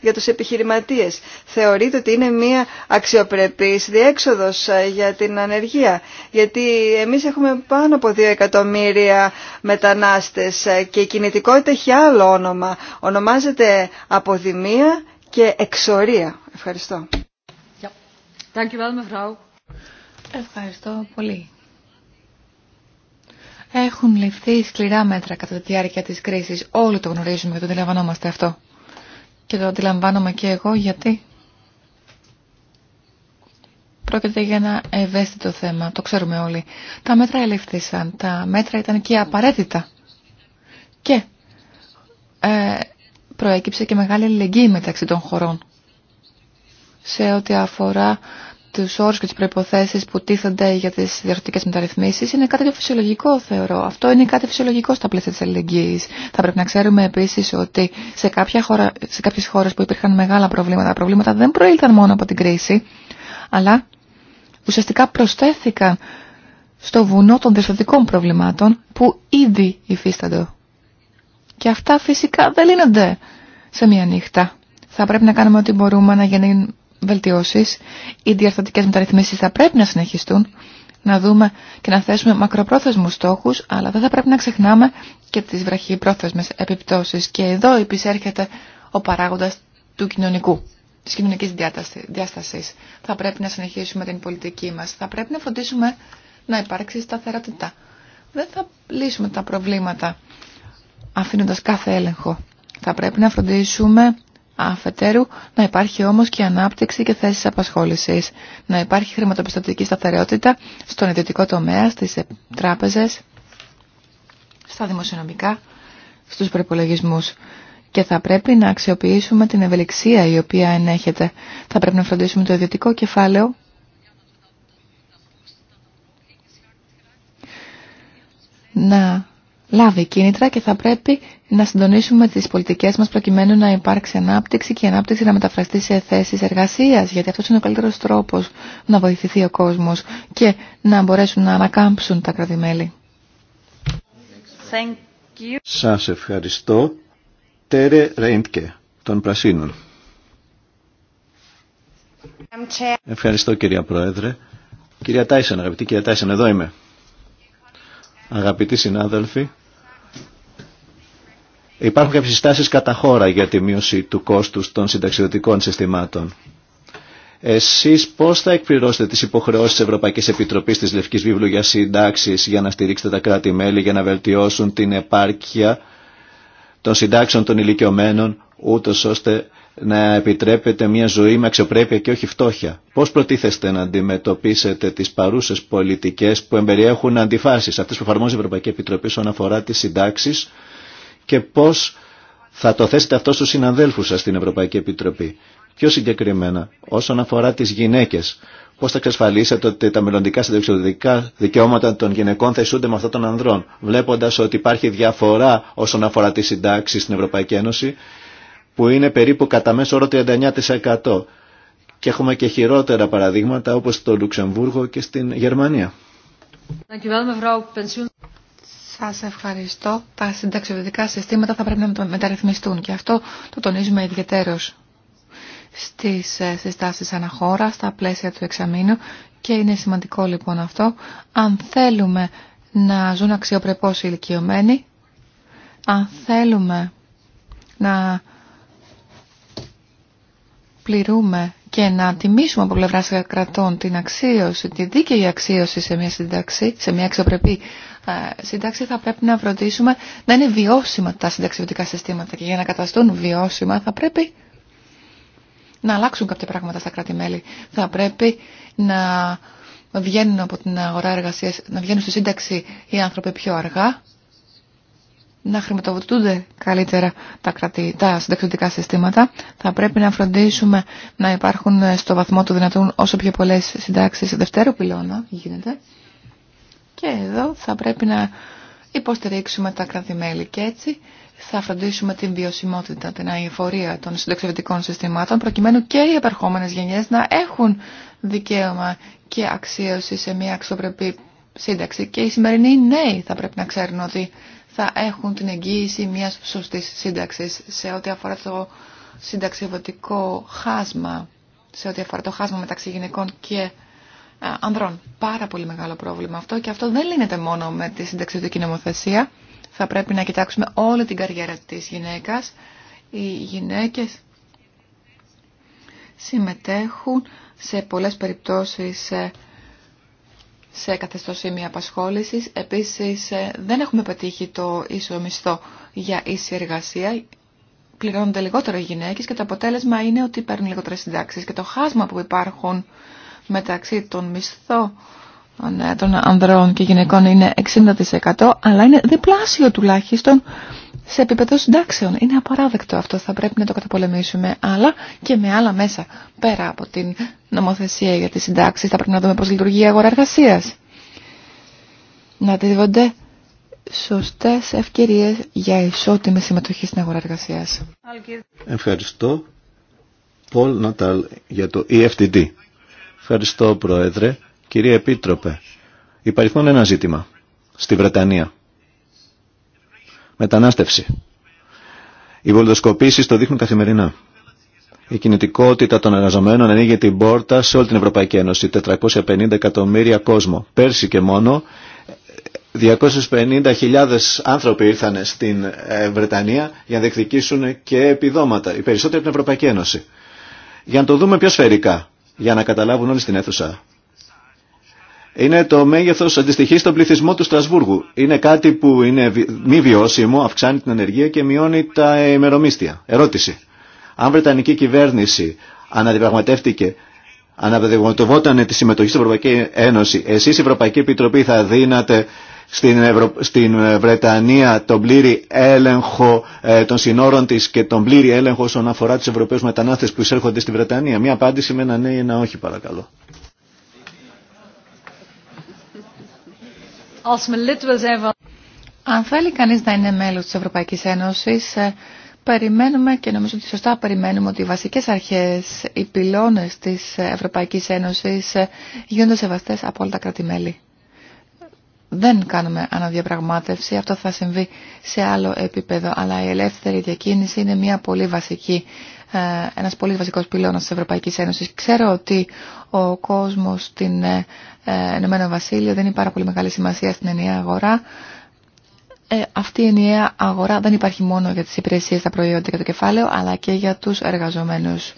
S4: για τους επιχειρηματίες. Θεωρείτε ότι είναι μια αξιοπρεπής διέξοδος ε, για την ανεργία. Γιατί εμείς έχουμε πάνω από 2 εκατομμύρια μετανάστες ε, και η κινητικότητα έχει άλλο όνομα. Ονομάζεται αποδημία και εξορία. Ευχαριστώ.
S1: Ευχαριστώ
S3: πολύ. Έχουν ληφθεί σκληρά μέτρα κατά τη διάρκεια της κρίσης. Όλοι το γνωρίζουμε και το αντιλαμβανόμαστε αυτό. Και το αντιλαμβάνομαι και εγώ γιατί πρόκειται για ένα ευαίσθητο θέμα. Το ξέρουμε όλοι. Τα μέτρα ελήφθησαν. Τα μέτρα ήταν και απαραίτητα. Και ε, προέκυψε και μεγάλη αλληλεγγύη μεταξύ των χωρών σε ό,τι αφορά του όρου και τι προποθέσει που τίθενται για τι διαρθρωτικέ μεταρρυθμίσει είναι κάτι φυσιολογικό, θεωρώ. Αυτό είναι κάτι φυσιολογικό στα πλαίσια τη αλληλεγγύη. Θα πρέπει να ξέρουμε επίση ότι σε, σε κάποιε χώρε που υπήρχαν μεγάλα προβλήματα, τα προβλήματα δεν προήλθαν μόνο από την κρίση, αλλά ουσιαστικά προσθέθηκαν στο βουνό των διαρθρωτικών προβλημάτων που ήδη υφίστανται. Και αυτά φυσικά δεν λύνονται σε μία νύχτα. Θα πρέπει να κάνουμε ό,τι μπορούμε να, βελτιώσεις, οι διαρθρωτικέ μεταρρυθμίσει θα πρέπει να συνεχιστούν, να δούμε και να θέσουμε μακροπρόθεσμου στόχου, αλλά δεν θα πρέπει να ξεχνάμε και τι βραχυπρόθεσμε επιπτώσει Και εδώ επισέρχεται ο παράγοντα του κοινωνικού, τη κοινωνική διασταση. Θα πρέπει να συνεχίσουμε την πολιτική μα. Θα πρέπει να φροντίσουμε να υπάρξει σταθερότητα. Δεν θα λύσουμε τα προβλήματα αφήνοντας κάθε έλεγχο. Θα πρέπει να φροντίσουμε αφετέρου να υπάρχει όμως και ανάπτυξη και θέσεις απασχόλησης, να υπάρχει χρηματοπιστωτική σταθερότητα στον ιδιωτικό τομέα, στις τράπεζες, στα δημοσιονομικά, στους προπολογισμού. Και θα πρέπει να αξιοποιήσουμε την ευελιξία η οποία ενέχεται. Θα πρέπει να φροντίσουμε το ιδιωτικό κεφάλαιο να λάβει κίνητρα και θα πρέπει να συντονίσουμε τις πολιτικές μας προκειμένου να υπάρξει ανάπτυξη και η ανάπτυξη να μεταφραστεί σε θέσεις εργασίας γιατί αυτός είναι ο καλύτερος τρόπος να βοηθηθεί ο κόσμος και να μπορέσουν να ανακάμψουν τα κρατημέλη.
S2: Σας ευχαριστώ. Τέρε Ρέιντκε των Πρασίνων. Ευχαριστώ κυρία Πρόεδρε. Κυρία Τάισεν, αγαπητή κυρία Τάισεν, εδώ είμαι. Αγαπητοί συνάδελφοι, Υπάρχουν κάποιες συστάσει κατά χώρα για τη μείωση του κόστου των συνταξιδοτικών συστημάτων. Εσείς πώς θα εκπληρώσετε τις υποχρεώσεις της Ευρωπαϊκής Επιτροπής της Λευκής Βίβλου για συντάξεις για να στηρίξετε τα κράτη-μέλη για να βελτιώσουν την επάρκεια των συντάξεων των ηλικιωμένων ούτως ώστε να επιτρέπετε μια ζωή με αξιοπρέπεια και όχι φτώχεια. Πώς προτίθεστε να αντιμετωπίσετε τις παρούσες πολιτικές που εμπεριέχουν αντιφάσεις, αυτέ που εφαρμόζει η Ευρωπαϊκή Επιτροπή όσον αφορά τις συντάξεις και πώς θα το θέσετε αυτό στους συναδέλφους σας στην Ευρωπαϊκή Επιτροπή. Πιο συγκεκριμένα, όσον αφορά τις γυναίκες, πώς θα εξασφαλίσετε ότι τα μελλοντικά συνταξιδοτικά δικαιώματα των γυναικών θα ισούνται με αυτά των ανδρών, βλέποντας ότι υπάρχει διαφορά όσον αφορά τις συντάξει στην Ευρωπαϊκή Ένωση, που είναι περίπου κατά μέσο όρο 39%. Και έχουμε και χειρότερα παραδείγματα όπως στο Λουξεμβούργο και στην Γερμανία.
S3: Σας ευχαριστώ. Τα συνταξιδοτικά συστήματα θα πρέπει να μεταρρυθμιστούν και αυτό το τονίζουμε ιδιαίτερως στις ε, συστάσεις αναχώρα, στα πλαίσια του εξαμήνου και είναι σημαντικό λοιπόν αυτό. Αν θέλουμε να ζουν αξιοπρεπώς οι ηλικιωμένοι, αν θέλουμε να πληρούμε και να τιμήσουμε από πλευρά κρατών την αξίωση, τη δίκαιη αξίωση σε μια σύνταξη, σε μια αξιοπρεπή ε, σύνταξη θα πρέπει να φροντίσουμε να είναι βιώσιμα τα συνταξιωτικά συστήματα και για να καταστούν βιώσιμα θα πρέπει να αλλάξουν κάποια πράγματα στα κράτη-μέλη. Θα πρέπει να βγαίνουν από την αγορά εργασία, να βγαίνουν στη σύνταξη οι άνθρωποι πιο αργά, να χρηματοδοτούνται καλύτερα τα, κρατη, τα συνταξιδικά συστήματα. Θα πρέπει να φροντίσουμε να υπάρχουν στο βαθμό του δυνατού όσο πιο πολλές συντάξεις σε δευτέρο πυλώνα γίνεται. Και εδώ θα πρέπει να υποστηρίξουμε τα κράτη-μέλη και έτσι θα φροντίσουμε την βιωσιμότητα, την αηφορία των συνταξιδευτικών συστημάτων προκειμένου και οι επερχόμενες γενιές να έχουν δικαίωμα και αξίωση σε μια αξιοπρεπή σύνταξη και οι σημερινοί νέοι θα πρέπει να ξέρουν ότι θα έχουν την εγγύηση μιας σωστής σύνταξης σε ό,τι αφορά το συνταξιδευτικό χάσμα, σε ό,τι αφορά το χάσμα μεταξύ γυναικών και ε, ανδρών. Πάρα πολύ μεγάλο πρόβλημα αυτό και αυτό δεν λύνεται μόνο με τη συνταξιδική νομοθεσία. Θα πρέπει να κοιτάξουμε όλη την καριέρα της γυναίκας. Οι γυναίκες συμμετέχουν σε πολλές περιπτώσεις σε καθεστώς σημεία απασχόλησης. Επίσης ε, δεν έχουμε πετύχει το ίσο μισθό για ίση εργασία. Πληρώνονται λιγότερο οι γυναίκες και το αποτέλεσμα είναι ότι παίρνουν λιγότερες συντάξεις. Και το χάσμα που υπάρχουν μεταξύ των μισθών των ανδρών και γυναικών είναι 60% αλλά είναι διπλάσιο τουλάχιστον σε επίπεδο συντάξεων. Είναι απαράδεκτο αυτό, θα πρέπει να το καταπολεμήσουμε. Αλλά και με άλλα μέσα, πέρα από την νομοθεσία για τις συντάξεις, θα πρέπει να δούμε πώς λειτουργεί η αγορά εργασίας. Να δίδονται σωστές ευκαιρίες για ισότιμη συμμετοχή στην αγορά εργασίας.
S2: Ευχαριστώ. Πολ Νατάλ για το EFTD. Ευχαριστώ, Πρόεδρε. Κυρία Επίτροπε, υπάρχει ένα ζήτημα στη Βρετανία. Μετανάστευση. Οι βολδοσκοπήσεις το δείχνουν καθημερινά. Η κινητικότητα των εργαζομένων ανοίγει την πόρτα σε όλη την Ευρωπαϊκή Ένωση. 450 εκατομμύρια κόσμο. Πέρσι και μόνο 250.000 άνθρωποι ήρθαν στην ε, Βρετανία για να διεκδικήσουν και επιδόματα. Οι περισσότεροι από την Ευρωπαϊκή Ένωση. Για να το δούμε πιο σφαιρικά για να καταλάβουν όλοι στην αίθουσα. Είναι το μέγεθο αντιστοιχεί στον πληθυσμό του Στρασβούργου. Είναι κάτι που είναι μη βιώσιμο, αυξάνει την ανεργία και μειώνει τα ημερομίστια. Ερώτηση. Αν Βρετανική κυβέρνηση αναδιπραγματεύτηκε αναπαιδευόταν τη συμμετοχή στην Ευρωπαϊκή Ένωση, εσείς η Ευρωπαϊκή Επιτροπή θα δίνατε στην, ε, Βρετανία τον πλήρη έλεγχο ε, των συνόρων της και τον πλήρη έλεγχο όσον αφορά τους Ευρωπαίους μετανάστες που εισέρχονται στη Βρετανία. Μία απάντηση με ένα ναι ή ένα όχι παρακαλώ.
S3: Αν θέλει κανείς να είναι μέλος της Ευρωπαϊκής Ένωσης, ε, περιμένουμε και νομίζω ότι σωστά περιμένουμε ότι οι βασικές αρχές, οι πυλώνες της Ευρωπαϊκής Ένωσης ε, γίνονται σεβαστές από όλα τα κράτη-μέλη δεν κάνουμε αναδιαπραγμάτευση, αυτό θα συμβεί σε άλλο επίπεδο, αλλά η ελεύθερη διακίνηση είναι μια πολύ βασική, ε, ένας πολύ βασικός πυλώνας της Ευρωπαϊκής Ένωσης. Ξέρω ότι ο κόσμος στην ε, ε, Ενωμένο Βασίλειο δεν είναι πάρα πολύ μεγάλη σημασία στην ενιαία αγορά. αυτή η ενιαία αγορά δεν υπάρχει μόνο για τις υπηρεσίες, τα προϊόντα και το κεφάλαιο, αλλά και για τους εργαζομένους.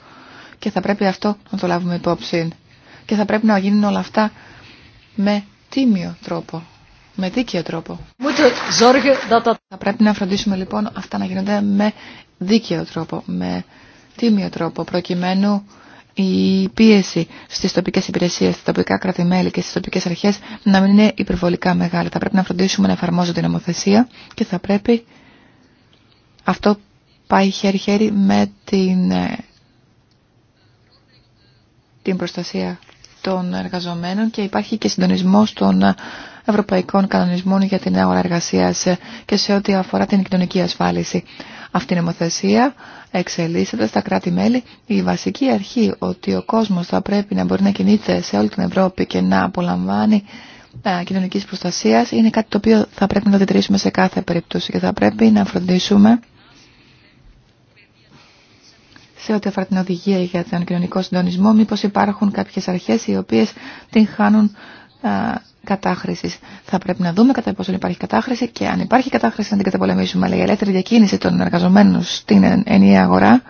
S3: Και θα πρέπει αυτό να το λάβουμε υπόψη. Και θα πρέπει να γίνουν όλα αυτά με τίμιο τρόπο με δίκαιο τρόπο. Θα πρέπει να φροντίσουμε λοιπόν αυτά να γίνονται με δίκαιο τρόπο, με τίμιο τρόπο, προκειμένου η πίεση στις τοπικές υπηρεσίες, στα τοπικά κρατημέλη και στις τοπικές αρχές να μην είναι υπερβολικά μεγάλη. Θα πρέπει να φροντίσουμε να εφαρμόζονται η νομοθεσία και θα πρέπει αυτό πάει χέρι-χέρι με την, ε, την προστασία των εργαζομένων και υπάρχει και συντονισμός των ε, ευρωπαϊκών κανονισμών για την αγορά εργασία και σε ό,τι αφορά την κοινωνική ασφάλιση. Αυτή η νομοθεσία εξελίσσεται στα κράτη-μέλη η βασική αρχή ότι ο κόσμο θα πρέπει να μπορεί να κινείται σε όλη την Ευρώπη και να απολαμβάνει κοινωνική προστασία, είναι κάτι το οποίο θα πρέπει να διτηρήσουμε σε κάθε περίπτωση και θα πρέπει να φροντίσουμε σε ό,τι αφορά την οδηγία για τον κοινωνικό συντονισμό, μήπως υπάρχουν κάποιες αρχές οι οποίες την χάνουν θα πρέπει να δούμε κατά πόσο υπάρχει κατάχρηση και αν υπάρχει κατάχρηση να την καταπολεμήσουμε. Αλλά η ελεύθερη διακίνηση των εργαζομένων στην ενιαία αγορά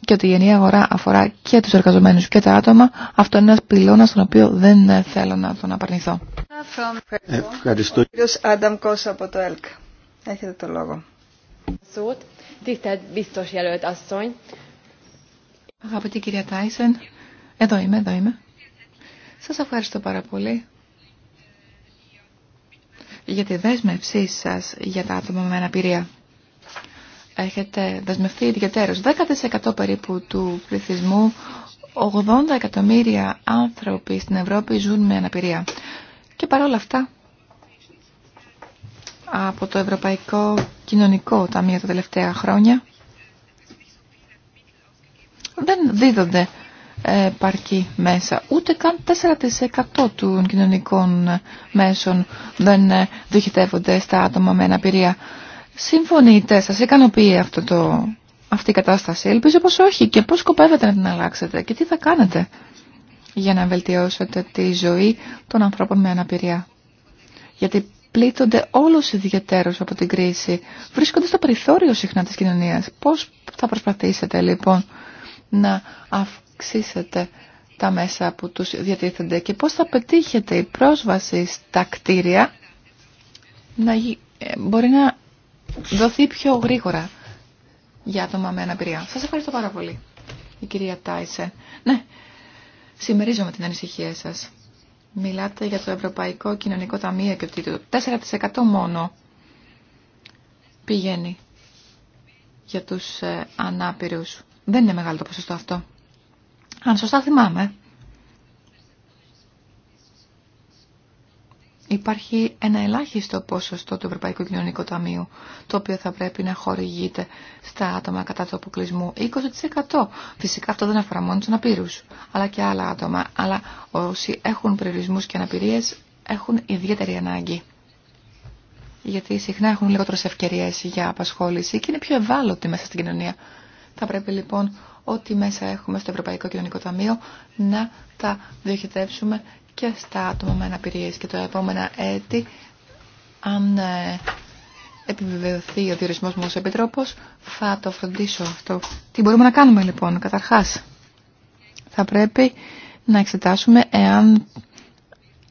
S3: και ότι η ενιαία αγορά αφορά και τους εργαζομένους και τα άτομα, αυτό είναι ένα πυλώνα στον οποίο δεν θέλω να τον απαρνηθώ.
S4: Ευχαριστώ. από το Έχετε το λόγο.
S3: Αγαπητή κυρία Τάισεν, εδώ είμαι, εδώ είμαι. Σας ευχαριστώ πάρα πολύ για τη δέσμευσή σας για τα άτομα με αναπηρία. Έχετε δεσμευτεί ιδιαίτερως 10% περίπου του πληθυσμού, 80 εκατομμύρια άνθρωποι στην Ευρώπη ζουν με αναπηρία. Και παρόλα αυτά, από το Ευρωπαϊκό Κοινωνικό Ταμείο τα τελευταία χρόνια, δεν δίδονται παρκή μέσα. Ούτε καν 4% των κοινωνικών μέσων δεν ε, διοχετεύονται στα άτομα με αναπηρία. Συμφωνείτε, σας ικανοποιεί αυτό το, αυτή η κατάσταση. Ελπίζω πως όχι και πώς σκοπεύετε να την αλλάξετε και τι θα κάνετε για να βελτιώσετε τη ζωή των ανθρώπων με αναπηρία. Γιατί πλήττονται όλος ιδιαίτερος από την κρίση. Βρίσκονται στο περιθώριο συχνά της κοινωνίας. Πώς θα προσπαθήσετε λοιπόν να αυξήσετε αυξήσετε τα μέσα που τους διατίθενται και πώς θα πετύχετε η πρόσβαση στα κτίρια να ε, μπορεί να δοθεί πιο γρήγορα για άτομα με αναπηρία. Σας ευχαριστώ πάρα πολύ, η κυρία Τάισε. Ναι, συμμερίζομαι την ανησυχία σας. Μιλάτε για το Ευρωπαϊκό Κοινωνικό Ταμείο και ότι το 4% μόνο πηγαίνει για τους ε, ανάπηρους. Δεν είναι μεγάλο το ποσοστό αυτό. Αν σωστά θυμάμαι, υπάρχει ένα ελάχιστο ποσοστό του Ευρωπαϊκού Κοινωνικού Ταμείου, το οποίο θα πρέπει να χορηγείται στα άτομα κατά του αποκλεισμού. 20%. Φυσικά αυτό δεν αφορά μόνο τους αναπήρους, αλλά και άλλα άτομα. Αλλά όσοι έχουν περιορισμού και αναπηρίε έχουν ιδιαίτερη ανάγκη. Γιατί συχνά έχουν λιγότερε ευκαιρίε για απασχόληση και είναι πιο ευάλωτοι μέσα στην κοινωνία. Θα πρέπει λοιπόν ό,τι μέσα έχουμε στο Ευρωπαϊκό Κοινωνικό Ταμείο να τα διοχετεύσουμε και στα άτομα με αναπηρίες και το επόμενο έτη αν ε, επιβεβαιωθεί ο διορισμός μου ως επιτρόπος θα το φροντίσω αυτό. Τι μπορούμε να κάνουμε λοιπόν καταρχάς. Θα πρέπει να εξετάσουμε εάν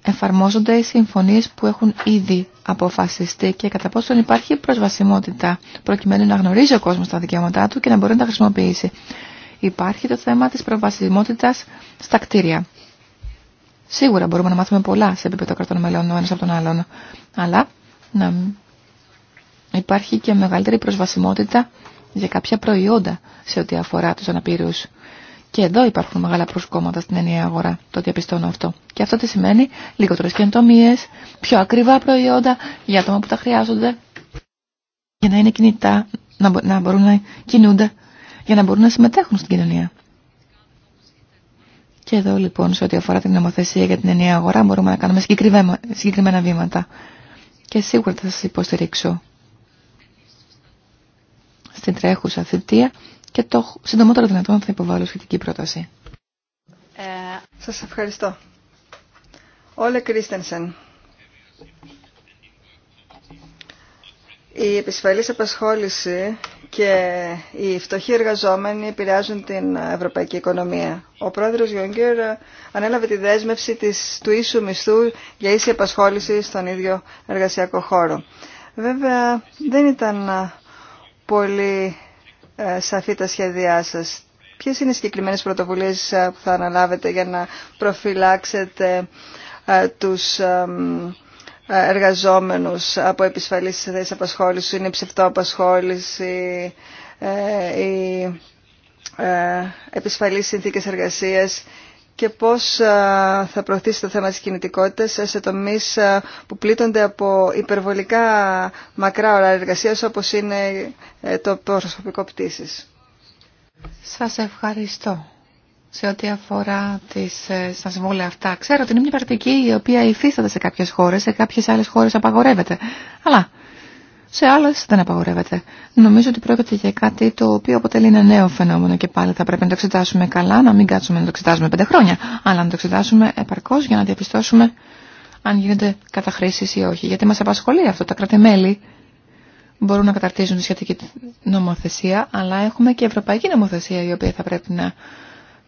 S3: εφαρμόζονται οι συμφωνίες που έχουν ήδη αποφασιστεί και κατά πόσο υπάρχει προσβασιμότητα προκειμένου να γνωρίζει ο κόσμος τα δικαιώματά του και να μπορεί να τα χρησιμοποιήσει. Υπάρχει το θέμα της προβασιμότητας στα κτίρια. Σίγουρα μπορούμε να μάθουμε πολλά σε επίπεδο κρατών μελών ο ένας από τον άλλον. Αλλά να υπάρχει και μεγαλύτερη προσβασιμότητα για κάποια προϊόντα σε ό,τι αφορά τους αναπήρους. Και εδώ υπάρχουν μεγάλα προσκόμματα στην ενιαία αγορά, το διαπιστώνω αυτό. Και αυτό τι σημαίνει λιγότερες καινοτομίες, πιο ακριβά προϊόντα για άτομα που τα χρειάζονται, για να είναι κινητά, να μπορούν να κινούνται για να μπορούν να συμμετέχουν στην κοινωνία. Και εδώ λοιπόν σε ό,τι αφορά την νομοθεσία για την ενιαία αγορά μπορούμε να κάνουμε συγκεκριμένα βήματα. Και σίγουρα θα σας υποστηρίξω στην τρέχουσα θητεία και το συντομότερο δυνατόν θα υποβάλω σχετική πρόταση.
S4: Ε, σας ευχαριστώ. Όλε Κρίστενσεν. Η επισφαλής απασχόληση και οι φτωχοί εργαζόμενοι επηρεάζουν την ευρωπαϊκή οικονομία. Ο πρόεδρος Γιόγκερ ανέλαβε τη δέσμευση της, του ίσου μισθού για ίση επασχόληση στον ίδιο εργασιακό χώρο. Βέβαια δεν ήταν πολύ ε, σαφή τα σχέδιά σας. Ποιες είναι οι συγκεκριμένες πρωτοβουλίες ε, που θα αναλάβετε για να προφυλάξετε ε, τους ε, εργαζόμενους από επισφαλείς θέσεις απασχόλησης, είναι ψευτοαπασχόληση, οι ε, ε, επισφαλείς συνθήκες εργασίας και πώς θα προωθήσει το θέμα της κινητικότητας σε τομείς που πλήττονται από υπερβολικά μακρά ώρα εργασίας όπως είναι το προσωπικό πτήσης.
S3: Σας ευχαριστώ σε ό,τι αφορά τις, ε, στα συμβόλαια αυτά. Ξέρω ότι είναι μια πρακτική η οποία υφίσταται σε κάποιες χώρες, σε κάποιες άλλες χώρες απαγορεύεται. Αλλά σε άλλες δεν απαγορεύεται. Νομίζω ότι πρόκειται για κάτι το οποίο αποτελεί ένα νέο φαινόμενο και πάλι θα πρέπει να το εξετάσουμε καλά, να μην κάτσουμε να το εξετάσουμε πέντε χρόνια, αλλά να το εξετάσουμε επαρκώς για να διαπιστώσουμε αν γίνονται καταχρήσεις ή όχι. Γιατί μας απασχολεί αυτό. Τα κρατημέλη μπορούν να καταρτίζουν τη σχετική νομοθεσία, αλλά έχουμε και ευρωπαϊκή νομοθεσία η οποία θα κράτη-μέλη μπορουν να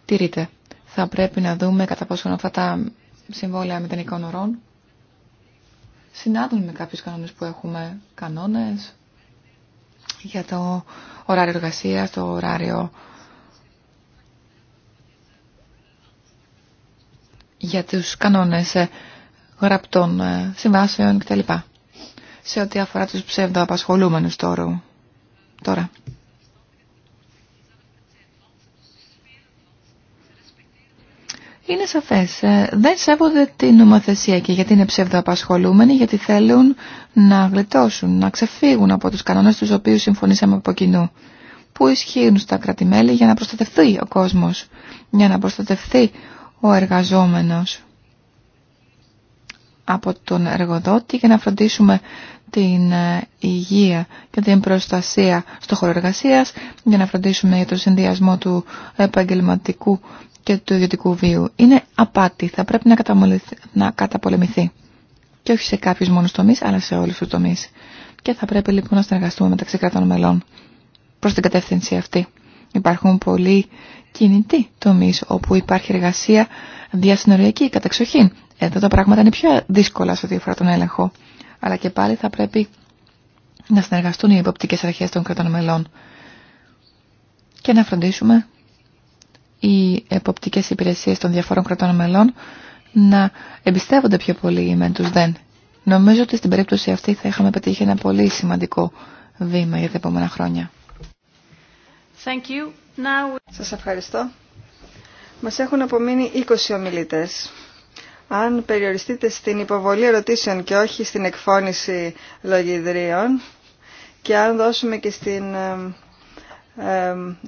S3: τηρείται. Θα πρέπει να δούμε κατά πόσο αυτά τα συμβόλαια μηδενικών ορών συνάδουν με κάποιους κανόνες που έχουμε κανόνες για το ωράριο εργασία, το ωράριο για τους κανόνες ε, γραπτών ε, συμβάσεων κτλ. Σε ό,τι αφορά τους ψευδοαπασχολούμενους τώρα. τώρα. Είναι σαφές. Ε, δεν σέβονται την νομοθεσία και γιατί είναι ψευδοαπασχολούμενοι, γιατί θέλουν να γλιτώσουν, να ξεφύγουν από τους κανόνες τους οποίους συμφωνήσαμε από κοινού. Που ισχύουν στα κρατημέλη για να προστατευτεί ο κόσμος, για να προστατευτεί ο εργαζόμενος από τον εργοδότη για να φροντίσουμε την ε, υγεία και την προστασία στο χώρο εργασίας, για να φροντίσουμε για το συνδυασμό του επαγγελματικού και του ιδιωτικού βίου. Είναι απάτη, θα πρέπει να, να καταπολεμηθεί. Και όχι σε κάποιου μόνο τομεί, αλλά σε όλου του τομεί. Και θα πρέπει λοιπόν να συνεργαστούμε μεταξύ κρατών μελών προ την κατεύθυνση αυτή. Υπάρχουν πολλοί κινητοί τομεί όπου υπάρχει εργασία διασυνοριακή καταξοχή. Εδώ τα πράγματα είναι πιο δύσκολα σε ό,τι αφορά τον έλεγχο. Αλλά και πάλι θα πρέπει να συνεργαστούν οι υποπτικέ αρχέ των κρατών μελών και να φροντίσουμε οι εποπτικές υπηρεσίες των διαφόρων κρατών μελών να εμπιστεύονται πιο πολύ με μεν τους δεν. Νομίζω ότι στην περίπτωση αυτή θα είχαμε πετύχει ένα πολύ σημαντικό βήμα για τα επόμενα χρόνια.
S4: Thank you. Σας ευχαριστώ. Μας έχουν απομείνει 20 ομιλητές. Αν περιοριστείτε στην υποβολή ερωτήσεων και όχι στην εκφώνηση λογιδρίων και αν δώσουμε και στην ε,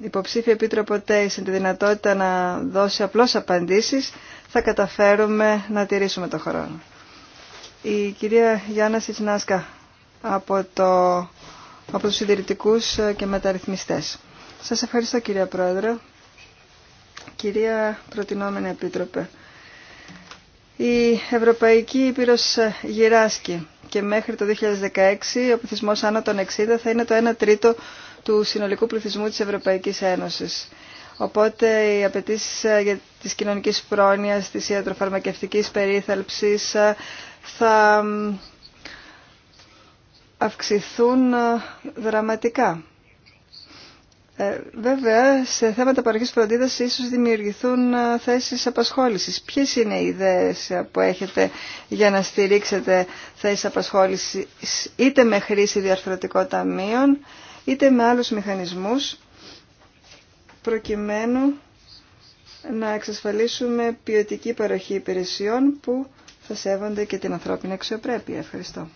S4: υποψήφιο επίτροπο ΤΕΙΣ τη δυνατότητα να δώσει απλώς απαντήσεις, θα καταφέρουμε να τηρήσουμε το χρόνο. Η κυρία Γιάννα Σιτσνάσκα από, το, από τους συντηρητικούς και μεταρρυθμιστές. Σας ευχαριστώ κυρία Πρόεδρε. Κυρία Προτινόμενη Επίτροπε, η Ευρωπαϊκή Ήπειρος γυράσκει και μέχρι το 2016 ο πληθυσμός άνω των 60 θα είναι το 1 τρίτο του συνολικού πληθυσμού της Ευρωπαϊκής Ένωσης. Οπότε οι απαιτήσει ε, για της κοινωνικής πρόνοιας, της ιατροφαρμακευτικής περίθαλψης ε, θα αυξηθούν ε, δραματικά. Ε, βέβαια, σε θέματα παροχής φροντίδας ίσως δημιουργηθούν θέσεις απασχόλησης. Ποιες είναι οι ιδέες που έχετε για να στηρίξετε θέσεις απασχόλησης είτε με χρήση διαρθρωτικών ταμείων, είτε με άλλους μηχανισμούς προκειμένου να εξασφαλίσουμε ποιοτική παροχή υπηρεσιών που θα σέβονται και την ανθρώπινη αξιοπρέπεια. Ευχαριστώ.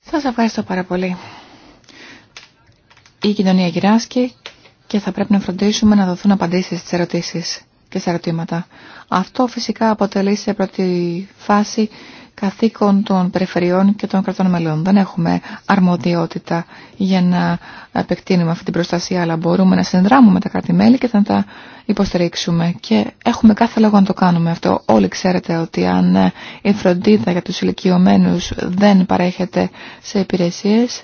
S3: Σας ευχαριστώ πάρα πολύ. Η κοινωνία γυράσκει και θα πρέπει να φροντίσουμε να δοθούν απαντήσεις στις ερωτήσεις και στα ερωτήματα. Αυτό φυσικά αποτελεί σε πρώτη φάση καθήκον των περιφερειών και των κρατών μελών. Δεν έχουμε αρμοδιότητα για να επεκτείνουμε αυτή την προστασία, αλλά μπορούμε να συνδράμουμε τα κράτη-μέλη και θα τα υποστηρίξουμε. Και έχουμε κάθε λόγο να το κάνουμε αυτό. Όλοι ξέρετε ότι αν η φροντίδα για τους ηλικιωμένου δεν παρέχεται σε υπηρεσίες,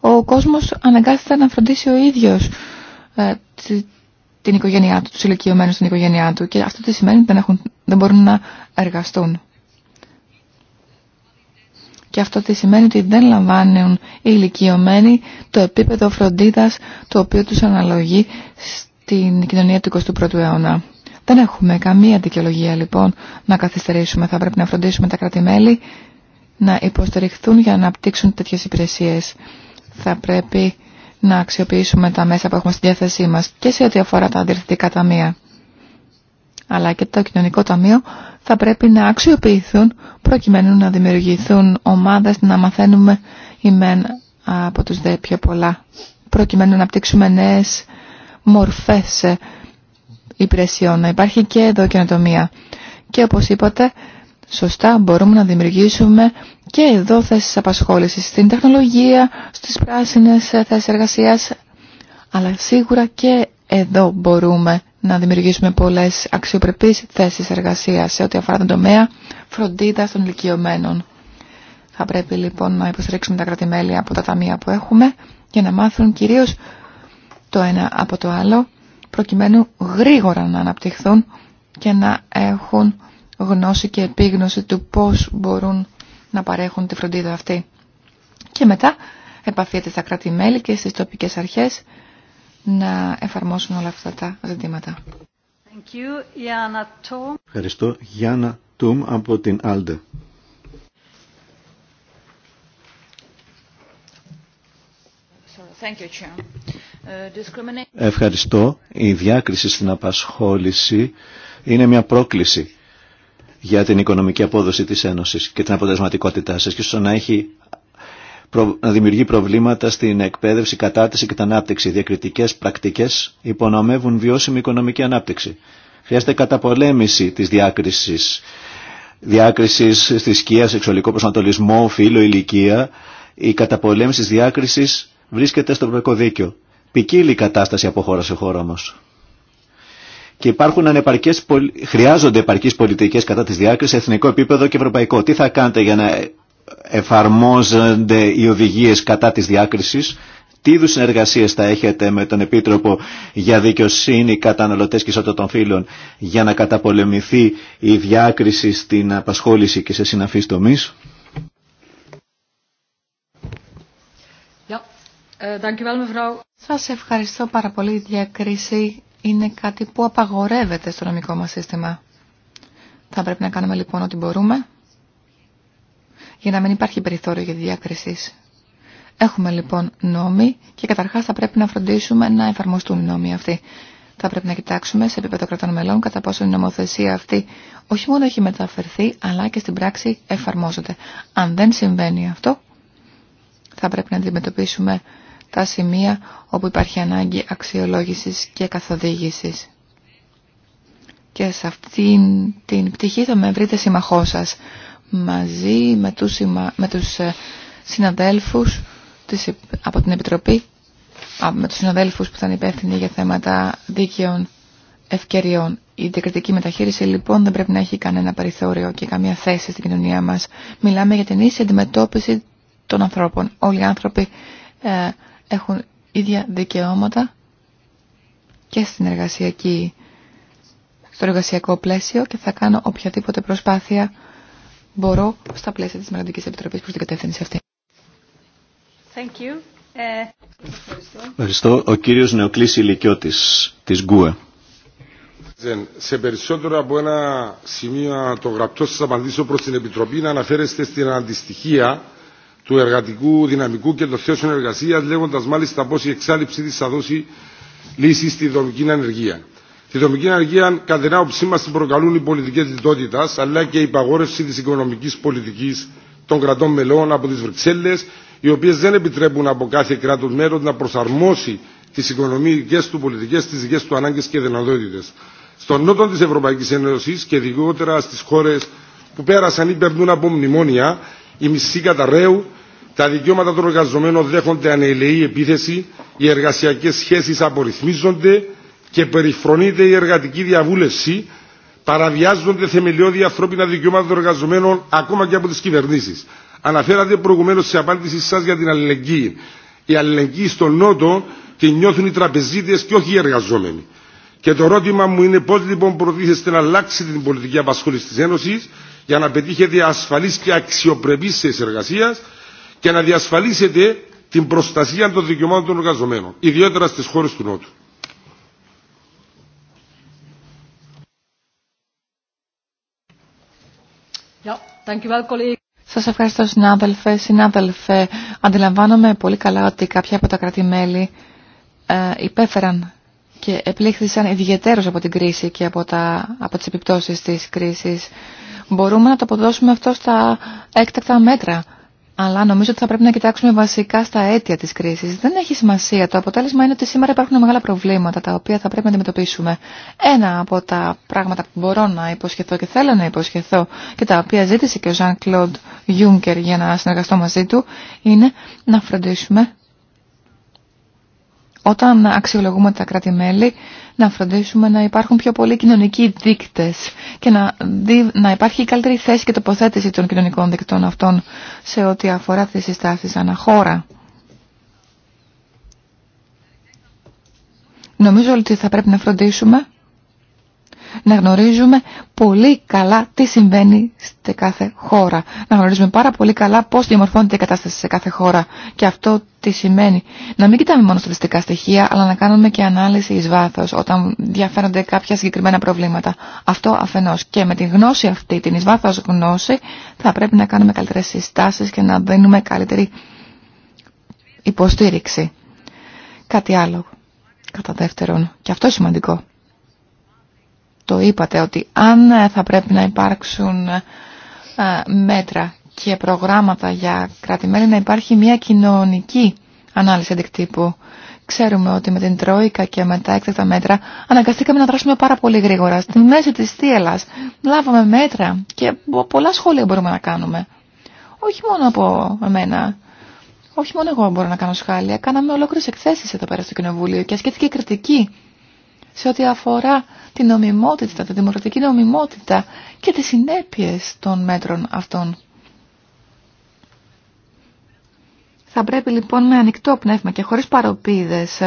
S3: ο κόσμος αναγκάζεται να φροντίσει ο ίδιος ε, την οικογένειά του, τους ηλικιωμένους στην οικογένειά του και αυτό τι σημαίνει ότι δεν, δεν μπορούν να εργαστούν. Και αυτό τι σημαίνει ότι δεν λαμβάνουν οι ηλικιωμένοι το επίπεδο φροντίδας το οποίο τους αναλογεί στην κοινωνία του 21ου αιώνα. Δεν έχουμε καμία δικαιολογία λοιπόν να καθυστερήσουμε. Θα πρέπει να φροντίσουμε τα κράτη-μέλη να υποστηριχθούν για να αναπτύξουν τέτοιες υπηρεσίες. Θα πρέπει να αξιοποιήσουμε τα μέσα που έχουμε στη διάθεσή μας και σε ό,τι αφορά τα αντιρρητικά ταμεία αλλά και το κοινωνικό ταμείο θα πρέπει να αξιοποιηθούν προκειμένου να δημιουργηθούν ομάδες να μαθαίνουμε ημέν από τους δε πιο πολλά προκειμένου να απτύξουμε νέες μορφές υπηρεσιών να υπάρχει και εδώ καινοτομία και όπως είπατε σωστά μπορούμε να δημιουργήσουμε και εδώ θέσεις απασχόλησης στην τεχνολογία, στις πράσινες θέσεις εργασίας αλλά σίγουρα και εδώ μπορούμε να δημιουργήσουμε πολλές αξιοπρεπείς θέσεις εργασίας σε ό,τι αφορά τον τομέα φροντίδας των ηλικιωμένων. Θα πρέπει λοιπόν να υποστηρίξουμε τα κρατημέλη από τα ταμεία που έχουμε και να μάθουν κυρίως το ένα από το άλλο προκειμένου γρήγορα να αναπτυχθούν και να έχουν γνώση και επίγνωση του πώς μπορούν να παρέχουν τη φροντίδα αυτή. Και μετά επαφείται στα κρατημέλη και στις τοπικές αρχές να εφαρμόσουν όλα αυτά τα ζητήματα.
S2: Ευχαριστώ. Γιάννα Τούμ από την uh, Ευχαριστώ. Η διάκριση στην απασχόληση είναι μια πρόκληση για την οικονομική απόδοση της Ένωσης και την αποτελεσματικότητά σας και στο να έχει να δημιουργεί προβλήματα στην εκπαίδευση, κατάρτιση και την ανάπτυξη. Διακριτικές πρακτικές υπονομεύουν βιώσιμη οικονομική ανάπτυξη. Χρειάζεται καταπολέμηση της διάκρισης, διάκρισης σκία, σεξουαλικό προσανατολισμό, φύλλο, ηλικία. Η καταπολέμηση της διάκρισης βρίσκεται στο ευρωπαϊκό δίκαιο. Πικίλη η κατάσταση από χώρα σε χώρα όμως. Και υπάρχουν ανεπαρκές, χρειάζονται επαρκεί πολιτικέ κατά τη διάκριση εθνικό επίπεδο και ευρωπαϊκό. Τι θα κάνετε για να εφαρμόζονται οι οδηγίες κατά της διάκρισης, τι είδου συνεργασίε θα έχετε με τον Επίτροπο για Δικαιοσύνη, καταναλωτές και Ισότητα των Φύλων για να καταπολεμηθεί η διάκριση στην απασχόληση και σε συναφείς τομεί.
S1: Ε,
S3: Σας ευχαριστώ πάρα πολύ. Η διακρίση είναι κάτι που απαγορεύεται στο νομικό μας σύστημα. Θα πρέπει να κάνουμε λοιπόν ό,τι μπορούμε για να μην υπάρχει περιθώριο για διάκριση. Έχουμε λοιπόν νόμοι και καταρχά θα πρέπει να φροντίσουμε να εφαρμοστούν οι νόμοι αυτοί. Θα πρέπει να κοιτάξουμε σε επίπεδο κρατών μελών κατά πόσο η νομοθεσία αυτή όχι μόνο έχει μεταφερθεί αλλά και στην πράξη εφαρμόζεται. Αν δεν συμβαίνει αυτό θα πρέπει να αντιμετωπίσουμε τα σημεία όπου υπάρχει ανάγκη αξιολόγησης και καθοδήγησης. Και σε αυτήν την πτυχή θα με βρείτε συμμαχό σας μαζί με τους, με τους ε, συναδέλφους της, από την Επιτροπή, με τους συναδέλφους που ήταν υπεύθυνοι για θέματα δίκαιων ευκαιριών. Η διακριτική μεταχείριση λοιπόν δεν πρέπει να έχει κανένα περιθώριο και καμία θέση στην κοινωνία μας. Μιλάμε για την ίση αντιμετώπιση των ανθρώπων. Όλοι οι άνθρωποι ε, έχουν ίδια δικαιώματα και στην στο εργασιακό πλαίσιο και θα κάνω οποιαδήποτε προσπάθεια μπορώ στα πλαίσια της Μελλοντικής Επιτροπής
S6: προς την κατεύθυνση αυτή.
S1: Thank you. Ευχαριστώ.
S2: Ευχαριστώ. Ο κύριος Νεοκλής Ηλικιώτης της ΓΚΟΕ.
S6: Σε περισσότερο από ένα σημείο το γραπτό σας απαντήσω προς την Επιτροπή να αναφέρεστε στην αντιστοιχία του εργατικού δυναμικού και των θέσεων εργασία, λέγοντα μάλιστα πως η εξάλληψή τη θα δώσει λύση στη δομική ανεργία. Τη δομική αργία κατενά οψή μα την προκαλούν οι πολιτικέ λιτότητα αλλά και η υπαγόρευση τη οικονομική πολιτική των κρατών μελών από τι Βρυξέλλε, οι οποίε δεν επιτρέπουν από κάθε κράτο μέρο να προσαρμόσει τι οικονομικέ του πολιτικέ στι δικέ του ανάγκε και δυνατότητε. Στον νότο τη Ευρωπαϊκή Ένωση και ειδικότερα στι χώρε που πέρασαν ή περνούν από μνημόνια, οι μιση καταραιου τα δικαιώματα των εργαζομένων δέχονται ανελαιή επίθεση, οι εργασιακέ σχέσει απορριθμίζονται, και περιφρονείται η εργατική διαβούλευση, παραβιάζονται θεμελιώδη ανθρώπινα δικαιώματα των εργαζομένων ακόμα και από τι κυβερνήσει. Αναφέρατε προηγουμένω σε απάντησή σα για την αλληλεγγύη. Η αλληλεγγύη στον Νότο την νιώθουν οι τραπεζίτε και όχι οι εργαζόμενοι. Και το ερώτημα μου είναι πώ λοιπόν προτίθεστε να αλλάξετε την πολιτική απασχόληση τη Ένωση για να πετύχετε ασφαλή και αξιοπρεπή θέση εργασία και να διασφαλίσετε την προστασία των δικαιωμάτων των εργαζομένων, ιδιαίτερα στι χώρε του Νότου.
S3: Σας ευχαριστώ συνάδελφε. Συνάδελφε, αντιλαμβάνομαι πολύ καλά ότι κάποια από τα κράτη-μέλη ε, υπέφεραν και επλήχθησαν ιδιαιτέρως από την κρίση και από, τα, από τις επιπτώσεις της κρίσης. Μπορούμε να το αποδώσουμε αυτό στα έκτακτα μέτρα αλλά νομίζω ότι θα πρέπει να κοιτάξουμε βασικά στα αίτια της κρίσης. Δεν έχει σημασία. Το αποτέλεσμα είναι ότι σήμερα υπάρχουν μεγάλα προβλήματα τα οποία θα πρέπει να αντιμετωπίσουμε. Ένα από τα πράγματα που μπορώ να υποσχεθώ και θέλω να υποσχεθώ και τα οποία ζήτησε και ο Ζαν Κλοντ Juncker για να συνεργαστώ μαζί του είναι να φροντίσουμε όταν αξιολογούμε τα κράτη-μέλη να φροντίσουμε να υπάρχουν πιο πολλοί κοινωνικοί δείκτες και να, δι... να υπάρχει καλύτερη θέση και τοποθέτηση των κοινωνικών δεκτών αυτών σε ό,τι αφορά τι συστάσεις αναχώρα. Νομίζω ότι θα πρέπει να φροντίσουμε να γνωρίζουμε πολύ καλά τι συμβαίνει σε κάθε χώρα. Να γνωρίζουμε πάρα πολύ καλά πώς διαμορφώνεται η κατάσταση σε κάθε χώρα. Και αυτό τι σημαίνει. Να μην κοιτάμε μόνο στατιστικά στοιχεία, αλλά να κάνουμε και ανάλυση εις βάθος όταν διαφέρονται κάποια συγκεκριμένα προβλήματα. Αυτό αφενός. Και με τη γνώση αυτή, την εις βάθος γνώση, θα πρέπει να κάνουμε καλύτερες συστάσεις και να δίνουμε καλύτερη υποστήριξη. Κάτι άλλο. Κατά δεύτερον, και αυτό σημαντικό το είπατε ότι αν θα πρέπει να υπάρξουν ε, μέτρα και προγράμματα για κρατημέλη να υπάρχει μια κοινωνική ανάλυση αντικτύπου. Ξέρουμε ότι με την Τρόικα και με τα έκτακτα μέτρα αναγκαστήκαμε να δράσουμε πάρα πολύ γρήγορα. Στη μέση της θύελας λάβαμε μέτρα και πολλά σχόλια μπορούμε να κάνουμε. Όχι μόνο από εμένα. Όχι μόνο εγώ μπορώ να κάνω σχάλια. Κάναμε ολόκληρε εκθέσει εδώ πέρα στο Κοινοβούλιο και ασκήθηκε κριτική σε ό,τι αφορά την νομιμότητα, τη δημοκρατική νομιμότητα και τις συνέπειες των μέτρων αυτών. Θα πρέπει λοιπόν με ανοιχτό πνεύμα και χωρίς παροπίδες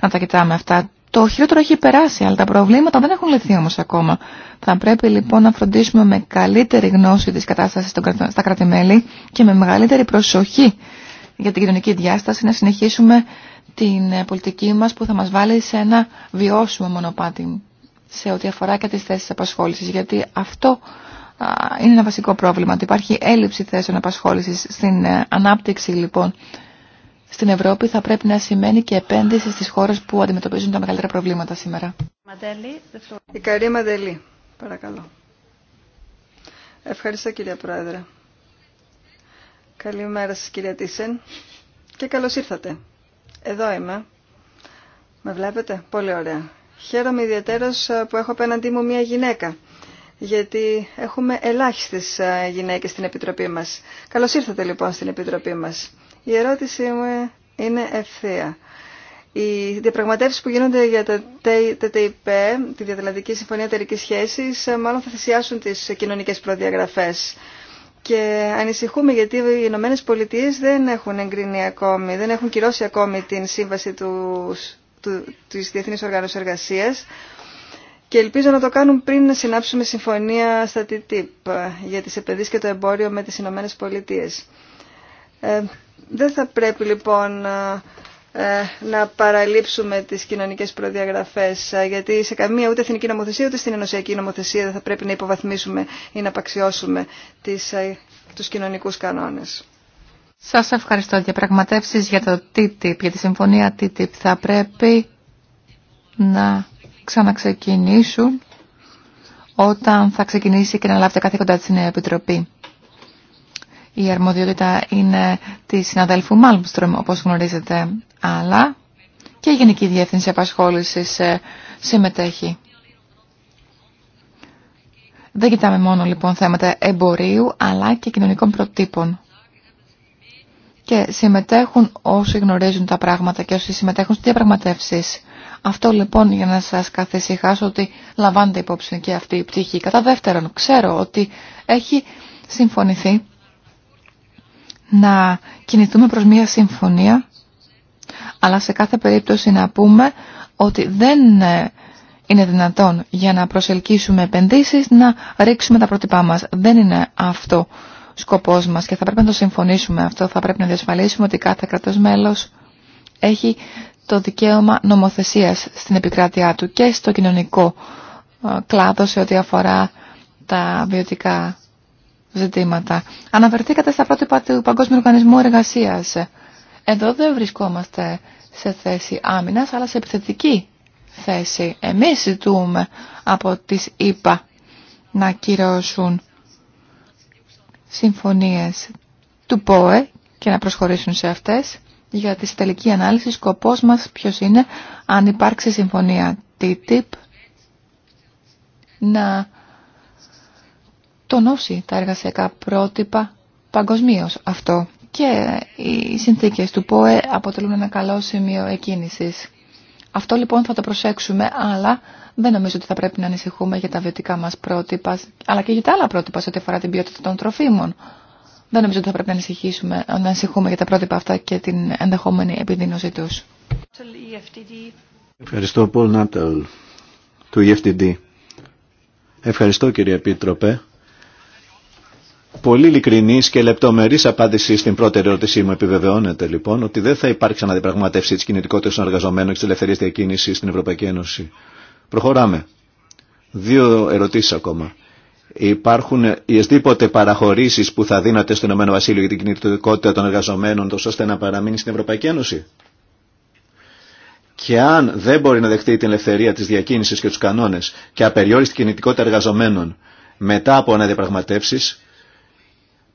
S3: να τα κοιτάμε αυτά. Το χειρότερο έχει περάσει, αλλά τα προβλήματα δεν έχουν λυθεί όμως ακόμα. Θα πρέπει λοιπόν να φροντίσουμε με καλύτερη γνώση της κατάστασης στα κρατημέλη και με μεγαλύτερη προσοχή για την κοινωνική διάσταση, να συνεχίσουμε την ε, πολιτική μας που θα μας βάλει σε ένα βιώσιμο μονοπάτι σε ό,τι αφορά και τις θέσεις απασχόλησης. Γιατί αυτό είναι ένα βασικό πρόβλημα, ότι υπάρχει έλλειψη θέσεων απασχόλησης στην ε, ανάπτυξη λοιπόν στην Ευρώπη θα πρέπει να σημαίνει και επένδυση στις χώρες που αντιμετωπίζουν τα μεγαλύτερα προβλήματα σήμερα.
S4: Η Καρή Μαντελή, παρακαλώ. Ευχαριστώ κυρία Πρόεδρε. Καλημέρα σας κυρία Τίσεν και καλώς ήρθατε. Εδώ είμαι. Με βλέπετε. Πολύ ωραία. Χαίρομαι ιδιαίτερος ε, που έχω απέναντί μου μια γυναίκα γιατί έχουμε ελάχιστες ε, γυναίκες στην Επιτροπή μας. Καλώς ήρθατε λοιπόν στην Επιτροπή μας. Η ερώτησή μου είναι ευθεία. Οι διαπραγματεύσει που γίνονται για τα ΤΤΙΠ, τη Διατλαντική Συμφωνία Τερικής Σχέση, ε, μάλλον θα θυσιάσουν τι κοινωνικέ προδιαγραφέ και ανησυχούμε γιατί οι Ηνωμένε Πολιτείε δεν έχουν εγκρίνει ακόμη, δεν έχουν κυρώσει ακόμη την σύμβαση του, Διεθνή της Διεθνής και ελπίζω να το κάνουν πριν να συνάψουμε συμφωνία στα TTIP για τις επενδύσεις και το εμπόριο με τις Ηνωμένε Πολιτείε. Ε, δεν θα πρέπει λοιπόν ε, να παραλείψουμε τις κοινωνικές προδιαγραφές, ε, γιατί σε καμία ούτε εθνική νομοθεσία ούτε στην ενωσιακή νομοθεσία δεν θα πρέπει να υποβαθμίσουμε ή να απαξιώσουμε τις, ε, τους κοινωνικούς κανόνες.
S3: Σας ευχαριστώ. Διαπραγματεύσει για το TTIP, για τη συμφωνία TTIP θα πρέπει να ξαναξεκινήσουν όταν θα ξεκινήσει και να λάβετε καθήκοντα τη Νέα Επιτροπή. Η αρμοδιότητα είναι τη συναδέλφου Μάλμστρομ, όπως γνωρίζετε, αλλά και η Γενική Διεύθυνση Απασχόλησης ε, συμμετέχει. Δεν κοιτάμε μόνο λοιπόν θέματα εμπορίου, αλλά και κοινωνικών προτύπων. Και συμμετέχουν όσοι γνωρίζουν τα πράγματα και όσοι συμμετέχουν στις διαπραγματεύσεις. Αυτό λοιπόν για να σας καθησυχάσω ότι λαμβάνεται υπόψη και αυτή η πτυχή. Κατά δεύτερον, ξέρω ότι έχει συμφωνηθεί να κινηθούμε προς μια συμφωνία, αλλά σε κάθε περίπτωση να πούμε ότι δεν ε, είναι δυνατόν για να προσελκύσουμε επενδύσεις να ρίξουμε τα πρότυπά μας. Δεν είναι αυτό σκοπός μας και θα πρέπει να το συμφωνήσουμε αυτό. Θα πρέπει να διασφαλίσουμε ότι κάθε κρατός μέλος έχει το δικαίωμα νομοθεσίας στην επικράτειά του και στο κοινωνικό ε, κλάδο σε ό,τι αφορά τα βιωτικά ζητήματα. Αναφερθήκατε στα πρότυπα του Παγκόσμιου Οργανισμού Εργασίας. Εδώ δεν βρισκόμαστε σε θέση άμυνα, αλλά σε επιθετική θέση. Εμείς ζητούμε από τι ΗΠΑ να κυρώσουν συμφωνίες του ΠΟΕ και να προσχωρήσουν σε αυτές. Για τη τελική ανάλυση σκοπός μας ποιος είναι αν υπάρξει συμφωνία TTIP να τονώσει τα εργασιακά πρότυπα παγκοσμίω αυτό. Και οι συνθήκες του ΠΟΕ αποτελούν ένα καλό σημείο εκκίνησης. Αυτό λοιπόν θα το προσέξουμε, αλλά δεν νομίζω ότι θα πρέπει να ανησυχούμε για τα βιωτικά μας πρότυπα, αλλά και για τα άλλα πρότυπα σε ό,τι αφορά την ποιότητα των τροφίμων. Δεν νομίζω ότι θα πρέπει να, ανησυχήσουμε, να ανησυχούμε για τα πρότυπα αυτά και την ενδεχόμενη επιδείνωσή τους.
S2: Ευχαριστώ, Πολ Νάταλ, του EFTD. Ευχαριστώ, κύριε Επίτροπε πολύ ειλικρινή και λεπτομερή απάντηση στην πρώτη ερώτησή μου. Επιβεβαιώνεται λοιπόν ότι δεν θα υπάρξει αναδιαπραγμάτευση τη κινητικότητα των εργαζομένων και τη ελευθερία διακίνηση στην Ευρωπαϊκή Ένωση. Προχωράμε. Δύο ερωτήσει ακόμα. Υπάρχουν ιεσδήποτε παραχωρήσει που θα δίνατε στον Ηνωμένο Βασίλειο για την κινητικότητα των εργαζομένων, τόσο ώστε να παραμείνει στην Ευρωπαϊκή Ένωση. Και αν δεν μπορεί να δεχτεί την ελευθερία τη διακίνηση και του κανόνε και απεριόριστη κινητικότητα εργαζομένων μετά από αναδιαπραγματεύσει,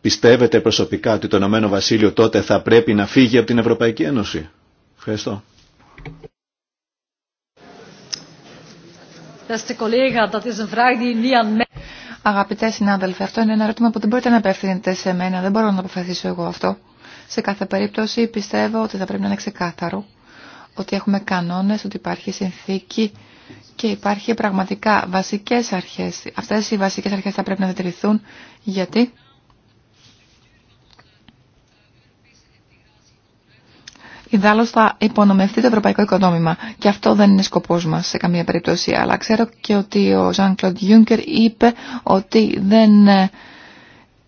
S2: Πιστεύετε προσωπικά ότι το Ηνωμένο Βασίλειο τότε θα πρέπει να φύγει από την Ευρωπαϊκή Ένωση. Ευχαριστώ.
S3: Αγαπητέ συνάδελφοι, αυτό είναι ένα ερώτημα που δεν μπορείτε να απευθύνετε σε μένα. Δεν μπορώ να το αποφασίσω εγώ αυτό. Σε κάθε περίπτωση πιστεύω ότι θα πρέπει να είναι ξεκάθαρο ότι έχουμε κανόνες, ότι υπάρχει συνθήκη και υπάρχει πραγματικά βασικές αρχές. Αυτές οι βασικές αρχές θα πρέπει να διατηρηθούν γιατί Ιδάλλως θα υπονομευτεί το ευρωπαϊκό οικοδόμημα. Και αυτό δεν είναι σκοπός μας σε καμία περίπτωση. Αλλά ξέρω και ότι ο Ζαν Κλοντ Γιούνκερ είπε ότι δεν, ε,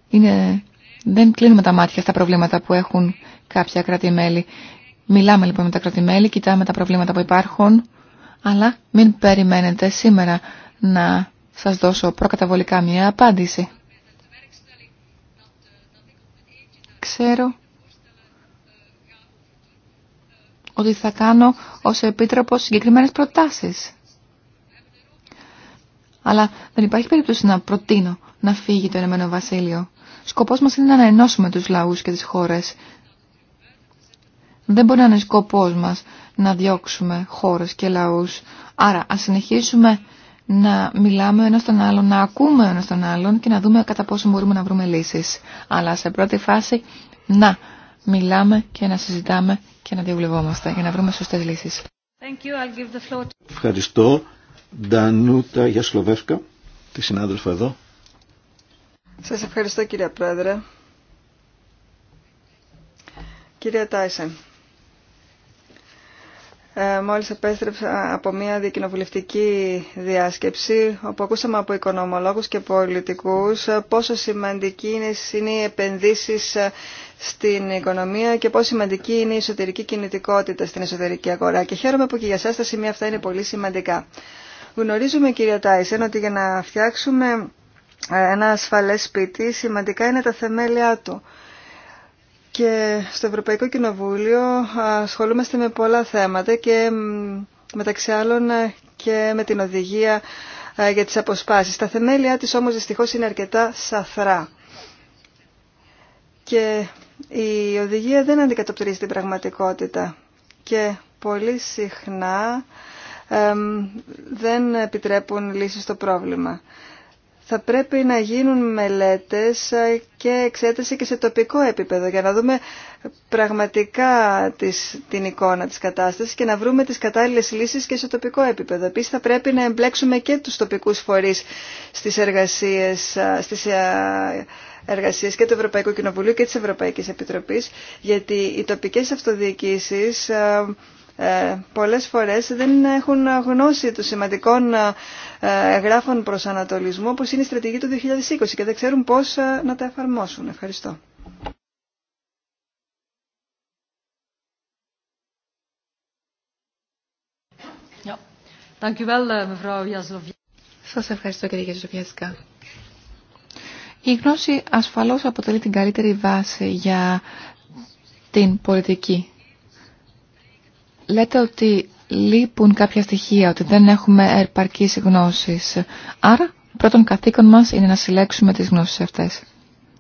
S3: είναι, δεν κλείνουμε τα μάτια στα προβλήματα που έχουν κρατημέλη. Μιλάμε λοιπόν με τα κρατημέλη, κοιτάμε τα προβλήματα που υπάρχουν, αλλά μην περιμένετε σήμερα να σας δώσω προκαταβολικά μια απάντηση. Ξέρω ότι θα κάνω ως επίτροπος συγκεκριμένες προτάσεις. Αλλά δεν υπάρχει περίπτωση να προτείνω να φύγει το Ενωμένο Βασίλειο. Σκοπός μας είναι να ενώσουμε τους λαούς και τις χώρες. Δεν μπορεί να είναι σκοπός μας να διώξουμε χώρες και λαούς. Άρα ας συνεχίσουμε να μιλάμε ένα τον άλλον, να ακούμε ένα τον άλλον και να δούμε κατά πόσο μπορούμε να βρούμε λύσεις. Αλλά σε πρώτη φάση να μιλάμε και να συζητάμε και να διαβουλευόμαστε για να βρούμε σωστές λύσεις.
S2: Ευχαριστώ. Ντανούτα Γιασλοβεύκα, τη συνάδελφα εδώ.
S4: Σας ευχαριστώ κύριε Πρόεδρε. Κύριε Τάισεν, ε, μόλις επέστρεψα από μια διακοινοβουλευτική διάσκεψη όπου ακούσαμε από οικονομολόγους και πολιτικούς πόσο σημαντική είναι, είναι οι επενδύσεις ε, στην οικονομία και πόσο σημαντική είναι η εσωτερική κινητικότητα στην εσωτερική αγορά. Και χαίρομαι που και για σας τα σημεία αυτά είναι πολύ σημαντικά. Γνωρίζουμε κυρία Τάισεν ότι για να φτιάξουμε ε, ένα ασφαλές σπίτι σημαντικά είναι τα θεμέλια του. Και στο Ευρωπαϊκό Κοινοβούλιο ε, ασχολούμαστε με πολλά θέματα και μεταξύ άλλων ε, και με την οδηγία για τις αποσπάσεις. Τα θεμέλια της όμως δυστυχώς είναι αρκετά σαθρά. Και η οδηγία δεν αντικατοπτρίζει την πραγματικότητα και πολύ συχνά δεν επιτρέπουν λύσεις στο πρόβλημα. Θα πρέπει να γίνουν μελέτες και εξέταση και σε τοπικό επίπεδο για να δούμε πραγματικά την εικόνα της κατάστασης και να βρούμε τις κατάλληλες λύσεις και σε τοπικό επίπεδο. Επίσης θα πρέπει να εμπλέξουμε και τους τοπικούς φορείς στις εργασίες, στις ε, και του Ευρωπαϊκού Κοινοβουλίου και τη Ευρωπαϊκή Επιτροπή, γιατί οι τοπικές αυτοδιοικήσεις ε, ε, πολλές φορές δεν έχουν γνώση των σημαντικών ε, γράφων προ ανατολισμό όπως είναι η στρατηγική του 2020 και δεν ξέρουν πώς να τα εφαρμόσουν. Ευχαριστώ.
S1: Eh,
S3: Σας ευχαριστώ κύριε Γιαζοβιάσκα. Η γνώση ασφαλώς αποτελεί την καλύτερη βάση για την πολιτική. Λέτε ότι λείπουν κάποια στοιχεία, ότι δεν έχουμε επαρκείς γνώσεις. Άρα, πρώτον καθήκον μας είναι να συλλέξουμε τις γνώσεις αυτές.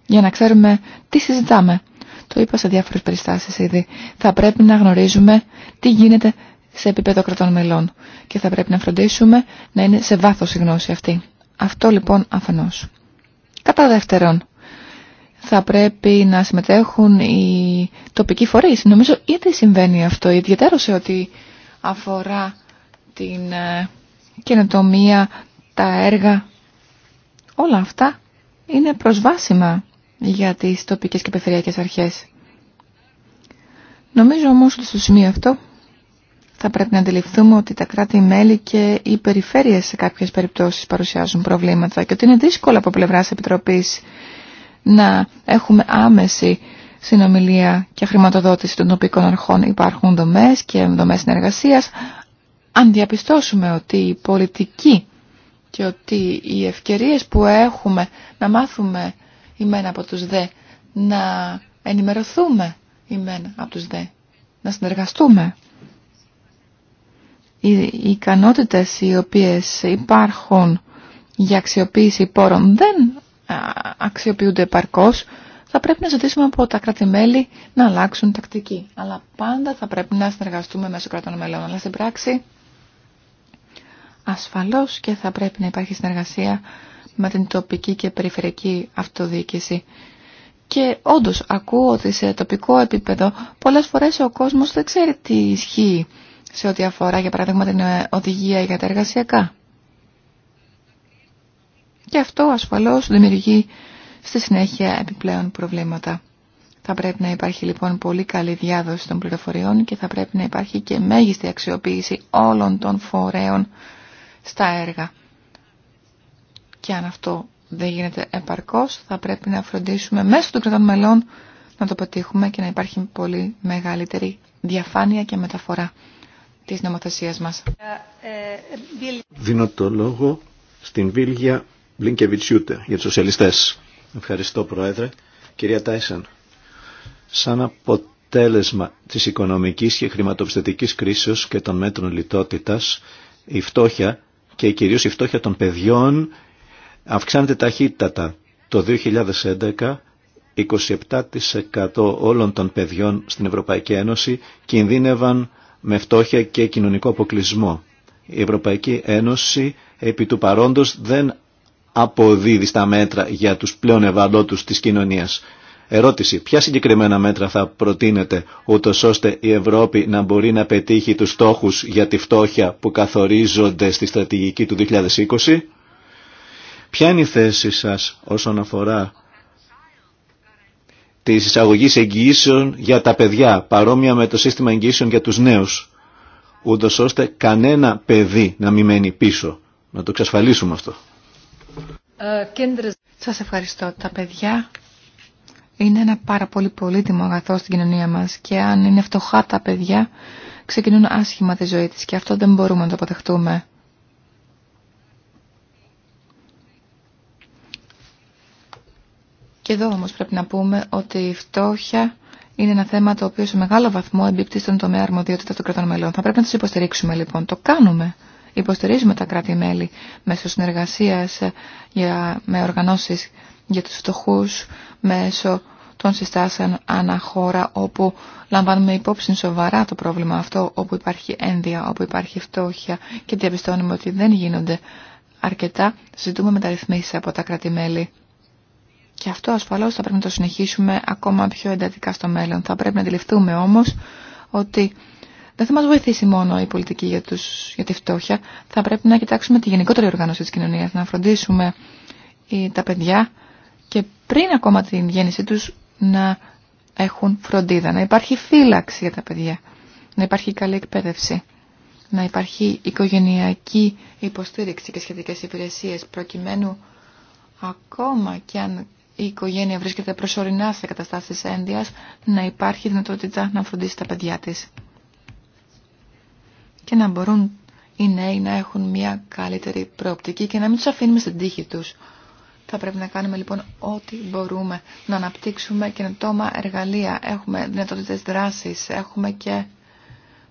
S3: Για να ξέρουμε τι συζητάμε. Το είπα σε διάφορες περιστάσεις ήδη. Θα πρέπει να γνωρίζουμε τι γίνεται σε επίπεδο κρατών μελών. Και θα πρέπει να φροντίσουμε να είναι σε βάθος η γνώση αυτή. Αυτό λοιπόν αφενός. Κατά δεύτερον, θα πρέπει να συμμετέχουν οι τοπικοί φορείς. Νομίζω ήδη συμβαίνει αυτό, ιδιαίτερο ό,τι αφορά την ε, καινοτομία, τα έργα. Όλα αυτά είναι προσβάσιμα για τις τοπικές και περιφερειακές αρχές. Νομίζω όμως ότι στο σημείο αυτό θα πρέπει να αντιληφθούμε ότι τα κράτη-μέλη και οι περιφέρειες σε κάποιες περιπτώσεις παρουσιάζουν προβλήματα και ότι είναι δύσκολο από πλευράς Επιτροπής να έχουμε άμεση συνομιλία και χρηματοδότηση των τοπικών αρχών. Υπάρχουν δομές και δομές συνεργασίας. Αν διαπιστώσουμε ότι η πολιτική και ότι οι ευκαιρίες που έχουμε να μάθουμε ημένα από τους δε, να ενημερωθούμε ημένα από τους δε, να συνεργαστούμε οι ικανότητες οι οποίες υπάρχουν για αξιοποίηση πόρων δεν αξιοποιούνται επαρκώς, θα πρέπει να ζητήσουμε από τα κράτη-μέλη να αλλάξουν τακτική. Αλλά πάντα θα πρέπει να συνεργαστούμε μέσω κρατών μελών. Αλλά στην πράξη, ασφαλώς και θα πρέπει να υπάρχει συνεργασία με την τοπική και περιφερειακή αυτοδιοίκηση. Και όντως ακούω ότι σε τοπικό επίπεδο πολλές φορές ο κόσμος δεν ξέρει τι ισχύει σε ό,τι αφορά για παράδειγμα την ε, οδηγία για τα εργασιακά. Και αυτό ασφαλώς δημιουργεί στη συνέχεια επιπλέον προβλήματα. Θα πρέπει να υπάρχει λοιπόν πολύ καλή διάδοση των πληροφοριών και θα πρέπει να υπάρχει και μέγιστη αξιοποίηση όλων των φορέων στα έργα. Και αν αυτό δεν γίνεται επαρκώς, θα πρέπει να φροντίσουμε μέσω των κρατών μελών να το πετύχουμε και να υπάρχει πολύ μεγαλύτερη διαφάνεια και μεταφορά της νομοθεσίας μας.
S2: Δίνω το λόγο στην Βίλγια Μπλίνκεβιτσιούτε για τους σοσιαλιστές. Ευχαριστώ Πρόεδρε. Κυρία Τάισαν, σαν αποτέλεσμα της οικονομικής και χρηματοπιστωτικής κρίσεως και των μέτρων λιτότητας, η φτώχεια και κυρίως η φτώχεια των παιδιών αυξάνεται ταχύτατα. Το 2011 27% όλων των παιδιών στην Ευρωπαϊκή Ένωση κινδύνευαν με φτώχεια και κοινωνικό αποκλεισμό. Η Ευρωπαϊκή Ένωση επί του παρόντος δεν αποδίδει στα μέτρα για τους πλέον ευαλότους της κοινωνίας. Ερώτηση. Ποια συγκεκριμένα μέτρα θα προτείνετε ούτω ώστε η Ευρώπη να μπορεί να πετύχει τους στόχους για τη φτώχεια που καθορίζονται στη στρατηγική του 2020. Ποια είναι η θέση σας όσον αφορά τη εισαγωγή εγγυήσεων για τα παιδιά, παρόμοια με το σύστημα εγγυήσεων για τους νέους, ούτω ώστε κανένα παιδί να μην μένει πίσω. Να το εξασφαλίσουμε αυτό.
S3: Ε, Σα ευχαριστώ. Τα παιδιά είναι ένα πάρα πολύ πολύτιμο αγαθό στην κοινωνία μας και αν είναι φτωχά τα παιδιά ξεκινούν άσχημα τη ζωή της και αυτό δεν μπορούμε να το αποδεχτούμε. Και εδώ όμως πρέπει να πούμε ότι η φτώχεια είναι ένα θέμα το οποίο σε μεγάλο βαθμό εμπίπτει στον τομέα αρμοδιότητα των κρατών μελών. Θα πρέπει να του υποστηρίξουμε λοιπόν. Το κάνουμε. Υποστηρίζουμε τα κράτη-μέλη μέσω συνεργασία ε, με οργανώσει για του φτωχού, μέσω των συστάσεων αναχώρα όπου λαμβάνουμε υπόψη σοβαρά το πρόβλημα αυτό, όπου υπάρχει ένδια, όπου υπάρχει φτώχεια και διαπιστώνουμε ότι δεν γίνονται αρκετά. Ζητούμε μεταρρυθμίσει από τα κράτη-μέλη. Και αυτό ασφαλώς θα πρέπει να το συνεχίσουμε ακόμα πιο εντατικά στο μέλλον. Θα πρέπει να αντιληφθούμε όμως ότι δεν θα μας βοηθήσει μόνο η πολιτική για, τους, για τη φτώχεια. Θα πρέπει να κοιτάξουμε τη γενικότερη οργάνωση της κοινωνίας, να φροντίσουμε τα παιδιά και πριν ακόμα την γέννησή τους να έχουν φροντίδα, να υπάρχει φύλαξη για τα παιδιά, να υπάρχει καλή εκπαίδευση, να υπάρχει οικογενειακή υποστήριξη και σχετικές υπηρεσίες προκειμένου ακόμα και αν η οικογένεια βρίσκεται προσωρινά σε καταστάσεις ένδυας, να υπάρχει δυνατότητα να φροντίσει τα παιδιά της. Και να μπορούν οι νέοι να έχουν μια καλύτερη προοπτική και να μην τους αφήνουμε στην τύχη τους. Θα πρέπει να κάνουμε λοιπόν ό,τι μπορούμε, να αναπτύξουμε καινοτόμα εργαλεία, έχουμε δυνατότητες δράσης, έχουμε και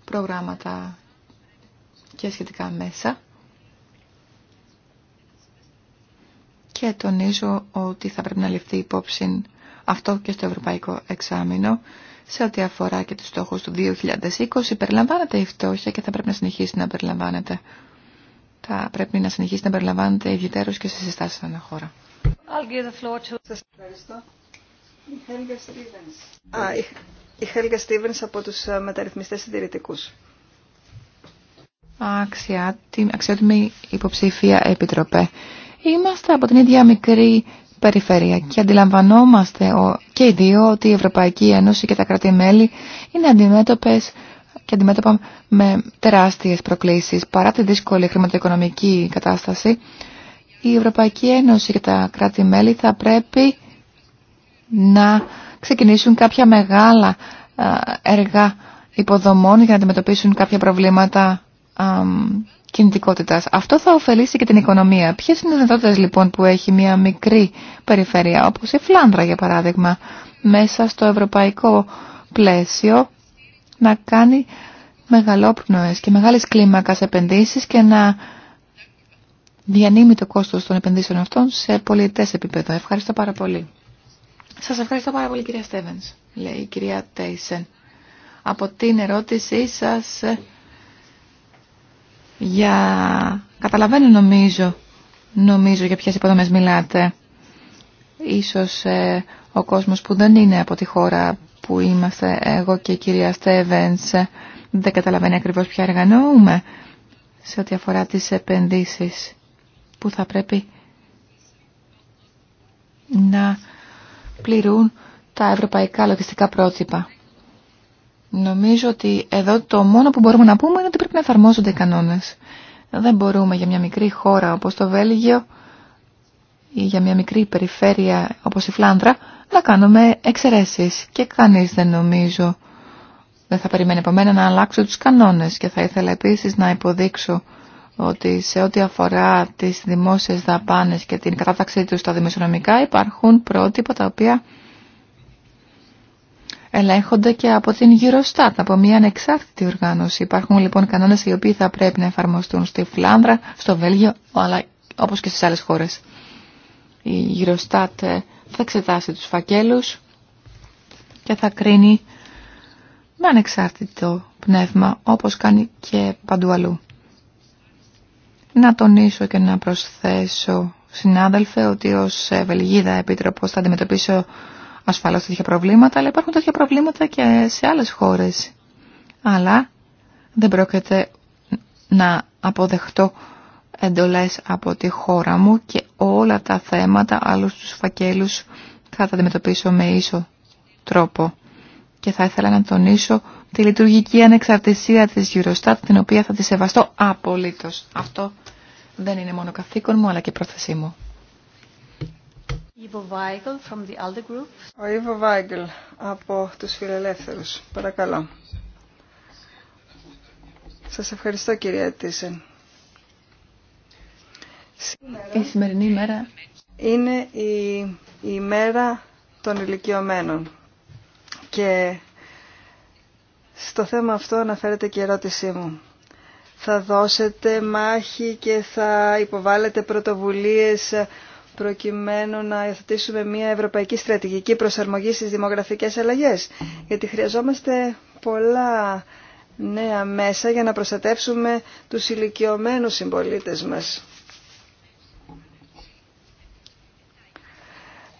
S3: προγράμματα και σχετικά μέσα και τονίζω ότι θα πρέπει να ληφθεί υπόψη αυτό και στο Ευρωπαϊκό Εξάμεινο σε ό,τι αφορά και τους στόχους του 2020 περιλαμβάνεται η φτώχεια και θα πρέπει να συνεχίσει να περιλαμβάνεται. Θα πρέπει να συνεχίσει να περιλαμβάνεται ιδιαίτερως και σε συστάσεις ανά χώρα.
S4: ευχαριστώ. από τους ε, μεταρρυθμιστές συντηρητικούς.
S3: Αξιότιμη υποψήφια επιτροπέ. Είμαστε από την ίδια μικρή περιφέρεια και αντιλαμβανόμαστε και οι δύο ότι η Ευρωπαϊκή Ένωση και τα κράτη-μέλη είναι αντιμέτωπες και αντιμέτωπα με τεράστιες προκλήσεις. Παρά τη δύσκολη χρηματοοικονομική κατάσταση, η Ευρωπαϊκή Ένωση και τα κράτη-μέλη θα πρέπει να ξεκινήσουν κάποια μεγάλα ε, έργα υποδομών για να αντιμετωπίσουν κάποια προβλήματα κινητικότητας. Αυτό θα ωφελήσει και την οικονομία. Ποιες είναι οι δυνατότητες λοιπόν που έχει μια μικρή περιφέρεια, όπως η Φλάνδρα για παράδειγμα, μέσα στο ευρωπαϊκό πλαίσιο να κάνει μεγαλόπνοες και μεγάλες κλίμακας επενδύσεις και να διανύμει το κόστος των επενδύσεων αυτών σε πολιτές επίπεδο. Ευχαριστώ πάρα πολύ. Σας ευχαριστώ πάρα πολύ κυρία Στέβενς, λέει η κυρία Τέισεν. Από την ερώτησή σας για... Καταλαβαίνω νομίζω, νομίζω για ποιες υποδομές μιλάτε. Ίσως ε, ο κόσμος που δεν είναι από τη χώρα που είμαστε εγώ και η κυρία Στέβενς ε, δεν καταλαβαίνει ακριβώς ποια εργανοούμε σε ό,τι αφορά τις επενδύσεις που θα πρέπει να πληρούν τα ευρωπαϊκά λογιστικά πρότυπα. Νομίζω ότι εδώ το μόνο που μπορούμε να πούμε είναι ότι πρέπει να εφαρμόζονται οι κανόνες. Δεν μπορούμε για μια μικρή χώρα όπως το Βέλγιο ή για μια μικρή περιφέρεια όπως η Φλάνδρα να κάνουμε εξαιρέσεις και κανείς δεν νομίζω δεν θα περιμένει από μένα να αλλάξω τους κανόνες και θα ήθελα επίσης να υποδείξω ότι σε ό,τι αφορά τις δημόσιες δαπάνες και την κατάταξή τους στα δημοσιονομικά υπάρχουν πρότυπα τα οποία ελέγχονται και από την Eurostat, από μια ανεξάρτητη οργάνωση. Υπάρχουν λοιπόν κανόνες οι οποίοι θα πρέπει να εφαρμοστούν στη Φλάνδρα, στο Βέλγιο, αλλά όπως και στις άλλες χώρες. Η Eurostat ε, θα εξετάσει τους φακέλους και θα κρίνει με ανεξάρτητο πνεύμα, όπως κάνει και παντού αλλού. Να τονίσω και να προσθέσω, συνάδελφε, ότι ως Βελγίδα Επίτροπος θα αντιμετωπίσω ασφαλώς τέτοια προβλήματα, αλλά υπάρχουν τέτοια προβλήματα και σε άλλες χώρες. Αλλά δεν πρόκειται να αποδεχτώ εντολές από τη χώρα μου και όλα τα θέματα, άλλους τους φακέλους θα τα αντιμετωπίσω με ίσο τρόπο. Και θα ήθελα να τονίσω τη λειτουργική ανεξαρτησία της Eurostat, την οποία θα τη σεβαστώ απολύτως. Αυτό δεν είναι μόνο καθήκον μου, αλλά και πρόθεσή μου.
S4: From the Group. Ο Ιβο Βάιγκλ από τους Φιλελεύθερους. Παρακαλώ. Σας ευχαριστώ κυρία
S3: Τίσεν. Η σημερινή ημέρα
S4: είναι η, η ημέρα των ηλικιωμένων και στο θέμα αυτό αναφέρεται και η ερώτησή μου. Θα δώσετε μάχη και θα υποβάλλετε πρωτοβουλίες προκειμένου να υιοθετήσουμε μια ευρωπαϊκή στρατηγική προσαρμογή στις δημογραφικές αλλαγές. Γιατί χρειαζόμαστε πολλά νέα μέσα για να προστατεύσουμε τους ηλικιωμένους συμπολίτες μας.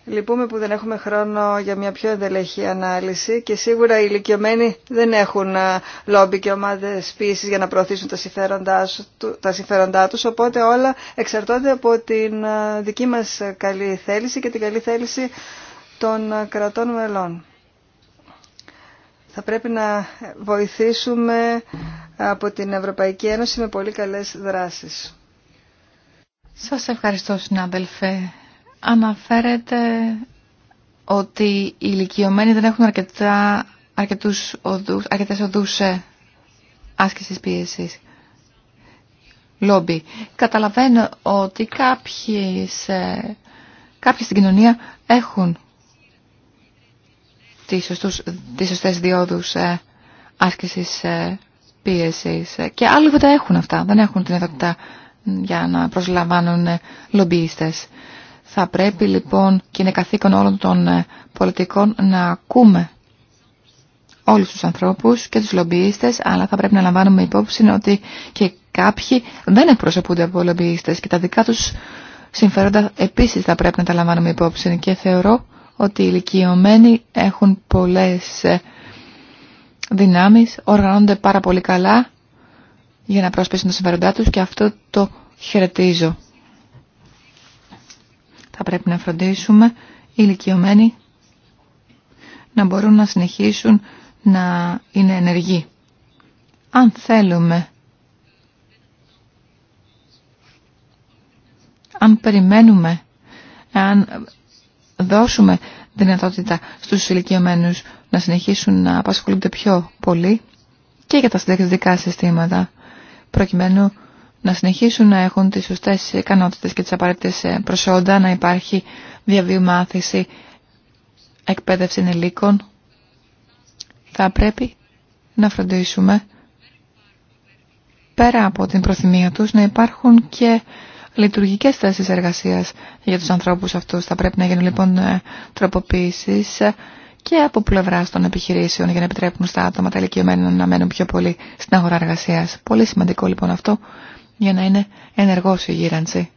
S4: Λυπούμε που δεν έχουμε χρόνο για μια πιο ενδελεχή ανάλυση και σίγουρα οι ηλικιωμένοι δεν έχουν λόμπι και ομάδες πίεσης για να προωθήσουν τα συμφέροντά, τα συμφέροντά τους, οπότε όλα εξαρτώνται από την δική μας καλή θέληση και την καλή θέληση των κρατών μελών. Θα πρέπει να βοηθήσουμε από την Ευρωπαϊκή Ένωση με πολύ καλές δράσεις.
S3: Σας ευχαριστώ συνάδελφε αναφέρεται ότι οι ηλικιωμένοι δεν έχουν αρκετά, αρκετούς οδούς, αρκετές οδούς άσκησης πίεσης. Λόμπι. Καταλαβαίνω ότι κάποιοι, σε, κάποιοι στην κοινωνία έχουν τις, σωστούς, τις σωστές διόδους ε, άσκησης ε, πίεσης ε, και άλλοι δεν έχουν αυτά, δεν έχουν την ιδιότητα για να προσλαμβάνουν λομπιίστες. Θα πρέπει λοιπόν και είναι καθήκον όλων των ε, πολιτικών να ακούμε όλους τους ανθρώπους και τους λομπιίστες, αλλά θα πρέπει να λαμβάνουμε υπόψη ότι και κάποιοι δεν εκπροσωπούνται από λομπιίστες και τα δικά τους συμφέροντα επίσης θα πρέπει να τα λαμβάνουμε υπόψη και θεωρώ ότι οι ηλικιωμένοι έχουν πολλές ε, δυνάμεις, οργανώνονται πάρα πολύ καλά για να πρόσπισουν τα συμφέροντά τους και αυτό το χαιρετίζω θα πρέπει να φροντίσουμε οι ηλικιωμένοι να μπορούν να συνεχίσουν να είναι ενεργοί. Αν θέλουμε, αν περιμένουμε, αν δώσουμε δυνατότητα στους ηλικιωμένους να συνεχίσουν να απασχολούνται πιο πολύ και για τα συνταξιδικά συστήματα, προκειμένου να συνεχίσουν να έχουν τις σωστές ικανότητες και τις απαραίτητες ε, προσόντα, να υπάρχει διαβίου μάθηση, εκπαίδευση ενηλίκων. Θα πρέπει να φροντίσουμε πέρα από την προθυμία τους να υπάρχουν και λειτουργικές θέσεις εργασίας για τους ανθρώπους αυτούς. Θα πρέπει να γίνουν λοιπόν ε, τροποποίησεις ε, και από πλευρά των επιχειρήσεων για να επιτρέπουν στα άτομα τα ηλικιωμένα να μένουν πιο πολύ στην αγορά εργασίας. Πολύ σημαντικό λοιπόν αυτό για να είναι ενεργός η γύρανση.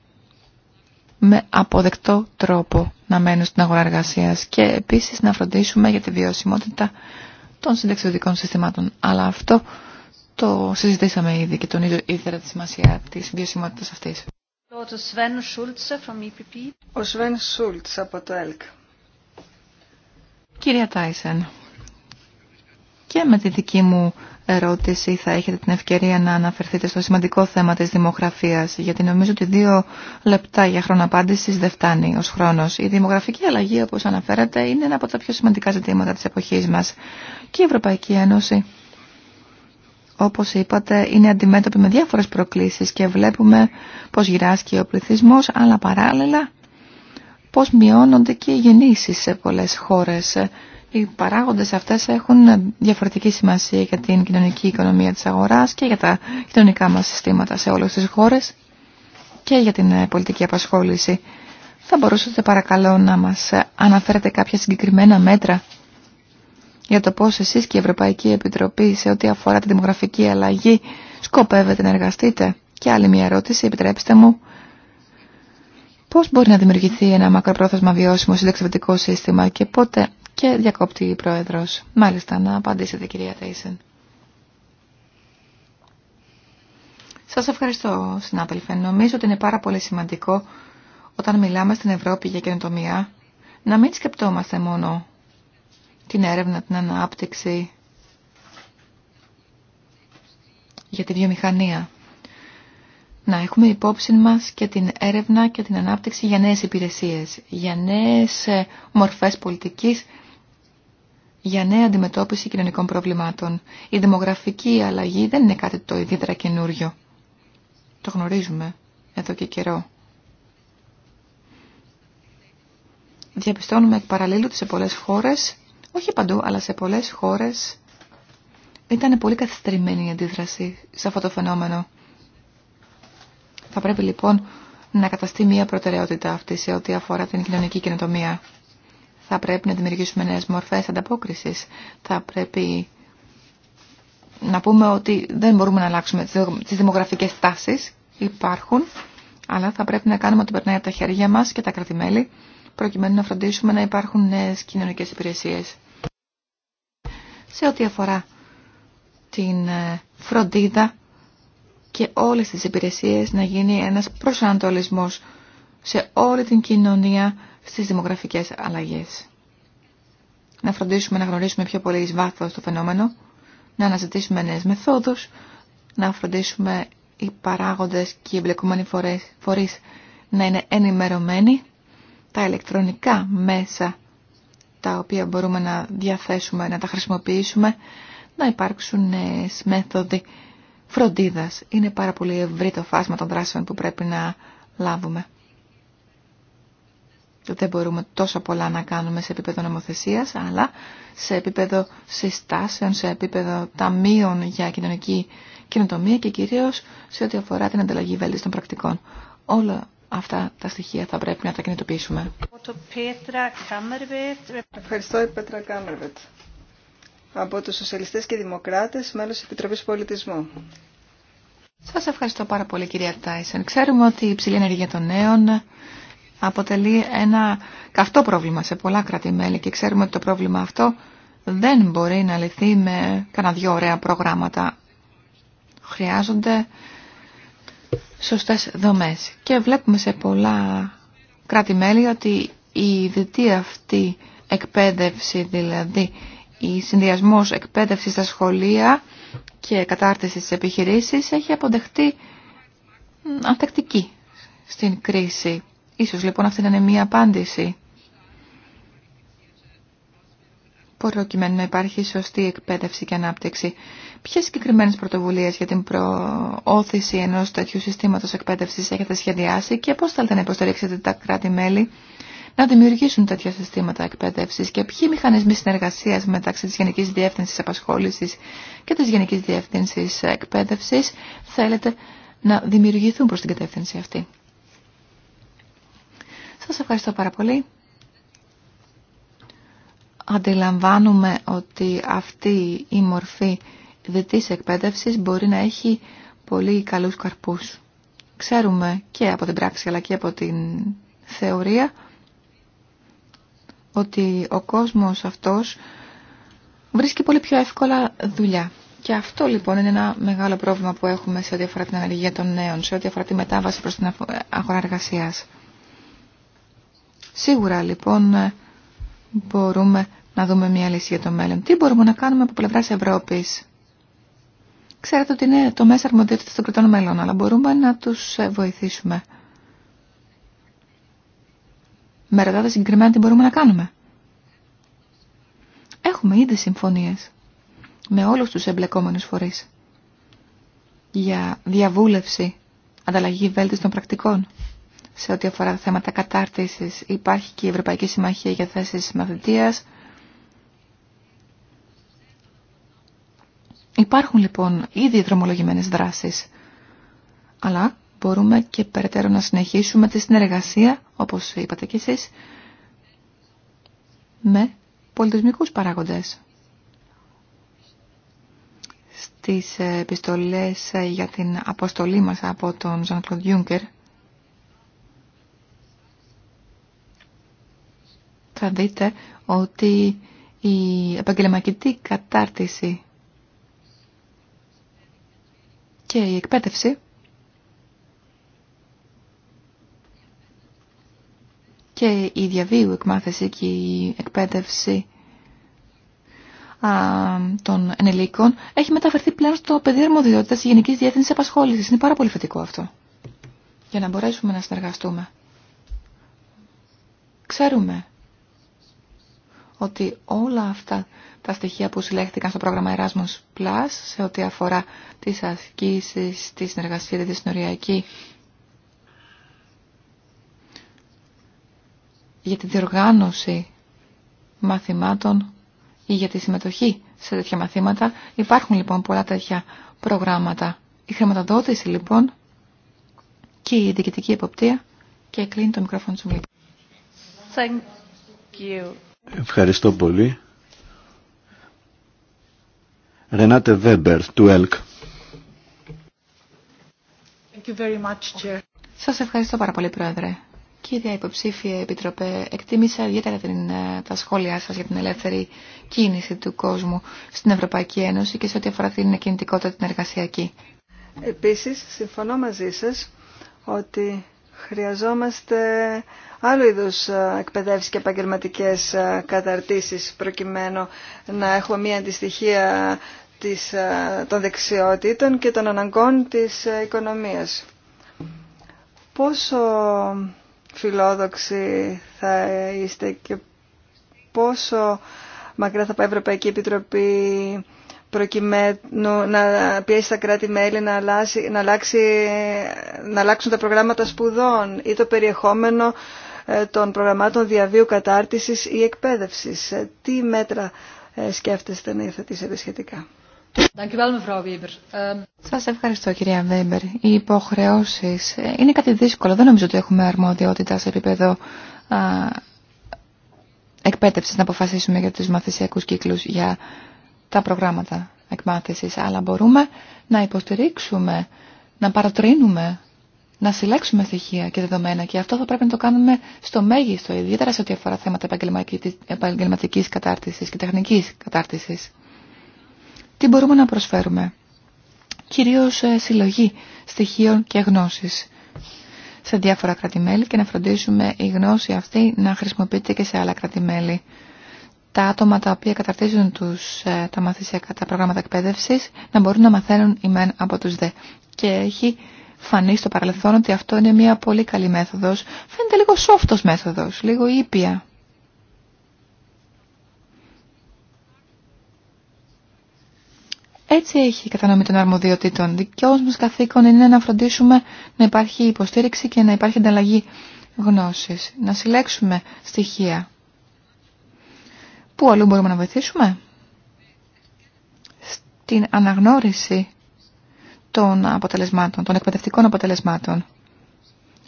S3: Με αποδεκτό τρόπο να μένουν στην αγορά εργασία. και επίσης να φροντίσουμε για τη βιωσιμότητα των συνταξιδοτικών συστημάτων. Αλλά αυτό το συζητήσαμε ήδη και τονίζω ιδιαίτερα τη σημασία της βιωσιμότητας αυτής. E
S1: Ο Σβέν
S4: από το ΕΛΚ.
S3: Κυρία Τάισεν, και με τη δική μου ερώτηση θα έχετε την ευκαιρία να αναφερθείτε στο σημαντικό θέμα της δημογραφίας, γιατί νομίζω ότι δύο λεπτά για χρόνο απάντησης δεν φτάνει ως χρόνος. Η δημογραφική αλλαγή, όπως αναφέρατε, είναι ένα από τα πιο σημαντικά ζητήματα της εποχής μας. Και η Ευρωπαϊκή Ένωση, όπως είπατε, είναι αντιμέτωπη με διάφορες προκλήσεις και βλέπουμε πώς γυράσκει ο πληθυσμό, αλλά παράλληλα πώς μειώνονται και οι γεννήσεις σε πολλές χώρες οι παράγοντες αυτές έχουν διαφορετική σημασία για την κοινωνική οικονομία της αγοράς και για τα κοινωνικά μας συστήματα σε όλες τις χώρες και για την ε, πολιτική απασχόληση. Θα μπορούσατε παρακαλώ να μας ε, αναφέρετε κάποια συγκεκριμένα μέτρα για το πώς εσείς και η Ευρωπαϊκή Επιτροπή σε ό,τι αφορά τη δημογραφική αλλαγή σκοπεύετε να εργαστείτε. Και άλλη μια ερώτηση, επιτρέψτε μου. Πώς μπορεί να δημιουργηθεί ένα μακροπρόθεσμα βιώσιμο συνταξιβετικό σύστημα και πότε και διακόπτει η Πρόεδρος. Μάλιστα, να απαντήσετε κυρία Τέισεν. Σας ευχαριστώ συνάδελφε. Νομίζω ότι είναι πάρα πολύ σημαντικό όταν μιλάμε στην Ευρώπη για καινοτομία να μην σκεπτόμαστε μόνο την έρευνα, την ανάπτυξη για τη βιομηχανία. Να έχουμε υπόψη μας και την έρευνα και την ανάπτυξη για νέες υπηρεσίες, για νέες ε, μορφές πολιτικής για νέα αντιμετώπιση κοινωνικών προβλημάτων. Η δημογραφική αλλαγή δεν είναι κάτι το ιδιαίτερα καινούριο. Το γνωρίζουμε εδώ και καιρό. Διαπιστώνουμε εκ παραλλήλου ότι σε πολλές χώρες, όχι παντού, αλλά σε πολλές χώρες ήταν πολύ καθυστερημένη η αντίδραση σε αυτό το φαινόμενο. Θα πρέπει λοιπόν να καταστεί μια προτεραιότητα αυτή σε ό,τι αφορά την κοινωνική καινοτομία. Θα πρέπει να δημιουργήσουμε νέες μορφές ανταπόκρισης. Θα πρέπει να πούμε ότι δεν μπορούμε να αλλάξουμε τις δημογραφικές τάσει. Υπάρχουν, αλλά θα πρέπει να κάνουμε ό,τι περνάει από τα χέρια μας και τα κρατημέλη, προκειμένου να φροντίσουμε να υπάρχουν νέες κοινωνικές υπηρεσίες. Σε ό,τι αφορά την ε, φροντίδα και όλες τις υπηρεσίες να γίνει ένας προσανατολισμός σε όλη την κοινωνία στις δημογραφικές αλλαγές. Να φροντίσουμε να γνωρίσουμε πιο πολύ εις βάθος το φαινόμενο, να αναζητήσουμε νέες μεθόδους, να φροντίσουμε οι παράγοντες και οι εμπλεκόμενοι φορείς να είναι ενημερωμένοι, τα ηλεκτρονικά μέσα τα οποία μπορούμε να διαθέσουμε, να τα χρησιμοποιήσουμε, να υπάρξουν νέες μέθοδοι φροντίδας. Είναι πάρα πολύ ευρύ το φάσμα των δράσεων που πρέπει να λάβουμε. Δεν μπορούμε τόσο πολλά να κάνουμε σε επίπεδο νομοθεσίας, αλλά σε επίπεδο συστάσεων, σε επίπεδο ταμείων για κοινωνική κοινοτομία και κυρίως σε ό,τι αφορά την ανταλλαγή βέλτιση των πρακτικών. Όλα αυτά τα στοιχεία θα πρέπει να τα κινητοποιήσουμε.
S1: Ευχαριστώ, η Πέτρα Κάμερβετ.
S4: Από τους Σοσιαλιστές και Δημοκράτες, μέλος επιτροπή Επιτροπής Πολιτισμού. Σας ευχαριστώ
S3: πάρα πολύ κυρία Τάισεν. Ξέρουμε ότι η υψηλή ενέργεια των νέων αποτελεί ένα καυτό πρόβλημα σε πολλά κράτη-μέλη και ξέρουμε ότι το πρόβλημα αυτό δεν μπορεί να λυθεί με κανένα δυο ωραία προγράμματα. Χρειάζονται σωστές δομές. Και βλέπουμε σε πολλά κράτη-μέλη ότι η δυτή αυτή εκπαίδευση, δηλαδή η συνδυασμός εκπαίδευση στα σχολεία και κατάρτιση στις επιχειρήσεις έχει αποδεχτεί ανθεκτική στην κρίση Ίσως λοιπόν αυτή να είναι μία απάντηση. Προκειμένου να υπάρχει σωστή εκπαίδευση και ανάπτυξη. Ποιε συγκεκριμένε πρωτοβουλίε για την προώθηση ενό τέτοιου συστήματο εκπαίδευση έχετε σχεδιάσει και πώ θέλετε να υποστηρίξετε τα κράτη-μέλη να δημιουργήσουν τέτοια συστήματα εκπαίδευση και ποιοι μηχανισμοί συνεργασία μεταξύ τη Γενική Διεύθυνση Απασχόληση και τη Γενική Διεύθυνση Εκπαίδευση θέλετε να δημιουργηθούν προ την κατεύθυνση αυτή. Σας ευχαριστώ πάρα πολύ. Αντιλαμβάνουμε ότι αυτή η μορφή δυτής εκπαίδευσης μπορεί να έχει πολύ καλούς καρπούς. Ξέρουμε και από την πράξη αλλά και από την θεωρία ότι ο κόσμος αυτός βρίσκει πολύ πιο εύκολα δουλειά. Και αυτό λοιπόν είναι ένα μεγάλο πρόβλημα που έχουμε σε ό,τι αφορά την ανεργία των νέων, σε ό,τι αφορά τη μετάβαση προς την αγορά εργασίας. Σίγουρα λοιπόν μπορούμε να δούμε μια λύση για το μέλλον. Τι μπορούμε να κάνουμε από πλευρά Ευρώπη. Ξέρετε ότι είναι το μέσα αρμοδιότητα των κριτών μέλων, αλλά μπορούμε να του ε, βοηθήσουμε. Με ρωτάτε συγκεκριμένα τι μπορούμε να κάνουμε. Έχουμε ήδη συμφωνίες με όλους τους εμπλεκόμενους φορείς για διαβούλευση, ανταλλαγή βέλτιστων πρακτικών σε ό,τι αφορά θέματα κατάρτισης. Υπάρχει και η Ευρωπαϊκή Συμμαχία για θέσεις μαθητείας. Υπάρχουν λοιπόν ήδη δρομολογημένες δράσεις, αλλά μπορούμε και περαιτέρω να συνεχίσουμε τη συνεργασία, όπως είπατε κι εσείς, με πολιτισμικούς παράγοντες. Στις επιστολές για την αποστολή μας από τον Jean-Claude θα δείτε ότι η επαγγελματική κατάρτιση και η εκπαίδευση και η διαβίου εκμάθηση και η εκπαίδευση των ενηλίκων έχει μεταφερθεί πλέον στο πεδίο αρμοδιότητας τη Γενικής διεθνής Απασχόλησης. Είναι πάρα πολύ θετικό αυτό για να μπορέσουμε να συνεργαστούμε. Ξέρουμε ότι όλα αυτά τα στοιχεία που συλλέχθηκαν στο πρόγραμμα Erasmus Plus σε ό,τι αφορά τις ασκήσεις, τη συνεργασία, τη συνοριακή για την διοργάνωση μαθημάτων ή για τη συμμετοχή σε τέτοια μαθήματα. Υπάρχουν λοιπόν πολλά τέτοια προγράμματα. Η χρηματοδότηση λοιπόν και η διοικητική εποπτεία και κλείνει το μικρόφωνο του
S1: Thank
S2: Ευχαριστώ πολύ. Ρενάτε Βέμπερ, του ΕΛΚ.
S3: Σας ευχαριστώ πάρα πολύ, Πρόεδρε. Κύριε Υποψήφιε Επιτροπέ, εκτίμησα ιδιαίτερα την, ε, τα σχόλιά σας για την ελεύθερη κίνηση του κόσμου στην Ευρωπαϊκή Ένωση και σε ό,τι αφορά την κινητικότητα την εργασιακή.
S4: Επίσης, συμφωνώ μαζί σας ότι Χρειαζόμαστε άλλου είδους εκπαιδεύσεις και επαγγελματικέ καταρτήσεις προκειμένου να έχουμε μια αντιστοιχεία της, των δεξιότητων και των αναγκών της οικονομίας. Πόσο φιλόδοξοι θα είστε και πόσο μακριά θα πάει η Ευρωπαϊκή Επιτροπή προκειμένου να πιέσει τα κράτη-μέλη να, να, να αλλάξουν τα προγράμματα σπουδών ή το περιεχόμενο ε, των προγραμμάτων διαβίου κατάρτισης ή εκπαίδευσης. Ε, τι μέτρα ε, σκέφτεστε να υιοθετήσετε
S1: σχετικά. Ehm,
S3: Σα ευχαριστώ κυρία Βέμπερ. Οι υποχρεώσει είναι κάτι δύσκολο. Δεν νομίζω ότι έχουμε αρμοδιότητα σε επίπεδο εκπαίδευση να αποφασίσουμε για του μαθησιακού κύκλου. για τα προγράμματα εκμάθησης, αλλά μπορούμε να υποστηρίξουμε, να παρατρύνουμε, να συλλέξουμε στοιχεία και δεδομένα και αυτό θα πρέπει να το κάνουμε στο μέγιστο, ιδιαίτερα σε ό,τι αφορά θέματα επαγγελματικής κατάρτισης και τεχνικής κατάρτισης. Τι μπορούμε να προσφέρουμε. Κυρίως ε, συλλογή στοιχείων και γνώσης σε διάφορα κράτη-μέλη. και να φροντίσουμε η γνώση αυτή να χρησιμοποιείται και σε άλλα κράτη-μέλη τα άτομα τα οποία καταρτίζουν τους, ε, τα μαθησιακά τα προγράμματα εκπαίδευση να μπορούν να μαθαίνουν οι μεν από τους δε. Και έχει φανεί στο παρελθόν ότι αυτό είναι μια πολύ καλή μέθοδος. Φαίνεται λίγο σόφτος μέθοδος, λίγο ήπια. Έτσι έχει η κατανομή των αρμοδιοτήτων. Δικαιώς μας καθήκον είναι να φροντίσουμε να υπάρχει υποστήριξη και να υπάρχει ανταλλαγή γνώσης. Να συλλέξουμε στοιχεία Πού αλλού μπορούμε να βοηθήσουμε? Στην αναγνώριση των αποτελεσμάτων, των εκπαιδευτικών αποτελεσμάτων.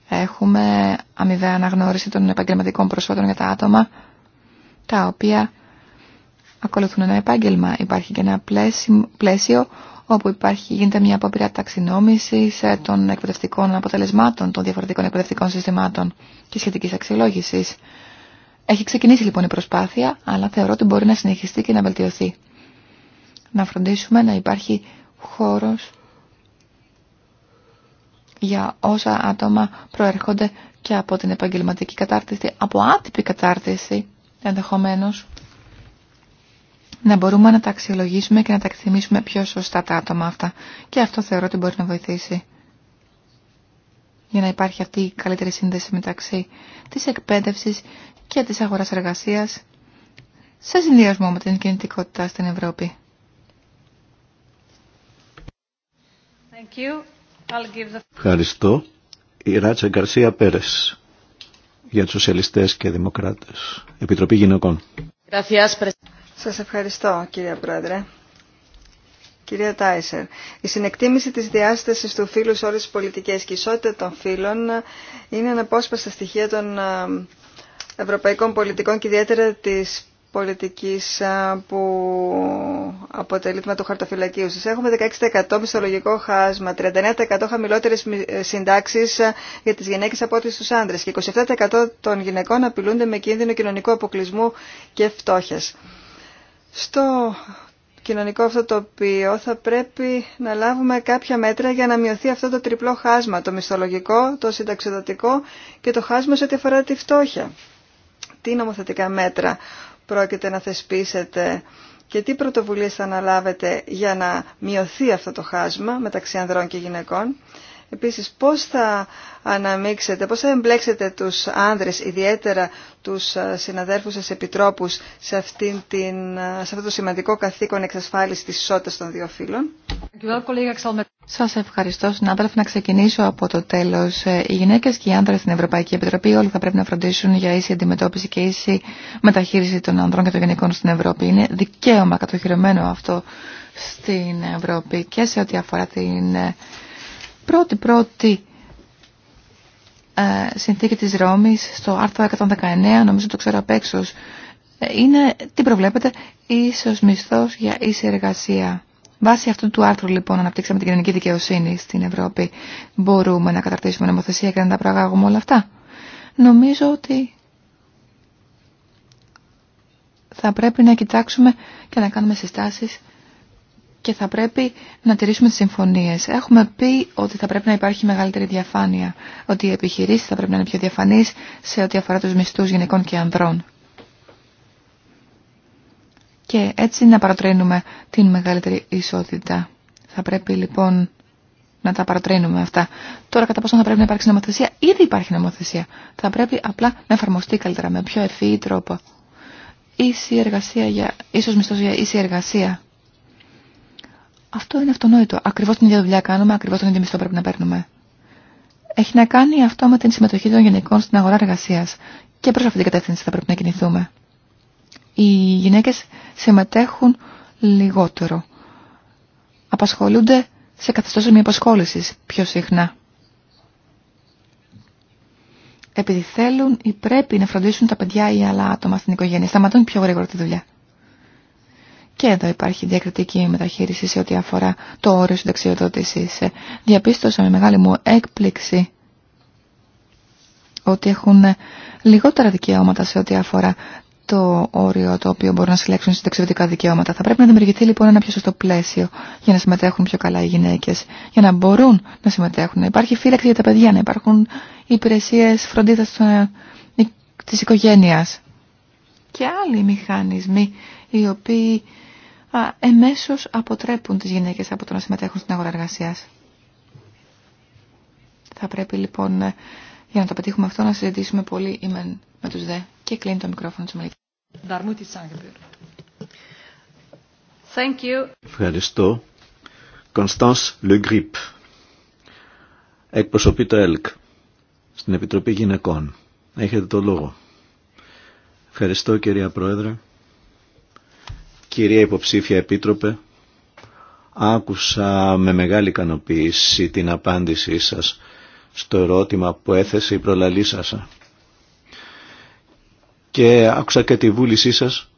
S3: Έχουμε αμοιβαία αναγνώριση των επαγγελματικών προσφορών για τα άτομα, τα οποία ακολουθούν ένα επάγγελμα. Υπάρχει και ένα πλαίσιο, όπου υπάρχει, γίνεται μια απόπειρα ταξινόμηση ε, των εκπαιδευτικών αποτελεσμάτων, των διαφορετικών εκπαιδευτικών συστημάτων και σχετικής αξιολόγησης. Έχει ξεκινήσει λοιπόν η προσπάθεια, αλλά θεωρώ ότι μπορεί να συνεχιστεί και να βελτιωθεί. Να φροντίσουμε να υπάρχει χώρος για όσα άτομα προερχόνται και από την επαγγελματική κατάρτιση, από άτυπη κατάρτιση ενδεχομένως, να μπορούμε να τα αξιολογήσουμε και να τα εκτιμήσουμε πιο σωστά τα άτομα αυτά. Και αυτό θεωρώ ότι μπορεί να βοηθήσει για να υπάρχει αυτή η καλύτερη σύνδεση μεταξύ της εκπαίδευσης και της αγοράς εργασίας σε συνδυασμό με την κινητικότητα στην Ευρώπη.
S2: Ευχαριστώ. Η Ράτσα Γκαρσία Πέρες για τους σοσιαλιστές και δημοκράτες. Επιτροπή Γυναικών.
S4: Σας ευχαριστώ κύριε Πρόεδρε. Κυρία Τάισερ, η συνεκτίμηση της διάστασης του φύλου σε όλες τις πολιτικές και ισότητα των φύλων είναι αναπόσπαστα στοιχεία των ε, ευρωπαϊκών πολιτικών και ιδιαίτερα της πολιτικής που αποτελεί το χαρτοφυλακίου σα. Έχουμε 16% μισθολογικό χάσμα, 39% χαμηλότερες ε, συντάξεις για τις γυναίκες από ό,τι στους άντρες και 27% των γυναικών απειλούνται με κίνδυνο κοινωνικού αποκλεισμού και φτώχειας. Στο κοινωνικό αυτό το οποίο θα πρέπει να λάβουμε κάποια μέτρα για να μειωθεί αυτό το τριπλό χάσμα, το μισθολογικό, το συνταξιδοτικό και το χάσμα σε ό,τι αφορά τη φτώχεια τι νομοθετικά μέτρα πρόκειται να θεσπίσετε και τι πρωτοβουλίες θα αναλάβετε για να μειωθεί αυτό το χάσμα μεταξύ ανδρών και γυναικών Επίσης, πώς θα αναμίξετε, πώς θα εμπλέξετε τους άνδρες, ιδιαίτερα τους ε, συναδέρφους σας επιτρόπους, σε, αυτήν την, ε, σε αυτό το σημαντικό καθήκον
S3: εξασφάλισης
S4: της ισότητας των δύο φύλων.
S3: Σας ευχαριστώ, συνάδελφοι, να ξεκινήσω από το τέλος. Ε, οι γυναίκες και οι άνδρες στην Ευρωπαϊκή Επιτροπή όλοι θα πρέπει να φροντίσουν για ίση αντιμετώπιση και ίση μεταχείριση των ανδρών και των γενικών στην Ευρώπη. Είναι δικαίωμα κατοχυρωμένο αυτό στην Ευρώπη και σε ό,τι αφορά την πρώτη πρώτη ε, συνθήκη της Ρώμης στο άρθρο 119, νομίζω το ξέρω απ' έξω, ε, είναι, τι προβλέπετε, ίσως μισθός για ίση εργασία. Βάσει αυτού του άρθρου λοιπόν αναπτύξαμε την κοινωνική δικαιοσύνη στην Ευρώπη. Μπορούμε να καταρτήσουμε νομοθεσία και να τα προαγάγουμε όλα αυτά. Νομίζω ότι θα πρέπει να κοιτάξουμε και να κάνουμε συστάσεις και θα πρέπει να τηρήσουμε τις συμφωνίες. Έχουμε πει ότι θα πρέπει να υπάρχει μεγαλύτερη διαφάνεια, ότι οι επιχειρήσεις θα πρέπει να είναι πιο διαφανείς σε ό,τι αφορά τους μισθούς γυναικών και ανδρών. Και έτσι να παρατρύνουμε την μεγαλύτερη ισότητα. Θα πρέπει λοιπόν να τα παρατρύνουμε αυτά. Τώρα κατά πόσο θα πρέπει να υπάρξει νομοθεσία, ήδη υπάρχει νομοθεσία. Θα πρέπει απλά να εφαρμοστεί καλύτερα, με πιο ευφυή τρόπο. Ίση εργασία για... Ίσως μισθός για ίση εργασία αυτό είναι αυτονόητο. Ακριβώ την ίδια δουλειά κάνουμε, ακριβώ τον ίδιο μισθό πρέπει να παίρνουμε. Έχει να κάνει αυτό με την συμμετοχή των γυναικών στην αγορά εργασία. Και προ αυτήν την κατεύθυνση θα πρέπει να κινηθούμε. Οι γυναίκε συμμετέχουν λιγότερο. Απασχολούνται σε καθεστώ μη απασχόληση πιο συχνά. Επειδή θέλουν ή πρέπει να φροντίσουν τα παιδιά ή άλλα άτομα στην οικογένεια. Σταματούν πιο γρήγορα τη δουλειά. Και εδώ υπάρχει διακριτική μεταχείριση σε ό,τι αφορά το όριο συνταξιοδότηση. Ε, διαπίστωσα με μεγάλη μου έκπληξη ότι έχουν ε, λιγότερα δικαιώματα σε ό,τι αφορά το όριο το οποίο μπορούν να συλλέξουν συνταξιδοτικά δικαιώματα. Θα πρέπει να δημιουργηθεί λοιπόν ένα πιο σωστό πλαίσιο για να συμμετέχουν πιο καλά οι γυναίκε, για να μπορούν να συμμετέχουν. Να υπάρχει φύλαξη για τα παιδιά, να υπάρχουν υπηρεσίε φροντίδα ε, τη οικογένεια και άλλοι μηχανισμοί οι οποίοι εμέσως αποτρέπουν τις γυναίκες από το να συμμετέχουν στην αγορά εργασίας. Θα πρέπει λοιπόν ε, για να το πετύχουμε αυτό να συζητήσουμε πολύ ημέν με τους δε και κλείνει το μικρόφωνο της Thank
S1: you.
S2: Ευχαριστώ. Κωνσταντς Λεγκρίπ. Εκπροσωπεί το ΕΛΚ στην Επιτροπή Γυναικών. Έχετε το λόγο. Ευχαριστώ κυρία Πρόεδρε. Κυρία Υποψήφια Επίτροπε, άκουσα με μεγάλη ικανοποίηση την απάντησή σας στο ερώτημα που έθεσε η προλαλή σας. Και άκουσα και τη βούλησή σας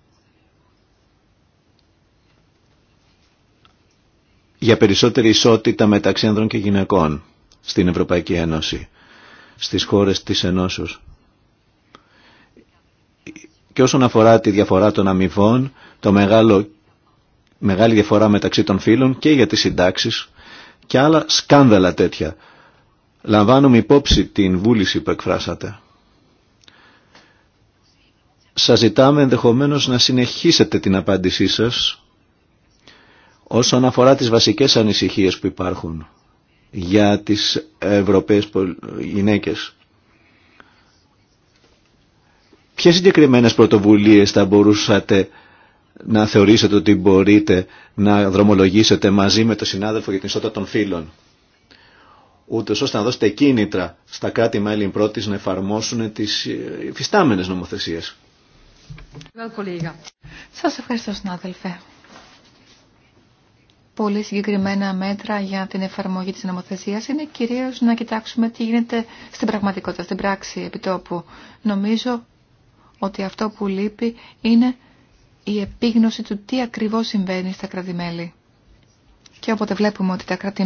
S2: για περισσότερη ισότητα μεταξύ ανδρών και γυναικών στην Ευρωπαϊκή Ένωση, στις χώρες της Ενώσεως. Και όσον αφορά τη διαφορά των αμοιβών, το μεγάλο, μεγάλη διαφορά μεταξύ των φίλων και για τις συντάξεις και άλλα σκάνδαλα τέτοια. Λαμβάνουμε υπόψη την βούληση που εκφράσατε. Σας ζητάμε ενδεχομένως να συνεχίσετε την απάντησή σας όσον αφορά τις βασικές ανησυχίες που υπάρχουν για τις Ευρωπαίες γυναίκες. Ποιες συγκεκριμένες πρωτοβουλίες θα μπορούσατε να θεωρήσετε ότι μπορείτε να δρομολογήσετε μαζί με τον συνάδελφο για την ισότητα των φύλων. Ούτε ώστε να δώσετε κίνητρα στα κράτη-μέλη πρώτη να εφαρμόσουν τις ε, υφιστάμενε νομοθεσίες.
S3: Σας ευχαριστώ συνάδελφε. Πολύ συγκεκριμένα μέτρα για την εφαρμογή της νομοθεσίας είναι κυρίως να κοιτάξουμε τι γίνεται στην πραγματικότητα, στην πράξη επιτόπου. Νομίζω ότι αυτό που λείπει είναι η επίγνωση του τι ακριβώς συμβαίνει στα κρατη Και όποτε βλέπουμε ότι τα κρατη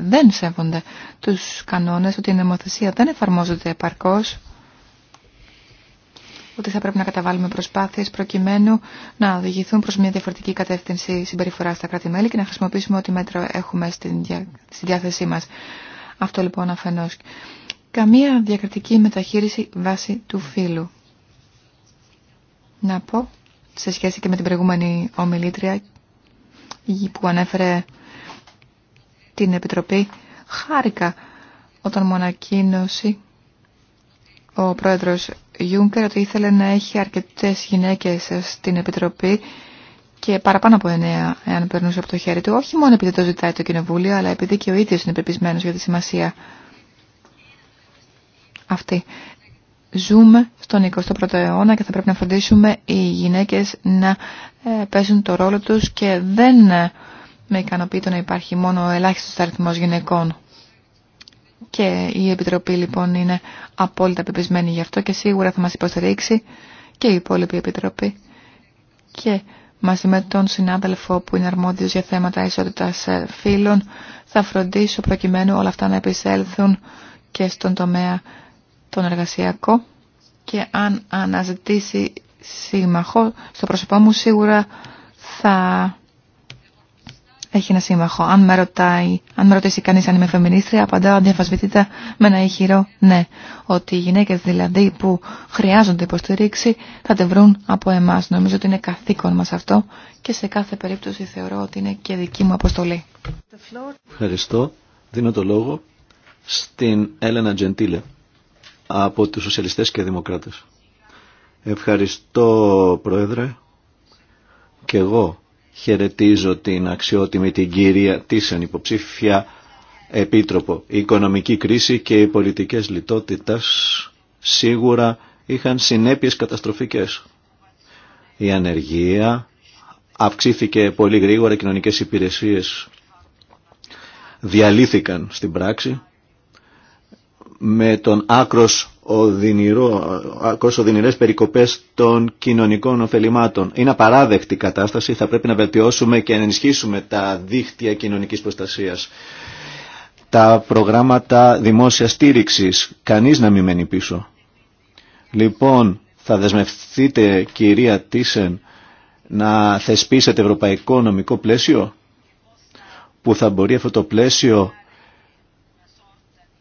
S3: δεν σέβονται τους κανόνες, ότι η νομοθεσία δεν εφαρμόζεται επαρκώς, ότι θα πρέπει να καταβάλουμε προσπάθειες προκειμένου να οδηγηθούν προς μια διαφορετική κατεύθυνση συμπεριφορά στα κρατη και να χρησιμοποιήσουμε ό,τι μέτρο έχουμε στη διάθεσή μας. Αυτό λοιπόν αφενός. Καμία διακριτική μεταχείριση βάσει του φύλου. Να πω σε σχέση και με την προηγούμενη ομιλήτρια που ανέφερε την Επιτροπή. Χάρηκα όταν μου ανακοίνωσε ο πρόεδρος Γιούγκερ ότι ήθελε να έχει αρκετές γυναίκες στην Επιτροπή και παραπάνω από εννέα, εάν περνούσε από το χέρι του, όχι μόνο επειδή το ζητάει το Κοινοβούλιο, αλλά επειδή και ο ίδιος είναι πεπισμένος για τη σημασία αυτή ζούμε στον 21ο αιώνα και θα πρέπει να φροντίσουμε οι γυναίκες να ε, παίζουν το ρόλο τους και δεν ε, με ικανοποιεί το να υπάρχει μόνο ο ελάχιστος αριθμός γυναικών. Και η Επιτροπή λοιπόν είναι απόλυτα πεπισμένη γι' αυτό και σίγουρα θα μας υποστηρίξει και η υπόλοιπη Επιτροπή. Και μαζί με τον συνάδελφο που είναι αρμόδιος για θέματα ισότητας ε, φύλων θα φροντίσω προκειμένου όλα αυτά να επισέλθουν και στον τομέα τον εργασιακό και αν αναζητήσει σύμμαχο στο πρόσωπό μου σίγουρα θα έχει ένα σύμμαχο. Αν με, ρωτάει, αν με ρωτήσει κανείς αν είμαι φεμινίστρια, απαντάω αντιαφασβητήτα με ένα ηχηρό ναι. Ότι οι γυναίκες δηλαδή που χρειάζονται υποστηρίξη θα τη βρουν από εμάς. Νομίζω ότι είναι καθήκον μας αυτό και σε κάθε περίπτωση θεωρώ ότι είναι και δική μου αποστολή.
S2: Ευχαριστώ. Δίνω το λόγο στην Έλενα Τζεντήλε από τους σοσιαλιστές και δημοκράτες. Ευχαριστώ Πρόεδρε και εγώ χαιρετίζω την αξιότιμη την κυρία Τίσεν υποψήφια επίτροπο. Η οικονομική κρίση και οι πολιτικές λιτότητας σίγουρα είχαν συνέπειες καταστροφικές. Η ανεργία αυξήθηκε πολύ γρήγορα, οι κοινωνικές υπηρεσίες διαλύθηκαν στην πράξη με τον άκρος οδυνηρό, άκρος οδυνηρές περικοπές των κοινωνικών ωφελημάτων. Είναι απαράδεκτη κατάσταση, θα πρέπει να βελτιώσουμε και να ενισχύσουμε τα δίχτυα κοινωνικής προστασίας. Τα προγράμματα δημόσιας στήριξης, κανείς να μην μένει πίσω. Λοιπόν, θα δεσμευτείτε κυρία Τίσεν να θεσπίσετε ευρωπαϊκό νομικό πλαίσιο που θα μπορεί αυτό το πλαίσιο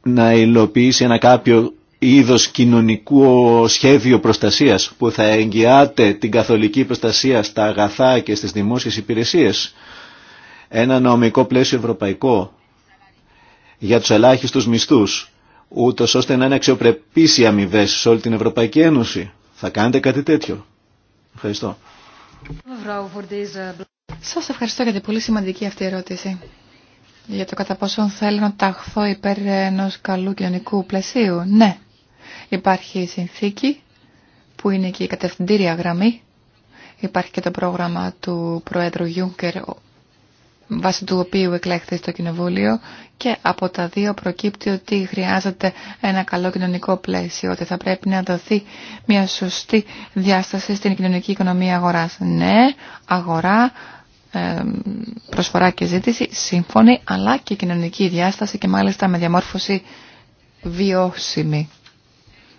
S2: να υλοποιήσει ένα κάποιο είδος κοινωνικού σχέδιο προστασίας που θα εγγυάται την καθολική προστασία στα αγαθά και στις δημόσιες υπηρεσίες. Ένα νομικό πλαίσιο ευρωπαϊκό για τους ελάχιστους μισθούς, ούτω ώστε να είναι αξιοπρεπείς οι αμοιβέ σε όλη την Ευρωπαϊκή Ένωση. Θα κάνετε κάτι τέτοιο. Ευχαριστώ.
S3: Σας ευχαριστώ για την πολύ σημαντική αυτή ερώτηση για το κατά πόσον θέλω να ταχθώ υπέρ ενός καλού κοινωνικού πλαισίου. Ναι, υπάρχει η συνθήκη που είναι και η κατευθυντήρια γραμμή. Υπάρχει και το πρόγραμμα του Προέδρου Γιούγκερ βάσει του οποίου εκλέχθη στο Κοινοβούλιο και από τα δύο προκύπτει ότι χρειάζεται ένα καλό κοινωνικό πλαίσιο, ότι θα πρέπει να δοθεί μια σωστή διάσταση στην κοινωνική οικονομία αγοράς. Ναι, αγορά, προσφορά και ζήτηση, σύμφωνη, αλλά και κοινωνική διάσταση και μάλιστα με διαμόρφωση βιώσιμη.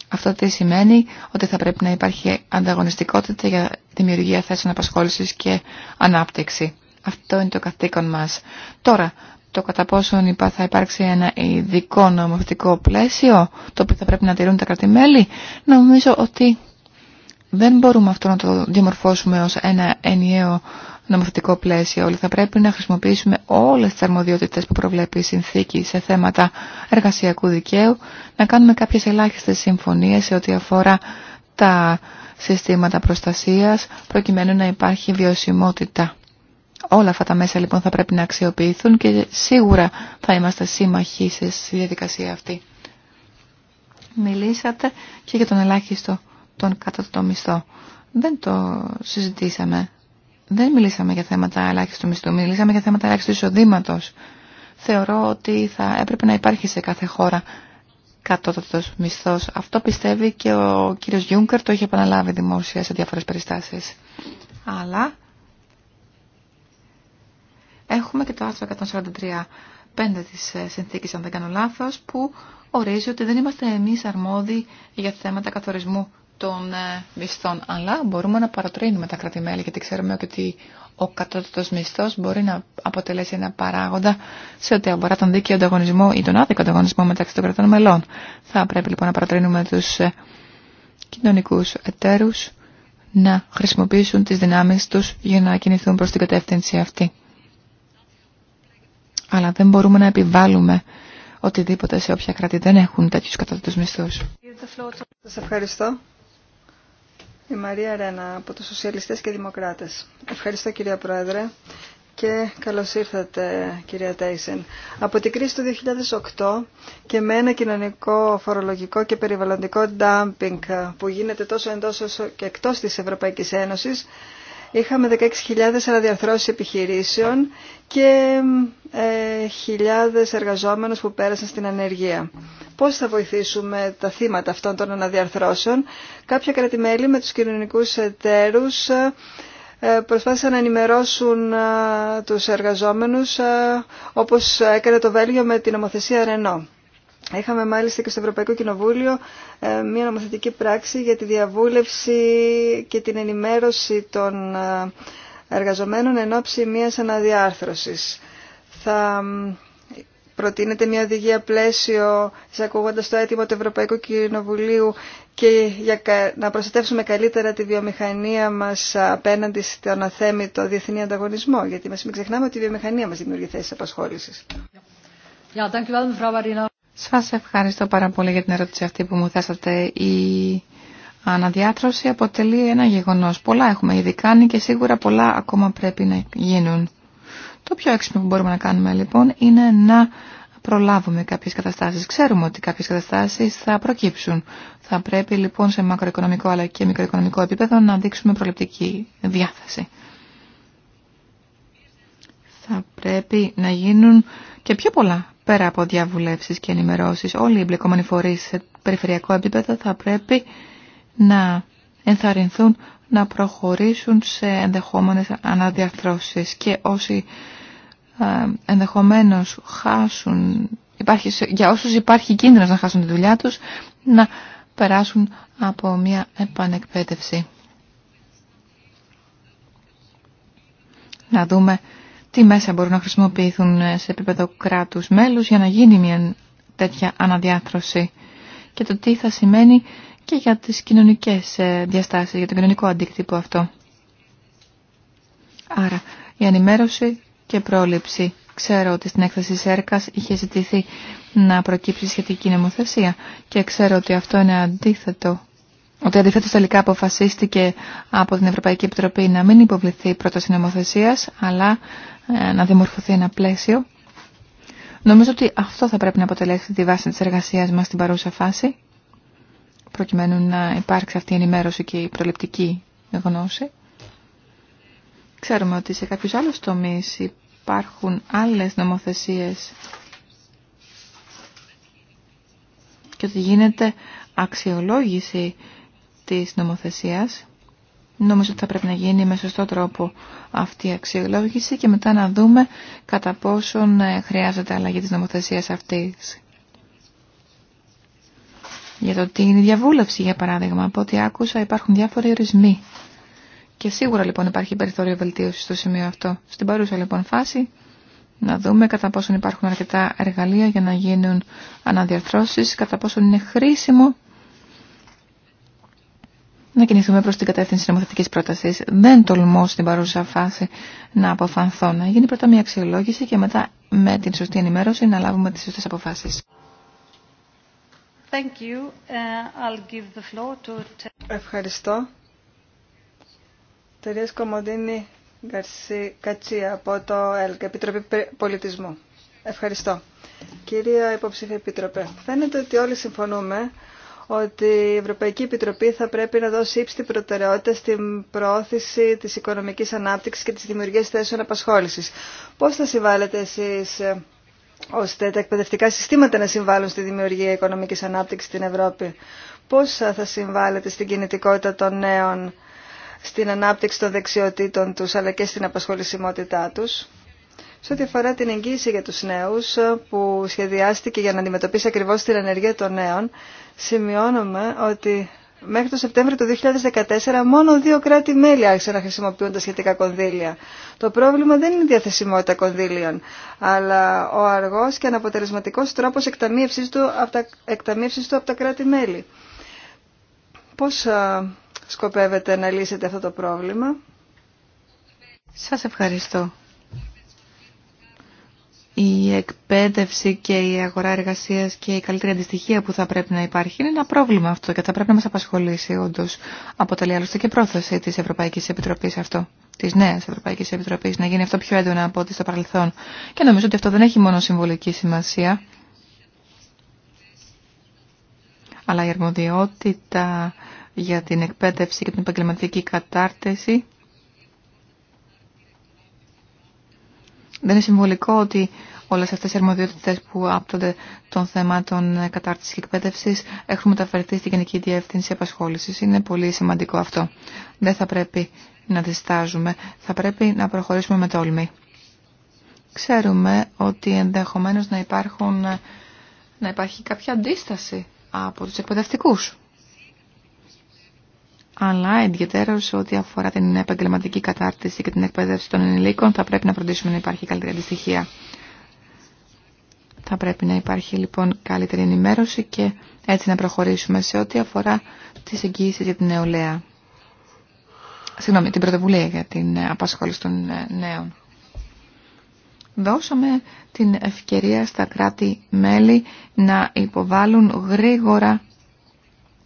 S3: Αυτό τι σημαίνει ότι θα πρέπει να υπάρχει ανταγωνιστικότητα για δημιουργία θέσεων απασχόλησης και ανάπτυξη. Αυτό είναι το καθήκον μας. Τώρα, το κατά πόσον θα υπάρξει ένα ειδικό νομοθετικό πλαίσιο, το οποίο θα πρέπει να τηρούν τα κρατημέλη, νομίζω ότι δεν μπορούμε αυτό να το διαμορφώσουμε ως ένα ενιαίο νομοθετικό πλαίσιο, όλοι θα πρέπει να χρησιμοποιήσουμε όλες τις αρμοδιότητες που προβλέπει η συνθήκη σε θέματα εργασιακού δικαίου, να κάνουμε κάποιες ελάχιστες συμφωνίες σε ό,τι αφορά τα συστήματα προστασίας, προκειμένου να υπάρχει βιωσιμότητα. Όλα αυτά τα μέσα λοιπόν θα πρέπει να αξιοποιηθούν και σίγουρα θα είμαστε σύμμαχοι στη διαδικασία αυτή. Μιλήσατε και για τον ελάχιστο, τον κατά το μισθό. Δεν το συζητήσαμε δεν μιλήσαμε για θέματα ελάχιστου μισθού, μιλήσαμε για θέματα ελάχιστου εισοδήματο. Θεωρώ ότι θα έπρεπε να υπάρχει σε κάθε χώρα κατώτατο μισθό. Αυτό πιστεύει και ο κύριος Γιούγκερ το είχε επαναλάβει δημόσια σε διάφορες περιστάσεις. Αλλά έχουμε και το άρθρο 143.5 τη συνθήκη αν δεν κάνω λάθο, που ορίζει ότι δεν είμαστε εμεί αρμόδιοι για θέματα καθορισμού των ε, μισθών. Αλλά μπορούμε να παροτρύνουμε τα κρατημέλη γιατί ξέρουμε ότι ο κατώτατος μισθός μπορεί να αποτελέσει ένα παράγοντα σε ό,τι αφορά τον δίκαιο ανταγωνισμό ή τον άδικο ανταγωνισμό μεταξύ των κρατών μελών. Θα πρέπει λοιπόν να παροτρύνουμε τους ε, κοινωνικούς εταίρους να χρησιμοποιήσουν τις δυνάμεις τους για να κινηθούν προς την κατεύθυνση αυτή. Αλλά δεν μπορούμε να επιβάλλουμε οτιδήποτε σε όποια κράτη δεν έχουν τέτοιους κατώτατους μισθούς.
S4: Σας ευχαριστώ. Η Μαρία Ρένα από τους Σοσιαλιστές και Δημοκράτες. Ευχαριστώ κυρία Πρόεδρε και καλώς ήρθατε κυρία Τέισεν. Από την κρίση του 2008 και με ένα κοινωνικό, φορολογικό και περιβαλλοντικό ντάμπινγκ που γίνεται τόσο εντός όσο και εκτός της Ευρωπαϊκής Ένωσης είχαμε 16.000 αναδιαρθρώσεις επιχειρήσεων και ε, χιλιάδες εργαζόμενους που πέρασαν στην ανεργία. Πώς θα βοηθήσουμε τα θύματα αυτών των αναδιαρθρώσεων. Κάποια κρατημέλη με τους κοινωνικούς εταίρους ε, προσπάθησαν να ενημερώσουν ε, τους εργαζόμενους ε, όπως έκανε το Βέλγιο με την νομοθεσία Ρενό. Είχαμε μάλιστα και στο Ευρωπαϊκό Κοινοβούλιο ε, μια νομοθετική πράξη για τη διαβούλευση και την ενημέρωση των ε, εργαζομένων εν ώψη μιας αναδιάρθρωσης. Θα προτείνεται μια οδηγία πλαίσιο εισακούγοντας το αίτημα του Ευρωπαϊκού Κοινοβουλίου και για να προστατεύσουμε καλύτερα τη βιομηχανία μας απέναντι στον αθέμητο διεθνή ανταγωνισμό, γιατί μας μην ξεχνάμε ότι
S1: η βιομηχανία μας δημιουργεί θέσεις απασχόλησης. Yeah,
S3: σας ευχαριστώ πάρα πολύ για την ερώτηση αυτή που μου θέσατε. Η αναδιάτρωση αποτελεί ένα γεγονός. Πολλά έχουμε ήδη κάνει και σίγουρα πολλά ακόμα πρέπει να γίνουν. Το πιο έξυπνο που μπορούμε να κάνουμε λοιπόν είναι να προλάβουμε κάποιες καταστάσεις. Ξέρουμε ότι κάποιες καταστάσεις θα προκύψουν. Θα πρέπει λοιπόν σε μακροοικονομικό αλλά και μικροοικονομικό επίπεδο να δείξουμε προληπτική διάθεση. Θα πρέπει να γίνουν και πιο πολλά πέρα από διαβουλεύσεις και ενημερώσεις, όλοι οι εμπλεκόμενοι φορείς σε περιφερειακό επίπεδο θα πρέπει να ενθαρρυνθούν να προχωρήσουν σε ενδεχόμενες αναδιαρθρώσεις και όσοι ε, ενδεχομένως χάσουν, υπάρχει, για όσους υπάρχει κίνδυνος να χάσουν τη δουλειά τους, να περάσουν από μια επανεκπαίδευση. Να δούμε τι μέσα μπορούν να χρησιμοποιηθούν σε επίπεδο κράτους μέλους για να γίνει μια τέτοια αναδιάθρωση και το τι θα σημαίνει και για τις κοινωνικές ε, διαστάσεις, για τον κοινωνικό αντίκτυπο αυτό. Άρα, η ενημέρωση και πρόληψη. Ξέρω ότι στην έκθεση ΣΕΡΚΑΣ είχε ζητηθεί να προκύψει σχετική νομοθεσία και ξέρω ότι αυτό είναι αντίθετο. Ότι αντίθετο τελικά αποφασίστηκε από την Ευρωπαϊκή Επιτροπή να μην υποβληθεί πρόταση νομοθεσία, αλλά ε, να δημορφωθεί ένα πλαίσιο. Νομίζω ότι αυτό θα πρέπει να αποτελέσει τη βάση της εργασίας μας στην παρούσα φάση, προκειμένου να υπάρξει αυτή η ενημέρωση και η προληπτική γνώση. Ξέρουμε ότι σε κάποιους άλλους τομείς υπάρχουν άλλες νομοθεσίες και ότι γίνεται αξιολόγηση της νομοθεσίας Νομίζω ότι θα πρέπει να γίνει με σωστό τρόπο αυτή η αξιολόγηση και μετά να δούμε κατά πόσον ε, χρειάζεται αλλαγή της νομοθεσίας αυτής. Για το τι είναι η διαβούλευση, για παράδειγμα, από ό,τι άκουσα υπάρχουν διάφοροι ορισμοί. Και σίγουρα λοιπόν υπάρχει περιθώριο βελτίωση στο σημείο αυτό. Στην παρούσα λοιπόν φάση να δούμε κατά πόσον υπάρχουν αρκετά εργαλεία για να γίνουν αναδιαρθρώσεις, κατά πόσον είναι χρήσιμο να κινηθούμε προς την κατεύθυνση νομοθετικής πρότασης. Δεν τολμώ στην παρούσα φάση να αποφανθώ να γίνει πρώτα μια αξιολόγηση και μετά με την σωστή ενημέρωση να λάβουμε τις σωστές αποφάσεις.
S1: Thank you. Uh, I'll give the floor to... Ευχαριστώ.
S4: Τερίας Κομοντίνη Κατσία από το ΕΛΚ, Επιτροπή Πολιτισμού. Ευχαριστώ. Κυρία Υποψήφια Επίτροπε, φαίνεται ότι όλοι συμφωνούμε ότι η Ευρωπαϊκή Επιτροπή θα πρέπει να δώσει ύψη προτεραιότητα στην πρόθεση της οικονομικής ανάπτυξης και της δημιουργίας θέσεων απασχόλησης. Πώς θα συμβάλλετε εσείς ε, ώστε τα εκπαιδευτικά συστήματα να συμβάλλουν στη δημιουργία οικονομικής ανάπτυξης στην Ευρώπη. Πώς θα συμβάλλετε στην κινητικότητα των νέων, στην ανάπτυξη των δεξιοτήτων τους, αλλά και στην απασχολησιμότητά τους. Σε ό,τι αφορά την εγγύηση για τους νέους ε, που σχεδιάστηκε για να αντιμετωπίσει ακριβώς την ανεργία των νέων, σημειώνουμε ότι μέχρι το Σεπτέμβριο του 2014 μόνο δύο κράτη-μέλη άρχισαν να χρησιμοποιούν τα σχετικά κονδύλια. Το πρόβλημα δεν είναι η διαθεσιμότητα κονδύλιων, αλλά ο αργός και αναποτελεσματικός τρόπος εκταμίευσης του από τα, του από τα κράτη-μέλη. Πώς ε, σκοπεύετε να λύσετε αυτό το πρόβλημα?
S3: Σας ευχαριστώ η εκπαίδευση και η αγορά εργασίας και η καλύτερη αντιστοιχία που θα πρέπει να υπάρχει είναι ένα πρόβλημα αυτό και θα πρέπει να μας απασχολήσει όντω Αποτελεί άλλωστε και πρόθεση της Ευρωπαϊκής Επιτροπής αυτό, της νέας Ευρωπαϊκής Επιτροπής, να γίνει αυτό πιο έντονα από ό,τι στο παρελθόν. Και νομίζω ότι αυτό δεν έχει μόνο συμβολική σημασία, αλλά η αρμοδιότητα για την εκπαίδευση και την επαγγελματική κατάρτιση Δεν είναι συμβολικό ότι όλες αυτές οι αρμοδιότητες που άπτονται των θεμάτων κατάρτισης και εκπαίδευσης έχουν μεταφερθεί στην Γενική Διεύθυνση Απασχόλησης. Είναι πολύ σημαντικό αυτό. Δεν θα πρέπει να διστάζουμε. Θα πρέπει να προχωρήσουμε με τόλμη. Ξέρουμε ότι ενδεχομένως να, υπάρχουν, να υπάρχει κάποια αντίσταση από τους εκπαιδευτικούς αλλά ενδιαφέρον σε ό,τι αφορά την επαγγελματική κατάρτιση και την εκπαίδευση των ενηλίκων θα πρέπει να φροντίσουμε να υπάρχει καλύτερη αντιστοιχεία. Θα πρέπει να υπάρχει λοιπόν καλύτερη ενημέρωση και έτσι να προχωρήσουμε σε ό,τι αφορά τις εγγύησεις για την νεολαία. Συγγνώμη, την πρωτοβουλία για την ε, απασχόληση των ε, νέων. Δώσαμε την ευκαιρία στα κράτη-μέλη να υποβάλουν γρήγορα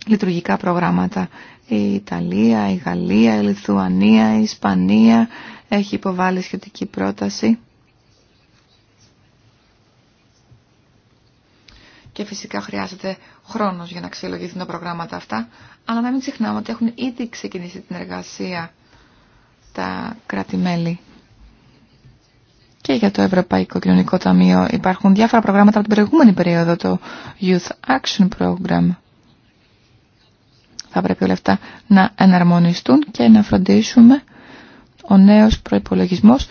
S3: λειτουργικά προγράμματα η Ιταλία, η Γαλλία, η Λιθουανία, η Ισπανία έχει υποβάλει σχετική πρόταση. Και φυσικά χρειάζεται χρόνος για να αξιολογηθούν τα προγράμματα αυτά, αλλά να μην ξεχνάμε ότι έχουν ήδη ξεκινήσει την εργασία τα κράτη-μέλη. Και για το Ευρωπαϊκό Κοινωνικό Ταμείο υπάρχουν διάφορα προγράμματα από την προηγούμενη περίοδο, το Youth Action Program θα πρέπει όλα αυτά να εναρμονιστούν και να φροντίσουμε ο νέος προϋπολογισμός,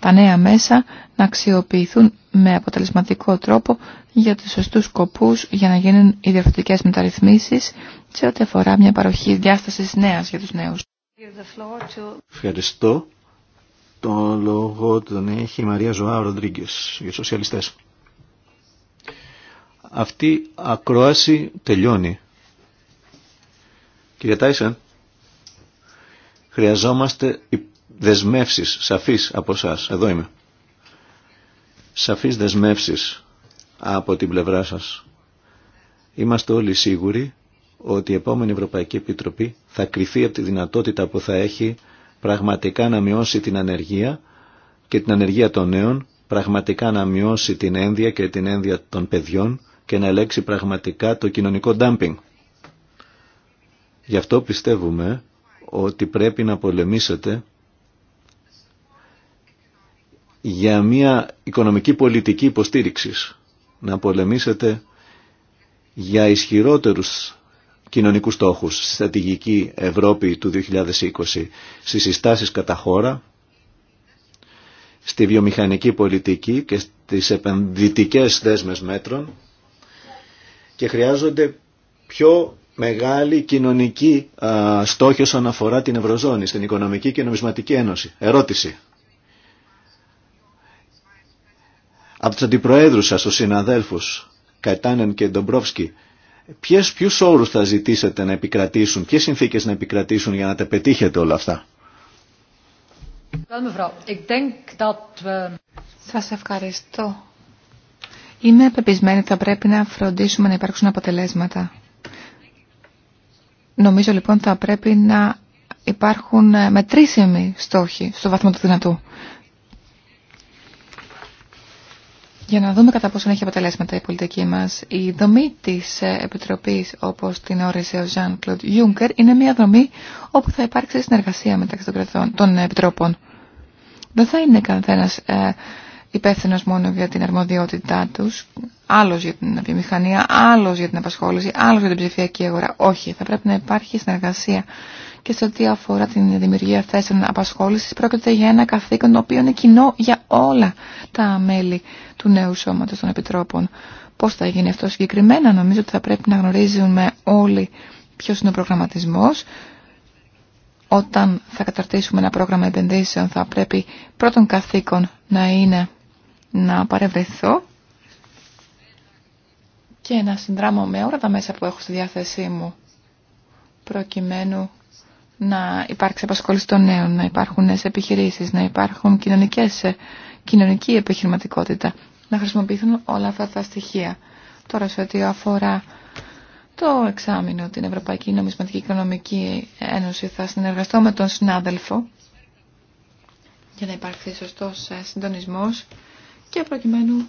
S3: τα νέα μέσα να αξιοποιηθούν με αποτελεσματικό τρόπο για τους σωστούς σκοπούς για να γίνουν οι διαφορετικές μεταρρυθμίσεις σε ό,τι αφορά μια παροχή διάστασης νέας για τους νέους.
S2: Ευχαριστώ. Το λόγο τον έχει η Μαρία Ζωά Ροντρίγκες για σοσιαλιστές. Αυτή ακρόαση τελειώνει. Κύριε Τάισεν, χρειαζόμαστε δεσμεύσεις σαφείς από εσά. Εδώ είμαι. Σαφείς δεσμεύσεις από την πλευρά σας. Είμαστε όλοι σίγουροι ότι η επόμενη Ευρωπαϊκή Επιτροπή θα κρυθεί από τη δυνατότητα που θα έχει πραγματικά να μειώσει την ανεργία και την ανεργία των νέων, πραγματικά να μειώσει την ένδια και την ένδια των παιδιών και να ελέγξει πραγματικά το κοινωνικό ντάμπινγκ. Γι' αυτό πιστεύουμε ότι πρέπει να πολεμήσετε για μια οικονομική πολιτική υποστήριξης. Να πολεμήσετε για ισχυρότερους κοινωνικούς στόχους στη στρατηγική Ευρώπη του 2020, στις συστάσεις κατά χώρα, στη βιομηχανική πολιτική και στις επενδυτικές δέσμες μέτρων και χρειάζονται πιο μεγάλη κοινωνική α, στόχη όσον αφορά την Ευρωζώνη, στην Οικονομική και Νομισματική Ένωση. Ερώτηση. Από τους αντιπροέδρους σας, τους συναδέλφους, Καϊτάνεν και Ντομπρόφσκι, ποιες, ποιους όρους θα ζητήσετε να επικρατήσουν, ποιες συνθήκες να επικρατήσουν για να τα πετύχετε όλα αυτά.
S3: Σας ευχαριστώ. Είμαι πεπισμένη ότι θα πρέπει να φροντίσουμε να υπάρξουν αποτελέσματα. Νομίζω λοιπόν θα πρέπει να υπάρχουν ε, μετρήσιμοι στόχοι στο βαθμό του δυνατού. Για να δούμε κατά πόσο έχει αποτελέσματα η πολιτική μας. Η δομή της ε, Επιτροπής, όπως την όρισε ο Ζαν Κλοντ Juncker, είναι μια δομή όπου θα υπάρξει συνεργασία μεταξύ των, κρατών, των ε, Επιτρόπων. Δεν θα είναι καθένας υπεύθυνο μόνο για την αρμοδιότητά του, άλλο για την βιομηχανία, άλλο για την απασχόληση, άλλο για την ψηφιακή αγορά. Όχι, θα πρέπει να υπάρχει συνεργασία. Και σε ό,τι αφορά την δημιουργία θέσεων απασχόληση, πρόκειται για ένα καθήκον το οποίο είναι κοινό για όλα τα μέλη του νέου σώματο των επιτρόπων. Πώ θα γίνει αυτό συγκεκριμένα, νομίζω ότι θα πρέπει να γνωρίζουμε όλοι ποιο είναι ο προγραμματισμό, όταν θα καταρτήσουμε ένα πρόγραμμα επενδύσεων θα πρέπει πρώτον καθήκον να είναι να παρευρεθώ και να συνδράμω με όλα τα μέσα που έχω στη διάθεσή μου προκειμένου να υπάρξει απασχόληση των νέων, να υπάρχουν νέες επιχειρήσεις, να υπάρχουν κοινωνικές, κοινωνική επιχειρηματικότητα, να χρησιμοποιηθούν όλα αυτά τα στοιχεία. Τώρα σε ό,τι αφορά το εξάμεινο, την Ευρωπαϊκή Νομισματική Οικονομική Ένωση, θα συνεργαστώ με τον συνάδελφο για να υπάρξει σωστός συντονισμός και προκειμένου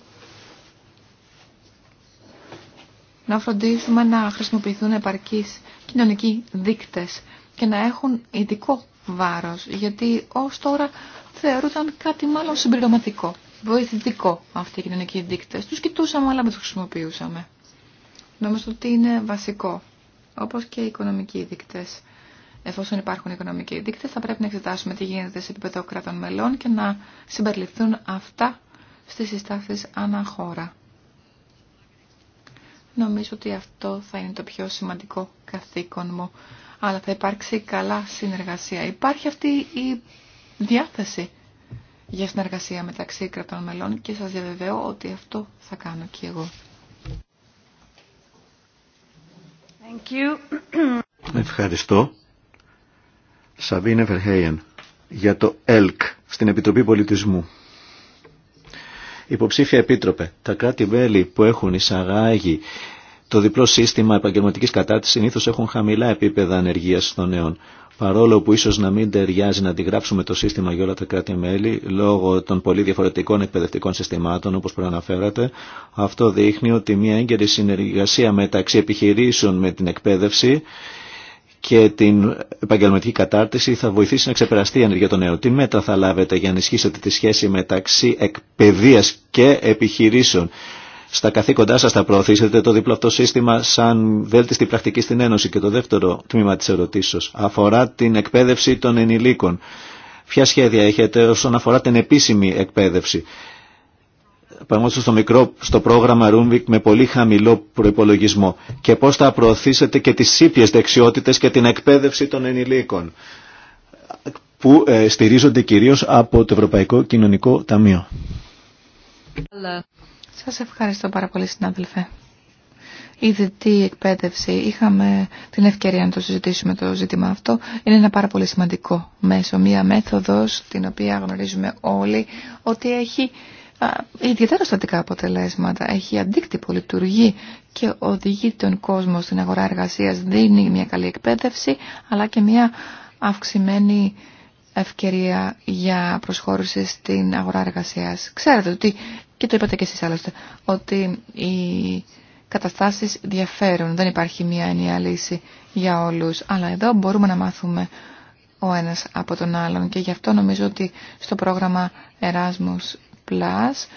S3: να φροντίσουμε να χρησιμοποιηθούν επαρκείς κοινωνικοί δείκτες και να έχουν ειδικό βάρος, γιατί ως τώρα θεωρούνταν κάτι μάλλον συμπληρωματικό, βοηθητικό αυτοί οι κοινωνικοί δείκτες. Τους κοιτούσαμε αλλά δεν τους χρησιμοποιούσαμε. Νομίζω ότι είναι βασικό, όπως και οι οικονομικοί δείκτες. Εφόσον υπάρχουν οικονομικοί δείκτες, θα πρέπει να εξετάσουμε τι γίνεται σε επίπεδο κρατών μελών και να συμπεριληφθούν αυτά στις ανά αναχώρα. Νομίζω ότι αυτό θα είναι το πιο σημαντικό καθήκον μου, αλλά θα υπάρξει καλά συνεργασία. Υπάρχει αυτή η διάθεση για συνεργασία μεταξύ κρατών μελών και σας διαβεβαιώ ότι αυτό θα κάνω και εγώ.
S1: Thank you.
S2: Ευχαριστώ. Σαβίνε Βερχέιεν για το ΕΛΚ στην Επιτροπή Πολιτισμού. Υποψήφια επίτροπε, τα κράτη-μέλη που έχουν εισαγάγει το διπλό σύστημα επαγγελματική κατάρτιση συνήθω έχουν χαμηλά επίπεδα ανεργίας των νέων. Παρόλο που ίσω να μην ταιριάζει να αντιγράψουμε το σύστημα για όλα τα κράτη-μέλη λόγω των πολύ διαφορετικών εκπαιδευτικών συστημάτων όπω προαναφέρατε, αυτό δείχνει ότι μια έγκαιρη συνεργασία μεταξύ επιχειρήσεων με την εκπαίδευση και την επαγγελματική κατάρτιση θα βοηθήσει να ξεπεραστεί η ανεργία των νέων. Τι μέτρα θα λάβετε για να ενισχύσετε τη σχέση μεταξύ εκπαιδείας και επιχειρήσεων. Στα καθήκοντά σας θα προωθήσετε το διπλό αυτό σύστημα σαν βέλτιστη πρακτική στην Ένωση. Και το δεύτερο τμήμα της ερωτήσεως αφορά την εκπαίδευση των ενηλίκων. Ποια σχέδια έχετε όσον αφορά την επίσημη εκπαίδευση παραμόντως στο μικρό, στο πρόγραμμα Ρούμβικ με πολύ χαμηλό προϋπολογισμό και πώς θα προωθήσετε και τις ίπιες δεξιότητες και την εκπαίδευση των ενηλίκων που ε, στηρίζονται κυρίως από το Ευρωπαϊκό Κοινωνικό
S3: Ταμείο. Σας ευχαριστώ πάρα πολύ συνάδελφε. Η τι εκπαίδευση, είχαμε την ευκαιρία να το συζητήσουμε το ζήτημα αυτό, είναι ένα πάρα πολύ σημαντικό μέσο, μία μέθοδος την οποία γνωρίζουμε όλοι ότι έχει ιδιαίτερα στατικά αποτελέσματα. Έχει αντίκτυπο, λειτουργεί και οδηγεί τον κόσμο στην αγορά εργασίας, δίνει μια καλή εκπαίδευση, αλλά και μια αυξημένη ευκαιρία για προσχώρηση στην αγορά εργασίας. Ξέρετε ότι, και το είπατε και εσείς άλλωστε, ότι οι καταστάσεις διαφέρουν. Δεν υπάρχει μία ενιαία λύση για όλους, αλλά εδώ μπορούμε να μάθουμε ο ένας από τον άλλον και γι' αυτό νομίζω ότι στο πρόγραμμα Erasmus Plus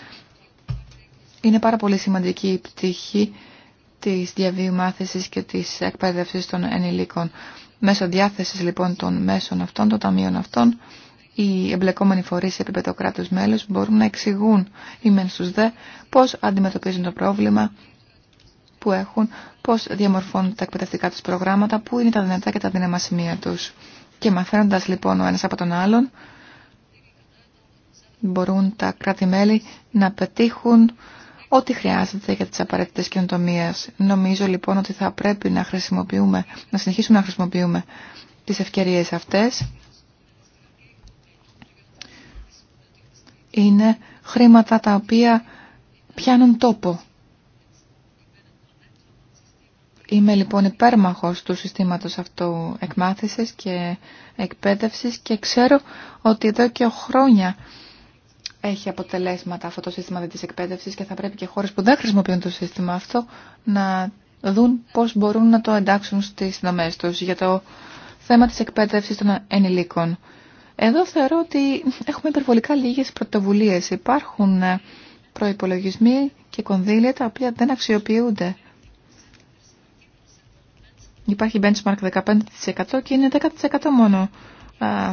S3: είναι πάρα πολύ σημαντική η πτυχή της διαβίου μάθησης και της εκπαίδευσης των ενηλίκων. Μέσω διάθεσης λοιπόν των μέσων αυτών, των ταμείων αυτών, οι εμπλεκόμενοι φορείς σε επίπεδο κράτους μέλους μπορούν να εξηγούν οι μεν στους δε πώς αντιμετωπίζουν το πρόβλημα που έχουν, πώς διαμορφώνουν τα εκπαιδευτικά τους προγράμματα, πού είναι τα δυνατά και τα δύναμα σημεία τους. Και μαθαίνοντας λοιπόν ο ένας από τον άλλον, μπορούν τα κράτη-μέλη να πετύχουν ό,τι χρειάζεται για τις απαραίτητες καινοτομίες. Νομίζω λοιπόν ότι θα πρέπει να, χρησιμοποιούμε, να συνεχίσουμε να χρησιμοποιούμε τις ευκαιρίες αυτές. Είναι χρήματα τα οποία πιάνουν τόπο. Είμαι λοιπόν υπέρμαχος του συστήματος αυτού εκμάθησης και εκπαίδευσης και ξέρω ότι εδώ και χρόνια έχει αποτελέσματα αυτό το σύστημα της εκπαίδευσης και θα πρέπει και χώρες που δεν χρησιμοποιούν το σύστημα αυτό να δουν πώς μπορούν να το εντάξουν στις δομές τους για το θέμα της εκπαίδευσης των ενηλίκων. Εδώ θεωρώ ότι έχουμε υπερβολικά λίγες πρωτοβουλίες. Υπάρχουν ε, προϋπολογισμοί και κονδύλια τα οποία δεν αξιοποιούνται. Υπάρχει benchmark 15% και είναι 10% μόνο ε,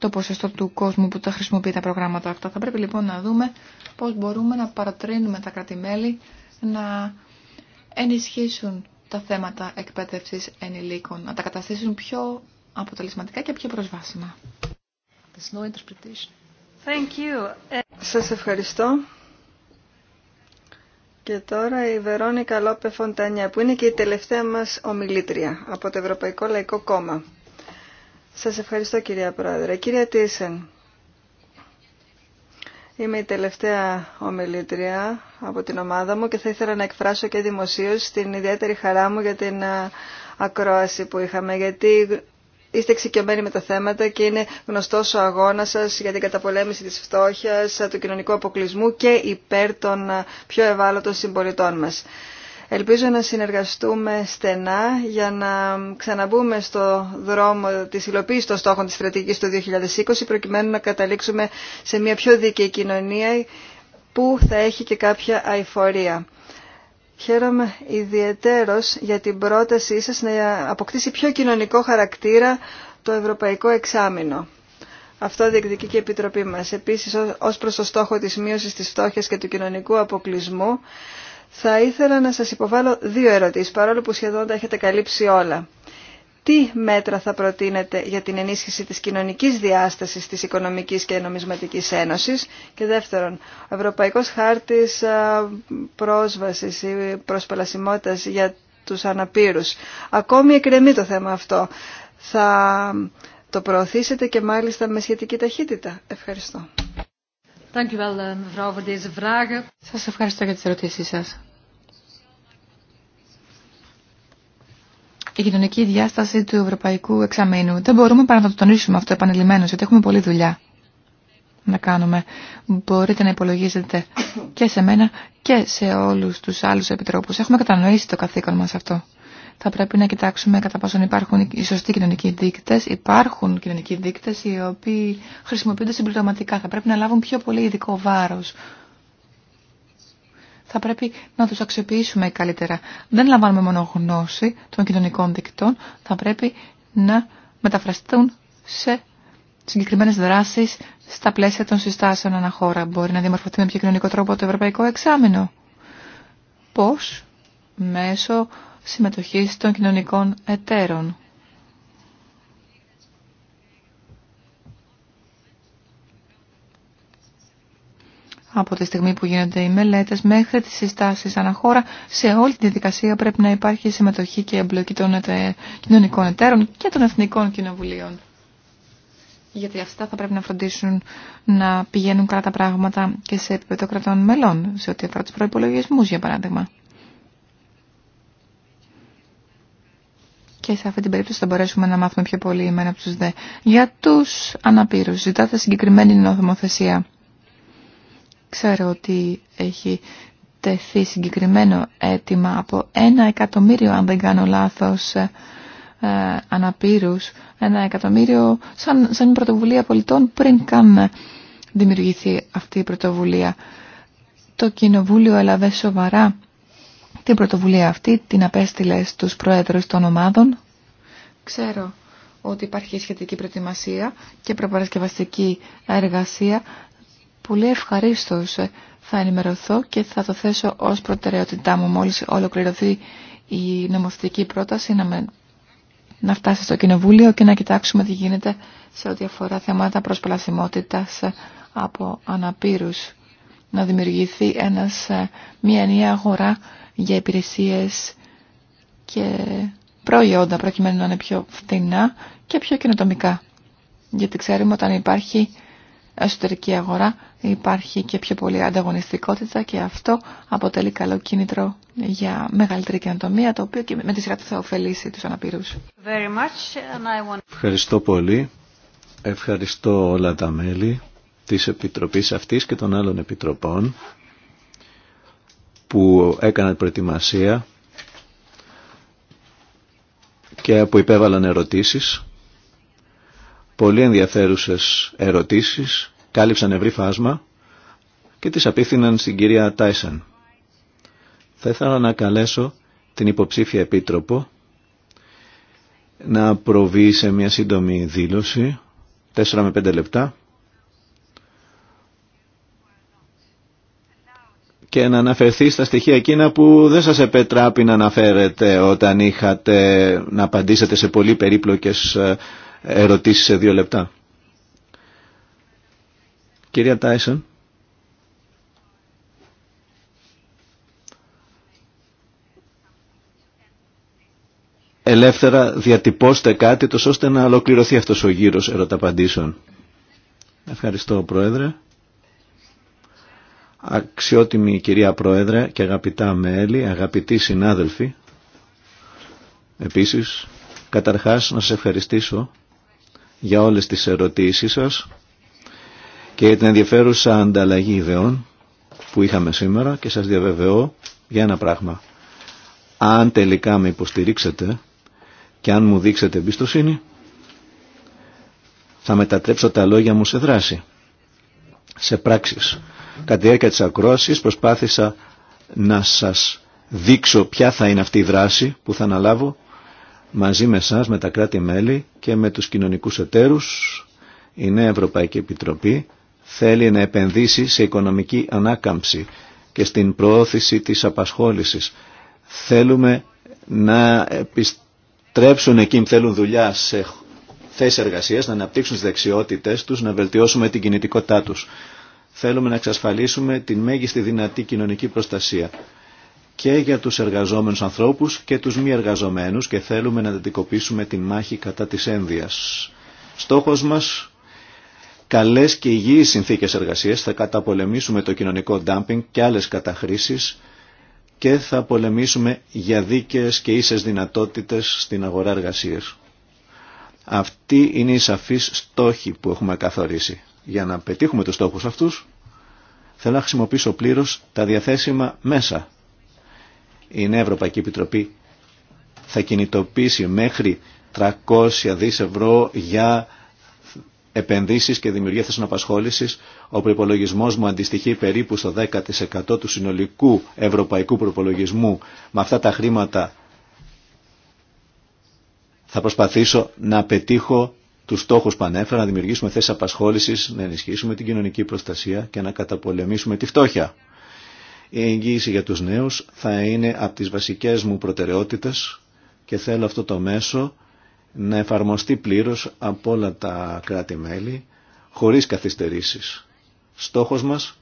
S3: το ποσοστό του κόσμου που τα χρησιμοποιεί τα προγράμματα αυτά. Θα πρέπει λοιπόν να δούμε πώς μπορούμε να παρατρύνουμε τα κρατημέλη να ενισχύσουν τα θέματα εκπαίδευσης ενηλίκων, να τα καταστήσουν πιο αποτελεσματικά και πιο προσβάσιμα. No
S1: Thank you. Σας
S4: ευχαριστώ. Και τώρα η Βερόνικα Λόπε Φοντανιά, που είναι και η τελευταία μας ομιλήτρια από το Ευρωπαϊκό Λαϊκό Κόμμα. Σας ευχαριστώ κυρία Πρόεδρε. Κυρία Τίσεν, είμαι η τελευταία ομιλήτρια από την ομάδα μου και θα ήθελα να εκφράσω και δημοσίως την ιδιαίτερη χαρά μου για την ακρόαση που είχαμε, γιατί είστε εξοικειωμένοι με τα θέματα και είναι γνωστός ο αγώνας σας για την καταπολέμηση της φτώχειας, του κοινωνικού αποκλεισμού και υπέρ των πιο ευάλωτων συμπολιτών μας. Ελπίζω να συνεργαστούμε στενά για να ξαναμπούμε στο δρόμο της υλοποίησης των στόχων της στρατηγικής του 2020 προκειμένου να καταλήξουμε σε μια πιο δίκαιη κοινωνία που θα έχει και κάποια αηφορία. Χαίρομαι ιδιαιτέρως για την πρότασή σας να αποκτήσει πιο κοινωνικό χαρακτήρα το Ευρωπαϊκό Εξάμεινο. Αυτό διεκδικεί και η Επιτροπή μας. Επίσης, ως προς το στόχο της μείωσης της φτώχειας και του κοινωνικού αποκλεισμού, θα ήθελα να σας υποβάλω δύο ερωτήσεις, παρόλο που σχεδόν τα έχετε καλύψει όλα. Τι μέτρα θα προτείνετε για την ενίσχυση της κοινωνικής διάστασης της Οικονομικής και Νομισματικής Ένωσης και δεύτερον, ο Ευρωπαϊκός Χάρτης Πρόσβασης ή Προσπελασιμότητας για τους αναπήρους. Ακόμη εκρεμεί το θέμα αυτό. Θα το προωθήσετε και μάλιστα με σχετική ταχύτητα. Ευχαριστώ.
S1: Eh, σας
S3: ευχαριστώ για τις ερωτήσεις σας. Η κοινωνική διάσταση του Ευρωπαϊκού εξαμήνου. Δεν μπορούμε παρά να το τονίσουμε αυτό επανελειμμένως, γιατί έχουμε πολλή δουλειά να κάνουμε. Μπορείτε να υπολογίζετε και σε μένα και σε όλους τους άλλους επιτρόπους. Έχουμε κατανοήσει το καθήκον μας αυτό θα πρέπει να κοιτάξουμε κατά πόσον υπάρχουν οι σωστοί κοινωνικοί δείκτε. Υπάρχουν κοινωνικοί δείκτε οι οποίοι χρησιμοποιούνται συμπληρωματικά. Θα πρέπει να λάβουν πιο πολύ ειδικό βάρο. Θα πρέπει να του αξιοποιήσουμε καλύτερα. Δεν λαμβάνουμε μόνο γνώση των κοινωνικών δείκτων. Θα πρέπει να μεταφραστούν σε συγκεκριμένε δράσει στα πλαίσια των συστάσεων αναχώρα. Μπορεί να διαμορφωθεί με πιο κοινωνικό τρόπο το Ευρωπαϊκό Εξάμεινο. Πώ μέσω Συμμετοχή των κοινωνικών εταίρων. Από τη στιγμή που γίνονται οι μελέτες μέχρι τις συστάσεις αναχώρα, σε όλη τη διαδικασία πρέπει να υπάρχει συμμετοχή και εμπλοκή των κοινωνικών εταίρων και των εθνικών κοινοβουλίων. Γιατί αυτά θα πρέπει να φροντίσουν να πηγαίνουν καλά τα πράγματα και σε επίπεδο κρατών μελών, σε ό,τι αφορά τους προϋπολογισμούς, για παράδειγμα. και σε αυτή την περίπτωση θα μπορέσουμε να μάθουμε πιο πολύ εμένα από τους δε. Για τους αναπήρους, ζητάτε συγκεκριμένη νομοθεσία. Ξέρω ότι έχει τεθεί συγκεκριμένο αίτημα από ένα εκατομμύριο, αν δεν κάνω λάθος, ε, αναπήρους, ένα εκατομμύριο σαν, σαν πρωτοβουλία πολιτών πριν καν δημιουργηθεί αυτή η πρωτοβουλία. Το Κοινοβούλιο έλαβε σοβαρά την πρωτοβουλία αυτή την απέστειλε στους προέδρους των ομάδων. Ξέρω ότι υπάρχει σχετική προετοιμασία και προπαρασκευαστική εργασία. Πολύ ευχαρίστω θα ενημερωθώ και θα το θέσω ως προτεραιότητά μου μόλις ολοκληρωθεί η νομοθετική πρόταση να, να φτάσει στο Κοινοβούλιο και να κοιτάξουμε τι γίνεται σε ό,τι αφορά θέματα προσπλασιμότητας από αναπήρους. Να δημιουργηθεί ένας, μια νέα αγορά για υπηρεσίες και προϊόντα προκειμένου να είναι πιο φθηνά και πιο καινοτομικά. Γιατί ξέρουμε όταν υπάρχει εσωτερική αγορά υπάρχει και πιο πολύ ανταγωνιστικότητα και αυτό αποτελεί καλό κίνητρο για μεγαλύτερη καινοτομία το οποίο και με τη σειρά του θα ωφελήσει τους αναπήρους.
S2: Ευχαριστώ πολύ. Ευχαριστώ όλα τα μέλη της Επιτροπής αυτής και των άλλων Επιτροπών που έκαναν προετοιμασία και που υπέβαλαν ερωτήσεις. Πολύ ενδιαφέρουσες ερωτήσεις, κάλυψαν ευρύ φάσμα και τις απίθυναν στην κυρία Τάισαν. Θα ήθελα να καλέσω την υποψήφια επίτροπο να προβεί σε μια σύντομη δήλωση, 4 με 5 λεπτά, και να αναφερθεί στα στοιχεία εκείνα που δεν σας επέτραπη να αναφέρετε όταν είχατε να απαντήσετε σε πολύ περίπλοκες ε, ερωτήσεις σε δύο λεπτά. Κυρία Τάισον. Ελεύθερα διατυπώστε κάτι τόσο ώστε να ολοκληρωθεί αυτός ο γύρος ερωταπαντήσεων. Ευχαριστώ Πρόεδρε. Αξιότιμη κυρία Πρόεδρε και αγαπητά μέλη, αγαπητοί συνάδελφοι, επίσης, καταρχάς να σας ευχαριστήσω για όλες τις ερωτήσεις σας και για την ενδιαφέρουσα ανταλλαγή ιδεών που είχαμε σήμερα και σας διαβεβαιώ για ένα πράγμα. Αν τελικά με υποστηρίξετε και αν μου δείξετε εμπιστοσύνη, θα μετατρέψω τα λόγια μου σε δράση, σε πράξεις Κατά τη διάρκεια της προσπάθησα να σας δείξω ποια θα είναι αυτή η δράση που θα αναλάβω μαζί με σας, με τα κράτη-μέλη και με τους κοινωνικούς εταίρους. Η Νέα Ευρωπαϊκή Επιτροπή θέλει να επενδύσει σε οικονομική ανάκαμψη και στην προώθηση της απασχόλησης. Θέλουμε να επιστρέψουν εκεί που θέλουν δουλειά σε θέσεις εργασίας, να αναπτύξουν τις δεξιότητες τους, να βελτιώσουμε την κινητικότητά τους. Θέλουμε να εξασφαλίσουμε την μέγιστη δυνατή κοινωνική προστασία και για τους εργαζόμενους ανθρώπους και τους μη εργαζομένους και θέλουμε να αντικοπήσουμε τη μάχη κατά της ένδυας. Στόχος μας, καλές και υγιείς συνθήκες εργασίας, θα καταπολεμήσουμε το κοινωνικό ντάμπινγκ και άλλες καταχρήσεις και θα πολεμήσουμε για δίκαιες και ίσες δυνατότητες στην αγορά εργασίας. Αυτή είναι η σαφής στόχη που έχουμε καθορίσει. Για να πετύχουμε τους στόχους αυτούς, θέλω να χρησιμοποιήσω πλήρως τα διαθέσιμα μέσα. Η Ευρωπαϊκή Επιτροπή θα κινητοποιήσει μέχρι 300 δις ευρώ για επενδύσεις και δημιουργία θέσεων απασχόλησης. Ο προπολογισμό μου αντιστοιχεί περίπου στο 10% του συνολικού ευρωπαϊκού προπολογισμού. Με αυτά τα χρήματα θα προσπαθήσω να πετύχω τους στόχου που ανέφερα, να δημιουργήσουμε θέσει απασχόλησης, να ενισχύσουμε την κοινωνική προστασία και να καταπολεμήσουμε τη φτώχεια. Η εγγύηση για τους νέους θα είναι από τις βασικές μου προτεραιότητες και θέλω αυτό το μέσο να εφαρμοστεί πλήρω από όλα τα κράτη-μέλη χωρίς καθυστερήσεις. Στόχος μας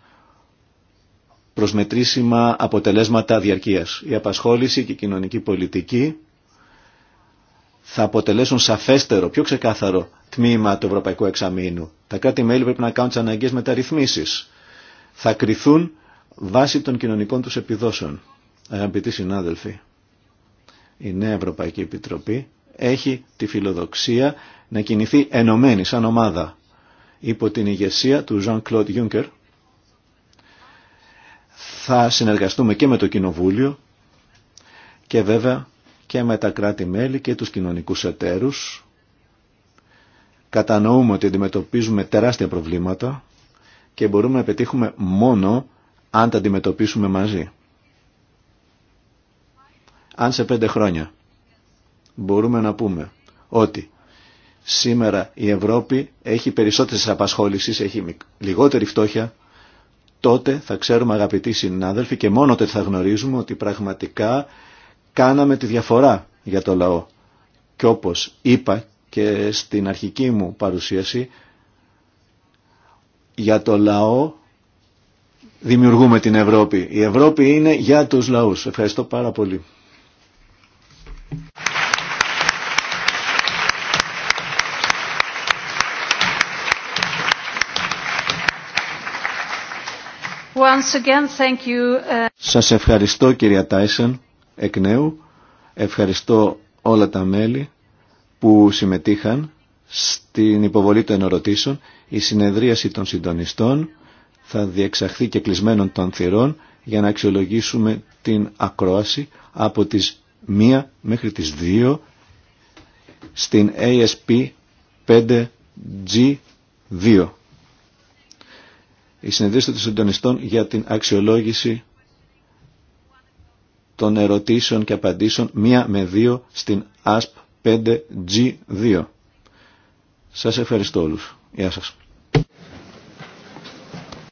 S2: προσμετρήσιμα αποτελέσματα διαρκείας. Η απασχόληση και η κοινωνική πολιτική θα αποτελέσουν σαφέστερο, πιο ξεκάθαρο τμήμα του Ευρωπαϊκού Εξαμήνου. Τα κράτη-μέλη πρέπει να κάνουν τι αναγκαίε μεταρρυθμίσει. Θα κριθούν βάσει των κοινωνικών του επιδόσεων. Αγαπητοί συνάδελφοι, η νέα Ευρωπαϊκή Επιτροπή έχει τη φιλοδοξία να κινηθεί ενωμένη σαν ομάδα υπό την ηγεσία του Jean-Claude Juncker. Θα συνεργαστούμε και με το Κοινοβούλιο και βέβαια και με τα κράτη-μέλη και τους κοινωνικούς εταίρους κατανοούμε ότι αντιμετωπίζουμε τεράστια προβλήματα και μπορούμε να πετύχουμε μόνο αν τα αντιμετωπίσουμε μαζί. Αν σε πέντε χρόνια μπορούμε να πούμε ότι σήμερα η Ευρώπη έχει περισσότερες απασχόλησεις, έχει λιγότερη φτώχεια, τότε θα ξέρουμε αγαπητοί συνάδελφοι και μόνο τότε θα γνωρίζουμε ότι πραγματικά κάναμε τη διαφορά για το λαό. Και όπως είπα και στην αρχική μου παρουσίαση για το λαό δημιουργούμε την Ευρώπη. Η Ευρώπη είναι για τους λαούς. Ευχαριστώ πάρα πολύ.
S1: Once again, thank you. Uh,
S2: Σας ευχαριστώ κυρία Τάισεν εκ νέου. Ευχαριστώ όλα τα μέλη που συμμετείχαν στην υποβολή των ερωτήσεων. Η συνεδρίαση των συντονιστών θα διεξαχθεί και κλεισμένων των θυρών για να αξιολογήσουμε την ακρόαση από τις 1 μέχρι τις 2 στην ASP 5G2. Η συνεδρίαση των συντονιστών για την αξιολόγηση των ερωτήσεων και απαντήσεων 1 με 2 στην ASP 5G2. Σας ευχαριστώ όλους. Γεια σας.